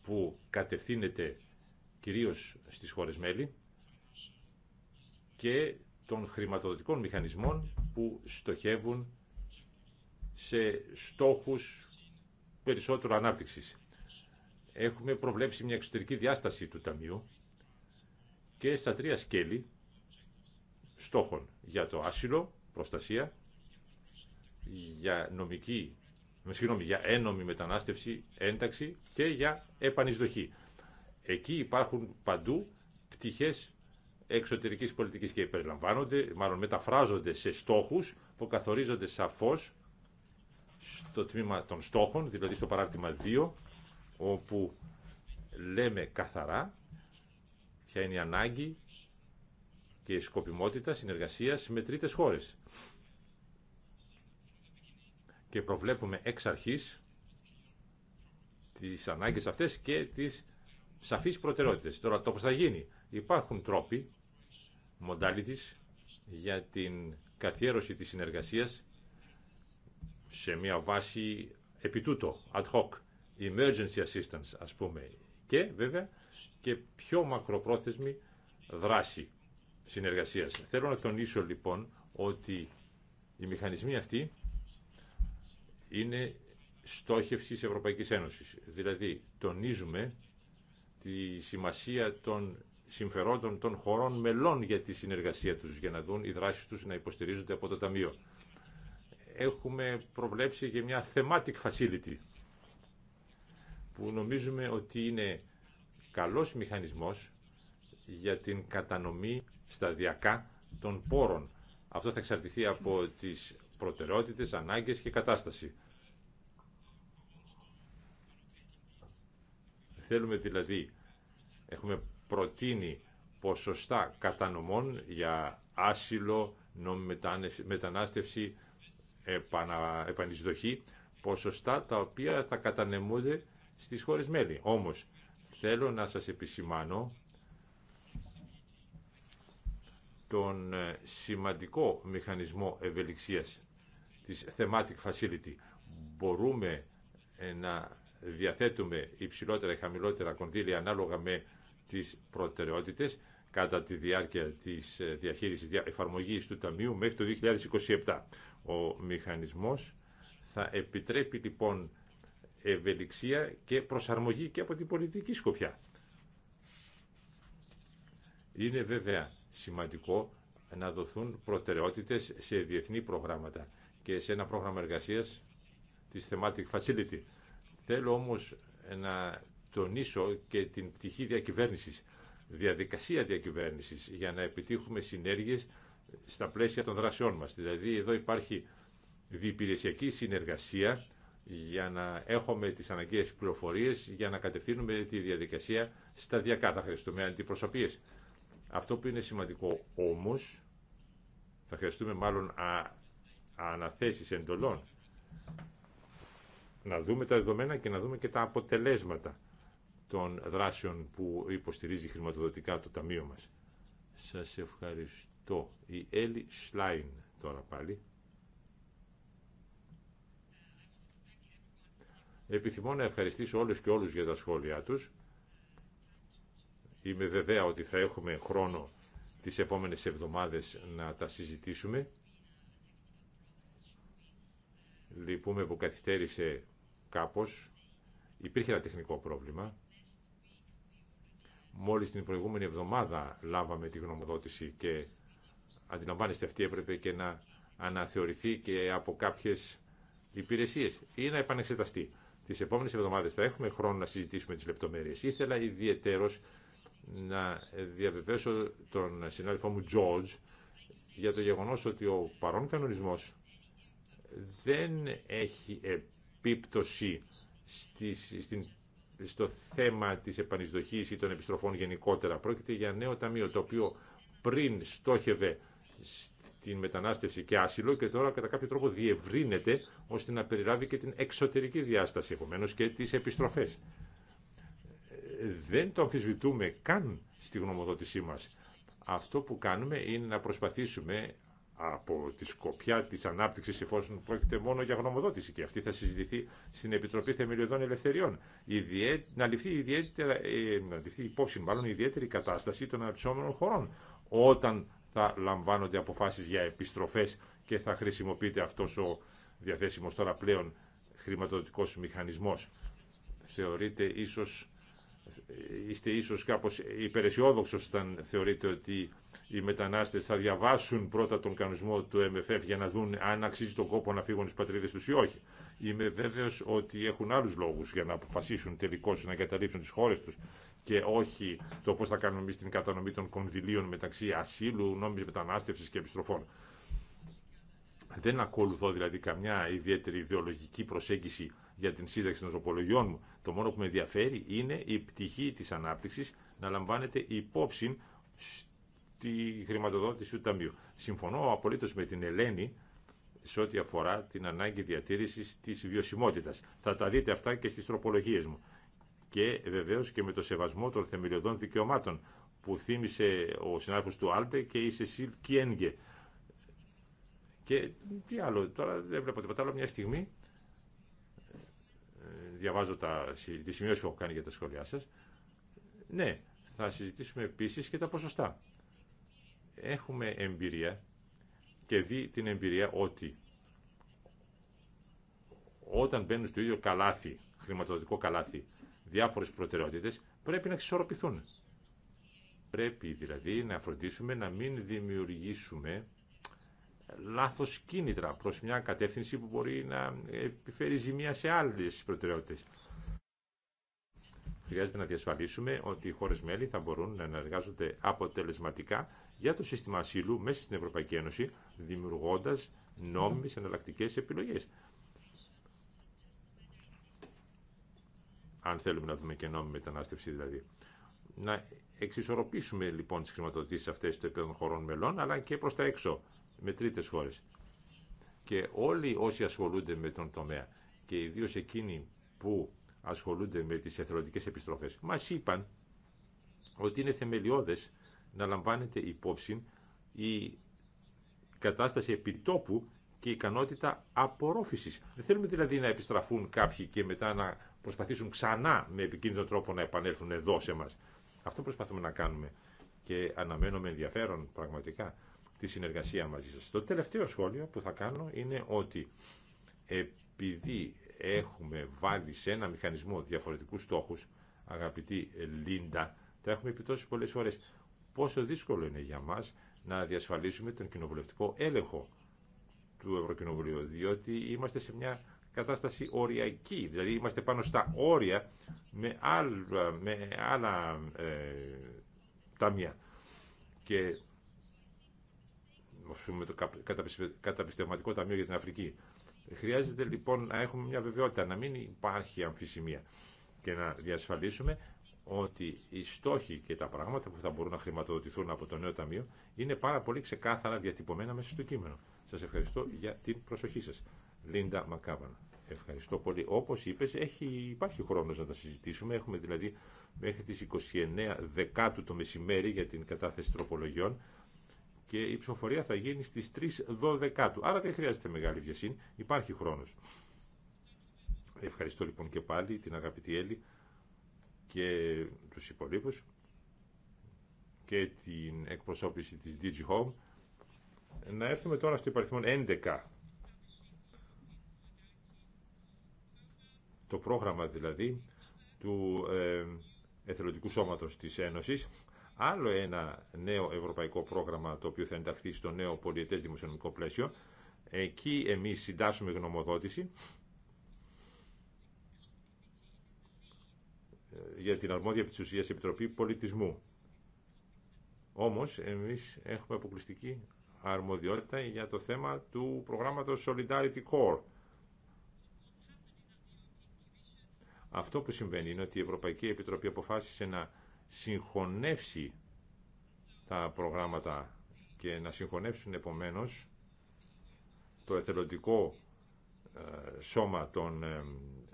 που κατευθύνεται κυρίως στις χώρες μέλη και των χρηματοδοτικών μηχανισμών που στοχεύουν σε στόχους περισσότερο ανάπτυξης. Έχουμε προβλέψει μια εξωτερική διάσταση του Ταμείου και στα τρία σκέλη στόχων για το άσυλο, προστασία για νομική, συγγνώμη, για ένομη μετανάστευση, ένταξη και για επανεισδοχή. Εκεί υπάρχουν παντού πτυχές εξωτερικής πολιτικής και περιλαμβάνονται, μάλλον μεταφράζονται σε στόχους που καθορίζονται σαφώς στο τμήμα των στόχων, δηλαδή στο παράρτημα 2, όπου λέμε καθαρά ποια είναι η ανάγκη και η σκοπιμότητα συνεργασίας με τρίτες χώρες και προβλέπουμε εξ αρχής τις ανάγκες αυτές και τις σαφείς προτεραιότητες. Τώρα το πώς θα γίνει. Υπάρχουν τρόποι, modalities, για την καθιέρωση της συνεργασίας σε μια βάση επιτούτο, ad hoc, emergency assistance ας πούμε και βέβαια και πιο μακροπρόθεσμη δράση συνεργασίας. Θέλω να τονίσω λοιπόν ότι οι μηχανισμοί αυτοί είναι της Ευρωπαϊκής Ένωσης. Δηλαδή, τονίζουμε τη σημασία των συμφερόντων των χωρών μελών για τη συνεργασία τους, για να δουν οι δράσεις τους να υποστηρίζονται από το Ταμείο. Έχουμε προβλέψει και μια thematic facility, που νομίζουμε ότι είναι καλός μηχανισμός για την κατανομή σταδιακά των πόρων. Αυτό θα εξαρτηθεί από τις προτεραιότητες, ανάγκες και κατάσταση. Θέλουμε δηλαδή, έχουμε προτείνει ποσοστά κατανομών για άσυλο, νόμιμη μετανάστευση, επανα, επανεισδοχή, ποσοστά τα οποία θα κατανεμούνται στις χώρες μέλη. Όμως, θέλω να σας επισημάνω τον ε, σημαντικό μηχανισμό ευελιξίας της Thematic Facility. Μπορούμε ε, να διαθέτουμε υψηλότερα ή χαμηλότερα κονδύλια ανάλογα με τις προτεραιότητες κατά τη διάρκεια της ε, διαχείρισης εφαρμογής του Ταμείου μέχρι το 2027. Ο μηχανισμός θα επιτρέπει λοιπόν ευελιξία και προσαρμογή και από την πολιτική σκοπιά. Είναι βέβαια σημαντικό να δοθούν προτεραιότητες σε διεθνή προγράμματα και σε ένα πρόγραμμα εργασίας της Thematic Facility Θέλω όμως να τονίσω και την πτυχή διακυβέρνησης, διαδικασία διακυβέρνησης για να επιτύχουμε συνέργειες στα πλαίσια των δράσεών μας. Δηλαδή εδώ υπάρχει διπηρεσιακή συνεργασία για να έχουμε τις αναγκαίες πληροφορίες, για να κατευθύνουμε τη διαδικασία σταδιακά. Θα χρειαστούμε αντιπροσωπείες. Αυτό που είναι σημαντικό όμως, θα χρειαστούμε μάλλον α, αναθέσεις εντολών να δούμε τα δεδομένα και να δούμε και τα αποτελέσματα των δράσεων που υποστηρίζει χρηματοδοτικά το Ταμείο μας. Σας ευχαριστώ. Η Έλλη Σλάιν τώρα πάλι. Επιθυμώ να ευχαριστήσω όλους και όλους για τα σχόλιά τους. Είμαι βεβαία ότι θα έχουμε χρόνο τις επόμενες εβδομάδες να τα συζητήσουμε. Λυπούμε που καθυστέρησε κάπως. Υπήρχε ένα τεχνικό πρόβλημα. Μόλις την προηγούμενη εβδομάδα λάβαμε τη γνωμοδότηση και αντιλαμβάνεστε αυτή έπρεπε και να αναθεωρηθεί και από κάποιες υπηρεσίες ή να επανεξεταστεί. Τις επόμενες εβδομάδες θα έχουμε χρόνο να συζητήσουμε τις λεπτομέρειες. Ήθελα ιδιαιτέρως να διαβεβαιώσω τον συνάδελφό μου Τζόρτζ για το γεγονός ότι ο παρόν κανονισμός δεν έχει επίπτωση στις, στην, στο θέμα της επανεισδοχής ή των επιστροφών γενικότερα. Πρόκειται για νέο ταμείο το οποίο πριν στόχευε την μετανάστευση και άσυλο και τώρα κατά κάποιο τρόπο διευρύνεται ώστε να περιλάβει και την εξωτερική διάσταση επομένω και τις επιστροφές. Δεν το αμφισβητούμε καν στη γνωμοδότησή μας. Αυτό που κάνουμε είναι να προσπαθήσουμε από τη σκοπιά τη ανάπτυξη εφόσον πρόκειται μόνο για γνωμοδότηση και αυτή θα συζητηθεί στην Επιτροπή Θεμελιωδών Ελευθεριών. Να, ληφθεί ιδιαίτερα, ε, να ληφθεί υπόψη μάλλον η ιδιαίτερη κατάσταση των αναπτυσσόμενων χωρών όταν θα λαμβάνονται αποφάσεις για επιστροφές και θα χρησιμοποιείται αυτό ο διαθέσιμο τώρα πλέον χρηματοδοτικός μηχανισμό Θεωρείται ίσως είστε ίσως κάπως υπεραισιόδοξος όταν θεωρείτε ότι οι μετανάστες θα διαβάσουν πρώτα τον κανονισμό του MFF για να δουν αν αξίζει τον κόπο να φύγουν στις πατρίδες τους ή όχι. Είμαι βέβαιος ότι έχουν άλλους λόγους για να αποφασίσουν τελικώς να εγκαταλείψουν τις χώρες τους και όχι το πώς θα κάνουμε εμείς την κατανομή των κονδυλίων μεταξύ ασύλου, νόμιμης μετανάστευσης και επιστροφών. Δεν ακολουθώ δηλαδή καμιά ιδιαίτερη ιδεολογική προσέγγιση για την σύνταξη των τροπολογιών μου. Το μόνο που με ενδιαφέρει είναι η πτυχή της ανάπτυξης να λαμβάνεται υπόψη στη χρηματοδότηση του Ταμείου. Συμφωνώ απολύτως με την Ελένη σε ό,τι αφορά την ανάγκη διατήρησης της βιωσιμότητας. Θα τα δείτε αυτά και στις τροπολογίες μου. Και βεβαίως και με το σεβασμό των θεμελιωδών δικαιωμάτων που θύμισε ο συνάδελφος του Άλτε και η Σεσίλ Κιένγκε. Και τι άλλο, τώρα δεν βλέπω τίποτα άλλο μια στιγμή ε, διαβάζω τα, τις σημειώσεις που έχω κάνει για τα σχόλιά σας. Ναι, θα συζητήσουμε επίσης και τα ποσοστά. Έχουμε εμπειρία και δει την εμπειρία ότι όταν μπαίνουν στο ίδιο καλάθι, χρηματοδοτικό καλάθι, διάφορες προτεραιότητες, πρέπει να εξισορροπηθούν. Πρέπει δηλαδή να φροντίσουμε να μην δημιουργήσουμε λάθος κίνητρα προς μια κατεύθυνση που μπορεί να επιφέρει ζημία σε άλλες προτεραιότητες. Χρειάζεται να διασφαλίσουμε ότι οι χώρες μέλη θα μπορούν να εργάζονται αποτελεσματικά για το σύστημα ασύλου μέσα στην Ευρωπαϊκή Ένωση, δημιουργώντας νόμιμες εναλλακτικέ επιλογές. Αν θέλουμε να δούμε και νόμιμη μετανάστευση δηλαδή. Να εξισορροπήσουμε λοιπόν τις χρηματοδοτήσεις αυτές των χωρών μελών, αλλά και προς τα έξω με τρίτες χώρε. Και όλοι όσοι ασχολούνται με τον τομέα και ιδίω εκείνοι που ασχολούνται με τις εθελοντικές επιστροφές μας είπαν ότι είναι θεμελιώδε να λαμβάνεται υπόψη η κατάσταση επιτόπου και η ικανότητα απορρόφησης. Δεν θέλουμε δηλαδή να επιστραφούν κάποιοι και μετά να προσπαθήσουν ξανά με επικίνδυνο τρόπο να επανέλθουν εδώ σε μας. Αυτό προσπαθούμε να κάνουμε και αναμένουμε ενδιαφέρον πραγματικά τη συνεργασία μαζί σας. Το τελευταίο σχόλιο που θα κάνω είναι ότι επειδή έχουμε βάλει σε ένα μηχανισμό διαφορετικούς στόχους, αγαπητή Λίντα, τα έχουμε επιτώσει πολλές φορές, πόσο δύσκολο είναι για μας να διασφαλίσουμε τον κοινοβουλευτικό έλεγχο του Ευρωκοινοβουλίου, διότι είμαστε σε μια κατάσταση οριακή, δηλαδή είμαστε πάνω στα όρια με άλλα, με ε, ταμεία. Και με το καταπιστευματικό ταμείο για την Αφρική. Χρειάζεται λοιπόν να έχουμε μια βεβαιότητα, να μην υπάρχει αμφισημία και να διασφαλίσουμε ότι οι στόχοι και τα πράγματα που θα μπορούν να χρηματοδοτηθούν από το νέο ταμείο είναι πάρα πολύ ξεκάθαρα διατυπωμένα μέσα στο κείμενο. Σας ευχαριστώ για την προσοχή σας. Λίντα Μακάβανα. Ευχαριστώ πολύ. Όπως είπες, έχει, υπάρχει χρόνος να τα συζητήσουμε. Έχουμε δηλαδή μέχρι τις 29 Δεκάτου το μεσημέρι για την κατάθεση τροπολογιών και η ψηφοφορία θα γίνει στις 3.12 του. Άρα δεν χρειάζεται μεγάλη βιασύνη, υπάρχει χρόνος. Ευχαριστώ λοιπόν και πάλι την αγαπητή Έλλη και τους υπολείπους και την εκπροσώπηση της DigiHome. Να έρθουμε τώρα στο υπαριθμό 11. Το πρόγραμμα δηλαδή του ε, εθελοντικού σώματος της Ένωσης άλλο ένα νέο ευρωπαϊκό πρόγραμμα το οποίο θα ενταχθεί στο νέο πολιετές δημοσιονομικό πλαίσιο. Εκεί εμείς συντάσσουμε γνωμοδότηση ε, για την αρμόδια της ουσίας Επιτροπή Πολιτισμού. Όμως εμείς έχουμε αποκλειστική αρμοδιότητα για το θέμα του προγράμματος Solidarity Core. Αυτό που συμβαίνει είναι ότι η Ευρωπαϊκή Επιτροπή αποφάσισε να συγχωνεύσει τα προγράμματα και να συγχωνεύσουν επομένως το εθελοντικό ε, σώμα των, ε,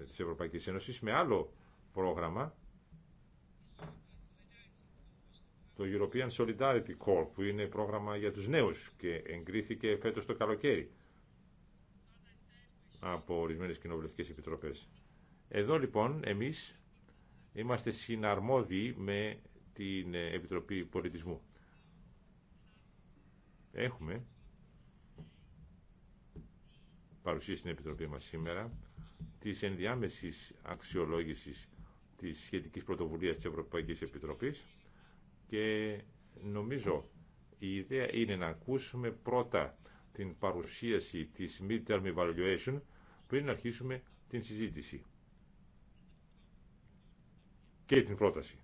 της Ευρωπαϊκής Ένωσης με άλλο πρόγραμμα το European Solidarity Corps που είναι πρόγραμμα για τους νέους και εγκρίθηκε φέτος το καλοκαίρι από ορισμένες κοινοβουλευτικές επιτροπές. Εδώ λοιπόν εμείς είμαστε συναρμόδιοι με την ε, Επιτροπή Πολιτισμού. Έχουμε παρουσία στην Επιτροπή μας σήμερα της ενδιάμεσης αξιολόγησης της σχετικής πρωτοβουλίας της Ευρωπαϊκής Επιτροπής και νομίζω η ιδέα είναι να ακούσουμε πρώτα την παρουσίαση της Midterm Evaluation πριν να αρχίσουμε την συζήτηση και την πρόταση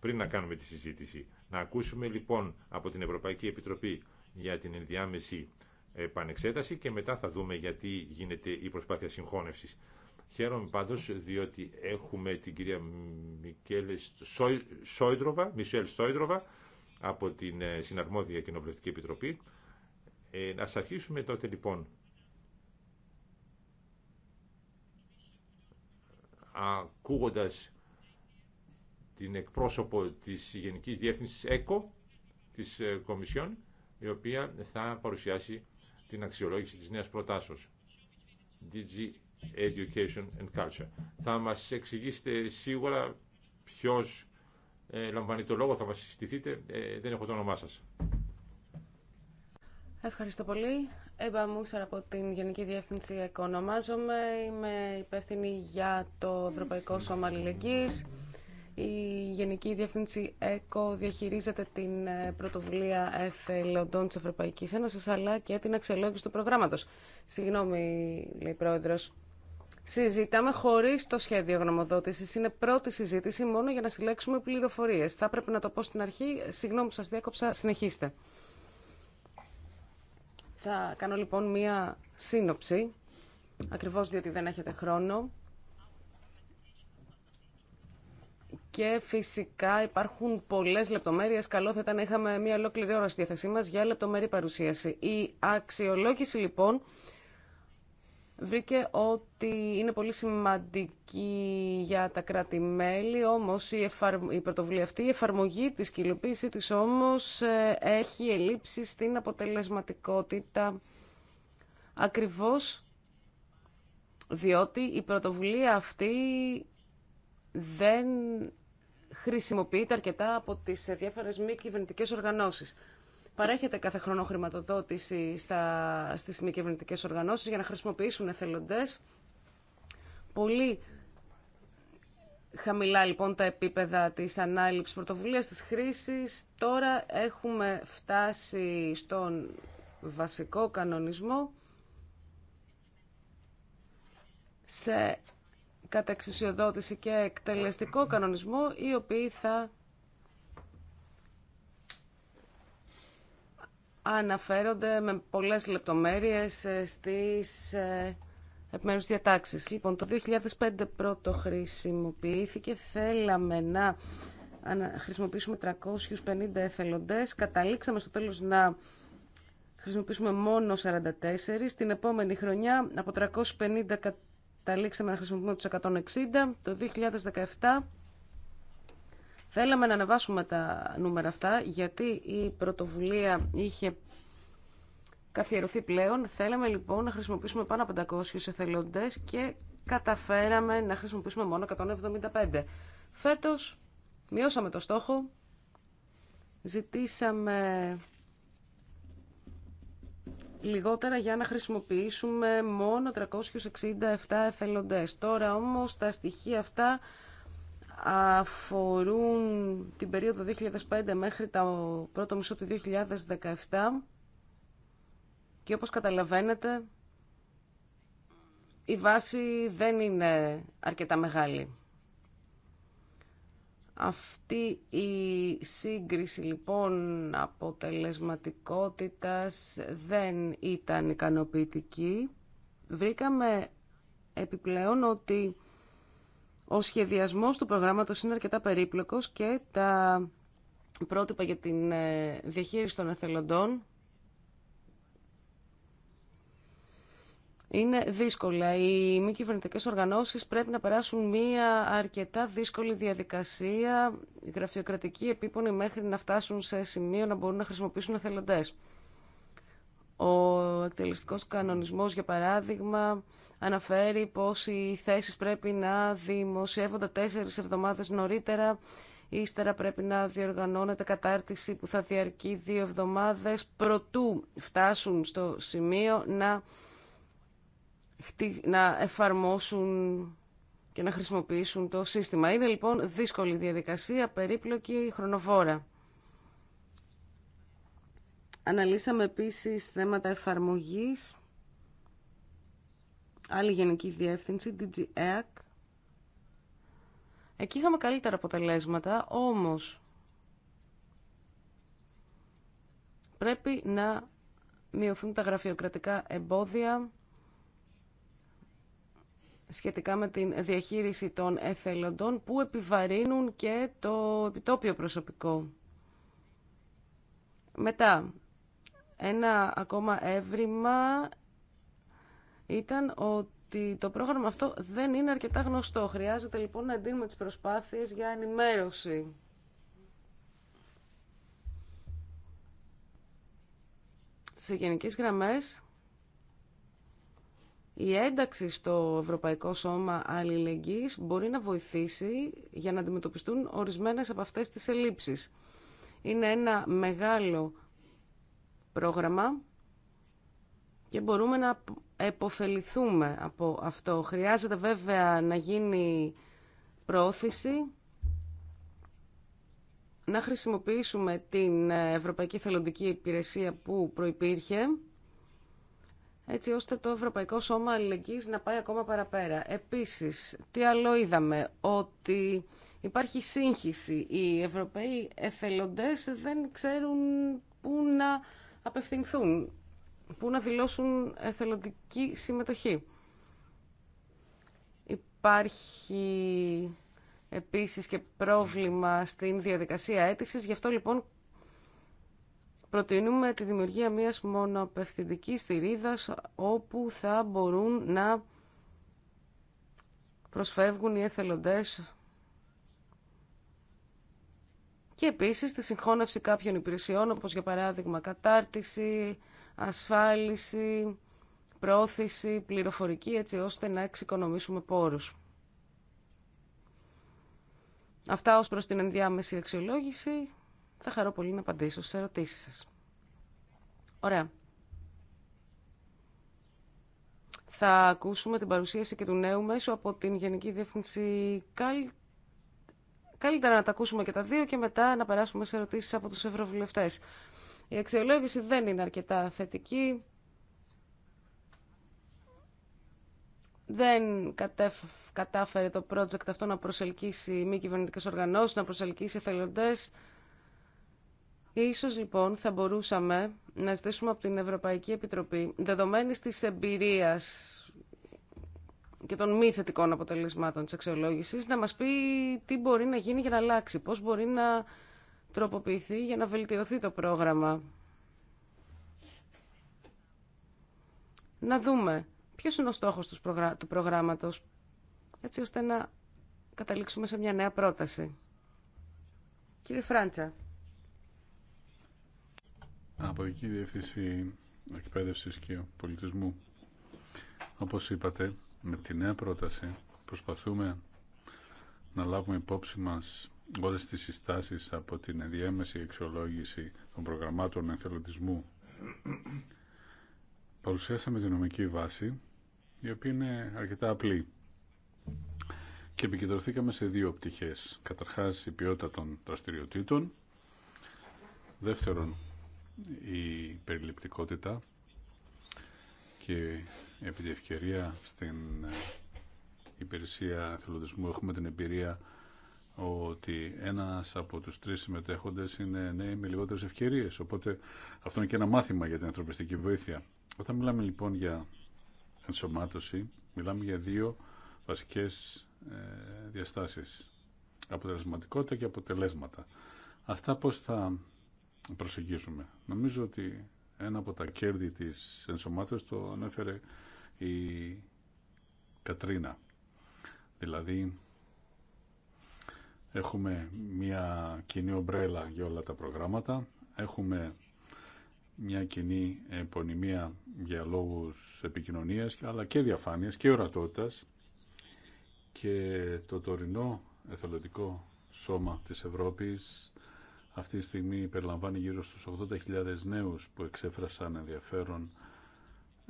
πριν να κάνουμε τη συζήτηση. Να ακούσουμε λοιπόν από την Ευρωπαϊκή Επιτροπή για την ενδιάμεση πανεξέταση και μετά θα δούμε γιατί γίνεται η προσπάθεια συγχώνευσης. Χαίρομαι πάντως διότι έχουμε την κυρία Μικέλε Μισελ Σόιντροβα από την ε, Συναρμόδια Κοινοβουλευτική Επιτροπή. Ε, να αρχίσουμε τότε λοιπόν. Ακούγοντας την εκπρόσωπο της Γενικής Διεύθυνσης ΕΚΟ της ε, Κομισιόν, η οποία θα παρουσιάσει την αξιολόγηση της νέας προτάσεως. DG Education and Culture. Θα μας εξηγήσετε σίγουρα ποιος ε, λαμβάνει το λόγο, θα μας συστηθείτε. Ε, δεν έχω το όνομά σας. Ευχαριστώ πολύ. Έμπα Μούσαρ από την Γενική Διεύθυνση Εκονομάζομαι. Είμαι υπεύθυνη για το Ευρωπαϊκό Σώμα Αλληλεγγύης. Η Γενική Διεύθυνση ΕΚΟ διαχειρίζεται την ε, πρωτοβουλία εθελοντών τη Ευρωπαϊκή Ένωση αλλά και την αξιολόγηση του προγράμματο. Συγγνώμη, λέει η Συζητάμε χωρί το σχέδιο γνωμοδότηση. Είναι πρώτη συζήτηση μόνο για να συλλέξουμε πληροφορίε. Θα πρέπει να το πω στην αρχή. Συγγνώμη που σα διάκοψα. Συνεχίστε. Θα κάνω λοιπόν μία σύνοψη, ακριβώς διότι δεν έχετε χρόνο. Και φυσικά υπάρχουν πολλέ λεπτομέρειε. Καλό θα ήταν να είχαμε μια ολόκληρη ώρα στη διάθεσή μα για λεπτομερή παρουσίαση. Η αξιολόγηση λοιπόν βρήκε ότι είναι πολύ σημαντική για τα κράτη-μέλη, όμως η, η πρωτοβουλία αυτή, η εφαρμογή της κυλοποίησή της όμως ε, έχει ελλείψει στην αποτελεσματικότητα ακριβώς διότι η πρωτοβουλία αυτή δεν χρησιμοποιείται αρκετά από τις διάφορες μη κυβερνητικέ οργανώσεις. Παρέχεται κάθε χρόνο χρηματοδότηση στα, στις μη κυβερνητικέ οργανώσεις για να χρησιμοποιήσουν εθελοντές. Πολύ χαμηλά λοιπόν τα επίπεδα της ανάληψης πρωτοβουλίας της χρήσης. Τώρα έχουμε φτάσει στον βασικό κανονισμό σε κατά εξουσιοδότηση και εκτελεστικό κανονισμό, οι οποίοι θα αναφέρονται με πολλές λεπτομέρειες ε, στις ε, επιμέρους διατάξεις. Λοιπόν, το 2005 πρώτο χρησιμοποιήθηκε, θέλαμε να χρησιμοποιήσουμε 350 εθελοντές, καταλήξαμε στο τέλος να χρησιμοποιήσουμε μόνο 44, Στην επόμενη χρονιά από 350 τα λήξαμε να χρησιμοποιούμε τους 160. Το 2017 θέλαμε να ανεβάσουμε τα νούμερα αυτά γιατί η πρωτοβουλία είχε καθιερωθεί πλέον. Θέλαμε λοιπόν να χρησιμοποιήσουμε πάνω από 500 εθελοντές και καταφέραμε να χρησιμοποιήσουμε μόνο 175. Φέτος μειώσαμε το στόχο, ζητήσαμε λιγότερα για να χρησιμοποιήσουμε μόνο 367 εθελοντές. Τώρα όμως τα στοιχεία αυτά αφορούν την περίοδο 2005 μέχρι το πρώτο μισό του 2017 και όπως καταλαβαίνετε η βάση δεν είναι αρκετά μεγάλη. Αυτή η σύγκριση λοιπόν αποτελεσματικότητας δεν ήταν ικανοποιητική. Βρήκαμε επιπλέον ότι ο σχεδιασμός του προγράμματος είναι αρκετά περίπλοκος και τα πρότυπα για την ε, διαχείριση των εθελοντών είναι δύσκολα. Οι μη κυβερνητικέ οργανώσεις πρέπει να περάσουν μία αρκετά δύσκολη διαδικασία, γραφειοκρατική επίπονη, μέχρι να φτάσουν σε σημείο να μπορούν να χρησιμοποιήσουν εθελοντές. Ο εκτελεστικός κανονισμός, για παράδειγμα, αναφέρει πως οι θέσεις πρέπει να δημοσιεύονται τέσσερις εβδομάδες νωρίτερα, Ύστερα πρέπει να διοργανώνεται κατάρτιση που θα διαρκεί δύο εβδομάδες προτού φτάσουν στο σημείο να να εφαρμόσουν και να χρησιμοποιήσουν το σύστημα. Είναι λοιπόν δύσκολη διαδικασία, περίπλοκη, χρονοβόρα. Αναλύσαμε επίσης θέματα εφαρμογής, άλλη γενική διεύθυνση, DGEAC. Εκεί είχαμε καλύτερα αποτελέσματα, όμως πρέπει να μειωθούν τα γραφειοκρατικά εμπόδια, σχετικά με την διαχείριση των εθελοντών που επιβαρύνουν και το επιτόπιο προσωπικό. Μετά, ένα ακόμα έβριμα ήταν ότι το πρόγραμμα αυτό δεν είναι αρκετά γνωστό. Χρειάζεται λοιπόν να εντείνουμε τις προσπάθειες για ενημέρωση. Σε γενικές γραμμές, η ένταξη στο Ευρωπαϊκό Σώμα Αλληλεγγύης μπορεί να βοηθήσει για να αντιμετωπιστούν ορισμένες από αυτές τις ελλείψεις. Είναι ένα μεγάλο πρόγραμμα και μπορούμε να εποφεληθούμε από αυτό. Χρειάζεται βέβαια να γίνει πρόθεση, να χρησιμοποιήσουμε την Ευρωπαϊκή Θελοντική Υπηρεσία που προϋπήρχε έτσι ώστε το Ευρωπαϊκό Σώμα Αλληλεγγύης να πάει ακόμα παραπέρα. Επίσης, τι άλλο είδαμε, ότι υπάρχει σύγχυση. Οι Ευρωπαίοι εθελοντές δεν ξέρουν πού να απευθυνθούν, πού να δηλώσουν εθελοντική συμμετοχή. Υπάρχει επίσης και πρόβλημα στην διαδικασία αίτησης, γι' αυτό λοιπόν προτείνουμε τη δημιουργία μιας μονοαπευθυντικής θηρίδας όπου θα μπορούν να προσφεύγουν οι εθελοντές και επίσης τη συγχώνευση κάποιων υπηρεσιών όπως για παράδειγμα κατάρτιση, ασφάλιση, πρόθεση, πληροφορική έτσι ώστε να εξοικονομήσουμε πόρους. Αυτά ως προς την ενδιάμεση αξιολόγηση. Θα χαρώ πολύ να απαντήσω στις ερωτήσεις σας. Ωραία. Θα ακούσουμε την παρουσίαση και του νέου μέσου από την Γενική Διεύθυνση Καλ... Καλύτερα να τα ακούσουμε και τα δύο και μετά να περάσουμε σε ερωτήσεις από τους ευρωβουλευτές. Η αξιολόγηση δεν είναι αρκετά θετική. δεν κατάφερε το project αυτό να προσελκύσει μη κυβερνητικέ οργανώσεις... να προσελκύσει εθελοντέ. Ίσως λοιπόν θα μπορούσαμε να ζητήσουμε από την Ευρωπαϊκή Επιτροπή, δεδομένης της εμπειρίας και των μη θετικών αποτελεσμάτων της αξιολόγησης, να μας πει τι μπορεί να γίνει για να αλλάξει, πώς μπορεί να τροποποιηθεί για να βελτιωθεί το πρόγραμμα. Να δούμε ποιος είναι ο στόχος του προγράμματος, έτσι ώστε να καταλήξουμε σε μια νέα πρόταση. Κύριε Φράντσα από εκεί διεύθυνση εκπαίδευσης και πολιτισμού. Όπως είπατε, με τη νέα πρόταση προσπαθούμε να λάβουμε υπόψη μας όλες τις συστάσεις από την ενδιέμεση εξολόγηση των προγραμμάτων εθελοντισμού. Παρουσιάσαμε την νομική βάση, η οποία είναι αρκετά απλή και επικεντρωθήκαμε σε δύο πτυχές. Καταρχάς, η ποιότητα των δραστηριοτήτων. Δεύτερον, η περιληπτικότητα και επί τη ευκαιρία στην υπηρεσία εθελοντισμού έχουμε την εμπειρία ότι ένας από τους τρεις συμμετέχοντες είναι νέοι με λιγότερες ευκαιρίες. Οπότε αυτό είναι και ένα μάθημα για την ανθρωπιστική βοήθεια. Όταν μιλάμε λοιπόν για ενσωμάτωση, μιλάμε για δύο βασικές ε, διαστάσεις. Αποτελεσματικότητα και αποτελέσματα. Αυτά πώς θα προσεγγίζουμε. Νομίζω ότι ένα από τα κέρδη της ενσωμάτωσης το ανέφερε η Κατρίνα. Δηλαδή, έχουμε μια κοινή ομπρέλα για όλα τα προγράμματα, έχουμε μια κοινή επωνυμία για λόγους επικοινωνίας, αλλά και διαφάνειας και ορατότητας και το τωρινό εθελοντικό σώμα της Ευρώπης αυτή τη στιγμή περιλαμβάνει γύρω στους 80.000 νέους που εξέφρασαν ενδιαφέρον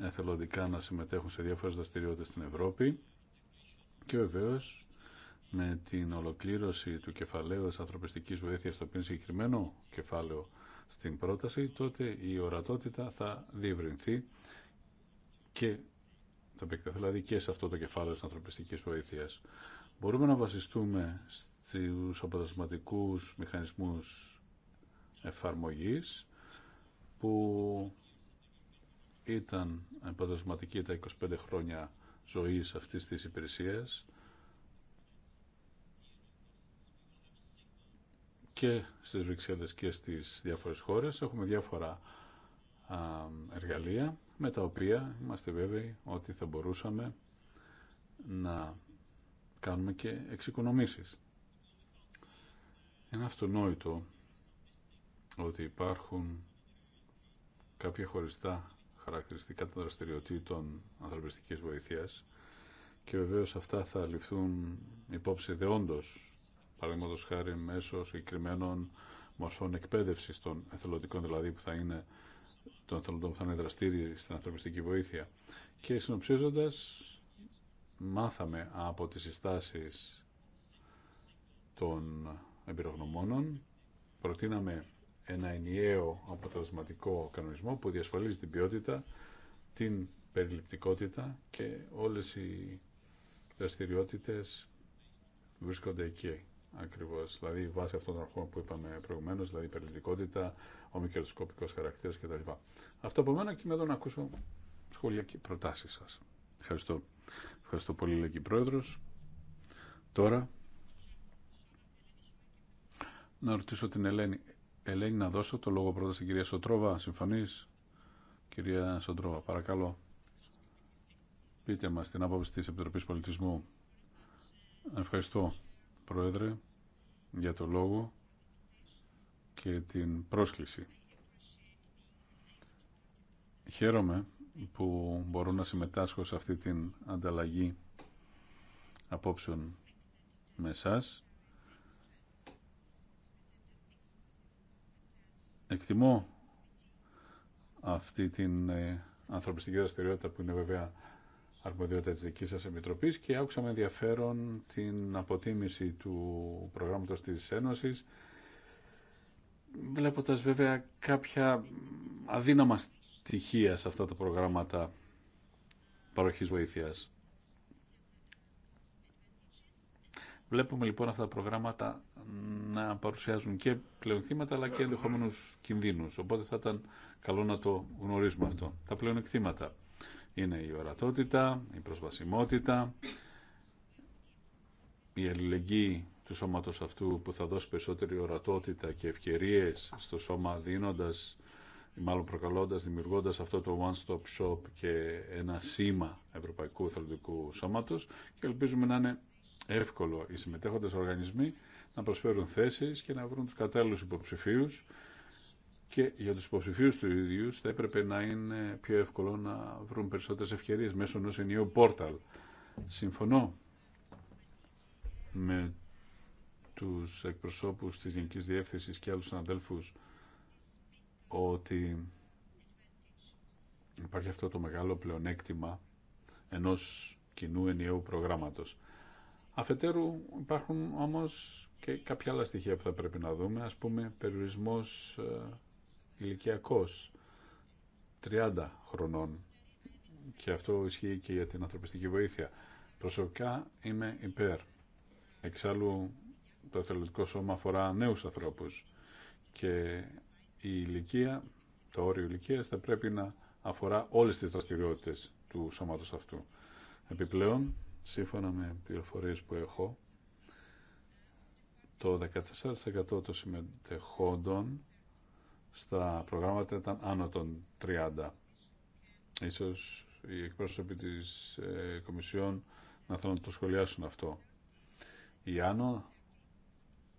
εθελοντικά να συμμετέχουν σε διάφορες δραστηριότητες στην Ευρώπη και βεβαίω με την ολοκλήρωση του κεφαλαίου της ανθρωπιστικής βοήθειας το οποίο είναι συγκεκριμένο κεφάλαιο στην πρόταση τότε η ορατότητα θα διευρυνθεί και θα επεκταθεί δηλαδή και σε αυτό το κεφάλαιο της ανθρωπιστικής βοήθειας. Μπορούμε να βασιστούμε στους αποτελεσματικού μηχανισμούς εφαρμογής που ήταν επαδοσματική τα 25 χρόνια ζωής αυτής της υπηρεσίας και στις Βρυξέλλες και στις διάφορες χώρες. Έχουμε διάφορα εργαλεία με τα οποία είμαστε βέβαιοι ότι θα μπορούσαμε να κάνουμε και εξοικονομήσεις. Είναι αυτονόητο ότι υπάρχουν κάποια χωριστά χαρακτηριστικά των δραστηριοτήτων ανθρωπιστικής βοήθειας και βεβαίως αυτά θα ληφθούν υπόψη δεόντως, παραδείγματο χάρη μέσω συγκεκριμένων μορφών εκπαίδευση των εθελοντικών, δηλαδή που θα είναι των εθελοντών που θα είναι δραστήριοι στην ανθρωπιστική βοήθεια. Και συνοψίζοντας, μάθαμε από τις συστάσεις των εμπειρογνωμόνων, προτείναμε ένα ενιαίο αποτελεσματικό κανονισμό που διασφαλίζει την ποιότητα, την περιληπτικότητα και όλες οι δραστηριότητες βρίσκονται εκεί ακριβώς. Δηλαδή βάσει αυτών των αρχών που είπαμε προηγουμένως, δηλαδή περιληπτικότητα, ο μικροσκοπικός χαρακτήρας κτλ. Αυτό από μένα και με εδώ να ακούσω σχόλια και προτάσεις σας. Ευχαριστώ. Ευχαριστώ πολύ, Λέκη Πρόεδρος. Τώρα, να ρωτήσω την Ελένη Ελένη, να δώσω το λόγο πρώτα στην κυρία Σοτρόβα. Συμφωνείς? Κυρία Σοντρόβα, παρακαλώ. Πείτε μα την άποψη τη Επιτροπή Πολιτισμού. Ευχαριστώ, Πρόεδρε, για το λόγο και την πρόσκληση. Χαίρομαι που μπορώ να συμμετάσχω σε αυτή την ανταλλαγή απόψεων με εσάς εκτιμώ αυτή την ε, ανθρωπιστική δραστηριότητα που είναι βέβαια αρμοδιότητα της δικής σας Επιτροπής και άκουσα με ενδιαφέρον την αποτίμηση του προγράμματος της Ένωσης βλέποντας βέβαια κάποια αδύναμα στοιχεία σε αυτά τα προγράμματα παροχής βοήθειας. Βλέπουμε λοιπόν αυτά τα προγράμματα να παρουσιάζουν και πλεονεκτήματα αλλά και ενδεχόμενου κινδύνου. Οπότε θα ήταν καλό να το γνωρίζουμε αυτό. Τα πλεονεκτήματα είναι η ορατότητα, η προσβασιμότητα, η αλληλεγγύη του σώματος αυτού που θα δώσει περισσότερη ορατότητα και ευκαιρίες στο σώμα δίνοντας ή μάλλον προκαλώντας, δημιουργώντας αυτό το one-stop shop και ένα σήμα Ευρωπαϊκού Θελοντικού Σώματος και ελπίζουμε να είναι εύκολο οι συμμετέχοντες οργανισμοί να προσφέρουν θέσεις και να βρουν τους κατάλληλους υποψηφίους και για τους υποψηφίους του ίδιου θα έπρεπε να είναι πιο εύκολο να βρουν περισσότερες ευκαιρίες μέσω ενός ενιαίου πόρταλ. Συμφωνώ με τους εκπροσώπους της Γενικής Διεύθυνσης και άλλους συναδέλφους ότι υπάρχει αυτό το μεγάλο πλεονέκτημα ενός κοινού ενιαίου προγράμματος. Αφετέρου υπάρχουν όμως και κάποια άλλα στοιχεία που θα πρέπει να δούμε, ας πούμε περιορισμός ε, ηλικιακός 30 χρονών και αυτό ισχύει και για την ανθρωπιστική βοήθεια. Προσωπικά είμαι υπέρ. Εξάλλου το εθελοντικό σώμα αφορά νέους ανθρώπους και η ηλικία, το όριο ηλικία θα πρέπει να αφορά όλες τις δραστηριότητες του σώματος αυτού. Επιπλέον, Σύμφωνα με πληροφορίες που έχω, το 14% των συμμετεχόντων στα προγράμματα ήταν άνω των 30. Ίσως οι εκπρόσωποι της ε, Κομισιόν να θέλουν να το σχολιάσουν αυτό. Οι άνω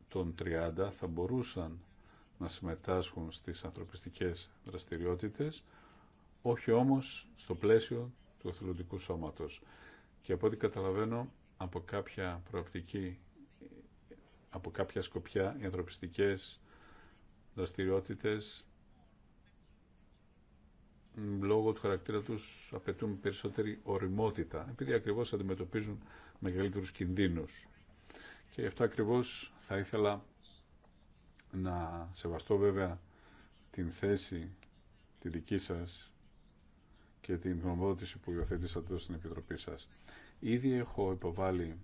των 30 θα μπορούσαν να συμμετάσχουν στις ανθρωπιστικές δραστηριότητες, όχι όμως στο πλαίσιο του εθελοντικού σώματος. Και από ό,τι καταλαβαίνω από κάποια προοπτική, από κάποια σκοπιά, οι ανθρωπιστικές δραστηριότητες λόγω του χαρακτήρα τους απαιτούν περισσότερη οριμότητα, επειδή ακριβώς αντιμετωπίζουν μεγαλύτερους κινδύνους. Και γι' αυτό ακριβώς θα ήθελα να σεβαστώ βέβαια την θέση τη δική σας και την γνωμοδότηση που υιοθετήσατε στην Επιτροπή σας. Ήδη έχω υποβάλει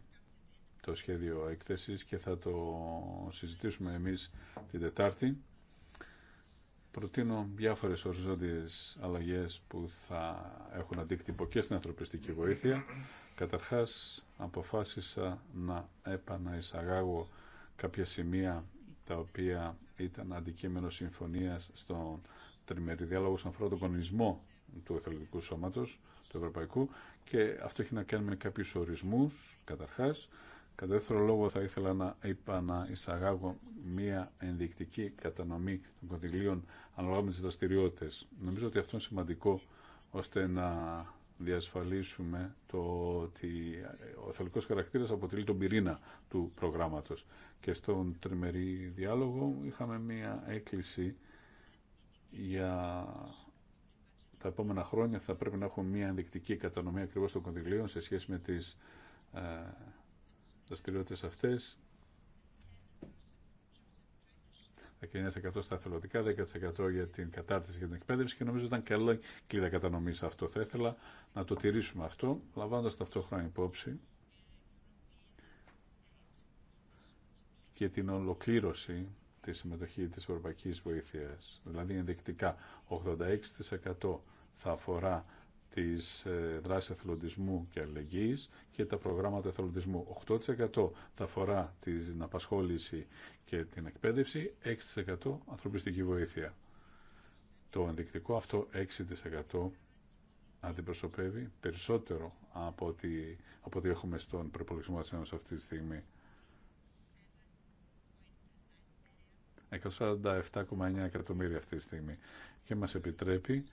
το σχέδιο έκθεσης και θα το συζητήσουμε εμείς την Τετάρτη. Προτείνω διάφορες οριζόντιε αλλαγές που θα έχουν αντίκτυπο και στην ανθρωπιστική βοήθεια. Καταρχάς αποφάσισα να επαναεισαγάγω κάποια σημεία τα οποία ήταν αντικείμενο συμφωνίας στον τριμερή διάλογο στον πρώτο του Εθελοντικού Σώματος, του Ευρωπαϊκού, και αυτό έχει να κάνει με κάποιου ορισμούς, καταρχάς. Κατά δεύτερο λόγο θα ήθελα να είπα να εισαγάγω μία ενδεικτική κατανομή των κοντιλίων ανάλογα με τι δραστηριότητε. Νομίζω ότι αυτό είναι σημαντικό ώστε να διασφαλίσουμε το ότι ο θελικός χαρακτήρας αποτελεί τον πυρήνα του προγράμματο. Και στον τριμερή διάλογο είχαμε μία έκκληση για τα επόμενα χρόνια θα πρέπει να έχουμε μια ενδεικτική κατανομή ακριβώς των κονδυλίων σε σχέση με τις ε, δραστηριότητε αυτές. 19% στα εθελοντικά, 10% για την κατάρτιση και την εκπαίδευση και νομίζω ήταν καλό κλίδα κατανομή αυτό. Θα ήθελα να το τηρήσουμε αυτό, λαμβάνοντα ταυτόχρονα υπόψη και την ολοκλήρωση τη συμμετοχή της ευρωπαϊκής βοήθειας. Δηλαδή ενδεικτικά 86% θα αφορά τις ε, δράσεις εθελοντισμού και αλληλεγγύης και τα προγράμματα εθελοντισμού. 8% θα αφορά την απασχόληση και την εκπαίδευση, 6% ανθρωπιστική βοήθεια. Το ενδεικτικό αυτό 6% αντιπροσωπεύει περισσότερο από ό,τι, από έχουμε στον προπολογισμό της Ένωσης αυτή τη στιγμή. 147,9 εκατομμύρια αυτή τη στιγμή και μας επιτρέπει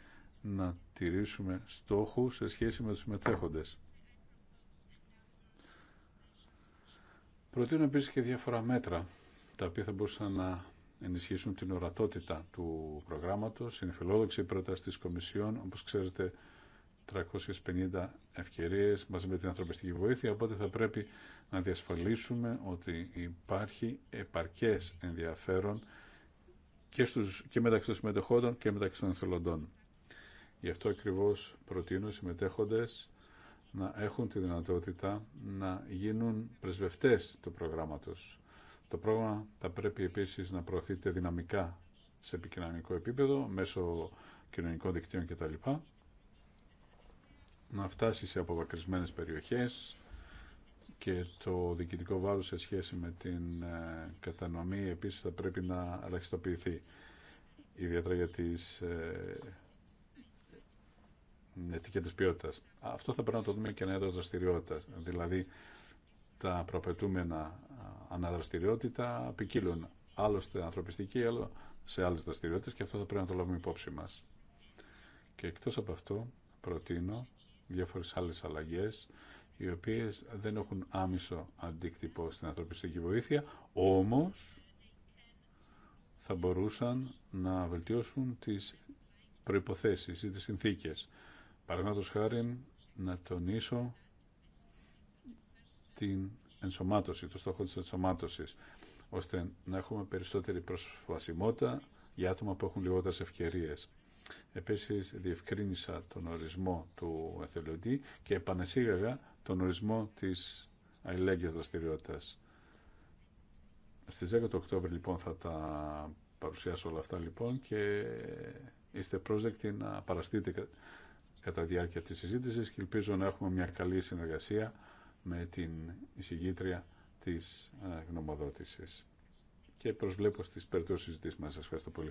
να τηρήσουμε στόχους σε σχέση με τους συμμετέχοντες. Προτείνω επίσης και διάφορα μέτρα τα οποία θα μπορούσαν να ενισχύσουν την ορατότητα του προγράμματος. Είναι φιλόδοξη η πρόταση της Κομισιόν, όπως ξέρετε 350 ευκαιρίες μαζί με την ανθρωπιστική βοήθεια, οπότε θα πρέπει να διασφαλίσουμε ότι υπάρχει επαρκές ενδιαφέρον και, στους, και μεταξύ των συμμετεχόντων και μεταξύ των εθελοντών. Γι' αυτό ακριβώς προτείνω οι συμμετέχοντες να έχουν τη δυνατότητα να γίνουν πρεσβευτές του προγράμματος. Το πρόγραμμα θα πρέπει επίσης να προωθείται δυναμικά σε επικοινωνικό επίπεδο, μέσω κοινωνικών δικτύων κτλ. Να φτάσει σε αποβακρισμένες περιοχές και το διοικητικό βάρος σε σχέση με την ε, κατανομή επίσης θα πρέπει να ελαχιστοποιηθεί ιδιαίτερα για τις ε, και Αυτό θα πρέπει να το δούμε και ένα έδρας δραστηριότητα. Δηλαδή, τα προπετούμενα αναδραστηριότητα ποικίλουν άλλο στην ανθρωπιστική, άλλο σε άλλε δραστηριότητε και αυτό θα πρέπει να το λάβουμε υπόψη μα. Και εκτό από αυτό, προτείνω διάφορε άλλε αλλαγέ, οι οποίε δεν έχουν άμεσο αντίκτυπο στην ανθρωπιστική βοήθεια, όμω θα μπορούσαν να βελτιώσουν τις προϋποθέσεις ή τις συνθήκες Παραδείγματο χάρη να τονίσω την ενσωμάτωση, το στόχο της ενσωμάτωσης, ώστε να έχουμε περισσότερη προσβασιμότητα για άτομα που έχουν λιγότερες ευκαιρίες. Επίσης, διευκρίνησα τον ορισμό του εθελοντή και επανεσήγαγα τον ορισμό της αλληλέγγυας δραστηριότητα. Στις 10 Οκτώβρη, λοιπόν, θα τα παρουσιάσω όλα αυτά, λοιπόν, και είστε πρόσδεκτοι να παραστείτε κατά διάρκεια της συζήτησης και ελπίζω να έχουμε μια καλή συνεργασία με την εισηγήτρια της ε, γνωμοδότησης. Και προσβλέπω στις περαιτέρω συζητήσεις μας. Σας ευχαριστώ πολύ.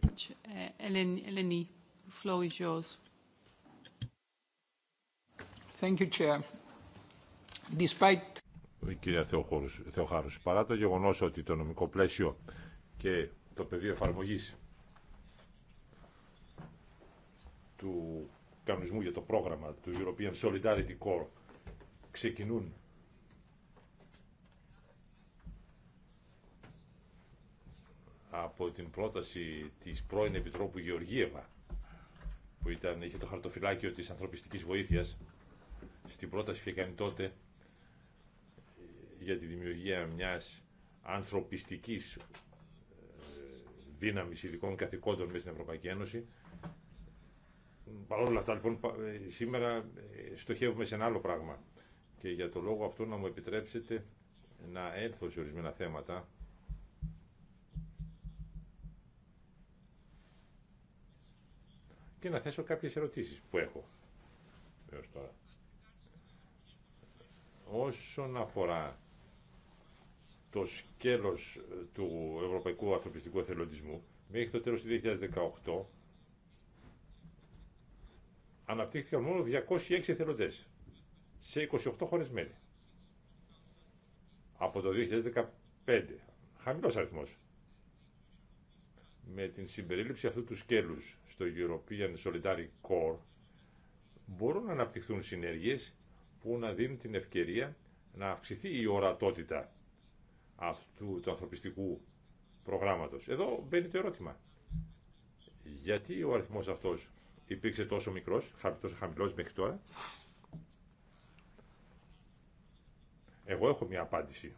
Ε, Ελένη, Thank you, Chair. Despite... Κυρία Θεοχάρους, παρά το γεγονός ότι το νομικό πλαίσιο και το πεδίο εφαρμογής του κανονισμού για το πρόγραμμα του European Solidarity Corps ξεκινούν από την πρόταση της πρώην Επιτρόπου Γεωργίευα που ήταν, είχε το χαρτοφυλάκιο της ανθρωπιστικής βοήθειας στην πρόταση που είχε κάνει τότε για τη δημιουργία μιας ανθρωπιστικής ε, δύναμης ειδικών καθηκόντων μέσα στην Ευρωπαϊκή Ένωση Παρ' όλα αυτά λοιπόν ε, σήμερα ε, στοχεύουμε σε ένα άλλο πράγμα και για το λόγο αυτό να μου επιτρέψετε να έρθω σε ορισμένα θέματα και να θέσω κάποιες ερωτήσεις που έχω τώρα. Όσον αφορά το σκέλος ε, του Ευρωπαϊκού Ανθρωπιστικού Εθελοντισμού, μέχρι το τέλος του 2018 αναπτύχθηκαν μόνο 206 εθελοντέ σε 28 χώρε μέλη. Από το 2015. Χαμηλό αριθμό. Με την συμπερίληψη αυτού του σκέλους στο European Solidarity Core μπορούν να αναπτυχθούν συνέργειες που να δίνουν την ευκαιρία να αυξηθεί η ορατότητα αυτού του ανθρωπιστικού προγράμματος. Εδώ μπαίνει το ερώτημα. Γιατί ο αριθμός αυτός υπήρξε τόσο μικρός, τόσο χαμηλό μέχρι τώρα. Εγώ έχω μια απάντηση.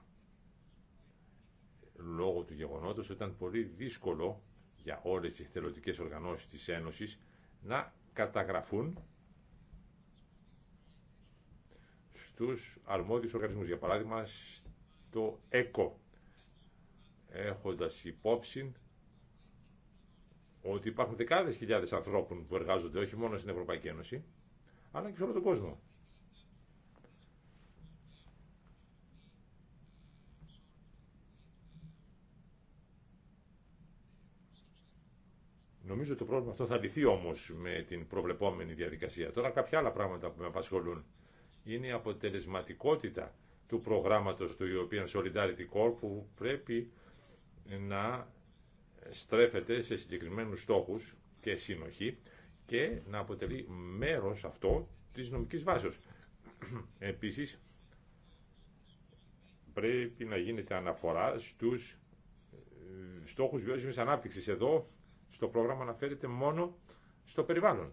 Λόγω του γεγονότος ήταν πολύ δύσκολο για όλες τις θελοντικές οργανώσεις της Ένωσης να καταγραφούν στους αρμόδιους οργανισμούς. Για παράδειγμα, στο ΕΚΟ, έχοντας υπόψη ότι υπάρχουν δεκάδες χιλιάδες ανθρώπων που εργάζονται όχι μόνο στην Ευρωπαϊκή Ένωση, αλλά και σε όλο τον κόσμο. Νομίζω ότι το πρόβλημα αυτό θα λυθεί όμω με την προβλεπόμενη διαδικασία. Τώρα κάποια άλλα πράγματα που με απασχολούν είναι η αποτελεσματικότητα του προγράμματος του European Solidarity Corps που πρέπει να στρέφεται σε συγκεκριμένους στόχους και συνοχή και να αποτελεί μέρος αυτό της νομικής βάσης. Επίσης, πρέπει να γίνεται αναφορά στους ε, στόχους βιώσιμης ανάπτυξης. Εδώ, στο πρόγραμμα αναφέρεται μόνο στο περιβάλλον.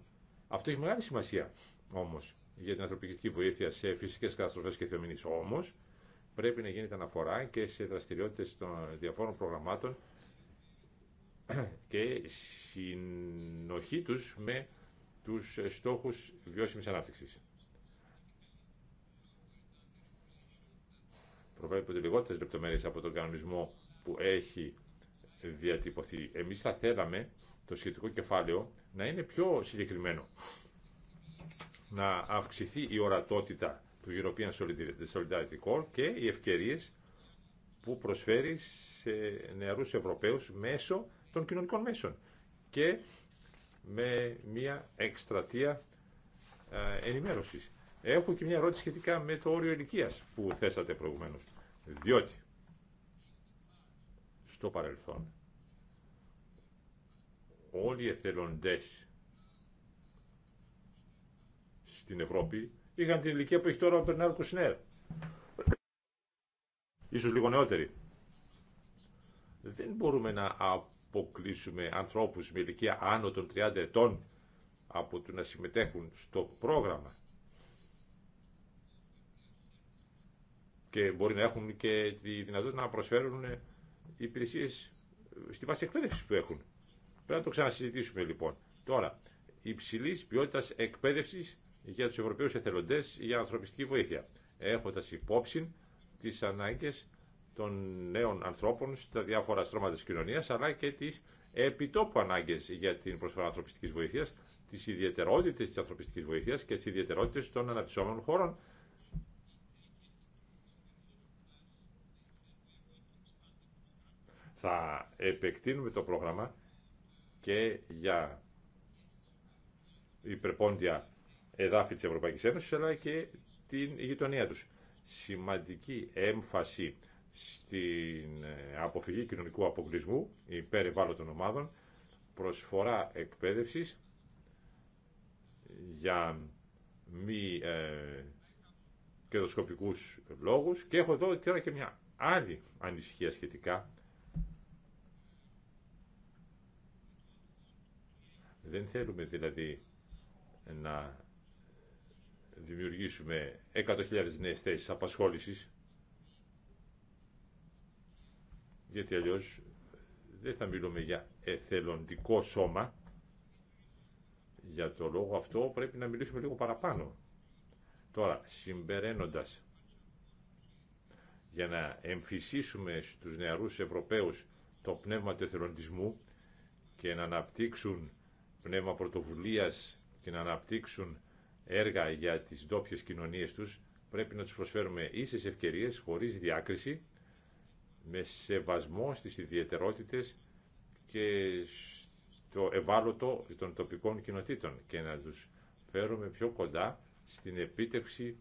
Αυτό έχει μεγάλη σημασία, όμως, για την ανθρωπιστική βοήθεια σε φυσικές καταστροφές και θεομηνείς. Όμως, πρέπει να γίνεται αναφορά και σε δραστηριότητες των διαφόρων προγραμμάτων και συνοχή τους με τους στόχους βιώσιμης ανάπτυξης. Προβλέπονται λιγότερες λεπτομέρειες από τον κανονισμό που έχει διατυπωθεί. Εμείς θα θέλαμε το σχετικό κεφάλαιο να είναι πιο συγκεκριμένο. Να αυξηθεί η ορατότητα του European Solidarity Corps και οι ευκαιρίες που προσφέρει σε νεαρούς Ευρωπαίους μέσω των κοινωνικών μέσων και με μια εκστρατεία ε, ενημέρωσης. Έχω και μια ερώτηση σχετικά με το όριο ηλικία που θέσατε προηγουμένως. Διότι στο παρελθόν όλοι οι εθελοντές στην Ευρώπη είχαν την ηλικία που έχει τώρα ο Μπερνάρ Κουσνέρ. Ίσως λίγο νεότεροι. Δεν μπορούμε να αποκλείσουμε ανθρώπους με ηλικία άνω των 30 ετών από το να συμμετέχουν στο πρόγραμμα και μπορεί να έχουν και τη δυνατότητα να προσφέρουν υπηρεσίες στη βάση εκπαίδευση που έχουν. Πρέπει να το ξανασυζητήσουμε λοιπόν. Τώρα, υψηλή ποιότητα εκπαίδευση για του Ευρωπαίου εθελοντέ για ανθρωπιστική βοήθεια. Έχοντα υπόψη τι ανάγκε των νέων ανθρώπων στα διάφορα στρώματα της κοινωνίας, αλλά και τις επιτόπου ανάγκε για την προσφορά ανθρωπιστικής βοήθεια, τι ιδιαιτερότητε της ανθρωπιστικής βοήθειας και τι ιδιαιτερότητε των αναπτυσσόμενων χωρών. Θα επεκτείνουμε το πρόγραμμα και για υπερπόντια εδάφη της Ευρωπαϊκής Ένωσης, αλλά και την γειτονία τους. Σημαντική έμφαση στην ε, αποφυγή κοινωνικού αποκλεισμού υπέρ ευάλωτων ομάδων, προσφορά εκπαίδευσης για μη ε, κερδοσκοπικούς λόγους και έχω εδώ τώρα και μια άλλη ανησυχία σχετικά. Δεν θέλουμε δηλαδή να δημιουργήσουμε 100.000 νέες θέσεις απασχόλησης γιατί αλλιώς δεν θα μιλούμε για εθελοντικό σώμα. Για το λόγο αυτό πρέπει να μιλήσουμε λίγο παραπάνω. Τώρα, συμπεραίνοντας, για να εμφυσίσουμε στους νεαρούς Ευρωπαίους το πνεύμα του εθελοντισμού και να αναπτύξουν πνεύμα πρωτοβουλίας και να αναπτύξουν έργα για τις ντόπιε κοινωνίες τους, πρέπει να τους προσφέρουμε ίσες ευκαιρίες, χωρίς διάκριση, με σεβασμό στις ιδιαιτερότητες και στο ευάλωτο των τοπικών κοινοτήτων και να τους φέρουμε πιο κοντά στην επίτευξη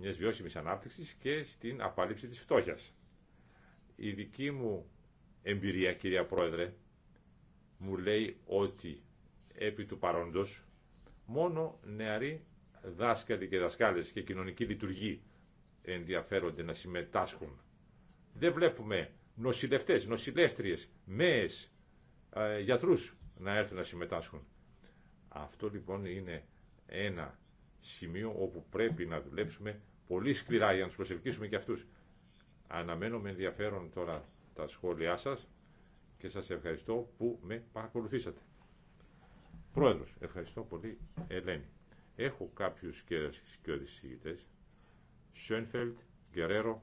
μιας βιώσιμης ανάπτυξης και στην απαλήψη της φτώχειας. Η δική μου εμπειρία, κυρία Πρόεδρε, μου λέει ότι επί του παρόντος μόνο νεαροί δάσκαλοι και δασκάλες και κοινωνικοί λειτουργοί ενδιαφέρονται να συμμετάσχουν δεν βλέπουμε νοσηλευτές, νοσηλεύτριες, μέες, γιατρούς να έρθουν να συμμετάσχουν. Αυτό λοιπόν είναι ένα σημείο όπου πρέπει να δουλέψουμε πολύ σκληρά για να του προσευχήσουμε και αυτού. Αναμένω με ενδιαφέρον τώρα τα σχόλιά σας και σας ευχαριστώ που με παρακολουθήσατε. Πρόεδρος, ευχαριστώ πολύ Ελένη. Έχω κάποιους και οδησίτες. Σιόνφελτ, Γκερέρο,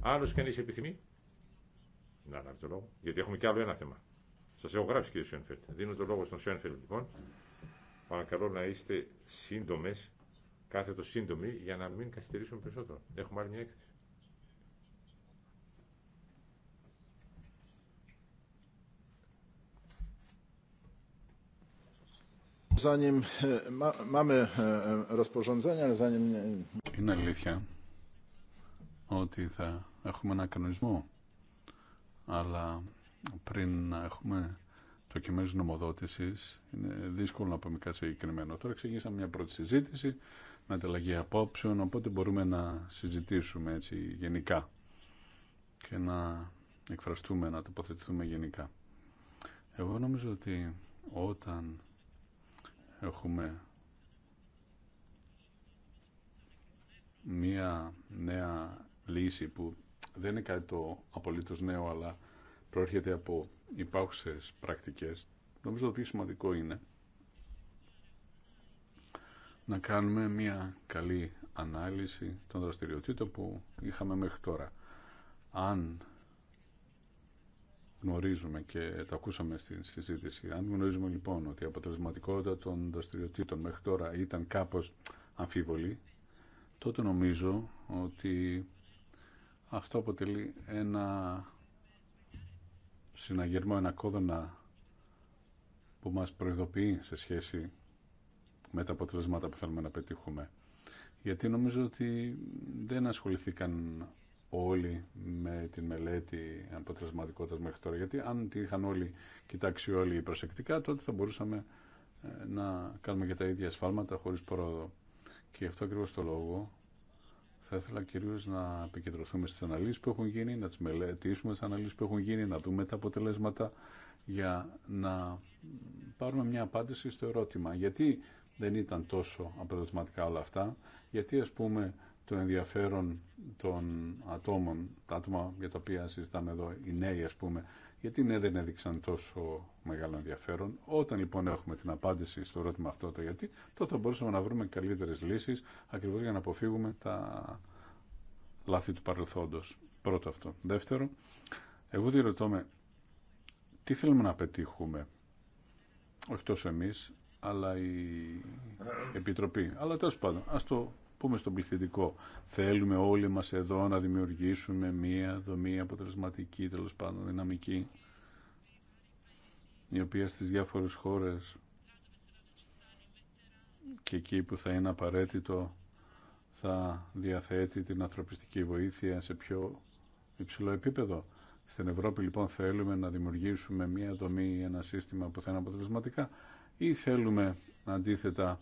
Άλλος κανείς επιθυμεί. Να λάβει το λόγο. Γιατί έχουμε και άλλο ένα θέμα. Σα έχω γράψει κύριε Σιόνφελτ. Δίνω το λόγο στον Σιόνφελτ λοιπόν. Παρακαλώ να είστε σύντομες, κάθετο σύντομοι, για να μην καθυστερήσουμε περισσότερο. Έχουμε άλλη μια έκθεση. E, e, e, Είναι αλήθεια ότι θα έχουμε ένα κανονισμό αλλά πριν να έχουμε το κειμένο νομοδότηση, είναι δύσκολο να πούμε κάτι συγκεκριμένο. Τώρα ξεκινήσαμε μια πρώτη συζήτηση με ανταλλαγή απόψεων, οπότε μπορούμε να συζητήσουμε έτσι γενικά και να εκφραστούμε, να τοποθετηθούμε γενικά. Εγώ νομίζω ότι όταν έχουμε μία νέα λύση που δεν είναι κάτι το απολύτως νέο, αλλά προέρχεται από υπάρχουσες πρακτικές, νομίζω το πιο σημαντικό είναι να κάνουμε μια καλή ανάλυση των δραστηριοτήτων που είχαμε μέχρι τώρα. Αν γνωρίζουμε και το ακούσαμε στην συζήτηση, αν γνωρίζουμε λοιπόν ότι η αποτελεσματικότητα των δραστηριοτήτων μέχρι τώρα ήταν κάπως αμφίβολη, τότε νομίζω ότι αυτό αποτελεί ένα συναγερμό, ένα κόδωνα που μας προειδοποιεί σε σχέση με τα αποτελέσματα που θέλουμε να πετύχουμε. Γιατί νομίζω ότι δεν ασχοληθήκαν όλοι με την μελέτη αποτελεσματικότητα μέχρι τώρα. Γιατί αν τη είχαν όλοι κοιτάξει όλοι προσεκτικά, τότε θα μπορούσαμε ε, να κάνουμε και τα ίδια σφάλματα χωρίς πρόοδο. Και αυτό ακριβώς το λόγο θα ήθελα κυρίω να επικεντρωθούμε στι αναλύσει που έχουν γίνει, να τι μελετήσουμε στι αναλύσει που έχουν γίνει, να δούμε τα αποτελέσματα για να πάρουμε μια απάντηση στο ερώτημα. Γιατί δεν ήταν τόσο αποτελεσματικά όλα αυτά, γιατί ας πούμε το ενδιαφέρον των ατόμων, τα άτομα για τα οποία συζητάμε εδώ, οι νέοι ας πούμε, γιατί ναι δεν έδειξαν τόσο μεγάλο ενδιαφέρον. Όταν λοιπόν έχουμε την απάντηση στο ερώτημα αυτό το γιατί, τότε θα μπορούσαμε να βρούμε καλύτερες λύσεις ακριβώς για να αποφύγουμε τα λάθη του παρελθόντος. Πρώτο αυτό. Δεύτερο, εγώ διερωτώ με τι θέλουμε να πετύχουμε. Όχι τόσο εμείς, αλλά η Επιτροπή. Αλλά τέλο πάντων, α το πούμε στον πληθυντικό. Θέλουμε όλοι μας εδώ να δημιουργήσουμε μία δομή αποτελεσματική, τέλο πάντων δυναμική, η οποία στις διάφορες χώρες και εκεί που θα είναι απαραίτητο θα διαθέτει την ανθρωπιστική βοήθεια σε πιο υψηλό επίπεδο. Στην Ευρώπη λοιπόν θέλουμε να δημιουργήσουμε μία δομή, ή ένα σύστημα που θα είναι αποτελεσματικά ή θέλουμε αντίθετα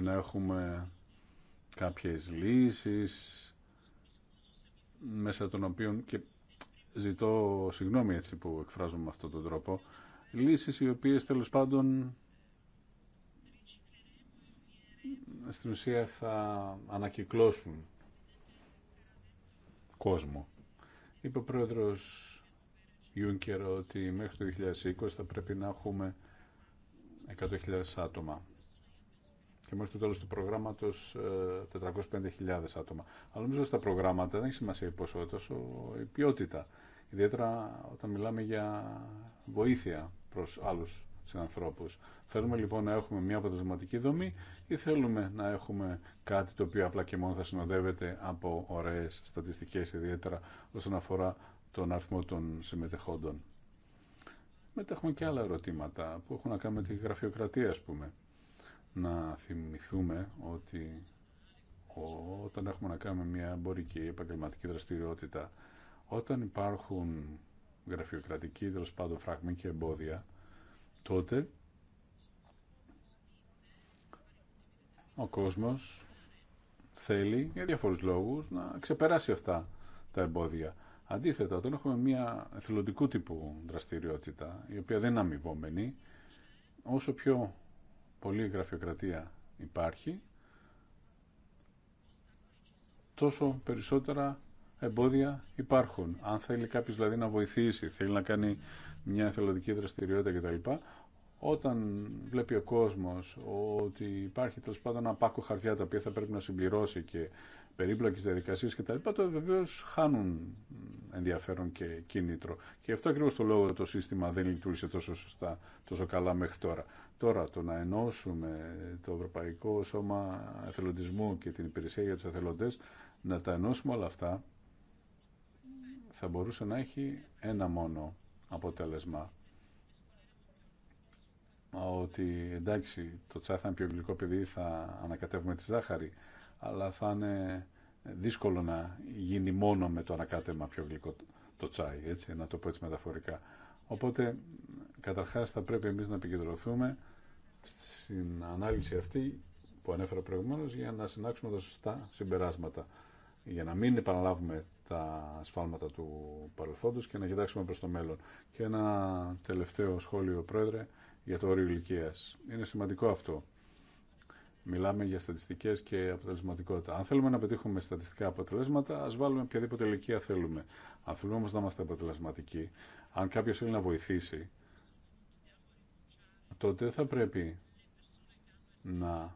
να έχουμε κάποιες λύσεις μέσα των οποίων και ζητώ συγγνώμη έτσι που εκφράζομαι με αυτόν τον τρόπο λύσεις οι οποίες τέλος πάντων στην ουσία θα ανακυκλώσουν κόσμο. Είπε ο πρόεδρος Γιούνκερ ότι μέχρι το 2020 θα πρέπει να έχουμε 100.000 άτομα και μέχρι το τέλο του προγράμματο 405.000 ε, άτομα. Αλλά νομίζω στα προγράμματα δεν έχει σημασία η ποσότητα, η ποιότητα. Ιδιαίτερα όταν μιλάμε για βοήθεια προ άλλου συνανθρώπου. Θέλουμε λοιπόν να έχουμε μια αποτελεσματική δομή ή θέλουμε να έχουμε κάτι το οποίο απλά και μόνο θα συνοδεύεται από ωραίε στατιστικές ιδιαίτερα όσον αφορά τον αριθμό των συμμετεχόντων. Μετά έχουμε και άλλα ερωτήματα που έχουν να κάνουν με τη γραφειοκρατία, α πούμε να θυμηθούμε ότι όταν έχουμε να κάνουμε μια εμπορική επαγγελματική δραστηριότητα, όταν υπάρχουν γραφειοκρατικοί τέλο πάντων φράγμα και εμπόδια, τότε ο κόσμος θέλει για διαφορούς λόγους να ξεπεράσει αυτά τα εμπόδια. Αντίθετα, όταν έχουμε μια εθελοντικού τύπου δραστηριότητα, η οποία δεν είναι αμοιβόμενη, όσο πιο πολλή γραφειοκρατία υπάρχει, τόσο περισσότερα εμπόδια υπάρχουν. Αν θέλει κάποιο δηλαδή να βοηθήσει, θέλει να κάνει μια εθελοντική δραστηριότητα κτλ. Όταν βλέπει ο κόσμος ότι υπάρχει τέλο πάντων ένα πάκο χαρτιά τα οποία θα πρέπει να συμπληρώσει και περίπλοκες διαδικασίες κτλ. Το βεβαίω χάνουν ενδιαφέρον και κίνητρο. Και αυτό ακριβώ το λόγο το σύστημα δεν λειτουργήσε τόσο σωστά, τόσο καλά μέχρι τώρα. Τώρα το να ενώσουμε το Ευρωπαϊκό Σώμα Εθελοντισμού και την Υπηρεσία για τους Εθελοντές, να τα ενώσουμε όλα αυτά, θα μπορούσε να έχει ένα μόνο αποτέλεσμα. Ότι εντάξει, το τσάι θα είναι πιο γλυκό παιδί, θα ανακατεύουμε τη ζάχαρη αλλά θα είναι δύσκολο να γίνει μόνο με το ανακάτεμα πιο γλυκό το τσάι, έτσι, να το πω έτσι μεταφορικά. Οπότε, καταρχάς, θα πρέπει εμείς να επικεντρωθούμε στην ανάλυση αυτή που ανέφερα προηγουμένως για να συνάξουμε τα σωστά συμπεράσματα, για να μην επαναλάβουμε τα σφάλματα του παρελθόντος και να κοιτάξουμε προς το μέλλον. Και ένα τελευταίο σχόλιο, Πρόεδρε, για το όριο ηλικία. Είναι σημαντικό αυτό. Μιλάμε για στατιστικέ και αποτελεσματικότητα. Αν θέλουμε να πετύχουμε στατιστικά αποτελέσματα, α βάλουμε οποιαδήποτε ηλικία θέλουμε. Αν θέλουμε όμω να είμαστε αποτελεσματικοί, αν κάποιο θέλει να βοηθήσει, τότε θα πρέπει να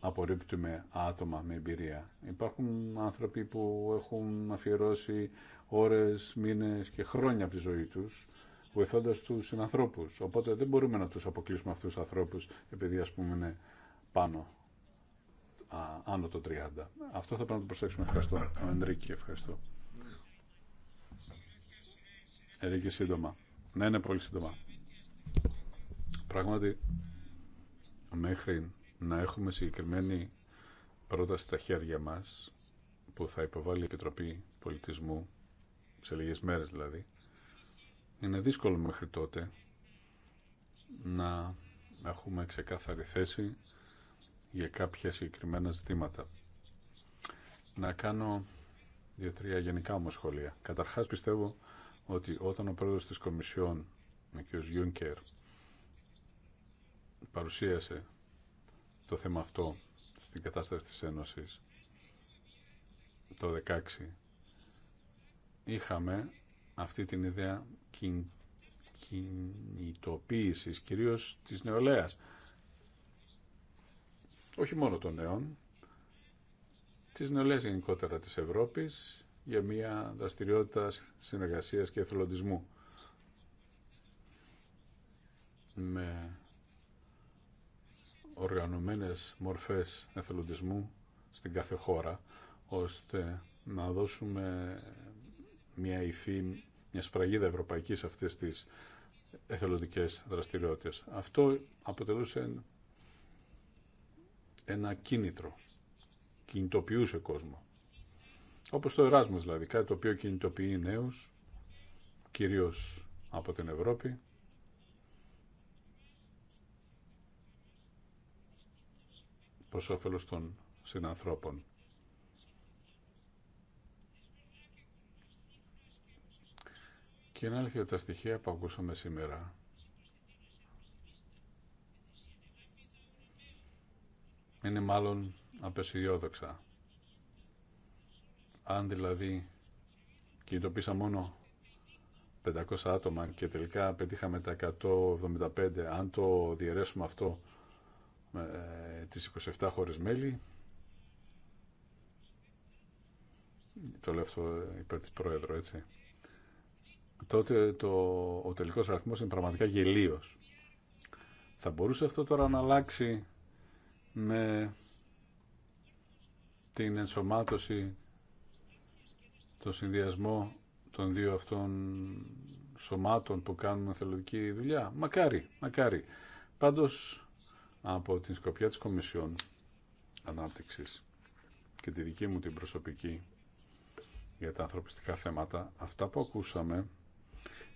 απορρίπτουμε άτομα με εμπειρία. Υπάρχουν άνθρωποι που έχουν αφιερώσει ώρες, μήνες και χρόνια από τη ζωή τους βοηθώντας τους συνανθρώπους. Οπότε δεν μπορούμε να τους αποκλείσουμε αυτούς τους ανθρώπους επειδή ας πούμε είναι πάνω άνω των 30. Αυτό θα πρέπει να το προσέξουμε. Ευχαριστώ. Ο Ενρίκη, ευχαριστώ. Ενρίκη, σύντομα. Ναι, είναι πολύ σύντομα. Πράγματι, μέχρι να έχουμε συγκεκριμένη πρόταση στα χέρια μας, που θα υποβάλει η Επιτροπή Πολιτισμού, σε λίγες μέρες δηλαδή, είναι δύσκολο μέχρι τότε να έχουμε ξεκάθαρη θέση για κάποια συγκεκριμένα ζητήματα. Να κάνω δύο-τρία γενικά όμως σχόλια. Καταρχάς πιστεύω ότι όταν ο πρόεδρος της Κομισιόν, ο κ. Γιούνκερ, παρουσίασε το θέμα αυτό στην κατάσταση της Ένωσης το 2016 είχαμε αυτή την ιδέα κιν, κινητοποίησης κυρίως της νεολαίας όχι μόνο των νέων, της νεολαίας γενικότερα της Ευρώπης για μια δραστηριότητα συνεργασίας και εθελοντισμού με οργανωμένες μορφές εθελοντισμού στην κάθε χώρα ώστε να δώσουμε μια υφή, μια σφραγίδα ευρωπαϊκής αυτής της εθελοντικές δραστηριότητες. Αυτό αποτελούσε ένα κίνητρο. Κινητοποιούσε κόσμο. Όπως το Εράσμος δηλαδή, κάτι το οποίο κινητοποιεί νέους, κυρίως από την Ευρώπη, προς όφελος των συνανθρώπων. Και είναι αλήθεια τα στοιχεία που ακούσαμε σήμερα είναι μάλλον απεσιόδοξα. Αν δηλαδή κινητοποίησα μόνο 500 άτομα και τελικά πετύχαμε τα 175, αν το διαιρέσουμε αυτό με ε, τις 27 χώρες μέλη, το λέω αυτό υπέρ της Πρόεδρο, έτσι, τότε το, ο τελικός αριθμός είναι πραγματικά γελίος. Θα μπορούσε αυτό τώρα να αλλάξει με την ενσωμάτωση, το συνδυασμό των δύο αυτών σωμάτων που κάνουν θελοντική δουλειά. Μακάρι, μακάρι. Πάντως, από την σκοπιά της Κομισιόν Ανάπτυξης και τη δική μου την προσωπική για τα ανθρωπιστικά θέματα, αυτά που ακούσαμε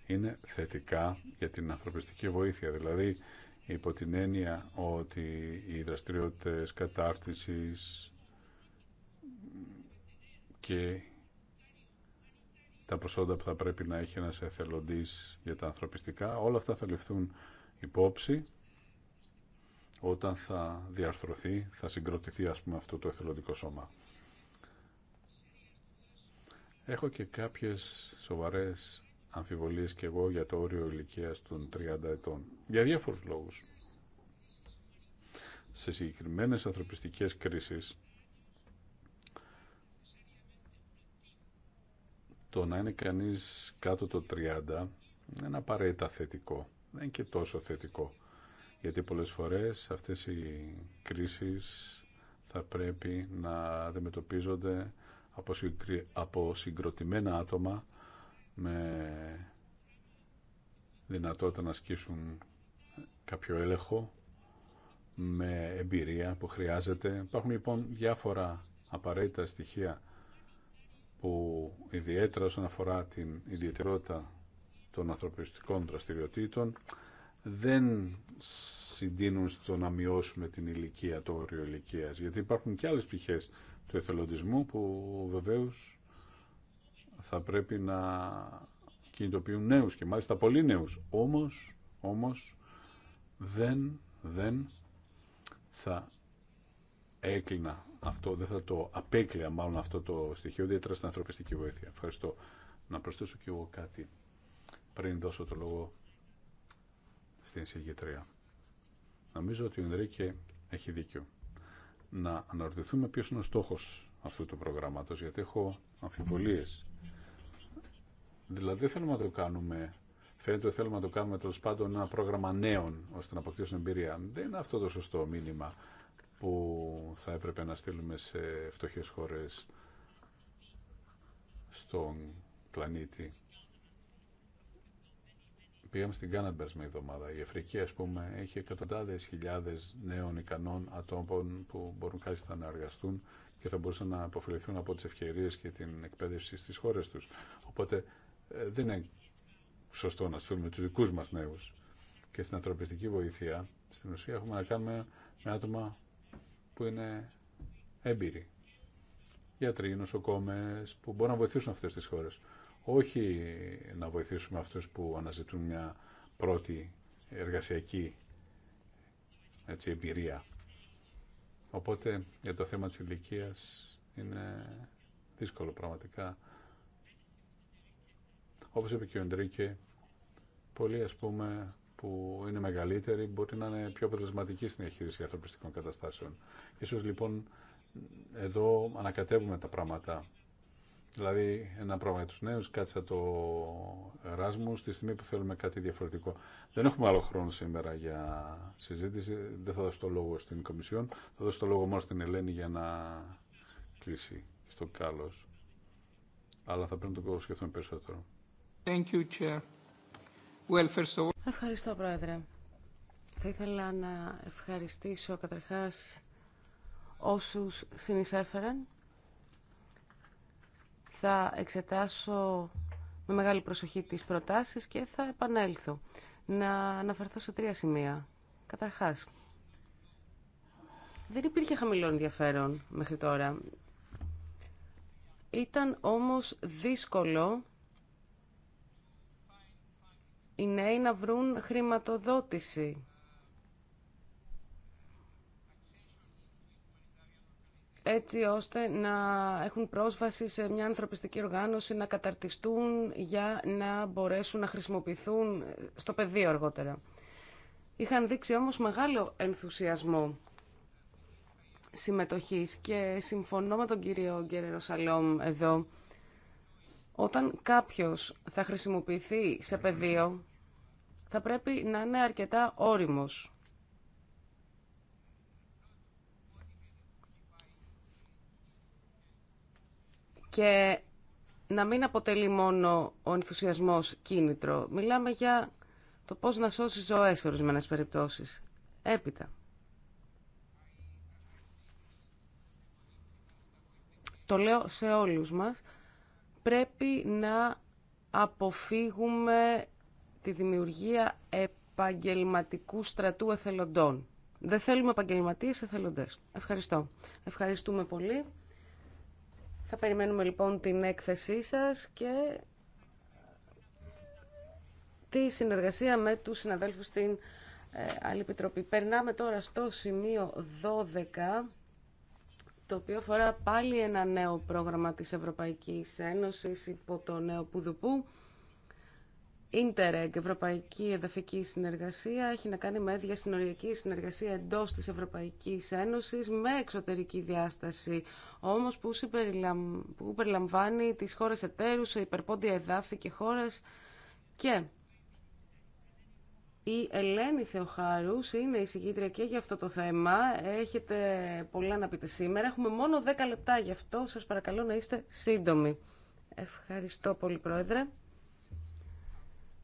είναι θετικά για την ανθρωπιστική βοήθεια. Δηλαδή, υπό την έννοια ότι οι δραστηριότητες κατάρτισης και τα προσόντα που θα πρέπει να έχει ένας εθελοντής για τα ανθρωπιστικά, όλα αυτά θα ληφθούν υπόψη όταν θα διαρθρωθεί, θα συγκροτηθεί ας πούμε αυτό το εθελοντικό σώμα. Έχω και κάποιες σοβαρές αμφιβολίες και εγώ για το όριο ηλικία των 30 ετών. Για διάφορους λόγους. Σε συγκεκριμένες ανθρωπιστικές κρίσεις το να είναι κανείς κάτω το 30 είναι απαραίτητα θετικό. Δεν είναι και τόσο θετικό. Γιατί πολλές φορές αυτές οι κρίσεις θα πρέπει να αντιμετωπίζονται από συγκροτημένα άτομα με δυνατότητα να ασκήσουν κάποιο έλεγχο, με εμπειρία που χρειάζεται. Υπάρχουν λοιπόν διάφορα απαραίτητα στοιχεία που ιδιαίτερα όσον αφορά την ιδιαιτερότητα των ανθρωπιστικών δραστηριοτήτων δεν συντείνουν στο να μειώσουμε την ηλικία, το όριο ηλικίας, γιατί υπάρχουν και άλλες πτυχές του εθελοντισμού που βεβαίως θα πρέπει να κινητοποιούν νέους και μάλιστα πολύ νέους. Όμως, όμως δεν, δεν θα έκλεινα αυτό, δεν θα το απέκλεια μάλλον αυτό το στοιχείο, ιδιαίτερα στην ανθρωπιστική βοήθεια. Ευχαριστώ. Να προσθέσω κι εγώ κάτι πριν δώσω το λόγο στην συγκεκριά. Νομίζω ότι ο Ενρίκε έχει δίκιο. Να αναρωτηθούμε ποιος είναι ο στόχος αυτού του προγράμματος, γιατί έχω αμφιβολίες Δηλαδή δεν θέλουμε να το κάνουμε. Φαίνεται ότι θέλουμε να το κάνουμε τέλο πάντων ένα πρόγραμμα νέων ώστε να αποκτήσουν εμπειρία. Δεν είναι αυτό το σωστό μήνυμα που θα έπρεπε να στείλουμε σε φτωχέ χώρε στον πλανήτη. Πήγαμε στην Κάνα την εβδομάδα. Η Αφρική, α πούμε, έχει εκατοντάδε χιλιάδε νέων ικανών ατόμων που μπορούν κάλλιστα να εργαστούν και θα μπορούσαν να αποφεληθούν από τι ευκαιρίε και την εκπαίδευση στι χώρε του. Οπότε ε, δεν είναι σωστό να στείλουμε του δικού μας νέου. Και στην ανθρωπιστική βοήθεια, στην ουσία, έχουμε να κάνουμε με άτομα που είναι έμπειροι. Γιατροί, νοσοκόμες, που μπορούν να βοηθήσουν αυτέ τις χώρες. Όχι να βοηθήσουμε αυτού που αναζητούν μια πρώτη εργασιακή έτσι, εμπειρία. Οπότε για το θέμα της ηλικία είναι δύσκολο πραγματικά όπως είπε και ο Ντρίκε, πολλοί ας πούμε που είναι μεγαλύτεροι μπορεί να είναι πιο αποτελεσματικοί στην διαχείριση ανθρωπιστικών καταστάσεων. Ίσως λοιπόν εδώ ανακατεύουμε τα πράγματα. Δηλαδή ένα πράγμα για τους νέους, κάτι σαν το Εράσμου, στη στιγμή που θέλουμε κάτι διαφορετικό. Δεν έχουμε άλλο χρόνο σήμερα για συζήτηση, δεν θα δώσω το λόγο στην Κομισιόν, θα δώσω το λόγο μόνο στην Ελένη για να κλείσει στο κάλος. Αλλά θα πρέπει να το σκεφτούμε περισσότερο. Ευχαριστώ, Πρόεδρε. Θα ήθελα να ευχαριστήσω καταρχάς όσους συνεισέφεραν. Θα εξετάσω με μεγάλη προσοχή τις προτάσεις και θα επανέλθω. Να αναφερθώ σε τρία σημεία. Καταρχάς, δεν υπήρχε χαμηλό ενδιαφέρον μέχρι τώρα. Ήταν όμως δύσκολο οι νέοι να βρουν χρηματοδότηση. έτσι ώστε να έχουν πρόσβαση σε μια ανθρωπιστική οργάνωση, να καταρτιστούν για να μπορέσουν να χρησιμοποιηθούν στο πεδίο αργότερα. Είχαν δείξει όμως μεγάλο ενθουσιασμό συμμετοχής και συμφωνώ με τον κύριο Γκέρερο Σαλόμ εδώ όταν κάποιος θα χρησιμοποιηθεί σε πεδίο, θα πρέπει να είναι αρκετά όριμος. Και να μην αποτελεί μόνο ο ενθουσιασμός κίνητρο. Μιλάμε για το πώς να σώσει ζωές σε ορισμένες περιπτώσεις. Έπειτα. Το λέω σε όλους μας πρέπει να αποφύγουμε τη δημιουργία επαγγελματικού στρατού εθελοντών. Δεν θέλουμε επαγγελματίε εθελοντές. Ευχαριστώ. Ευχαριστούμε πολύ. Θα περιμένουμε λοιπόν την έκθεσή σας και τη συνεργασία με τους συναδέλφους στην ε, άλλη Περνάμε τώρα στο σημείο 12 το οποίο αφορά πάλι ένα νέο πρόγραμμα της Ευρωπαϊκής Ένωσης υπό το νέο Πουδουπού. Ίντερεγ, Ευρωπαϊκή Εδαφική Συνεργασία, έχει να κάνει με διασυνοριακή συνεργασία εντός της Ευρωπαϊκής Ένωσης με εξωτερική διάσταση, όμως που, περιλαμβάνει τις χώρες εταίρους, υπερπόντια εδάφη και χώρες και η Ελένη Θεοχάρου είναι η συγκίτρια και για αυτό το θέμα. Έχετε πολλά να πείτε σήμερα. Έχουμε μόνο 10 λεπτά γι' αυτό. Σας παρακαλώ να είστε σύντομοι. Ευχαριστώ πολύ, Πρόεδρε.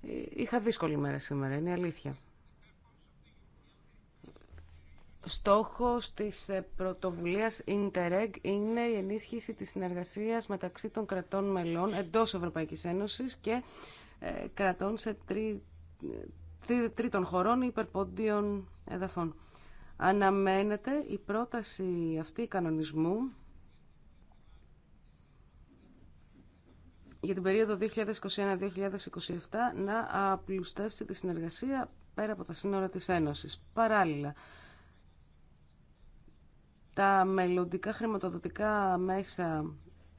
Ε, είχα δύσκολη μέρα σήμερα, είναι αλήθεια. Στόχος της ε, πρωτοβουλίας Interreg είναι η ενίσχυση της συνεργασίας μεταξύ των κρατών μελών εντός Ευρωπαϊκής Ένωσης και ε, κρατών σε τρίτη τρίτων χωρών ή υπερποντίων εδαφών. Αναμένεται η πρόταση αυτή κανονισμού για την περίοδο 2021-2027 να απλουστεύσει τη συνεργασία πέρα από τα σύνορα της Ένωσης. Παράλληλα, τα μελλοντικά χρηματοδοτικά μέσα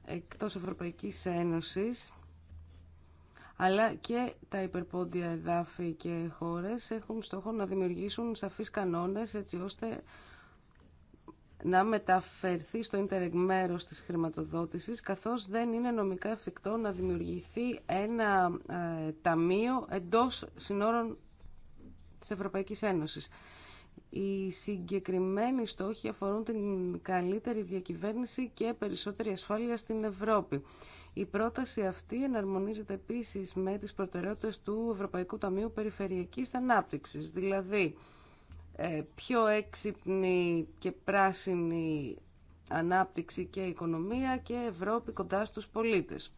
εκτός Ευρωπαϊκής Ένωσης αλλά και τα υπερπόντια εδάφη και χώρες έχουν στόχο να δημιουργήσουν σαφείς κανόνες έτσι ώστε να μεταφερθεί στο Interreg μέρος της χρηματοδότησης, καθώς δεν είναι νομικά εφικτό να δημιουργηθεί ένα ε, ταμείο εντός συνόρων της Ευρωπαϊκής Ένωσης. Οι συγκεκριμένοι στόχοι αφορούν την καλύτερη διακυβέρνηση και περισσότερη ασφάλεια στην Ευρώπη. Η πρόταση αυτή εναρμονίζεται επίσης με τις προτεραιότητες του Ευρωπαϊκού Ταμείου Περιφερειακής Ανάπτυξης, δηλαδή ε, πιο έξυπνη και πράσινη ανάπτυξη και οικονομία και Ευρώπη κοντά στους πολίτες.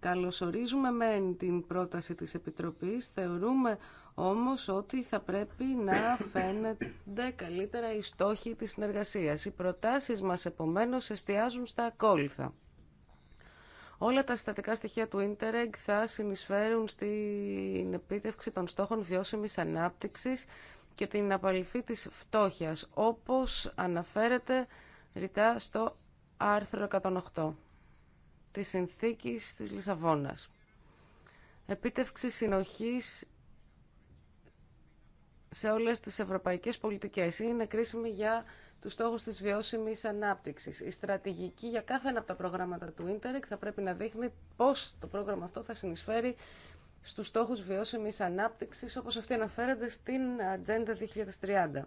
Καλωσορίζουμε με την πρόταση της Επιτροπής, θεωρούμε όμως ότι θα πρέπει να φαίνονται καλύτερα οι στόχοι της συνεργασίας. Οι προτάσεις μας επομένως εστιάζουν στα ακόλουθα. Όλα τα συστατικά στοιχεία του Ίντερεγκ θα συνεισφέρουν στην επίτευξη των στόχων βιώσιμης ανάπτυξης και την απαλυφή της φτώχειας, όπως αναφέρεται ρητά στο άρθρο 108 της Συνθήκης της Λισαβόνας. Επίτευξη συνοχής σε όλες τις ευρωπαϊκές πολιτικές είναι κρίσιμη για τους στόχους της βιώσιμης ανάπτυξης. Η στρατηγική για κάθε ένα από τα προγράμματα του Ίντερεκ θα πρέπει να δείχνει πώς το πρόγραμμα αυτό θα συνεισφέρει στους στόχους βιώσιμης ανάπτυξης, όπως αυτοί αναφέρονται στην Ατζέντα 2030.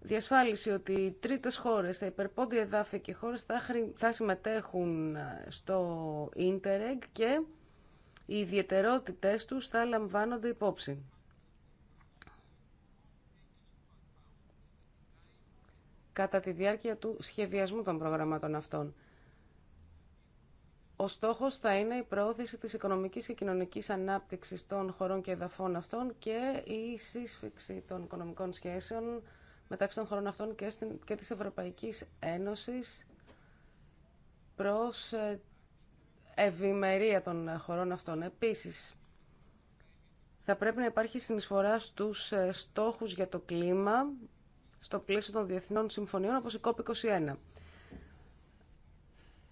Διασφάλιση ότι οι τρίτες χώρες, τα υπερπόντια εδάφη και χώρες θα, συμμετέχουν στο Ίντερεγ και οι ιδιαιτερότητες τους θα λαμβάνονται υπόψη. κατά τη διάρκεια του σχεδιασμού των προγραμμάτων αυτών. Ο στόχος θα είναι η προώθηση της οικονομικής και κοινωνικής ανάπτυξης των χωρών και εδαφών αυτών και η σύσφυξη των οικονομικών σχέσεων μεταξύ των χωρών αυτών και, στην, και της Ευρωπαϊκής Ένωσης προς ε, ευημερία των χωρών αυτών. Επίσης, θα πρέπει να υπάρχει συνεισφορά στους ε, στόχους για το κλίμα στο πλαίσιο των διεθνών συμφωνιών όπως η COP21.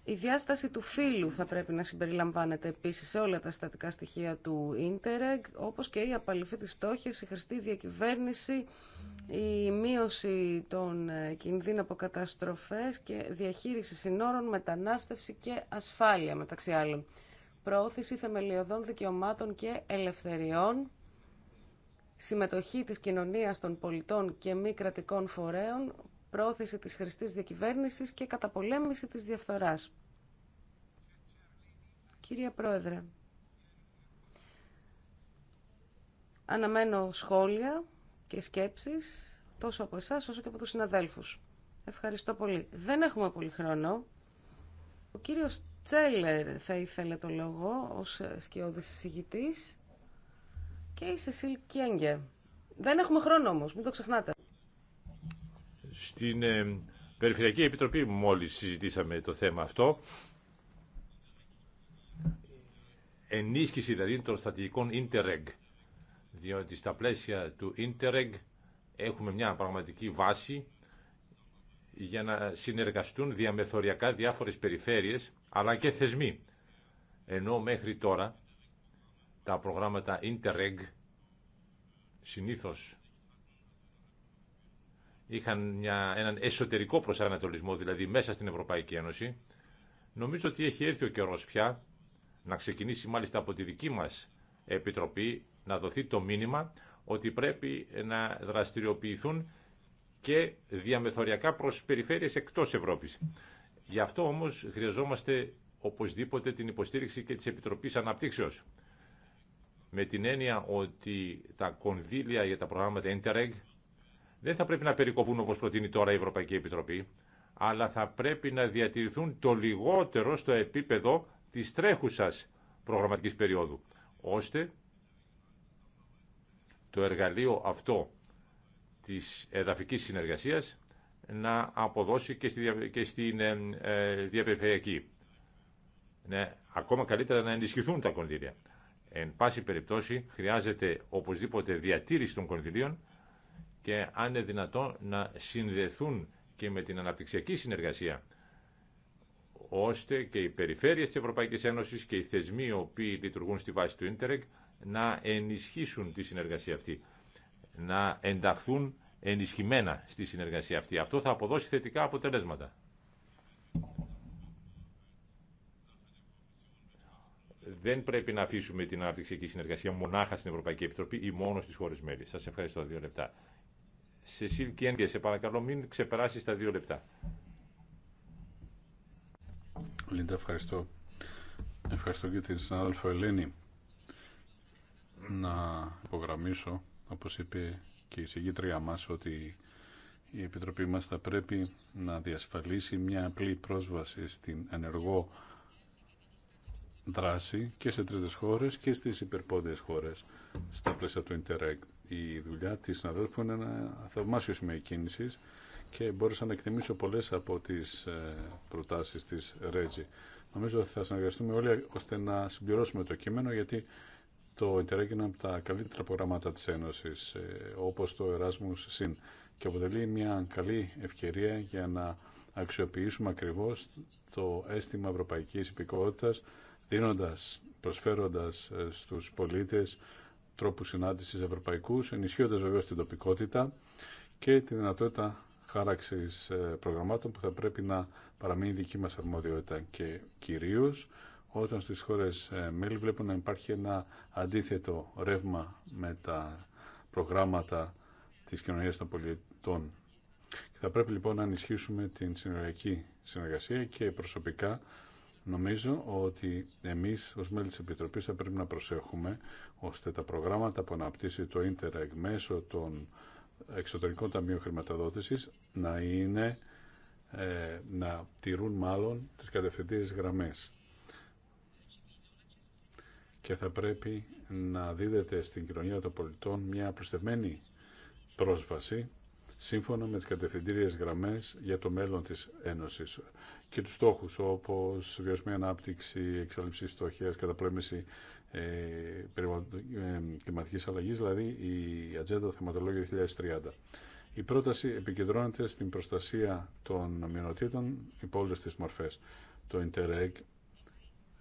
Η διάσταση του φύλου θα πρέπει να συμπεριλαμβάνεται επίσης σε όλα τα στατικά στοιχεία του Ίντερεγ, όπως και η απαλήφη της φτώχειας, η χρηστή διακυβέρνηση, η μείωση των ε, κινδύνων από καταστροφές και διαχείριση συνόρων, μετανάστευση και ασφάλεια μεταξύ άλλων. Προώθηση θεμελιωδών δικαιωμάτων και ελευθεριών συμμετοχή της κοινωνίας των πολιτών και μη κρατικών φορέων, πρόθεση της χρηστής διακυβέρνησης και καταπολέμηση της διαφθοράς. Κύριε Πρόεδρε, αναμένω σχόλια και σκέψεις τόσο από εσά όσο και από τους συναδέλφους. Ευχαριστώ πολύ. Δεν έχουμε πολύ χρόνο. Ο κύριος Τσέλερ θα ήθελε το λόγο ως σκιώδης συζητητής και η Σεσίλ Κιέγγε. Δεν έχουμε χρόνο όμω, μην το ξεχνάτε. Στην ε, Περιφερειακή Επιτροπή μόλις συζητήσαμε το θέμα αυτό. Ενίσχυση δηλαδή των στατικών Interreg. Διότι στα πλαίσια του Interreg έχουμε μια πραγματική βάση για να συνεργαστούν διαμεθοριακά διάφορες περιφέρειες αλλά και θεσμοί. Ενώ μέχρι τώρα τα προγράμματα Interreg συνήθως είχαν μια, έναν εσωτερικό προσανατολισμό, δηλαδή μέσα στην Ευρωπαϊκή Ένωση. Νομίζω ότι έχει έρθει ο καιρός πια να ξεκινήσει μάλιστα από τη δική μας Επιτροπή να δοθεί το μήνυμα ότι πρέπει να δραστηριοποιηθούν και διαμεθοριακά προς περιφέρειες εκτός Ευρώπης. Γι' αυτό όμως χρειαζόμαστε οπωσδήποτε την υποστήριξη και της Επιτροπής Αναπτύξεως με την έννοια ότι τα κονδύλια για τα προγράμματα Interreg δεν θα πρέπει να περικοπούν όπως προτείνει τώρα η Ευρωπαϊκή Επιτροπή, αλλά θα πρέπει να διατηρηθούν το λιγότερο στο επίπεδο της τρέχουσας προγραμματικής περίοδου, ώστε το εργαλείο αυτό της εδαφικής συνεργασίας να αποδώσει και, στη, και στην ε, ε, διαπεριφερειακή. Ναι, ακόμα καλύτερα να ενισχυθούν τα κονδύλια. Εν πάση περιπτώσει χρειάζεται οπωσδήποτε διατήρηση των κονδυλίων και αν είναι δυνατόν να συνδεθούν και με την αναπτυξιακή συνεργασία ώστε και οι περιφέρειες της Ευρωπαϊκής Ένωσης και οι θεσμοί οι οποίοι λειτουργούν στη βάση του Ίντερεκ να ενισχύσουν τη συνεργασία αυτή, να ενταχθούν ενισχυμένα στη συνεργασία αυτή. Αυτό θα αποδώσει θετικά αποτελέσματα. Δεν πρέπει να αφήσουμε την αναπτυξιακή συνεργασία μονάχα στην Ευρωπαϊκή Επιτροπή ή μόνο στι χώρε μέλη. Σα ευχαριστώ. Δύο λεπτά. Σε Κιέντια, σε παρακαλώ, μην ξεπεράσει τα δύο λεπτά. Λίντα, ευχαριστώ. Ευχαριστώ και την συνάδελφο Ελένη. Να υπογραμμίσω, όπως είπε και η συγκήτρια μας, ότι η Επιτροπή μας θα πρέπει να διασφαλίσει μια απλή πρόσβαση στην ενεργό δράση και σε τρίτες χώρες και στις υπερπόδιες χώρες στα πλαίσια του Interreg. Η δουλειά της συναδέλφου είναι ένα θαυμάσιο σημείο κίνηση και μπορούσα να εκτιμήσω πολλές από τις ε, προτάσεις της Ρέτζη. Νομίζω ότι θα συνεργαστούμε όλοι ώστε να συμπληρώσουμε το κείμενο γιατί το Interreg είναι από τα καλύτερα προγράμματα της Ένωσης ε, όπως το Erasmus Sin και αποτελεί μια καλή ευκαιρία για να αξιοποιήσουμε ακριβώς το αίσθημα ευρωπαϊκής υπηκότητας δίνοντας, προσφέροντας ε, στους πολίτες τρόπους συνάντησης ευρωπαϊκούς, ενισχύοντας βεβαίως την τοπικότητα και τη δυνατότητα χάραξης ε, προγραμμάτων που θα πρέπει να παραμείνει δική μας αρμοδιότητα και κυρίως όταν στις χώρες ε, μέλη βλέπουν να υπάρχει ένα αντίθετο ρεύμα με τα προγράμματα της κοινωνίας των πολιτών. Θα πρέπει λοιπόν να ενισχύσουμε την συνεργατική συνεργασία και προσωπικά Νομίζω ότι εμείς ως μέλη της Επιτροπής θα πρέπει να προσέχουμε ώστε τα προγράμματα που αναπτύσσει το Ίντερεγ μέσω των εξωτερικών ταμείων χρηματοδότησης να είναι ε, να τηρούν μάλλον τις κατευθυντήριες γραμμές και θα πρέπει να δίδεται στην κοινωνία των πολιτών μια προστευμένη πρόσβαση σύμφωνα με τις κατευθυντήριες γραμμές για το μέλλον της Ένωσης και τους στόχους όπως βιωσμή ανάπτυξη, εξαλειψή στοχείας, καταπλέμιση ε, ε, κλιματικής αλλαγής, δηλαδή η Ατζέντα Θεματολόγιο 2030. Η πρόταση επικεντρώνεται στην προστασία των μειονοτήτων υπό όλες τις μορφές. Το Interreg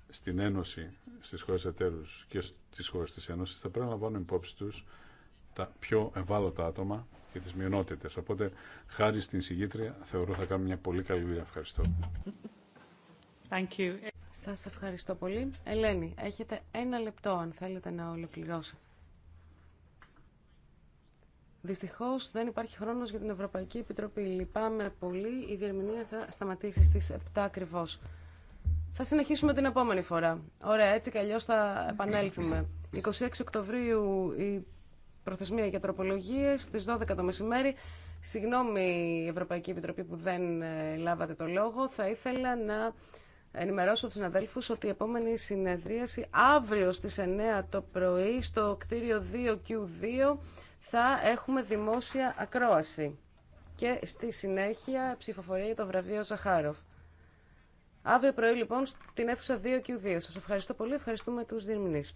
στην Ένωση, στις χώρες εταίρους και στις χώρες της Ένωσης θα πρέπει να λαμβάνουν υπόψη τους τα πιο ευάλωτα άτομα και τις μειονότητες. Οπότε, χάρη στην συγγήτρια, θεωρώ θα κάνουμε μια πολύ καλή δουλειά. Ευχαριστώ. Thank you. Σας ευχαριστώ πολύ. Ελένη, έχετε ένα λεπτό αν θέλετε να ολοκληρώσετε. Δυστυχώ δεν υπάρχει χρόνο για την Ευρωπαϊκή Επιτροπή. Λυπάμαι πολύ. Η διερμηνία θα σταματήσει στις 7 ακριβώ. Θα συνεχίσουμε την επόμενη φορά. Ωραία, έτσι κι αλλιώ θα επανέλθουμε. 26 Οκτωβρίου η προθεσμία για τροπολογίε στι 12 το μεσημέρι. Συγγνώμη, Ευρωπαϊκή Επιτροπή, που δεν ε, λάβατε το λόγο. Θα ήθελα να ενημερώσω τους συναδέλφους ότι η επόμενη συνεδρίαση αύριο στις 9 το πρωί στο κτίριο 2Q2 θα έχουμε δημόσια ακρόαση και στη συνέχεια ψηφοφορία για το βραβείο Ζαχάροφ. Αύριο πρωί λοιπόν στην αίθουσα 2Q2. Σας ευχαριστώ πολύ, ευχαριστούμε τους διερμηνείς.